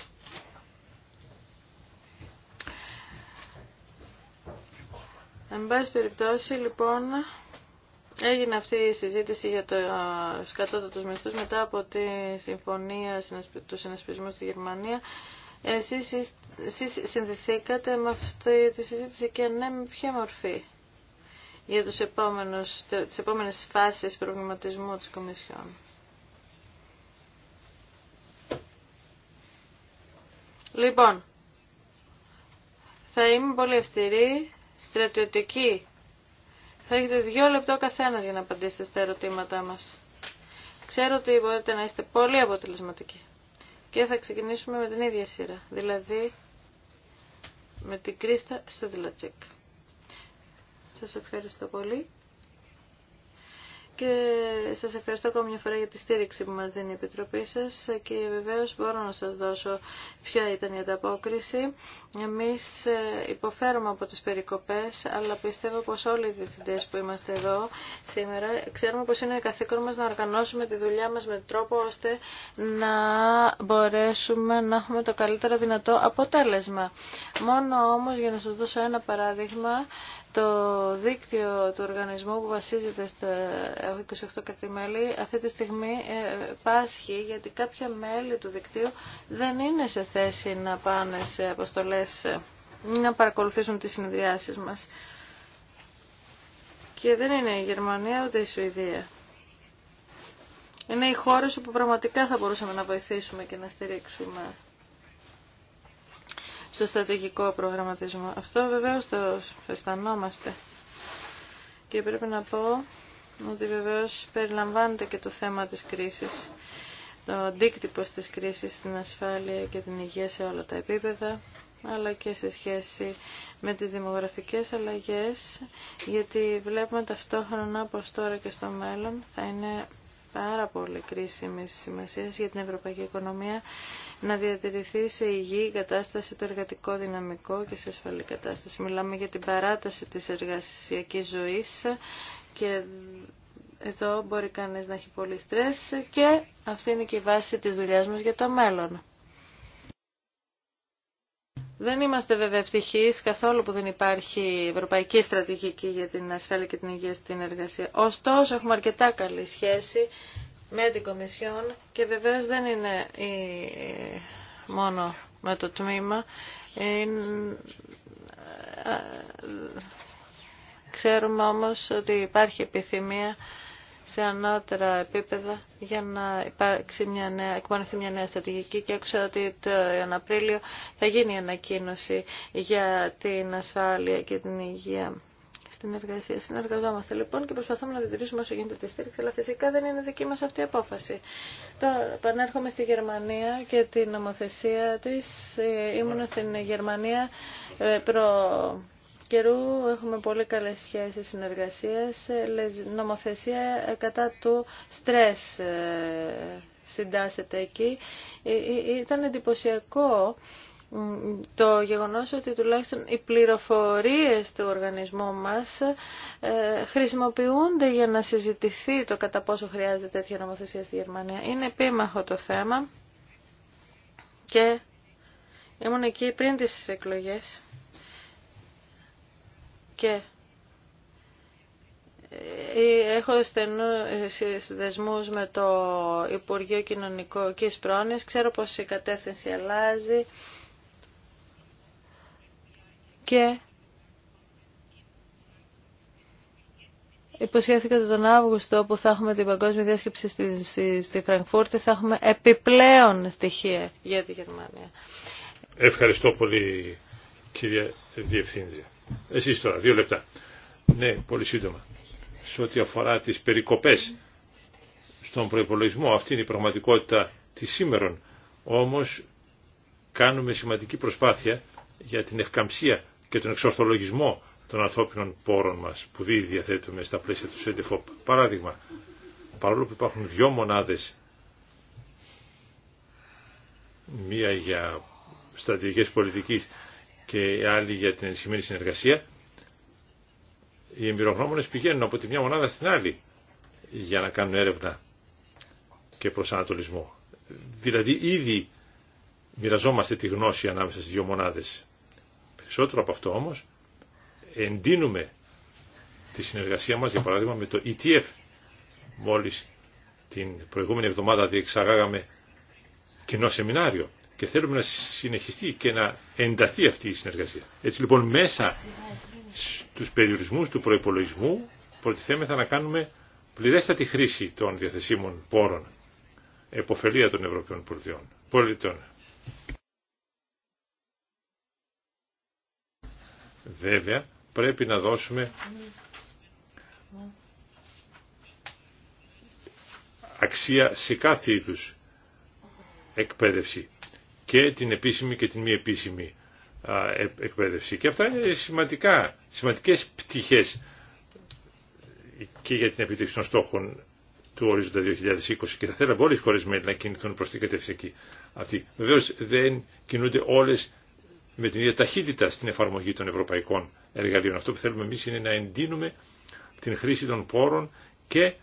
Εν πάση περιπτώσει, λοιπόν, έγινε αυτή η συζήτηση για το ε, τους μισθούς μετά από τη συμφωνία του συνασπισμού στη Γερμανία. Εσείς, εσείς συνδεθήκατε με αυτή τη συζήτηση και ναι, με ποια μορφή για τους επόμενους, τις επόμενες φάσεις προβληματισμού της Κομισιόν. Λοιπόν, θα είμαι πολύ αυστηρή στρατιωτική. Θα έχετε δύο λεπτό καθένας για να απαντήσετε στα ερωτήματά μας. Ξέρω ότι μπορείτε να είστε πολύ αποτελεσματικοί. Και θα ξεκινήσουμε με την ίδια σειρά, δηλαδή με την Κρίστα Σεδλατσέκ. Σας ευχαριστώ πολύ και σας ευχαριστώ ακόμη μια φορά για τη στήριξη που μας δίνει η Επιτροπή σας και βεβαίως μπορώ να σας δώσω ποια ήταν η ανταπόκριση. Εμείς ε, υποφέρουμε από τις περικοπές, αλλά πιστεύω πως όλοι οι διευθυντές που είμαστε εδώ σήμερα ξέρουμε πως είναι καθήκον μας να οργανώσουμε τη δουλειά μας με τρόπο ώστε να μπορέσουμε να έχουμε το καλύτερο δυνατό αποτέλεσμα. Μόνο όμως για να σας δώσω ένα παράδειγμα, το δίκτυο του οργανισμού που βασίζεται στα 28 κρατημέλη αυτή τη στιγμή ε, πάσχει γιατί κάποια μέλη του δικτύου δεν είναι σε θέση να πάνε σε αποστολές να παρακολουθήσουν τις συνεδριάσεις μας. Και δεν είναι η Γερμανία ούτε η Σουηδία. Είναι οι χώρες όπου πραγματικά θα μπορούσαμε να βοηθήσουμε και να στηρίξουμε στο στρατηγικό προγραμματισμό. Αυτό βεβαίως το αισθανόμαστε. Και πρέπει να πω ότι βεβαίως περιλαμβάνεται και το θέμα της κρίσης, το αντίκτυπο της κρίσης στην ασφάλεια και την υγεία σε όλα τα επίπεδα, αλλά και σε σχέση με τις δημογραφικές αλλαγές, γιατί βλέπουμε ταυτόχρονα πως τώρα και στο μέλλον θα είναι πάρα πολύ κρίσιμη σημασία για την ευρωπαϊκή οικονομία να διατηρηθεί σε υγιή κατάσταση το εργατικό δυναμικό και σε ασφαλή κατάσταση. Μιλάμε για την παράταση της εργασιακής ζωής και εδώ μπορεί κανείς να έχει πολύ στρες και αυτή είναι και η βάση της δουλειάς μας για το μέλλον. Δεν είμαστε βέβαια ευτυχεί καθόλου που δεν υπάρχει ευρωπαϊκή στρατηγική για την ασφάλεια και την υγεία στην εργασία. Ωστόσο, έχουμε αρκετά καλή σχέση με την Κομισιόν και βεβαίω δεν είναι μόνο με το τμήμα. Ε, ε, ξέρουμε όμως ότι υπάρχει επιθυμία σε ανώτερα επίπεδα για να υπάρξει μια νέα, εκπονηθεί μια νέα στρατηγική και έξω ότι τον Απρίλιο θα γίνει η ανακοίνωση για την ασφάλεια και την υγεία στην εργασία. Συνεργαζόμαστε λοιπόν και προσπαθούμε να διατηρήσουμε όσο γίνεται τη στήριξη, αλλά φυσικά δεν είναι δική μας αυτή η απόφαση. Τώρα, επανέρχομαι στη Γερμανία και την νομοθεσία της. Ε, Ήμουν στην Γερμανία ε, προ καιρού έχουμε πολύ καλές σχέσεις συνεργασίας, ε, νομοθεσία ε, κατά του στρες ε, συντάσσεται εκεί. Ήταν εντυπωσιακό το γεγονός ότι τουλάχιστον οι πληροφορίες του οργανισμού μας χρησιμοποιούνται για να συζητηθεί το κατά πόσο χρειάζεται τέτοια νομοθεσία στη Γερμανία. Είναι επίμαχο το θέμα και ήμουν εκεί πριν τις εκλογές και ε, έχω στενούς δεσμούς με το Υπουργείο Κοινωνικής Πρόνης. Ξέρω πως η κατεύθυνση αλλάζει και υποσχέθηκα ότι τον Αύγουστο που θα έχουμε την παγκόσμια διάσκεψη στη, στη Φραγκφούρτη θα έχουμε επιπλέον στοιχεία για τη Γερμανία. Ευχαριστώ πολύ κυρία Διευθύντρια. Εσείς τώρα, δύο λεπτά. Ναι, πολύ σύντομα. Σε ό,τι αφορά τις περικοπές στον προϋπολογισμό, αυτή είναι η πραγματικότητα της σήμερων. Όμως κάνουμε σημαντική προσπάθεια για την ευκαμψία και τον εξορθολογισμό των ανθρώπινων πόρων μας που διδιαθέτουμε διαθέτουμε στα πλαίσια του ΣΕΝΤΕΦΟΠ. Παράδειγμα, παρόλο που υπάρχουν δυο μονάδες, μία για στρατηγικές πολιτικής και άλλοι για την ενισχυμένη συνεργασία, οι εμπειρογνώμονες πηγαίνουν από τη μια μονάδα στην άλλη για να κάνουν έρευνα και προσανατολισμό. Δηλαδή ήδη μοιραζόμαστε τη γνώση ανάμεσα στις δύο μονάδες. Περισσότερο από αυτό όμως εντείνουμε τη συνεργασία μας για παράδειγμα με το ETF. Μόλις την προηγούμενη εβδομάδα διεξαγάγαμε κοινό σεμινάριο και θέλουμε να συνεχιστεί και να ενταθεί αυτή η συνεργασία. Έτσι λοιπόν μέσα στους περιορισμούς του προϋπολογισμού προτιθέμεθα να κάνουμε πληρέστατη χρήση των διαθεσίμων πόρων εποφελία των Ευρωπαίων πολιτών. Βέβαια πρέπει να δώσουμε αξία σε κάθε είδους εκπαίδευση και την επίσημη και την μη επίσημη εκπαίδευση. Και αυτά είναι σημαντικά, σημαντικές πτυχές και για την επίτευξη των στόχων του ορίζοντα 2020 και θα θέλαμε όλες οι χώρες μέλη να κινηθούν προς την κατεύθυνση αυτή. Βεβαίως δεν κινούνται όλες με την ίδια ταχύτητα στην εφαρμογή των ευρωπαϊκών εργαλείων. Αυτό που θέλουμε εμείς είναι να εντείνουμε την χρήση των πόρων και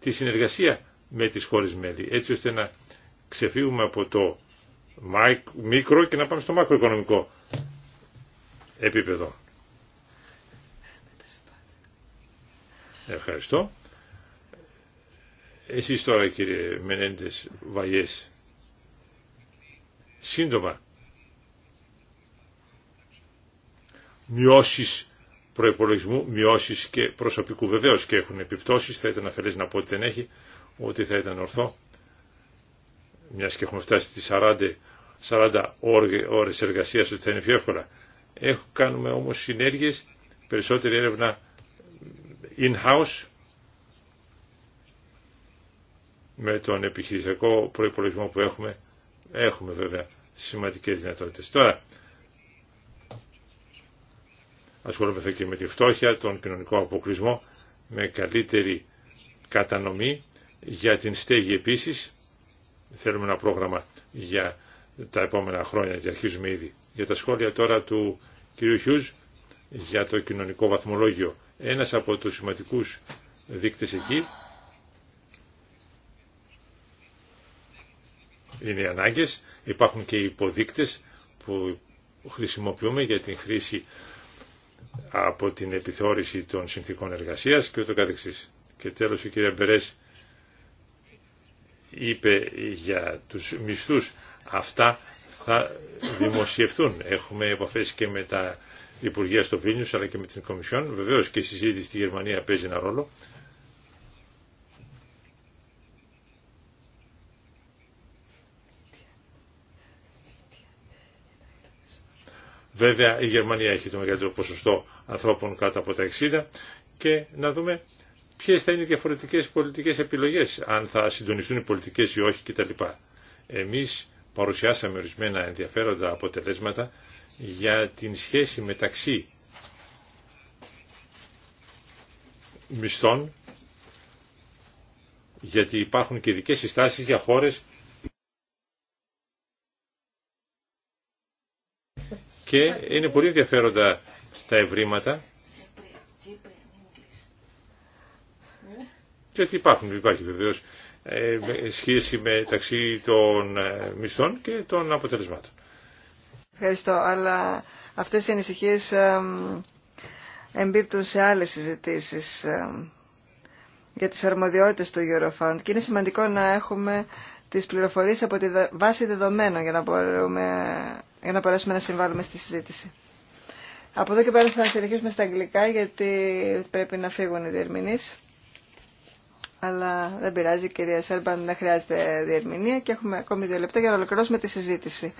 τη συνεργασία με τις χώρες μέλη, έτσι ώστε να ξεφύγουμε από το μικρο και να πάμε στο μακροοικονομικό επίπεδο. Ευχαριστώ. Εσείς τώρα κύριε Μενέντες Βαγιές, σύντομα, μειώσεις προϋπολογισμού, μειώσεις και προσωπικού βεβαίως και έχουν επιπτώσεις, θα ήταν αφελές να πω ότι δεν έχει, ότι θα ήταν ορθό, μιας και έχουμε φτάσει στις 40 40 ώρες εργασίας ότι θα είναι πιο εύκολα. Έχω, κάνουμε όμως συνέργειες, περισσότερη έρευνα in-house με τον επιχειρησιακό προϋπολογισμό που έχουμε. Έχουμε βέβαια σημαντικές δυνατότητες. Τώρα, θα και με τη φτώχεια, τον κοινωνικό αποκλεισμό, με καλύτερη κατανομή για την στέγη επίσης. Θέλουμε ένα πρόγραμμα για τα επόμενα χρόνια και αρχίζουμε ήδη. Για τα σχόλια τώρα του κυρίου Χιούς για το κοινωνικό βαθμολόγιο. Ένας από τους σημαντικούς δείκτες εκεί είναι οι ανάγκες. Υπάρχουν και οι υποδείκτες που χρησιμοποιούμε για την χρήση από την επιθεώρηση των συνθήκων εργασίας και ούτω καθεξής. Και τέλος η κυρία Μπερές είπε για τους μισθούς Αυτά θα δημοσιευθούν. Έχουμε επαφές και με τα Υπουργεία στο Βίνιους αλλά και με την Κομισιόν. Βεβαίως και η συζήτηση στη Γερμανία παίζει ένα ρόλο. Βέβαια η Γερμανία έχει το μεγαλύτερο ποσοστό ανθρώπων κάτω από τα 60 και να δούμε ποιε θα είναι οι διαφορετικέ πολιτικέ επιλογέ, αν θα συντονιστούν οι πολιτικέ ή όχι κτλ. Εμεί παρουσιάσαμε ορισμένα ενδιαφέροντα αποτελέσματα για την σχέση μεταξύ μισθών, γιατί υπάρχουν και ειδικέ συστάσεις για χώρες και είναι πολύ ενδιαφέροντα τα ευρήματα και ότι υπάρχουν, υπάρχει βεβαίως ε, ε, σχέση μεταξύ των ε, μισθών και των αποτελεσμάτων. Ευχαριστώ, αλλά αυτές οι ανησυχίες εμπίπτουν σε άλλες συζητήσεις για τις αρμοδιότητες του Eurofund και είναι σημαντικό να έχουμε τις πληροφορίες από τη βάση δεδομένων για να, μπορούμε, για να μπορέσουμε να συμβάλλουμε στη συζήτηση. Από εδώ και πέρα θα συνεχίσουμε στα αγγλικά γιατί πρέπει να φύγουν οι διερμηνείς. Αλλά δεν πειράζει, κυρία Σέρμπαν, δεν χρειάζεται διερμηνία και έχουμε ακόμη δύο λεπτά για να ολοκληρώσουμε τη συζήτηση.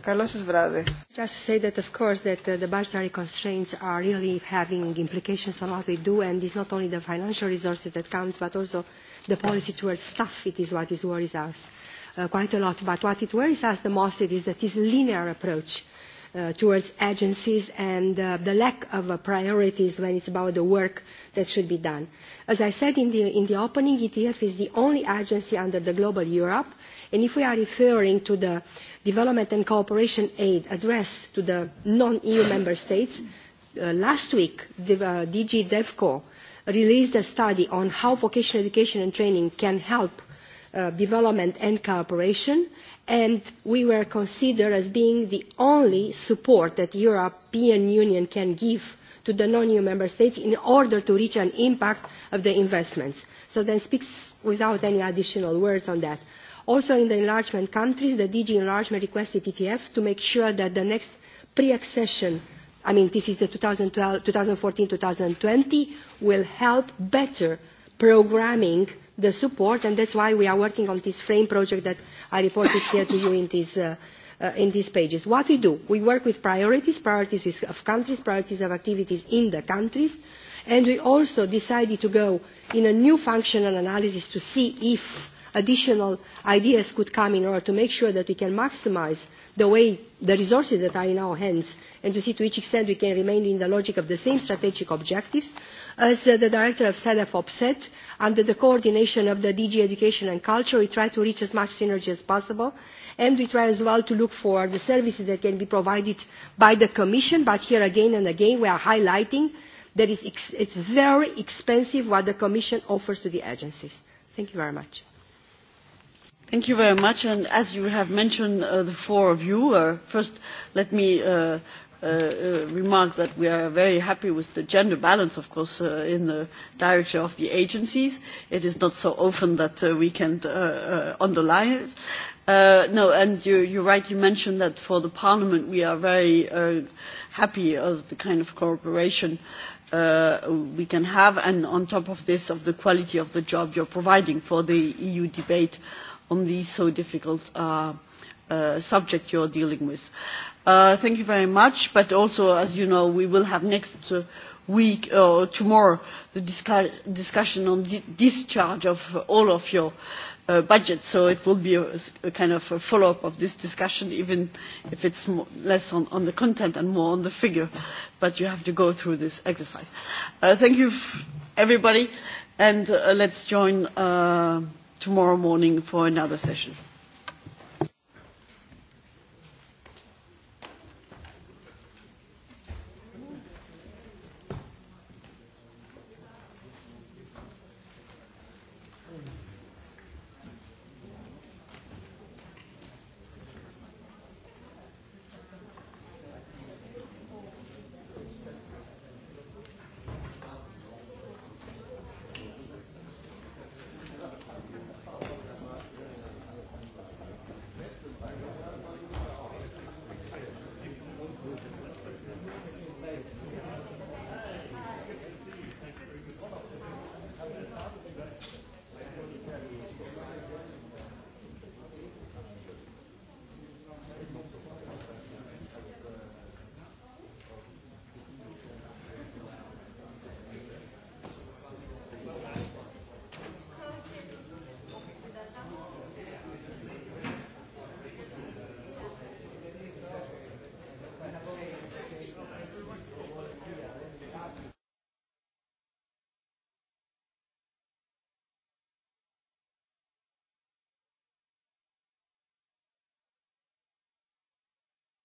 Καλό σας βράδυ. Just to say that of course that the budgetary constraints are really having implications on what we do and it's not only the financial resources that counts but also the policy towards staff it is what is worries us uh quite a lot but what it worries us the most it is that this linear approach towards agencies and the lack of priorities when it's about the work that should be done. As I said in the opening, ETF is the only agency under the Global Europe, and if we are referring to the development and cooperation aid address to the non-EU member states, last week DG DevCo released a study on how vocational education and training can help development and cooperation and we were considered as being the only support that the European Union can give to the non-EU member states in order to reach an impact of the investments. So that speaks without any additional words on that. Also in the enlargement countries, the DG enlargement requested ETF to make sure that the next pre-accession, I mean this is the 2014-2020, will help better programming the support and that's why we are working on this frame project that I reported here to you in in these pages. What we do, we work with priorities, priorities of countries, priorities of activities in the countries, and we also decided to go in a new functional analysis to see if additional ideas could come in order to make sure that we can maximise the way the resources that are in our hands and to see to which extent we can remain in the logic of the same strategic objectives As the director of CEDEFOP said, under the coordination of the DG Education and Culture, we try to reach as much synergy as possible, and we try as well to look for the services that can be provided by the Commission. But here again and again, we are highlighting that it's very expensive what the Commission offers to the agencies. Thank you very much. Thank you very much. And as you have mentioned, the four of you, first let me remark that we are very happy with the gender balance, of course, in the direction of the agencies. It is not so often that we can underline it. No, and you rightly mentioned that for the Parliament we are very happy of the kind of cooperation we can have, and on top of this, of the quality of the job you're providing for the EU debate on these so difficult subject you're dealing with. Thank you very much. But also, as you know, we will have next week or tomorrow the discussion on the discharge of all of your budget. So it will be a kind of a follow-up of this discussion, even if it's less on the content and more on the figure. But you have to go through this exercise. Thank you, everybody, and let's join tomorrow morning for another session.